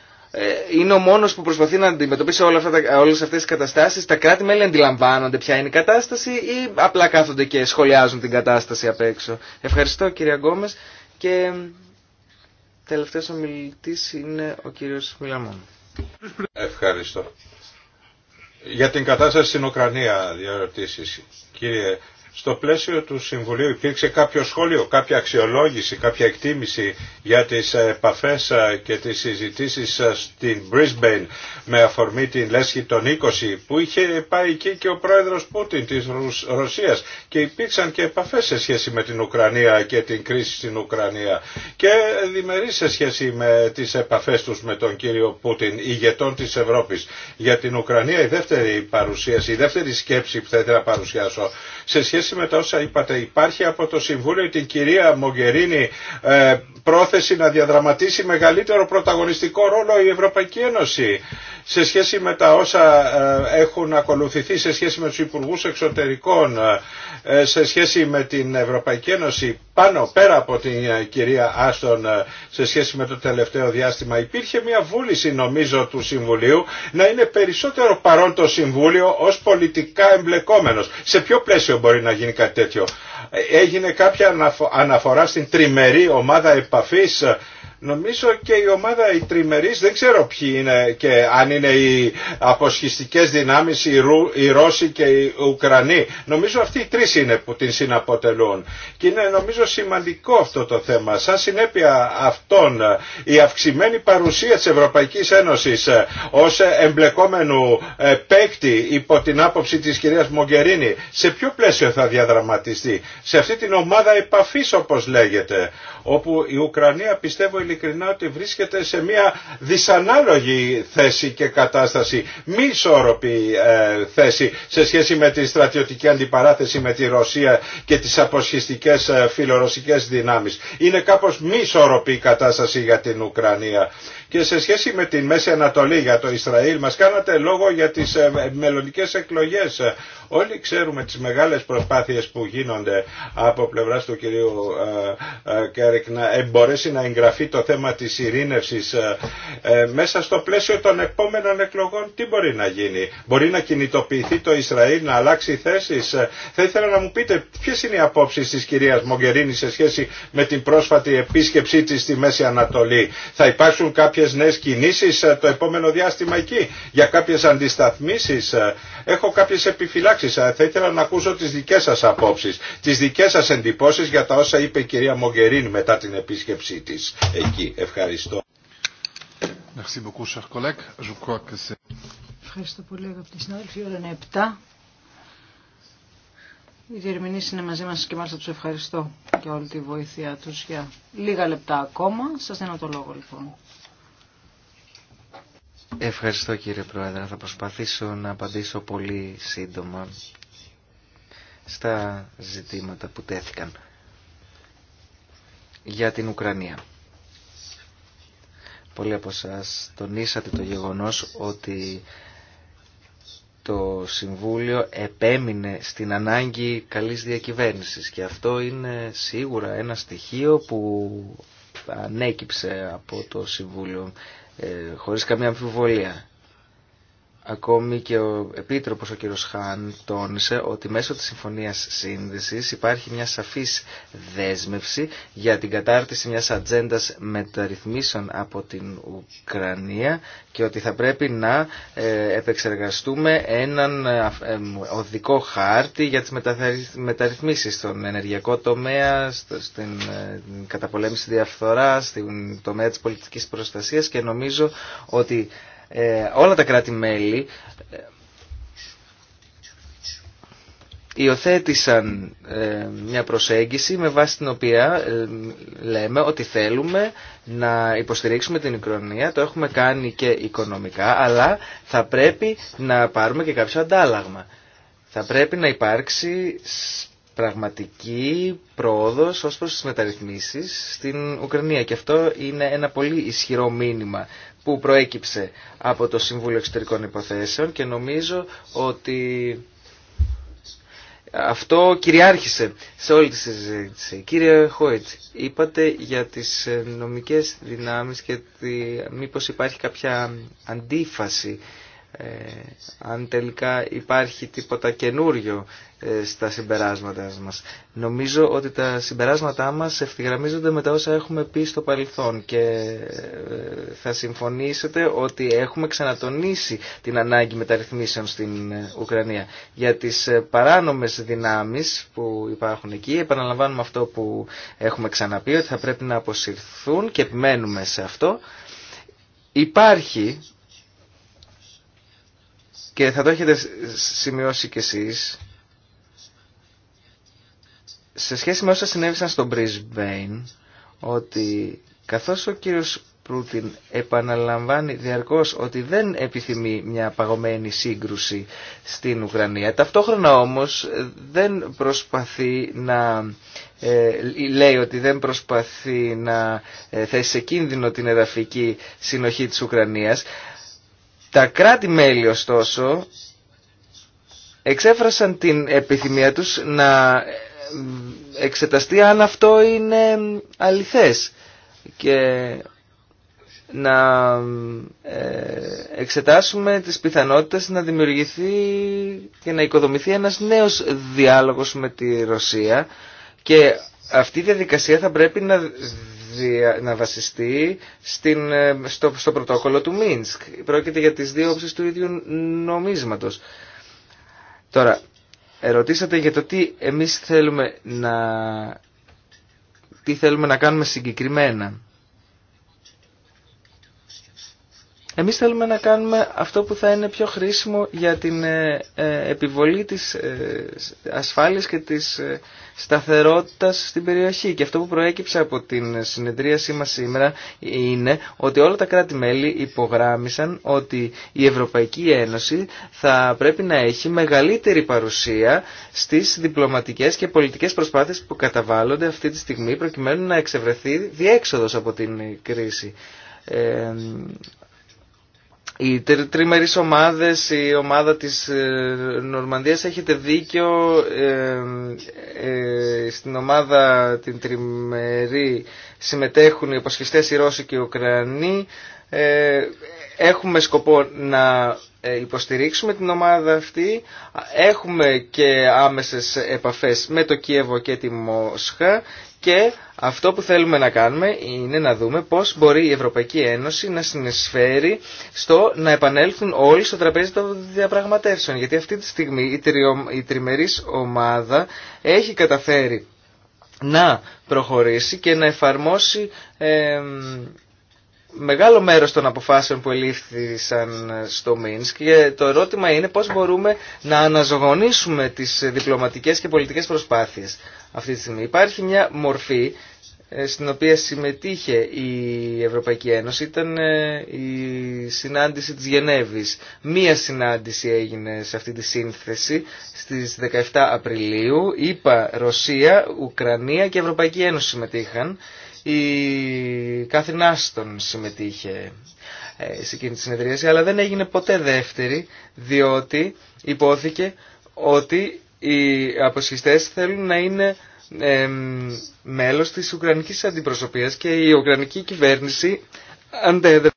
είναι ο μόνος που προσπαθεί να αντιμετωπίσει όλα αυτά, όλες αυτές τις καταστάσεις. Τα κράτη-μέλη αντιλαμβάνονται ποια είναι η κατάσταση ή απλά κάθονται και σχολιάζουν την κατάσταση απ' έξω. Ευχαριστώ κύριε Γκόμες και τελευταίος ομιλητής είναι ο κύριος Μιλαμόν. Ευχαριστώ. Για την κατάσταση στην Ουκρανία, δύο ερωτήσεις. Κύριε στο πλαίσιο του Συμβουλίου υπήρξε κάποιο σχόλιο, κάποια αξιολόγηση, κάποια εκτίμηση για τις επαφές ε, και τις συζητήσεις ε, στην Brisbane με αφορμή την λέσχη των 20 που είχε πάει εκεί και ο πρόεδρος Πούτιν της Ρωσίας και υπήρξαν και επαφές σε σχέση με την Ουκρανία και την κρίση στην Ουκρανία και διμερεί σε σχέση με τις επαφές τους με τον κύριο Πούτιν, ηγετών της Ευρώπης. Για την Ουκρανία η δεύτερη παρουσίαση, η δεύτερη σκέψη που θα ήθελα να παρουσιάσω σε σχέση με τα όσα είπατε. Υπάρχει από το Συμβούλιο την κυρία Μογκερίνη ε, πρόθεση να διαδραματίσει μεγαλύτερο πρωταγωνιστικό ρόλο η Ευρωπαϊκή Ένωση σε σχέση με τα όσα ε, έχουν ακολουθηθεί σε σχέση με τους Υπουργούς Εξωτερικών, ε, σε σχέση με την Ευρωπαϊκή Ένωση, πάνω πέρα από την ε, κυρία Άστον σε σχέση με το τελευταίο διάστημα, υπήρχε μια βούληση νομίζω του Συμβουλίου να είναι περισσότερο παρόν το Συμβούλιο ως πολιτικά εμπλεκόμενος. Σε ποιο πλαίσιο μπορεί να γίνει κάτι τέτοιο. Έγινε κάποια αναφορά στην τριμερή ομάδα επαφής Νομίζω και η ομάδα η τριμερή, δεν ξέρω ποιοι είναι και αν είναι οι αποσχιστικές δυνάμεις, οι, Ρώσοι και οι Ουκρανοί. Νομίζω αυτοί οι τρεις είναι που την συναποτελούν. Και είναι νομίζω σημαντικό αυτό το θέμα. Σαν συνέπεια αυτών η αυξημένη παρουσία της Ευρωπαϊκής Ένωσης ε, ως ε, εμπλεκόμενου ε, παίκτη υπό την άποψη της κυρίας Μογκερίνη, σε ποιο πλαίσιο θα διαδραματιστεί. Σε αυτή την ομάδα επαφής όπως λέγεται, όπου η Ουκρανία πιστεύω ειλικρινά ότι βρίσκεται σε μια δυσανάλογη θέση και κατάσταση, μη ισόρροπη ε, θέση σε σχέση με τη στρατιωτική αντιπαράθεση με τη Ρωσία και τις αποσχιστικές ε, φιλορωσικές δυνάμεις. Είναι κάπως μη ισόρροπη η κατάσταση για την Ουκρανία. Και σε σχέση με την Μέση Ανατολή για το Ισραήλ μας κάνατε λόγο για τις ε, μελλοντικές εκλογές. Όλοι ξέρουμε τις μεγάλες προσπάθειες που γίνονται από πλευράς του κυρίου ε, ε, Κέρικ να μπορέσει να εγγραφεί το θέμα της ειρήνευσης ε, ε, μέσα στο πλαίσιο των επόμενων εκλογών τι μπορεί να γίνει. Μπορεί να κινητοποιηθεί το Ισραήλ, να αλλάξει θέσεις. Ε, θα ήθελα να μου πείτε ποιες είναι οι απόψεις της κυρίας Μογκερίνη σε σχέση με την πρόσφατη επίσκεψή της στη Μέση Ανατολή. Θα υπάρξουν κάποιες νέες κινήσεις το επόμενο διάστημα εκεί για κάποιες αντισταθμίσεις έχω κάποιες επιφυλάξεις. Θα ήθελα να ακούσω τι δικέ σα απόψει, τι δικέ σα εντυπωσει για τα όσα είπε η κυρία Μογκερίν μετά την επίσκεψή τη. εκεί. Ευχαριστώ. Ευχαριστώ πολύ αγαπητοί συνάδελφοι. Η ώρα είναι 7. Οι διερμηνείς είναι μαζί μας και μάλιστα του ευχαριστώ για όλη τη βοήθειά του για λίγα λεπτά ακόμα. Σα δίνω το λόγο λοιπόν. Ευχαριστώ κύριε Πρόεδρε. Θα προσπαθήσω να απαντήσω πολύ σύντομα στα ζητήματα που τέθηκαν για την Ουκρανία. Πολλοί από εσά τονίσατε το γεγονός ότι το Συμβούλιο επέμεινε στην ανάγκη καλής διακυβέρνησης και αυτό είναι σίγουρα ένα στοιχείο που ανέκυψε από το Συμβούλιο ε, χωρίς καμία αμφιβολία. Ακόμη και ο Επίτροπος ο κ. Χάν τόνισε ότι μέσω της Συμφωνίας Σύνδεσης υπάρχει μια σαφής δέσμευση για την κατάρτιση μιας ατζέντα μεταρρυθμίσεων από την Ουκρανία και ότι θα πρέπει να ε, επεξεργαστούμε έναν ε, οδικό χάρτη για τις μεταρρυθμίσεις στον ενεργειακό τομέα, στην ε, καταπολέμηση διαφθοράς, στην τομέα της πολιτικής προστασίας και νομίζω ότι ε, όλα τα κράτη-μέλη ε, υιοθέτησαν ε, μια προσέγγιση με βάση την οποία λέμε ότι θέλουμε να υποστηρίξουμε την Ουκρανία. το έχουμε κάνει και οικονομικά, αλλά θα πρέπει να πάρουμε και κάποιο αντάλλαγμα. Θα πρέπει να υπάρξει πραγματική πρόοδος ως προς τις μεταρρυθμίσεις στην Ουκρανία και αυτό είναι ένα πολύ ισχυρό μήνυμα που προέκυψε από το Συμβούλιο Εξωτερικών Υποθέσεων και νομίζω ότι αυτό κυριάρχησε σε όλη τη συζήτηση. Κύριε Χόιτ, είπατε για τις ε, νομικές δυνάμεις και τη, μήπως υπάρχει κάποια αντίφαση, ε, αν τελικά υπάρχει τίποτα καινούριο ε, στα συμπεράσματα μας. Νομίζω ότι τα συμπεράσματά μας ευθυγραμμίζονται με τα όσα έχουμε πει στο παρελθόν και ε, θα συμφωνήσετε ότι έχουμε ξανατονίσει την ανάγκη μεταρρυθμίσεων στην ε, Ουκρανία. Για τις παράνομες δυνάμεις που υπάρχουν εκεί, επαναλαμβάνουμε αυτό που έχουμε ξαναπεί, ότι θα πρέπει να αποσυρθούν και επιμένουμε σε αυτό. Υπάρχει και θα το έχετε σημειώσει κι εσείς σε σχέση με όσα συνέβησαν στο Brisbane, ότι καθώς ο κύριος Προύτιν επαναλαμβάνει διαρκώς ότι δεν επιθυμεί μια παγωμένη σύγκρουση στην Ουκρανία. Ταυτόχρονα όμως δεν προσπαθεί να ε, λέει ότι δεν προσπαθεί να ε, θέσει σε κίνδυνο την εδαφική συνοχή της Ουκρανίας. Τα κράτη-μέλη ωστόσο εξέφρασαν την επιθυμία τους να εξεταστεί αν αυτό είναι αληθές και να ε, εξετάσουμε τις πιθανότητες να δημιουργηθεί και να οικοδομηθεί ένας νέος διάλογος με τη Ρωσία και αυτή η διαδικασία θα πρέπει να, να βασιστεί στην, ε, στο, στο πρωτόκολλο του Μίνσκ. Πρόκειται για τις δύο όψεις του ίδιου νομίσματος. Τώρα, Ερωτήσατε για το τι εμείς θέλουμε να, τι θέλουμε να κάνουμε συγκεκριμένα. Εμείς θέλουμε να κάνουμε αυτό που θα είναι πιο χρήσιμο για την ε, ε, επιβολή της ε, ασφάλειας και της σταθερότητας στην περιοχή. Και αυτό που προέκυψε από την συνεδρίασή μας σήμερα είναι ότι όλα τα κράτη-μέλη υπογράμμισαν ότι η Ευρωπαϊκή Ένωση θα πρέπει να έχει μεγαλύτερη παρουσία στις διπλωματικές και πολιτικές προσπάθειες που καταβάλλονται αυτή τη στιγμή προκειμένου να εξευρεθεί διέξοδος από την κρίση οι τρι, τριμερείς ομάδες, η ομάδα της ε, Νορμανδίας έχετε δίκιο ε, ε στην ομάδα την τριμερή συμμετέχουν οι υποσχεστές οι Ρώσοι και οι Ουκρανοί ε, έχουμε σκοπό να ε, υποστηρίξουμε την ομάδα αυτή έχουμε και άμεσες επαφές με το Κίεβο και τη Μόσχα και αυτό που θέλουμε να κάνουμε είναι να δούμε πώς μπορεί η Ευρωπαϊκή Ένωση να συνεισφέρει στο να επανέλθουν όλοι στο τραπέζι των διαπραγματεύσεων. Γιατί αυτή τη στιγμή η τριμερής ομάδα έχει καταφέρει να προχωρήσει και να εφαρμόσει μεγάλο μέρος των αποφάσεων που ελήφθησαν ε, στο Μίνσκ και το ερώτημα είναι πώς μπορούμε να αναζωογονήσουμε τις διπλωματικές και πολιτικές προσπάθειες αυτή τη στιγμή. Υπάρχει μια μορφή ε, στην οποία συμμετείχε η Ευρωπαϊκή Ένωση ήταν ε, η συνάντηση της Γενέβης. Μία συνάντηση έγινε σε αυτή τη σύνθεση στις 17 Απριλίου. Είπα Ρωσία, Ουκρανία και Ευρωπαϊκή Ένωση συμμετείχαν. Η Κάθριν Άστον συμμετείχε ε, σε εκείνη τη συνεδρίαση αλλά δεν έγινε ποτέ δεύτερη διότι υπόθηκε ότι οι αποσχιστές θέλουν να είναι ε, μέλος της Ουκρανικής Αντιπροσωπείας και η Ουκρανική κυβέρνηση αντέδρασε.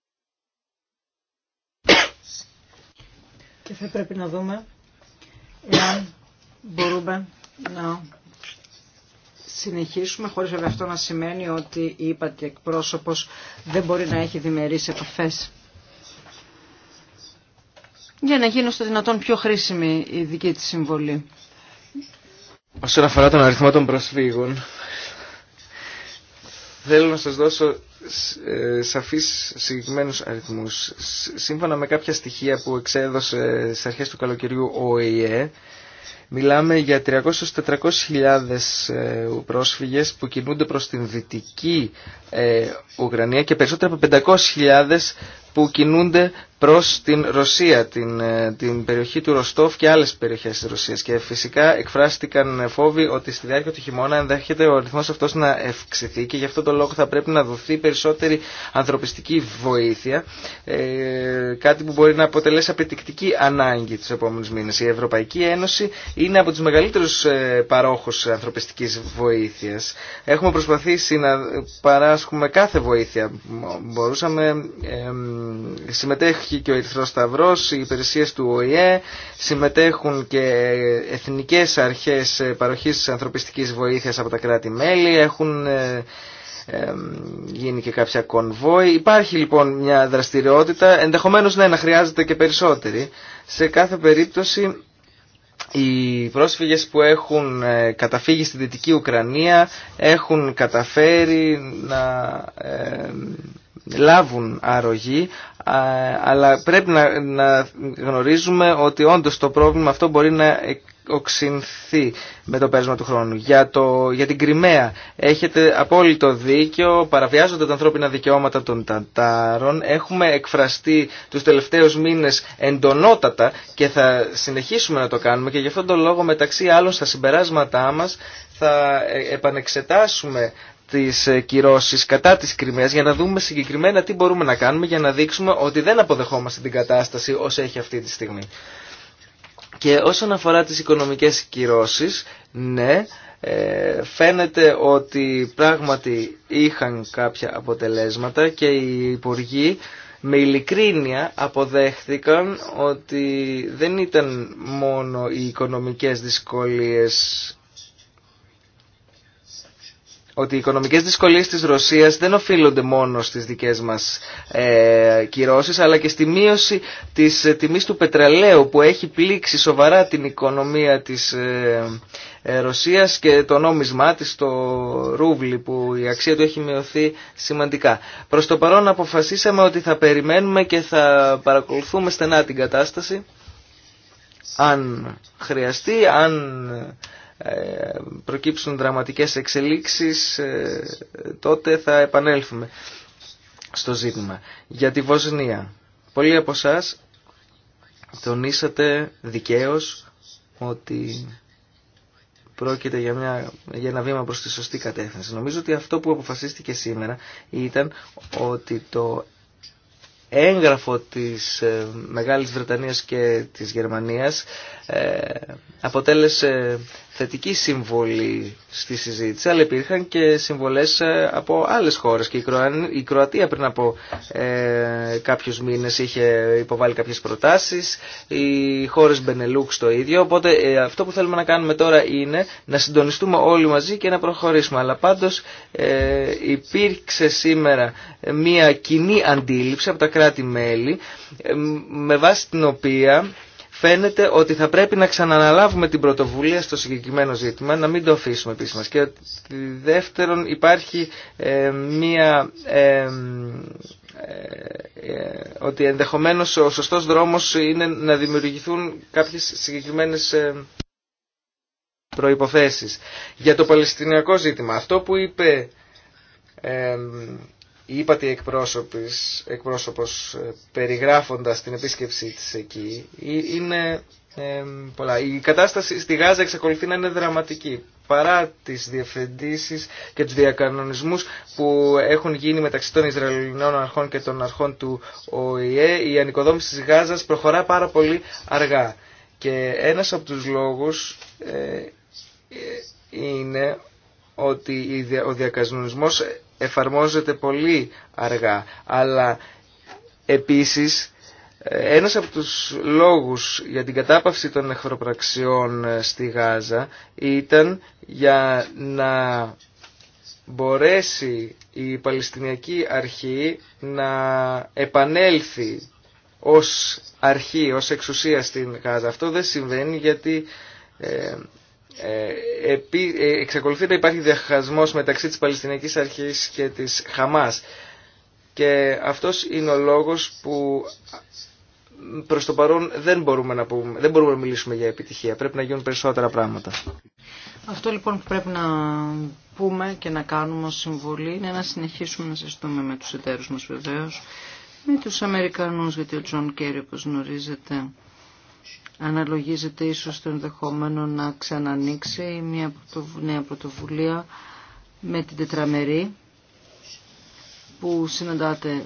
Και θα πρέπει να δούμε εάν μπορούμε να συνεχίσουμε, χωρίς βέβαια αυτό να σημαίνει ότι η ύπατη εκπρόσωπος δεν μπορεί να έχει διμερείς επαφές. Για να γίνω στο δυνατόν πιο χρήσιμη η δική της συμβολή. Όσον αφορά τον αριθμό των προσφύγων, θέλω να σας δώσω ε, σαφείς συγκεκριμένους αριθμούς. Σύμφωνα με κάποια στοιχεία που εξέδωσε στις αρχές του καλοκαιριού ο μιλάμε για 300-400 ε, πρόσφυγες που κινούνται προς την δυτική ε, Ουκρανία και περισσότερα από 500.000 που κινούνται προς την Ρωσία, την, ε, την περιοχή του Ροστόφ και άλλες περιοχές της Ρωσίας. Και φυσικά εκφράστηκαν φόβοι ότι στη διάρκεια του χειμώνα ενδέχεται ο ρυθμός αυτός να ευξηθεί και γι' αυτό το λόγο θα πρέπει να δοθεί περισσότερη ανθρωπιστική βοήθεια, ε, κάτι που μπορεί να αποτελέσει απαιτητική ανάγκη τους επόμενους μήνες. Η Ευρωπαϊκή Ένωση είναι από τους μεγαλύτερους ε, παρόχους ανθρωπιστικής βοήθειας. Έχουμε προσπαθήσει να παράσχουμε κάθε βοήθεια. Μπορούσαμε... Ε, συμμετέχει και ο Ερυθρός Σταυρός, οι υπηρεσίες του ΟΗΕ, συμμετέχουν και εθνικές αρχές παροχής ανθρωπιστικής βοήθειας από τα κράτη-μέλη, έχουν ε, ε, γίνει και κάποια κονβόη. Υπάρχει λοιπόν μια δραστηριότητα, ενδεχομένως ναι, να χρειάζεται και περισσότερη. Σε κάθε περίπτωση οι πρόσφυγες που έχουν ε, καταφύγει στη Δυτική Ουκρανία έχουν καταφέρει να λάβουν αρρωγή, αλλά πρέπει να, να γνωρίζουμε ότι όντως το πρόβλημα αυτό μπορεί να οξυνθεί με το πέρασμα του χρόνου. Για, το, για την Κρυμαία έχετε απόλυτο δίκιο, παραβιάζονται τα ανθρώπινα δικαιώματα των Τατάρων, έχουμε εκφραστεί τους τελευταίους μήνες εντονότατα και θα συνεχίσουμε να το κάνουμε και γι' αυτόν τον λόγο μεταξύ άλλων στα συμπεράσματά μας θα ε, επανεξετάσουμε τις ε, κυρώσεις κατά της Κρυμαίας για να δούμε συγκεκριμένα τι μπορούμε να κάνουμε για να δείξουμε ότι δεν αποδεχόμαστε την κατάσταση όσο έχει αυτή τη στιγμή. Και όσον αφορά τις οικονομικές κυρώσεις, ναι, ε, φαίνεται ότι πράγματι είχαν κάποια αποτελέσματα και οι υπουργοί με ειλικρίνεια αποδέχθηκαν ότι δεν ήταν μόνο οι οικονομικές δυσκολίες ότι οι οικονομικές δυσκολίες της Ρωσίας δεν οφείλονται μόνο στις δικές μας ε, κυρώσεις αλλά και στη μείωση της ε, τιμής του πετρελαίου που έχει πλήξει σοβαρά την οικονομία της ε, ε, Ρωσίας και το νόμισμά της, το ρούβλι που η αξία του έχει μειωθεί σημαντικά. Προς το παρόν αποφασίσαμε ότι θα περιμένουμε και θα παρακολουθούμε στενά την κατάσταση αν χρειαστεί, αν ε, προκύψουν δραματικές εξελίξεις ε, τότε θα επανέλθουμε στο ζήτημα. Για τη Βοσνία. Πολλοί από εσά τονίσατε δικαίως ότι πρόκειται για, μια, για ένα βήμα προς τη σωστή κατεύθυνση. Νομίζω ότι αυτό που αποφασίστηκε σήμερα ήταν ότι το έγγραφο της ε, Μεγάλης Βρετανίας και της Γερμανίας ε, αποτέλεσε θετική συμβολή στη συζήτηση, αλλά υπήρχαν και συμβολές ε, από άλλες χώρες και η Κροατία πριν από ε, κάποιους μήνες είχε υποβάλει κάποιες προτάσεις, οι χώρες Μπενελούξ το ίδιο, οπότε ε, αυτό που θέλουμε να κάνουμε τώρα είναι να συντονιστούμε όλοι μαζί και να προχωρήσουμε. Αλλά πάντως ε, υπήρξε σήμερα μια κοινή αντίληψη από τα κράτη-μέλη με βάση την οποία φαίνεται ότι θα πρέπει να ξαναναλάβουμε την πρωτοβουλία στο συγκεκριμένο ζήτημα, να μην το αφήσουμε επίσης μας. Και δεύτερον υπάρχει ε, μία... Ε, ε, ότι ενδεχομένως ο σωστός δρόμος είναι να δημιουργηθούν κάποιες συγκεκριμένες προϋποθέσεις. Για το Παλαιστινιακό ζήτημα, αυτό που είπε η ύπατη εκπρόσωπος, εκπρόσωπος περιγράφοντας την επίσκεψή της εκεί είναι πολλά. Η κατάσταση στη Γάζα εξακολουθεί να είναι δραματική παρά τις διευθυντήσεις και τους διακανονισμούς που έχουν γίνει μεταξύ των Ισραηλινών αρχών και των αρχών του ΟΗΕ η ανοικοδόμηση της Γάζας προχωρά πάρα πολύ αργά και ένας από τους λόγους ε, ε, είναι ότι ο διακανονισμός εφαρμόζεται πολύ αργά. Αλλά επίσης ε, ένας από τους λόγους για την κατάπαυση των εχθροπραξιών ε, στη Γάζα ήταν για να μπορέσει η Παλαιστινιακή Αρχή να επανέλθει ως αρχή, ως εξουσία στην Γάζα. Αυτό δεν συμβαίνει γιατί ε, ε, ε, εξακολουθεί να υπάρχει διαχασμός μεταξύ της Παλαιστινικής Αρχής και της Χαμάς. Και αυτός είναι ο λόγος που προς το παρόν δεν μπορούμε να, πούμε, δεν μπορούμε να μιλήσουμε για επιτυχία. Πρέπει να γίνουν περισσότερα πράγματα. Αυτό λοιπόν που πρέπει να πούμε και να κάνουμε ως συμβολή είναι να συνεχίσουμε να συζητούμε με τους εταίρους μας βεβαίως, με τους Αμερικανούς, γιατί ο Τζον Κέρι όπως γνωρίζετε αναλογίζεται ίσως το ενδεχόμενο να ξανανοίξει μια νέα πρωτοβουλία με την τετραμερή που συναντάται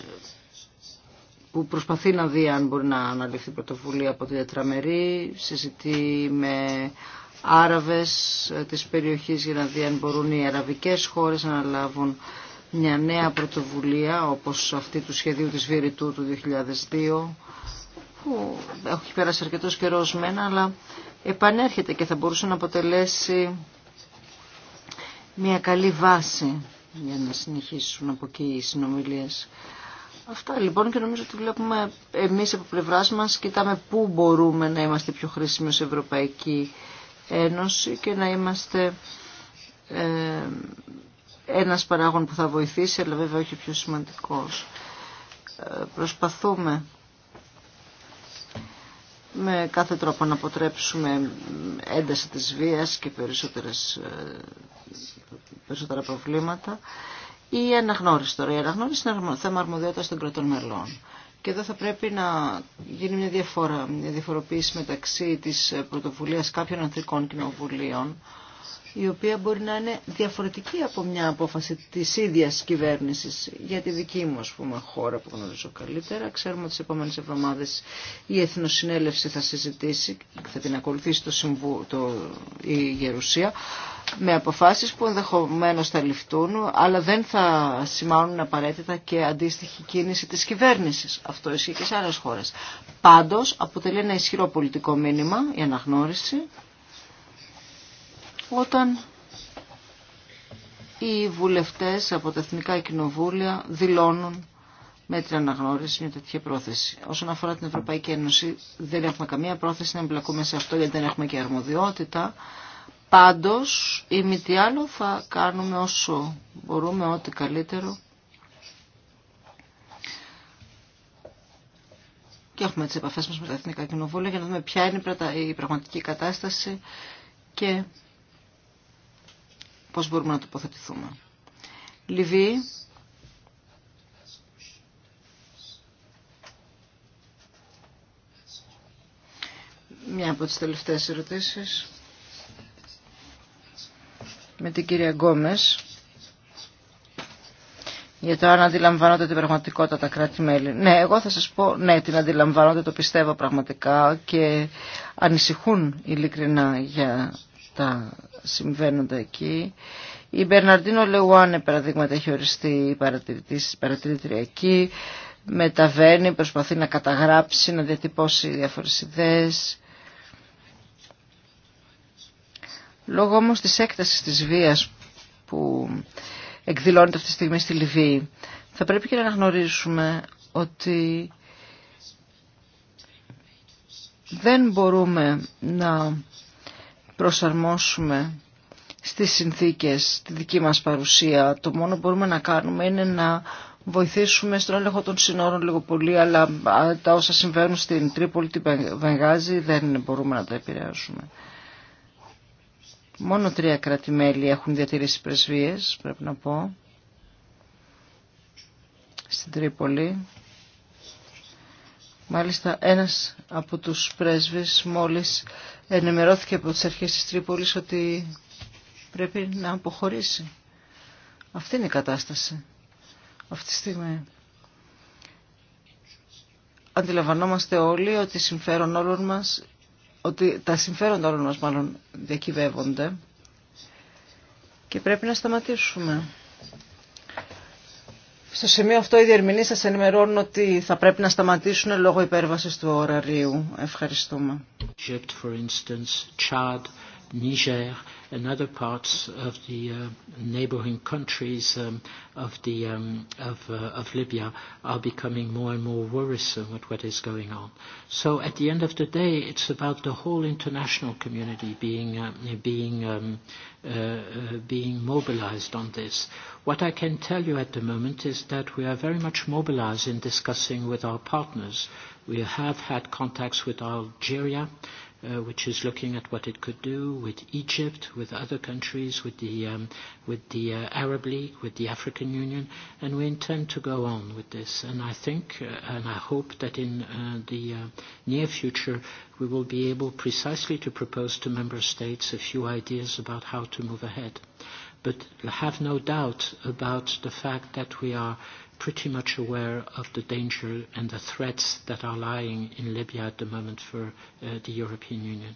που προσπαθεί να δει αν μπορεί να αναλυθεί πρωτοβουλία από την τετραμερή, συζητεί με Άραβες της περιοχής για να δει αν μπορούν οι αραβικές χώρες να αναλάβουν μια νέα πρωτοβουλία όπως αυτή του σχεδίου της Βηρητού του 2002 που έχει πέρασει αρκετό καιρός μένα, αλλά επανέρχεται και θα μπορούσε να αποτελέσει μια καλή βάση για να συνεχίσουν από εκεί οι συνομιλίες. Αυτά λοιπόν και νομίζω ότι βλέπουμε εμείς από πλευρά μας, κοιτάμε πού μπορούμε να είμαστε πιο χρήσιμοι ως Ευρωπαϊκή Ένωση και να είμαστε ε, ένας παράγων που θα βοηθήσει, αλλά βέβαια όχι πιο σημαντικός. Ε, προσπαθούμε με κάθε τρόπο να αποτρέψουμε ένταση της βίας και περισσότερες, ε, περισσότερα προβλήματα. Η αναγνώριση τώρα. Η αναγνώριση είναι θέμα αρμοδιότητας των κρατών μελών. Και εδώ θα πρέπει να γίνει μια διαφορά, μια διαφοροποίηση μεταξύ της πρωτοβουλίας κάποιων ανθρικών κοινοβουλίων η οποία μπορεί να είναι διαφορετική από μια απόφαση της ίδιας κυβέρνησης για τη δική μου ας πούμε, χώρα που γνωρίζω καλύτερα. Ξέρουμε ότι τις επόμενες εβδομάδες η Εθνοσυνέλευση θα συζητήσει, θα την ακολουθήσει το το, η Γερουσία, με αποφάσεις που ενδεχομένως θα ληφθούν, αλλά δεν θα σημάνουν απαραίτητα και αντίστοιχη κίνηση της κυβέρνησης. Αυτό ισχύει και σε άλλες χώρες. Πάντως αποτελεί ένα ισχυρό πολιτικό μήνυμα η αναγνώριση όταν οι βουλευτές από τα Εθνικά Κοινοβούλια δηλώνουν με την αναγνώριση μια τέτοια πρόθεση. Όσον αφορά την Ευρωπαϊκή Ένωση δεν έχουμε καμία πρόθεση να εμπλακούμε σε αυτό γιατί δεν έχουμε και αρμοδιότητα. Πάντως, ή μη τι άλλο, θα κάνουμε όσο μπορούμε, ό,τι καλύτερο. Και έχουμε τις επαφές μας με τα Εθνικά Κοινοβούλια για να δούμε ποια είναι η πραγματική κατάσταση και πώς μπορούμε να τοποθετηθούμε. Λιβύη. Μια από τις τελευταίες ερωτήσεις. Με την κυρία Γκόμες. Για το αν αντιλαμβάνονται την πραγματικότητα τα κράτη-μέλη. Ναι, εγώ θα σας πω, ναι, την αντιλαμβάνονται, το πιστεύω πραγματικά και ανησυχούν ειλικρινά για τα συμβαίνονται εκεί. Η Μπερναρντίνο Λεουάνε, παραδείγματα, έχει οριστεί εκεί. μεταβαίνει, προσπαθεί να καταγράψει, να διατυπώσει διάφορες ιδέες. Λόγω όμως της έκτασης της βίας που εκδηλώνεται αυτή τη στιγμή στη Λιβύη, θα πρέπει και να γνωρίσουμε ότι δεν μπορούμε να προσαρμόσουμε στις συνθήκες τη δική μας παρουσία. Το μόνο που μπορούμε να κάνουμε είναι να βοηθήσουμε στον έλεγχο των συνόρων λίγο πολύ, αλλά τα όσα συμβαίνουν στην Τρίπολη, την Βενγάζη, δεν μπορούμε να τα επηρεάσουμε. Μόνο τρία κράτη-μέλη έχουν διατηρήσει πρεσβείες, πρέπει να πω, στην Τρίπολη. Μάλιστα ένας από τους πρέσβες μόλις ενημερώθηκε από τις αρχές της Τρίπολης ότι πρέπει να αποχωρήσει. Αυτή είναι η κατάσταση αυτή τη στιγμή. Αντιλαμβανόμαστε όλοι ότι, όλων μας, ότι τα συμφέροντα όλων μας μάλλον διακυβεύονται και πρέπει να σταματήσουμε. Στο σημείο αυτό οι διερμηνείς σας ενημερώνουν ότι θα πρέπει να σταματήσουν λόγω υπέρβασης του ωραρίου. Ευχαριστούμε. Niger and other parts of the neighboring countries of the of Libya are becoming more and more worrisome with what is going on. So at the end of the day, it's about the whole international community being being being mobilized on this. What I can tell you at the moment is that we are very much mobilized in discussing with our partners. We have had contacts with Algeria which is looking at what it could do with Egypt, with other countries, with the with the Arab League, with the African Union, and we intend to go on with this. And I think and I hope that in the near future we will be able precisely to propose to member states a few ideas about how to move ahead. But have no doubt about the fact that we are pretty much aware of the danger and the threats that are lying in Libya at the moment for the European Union.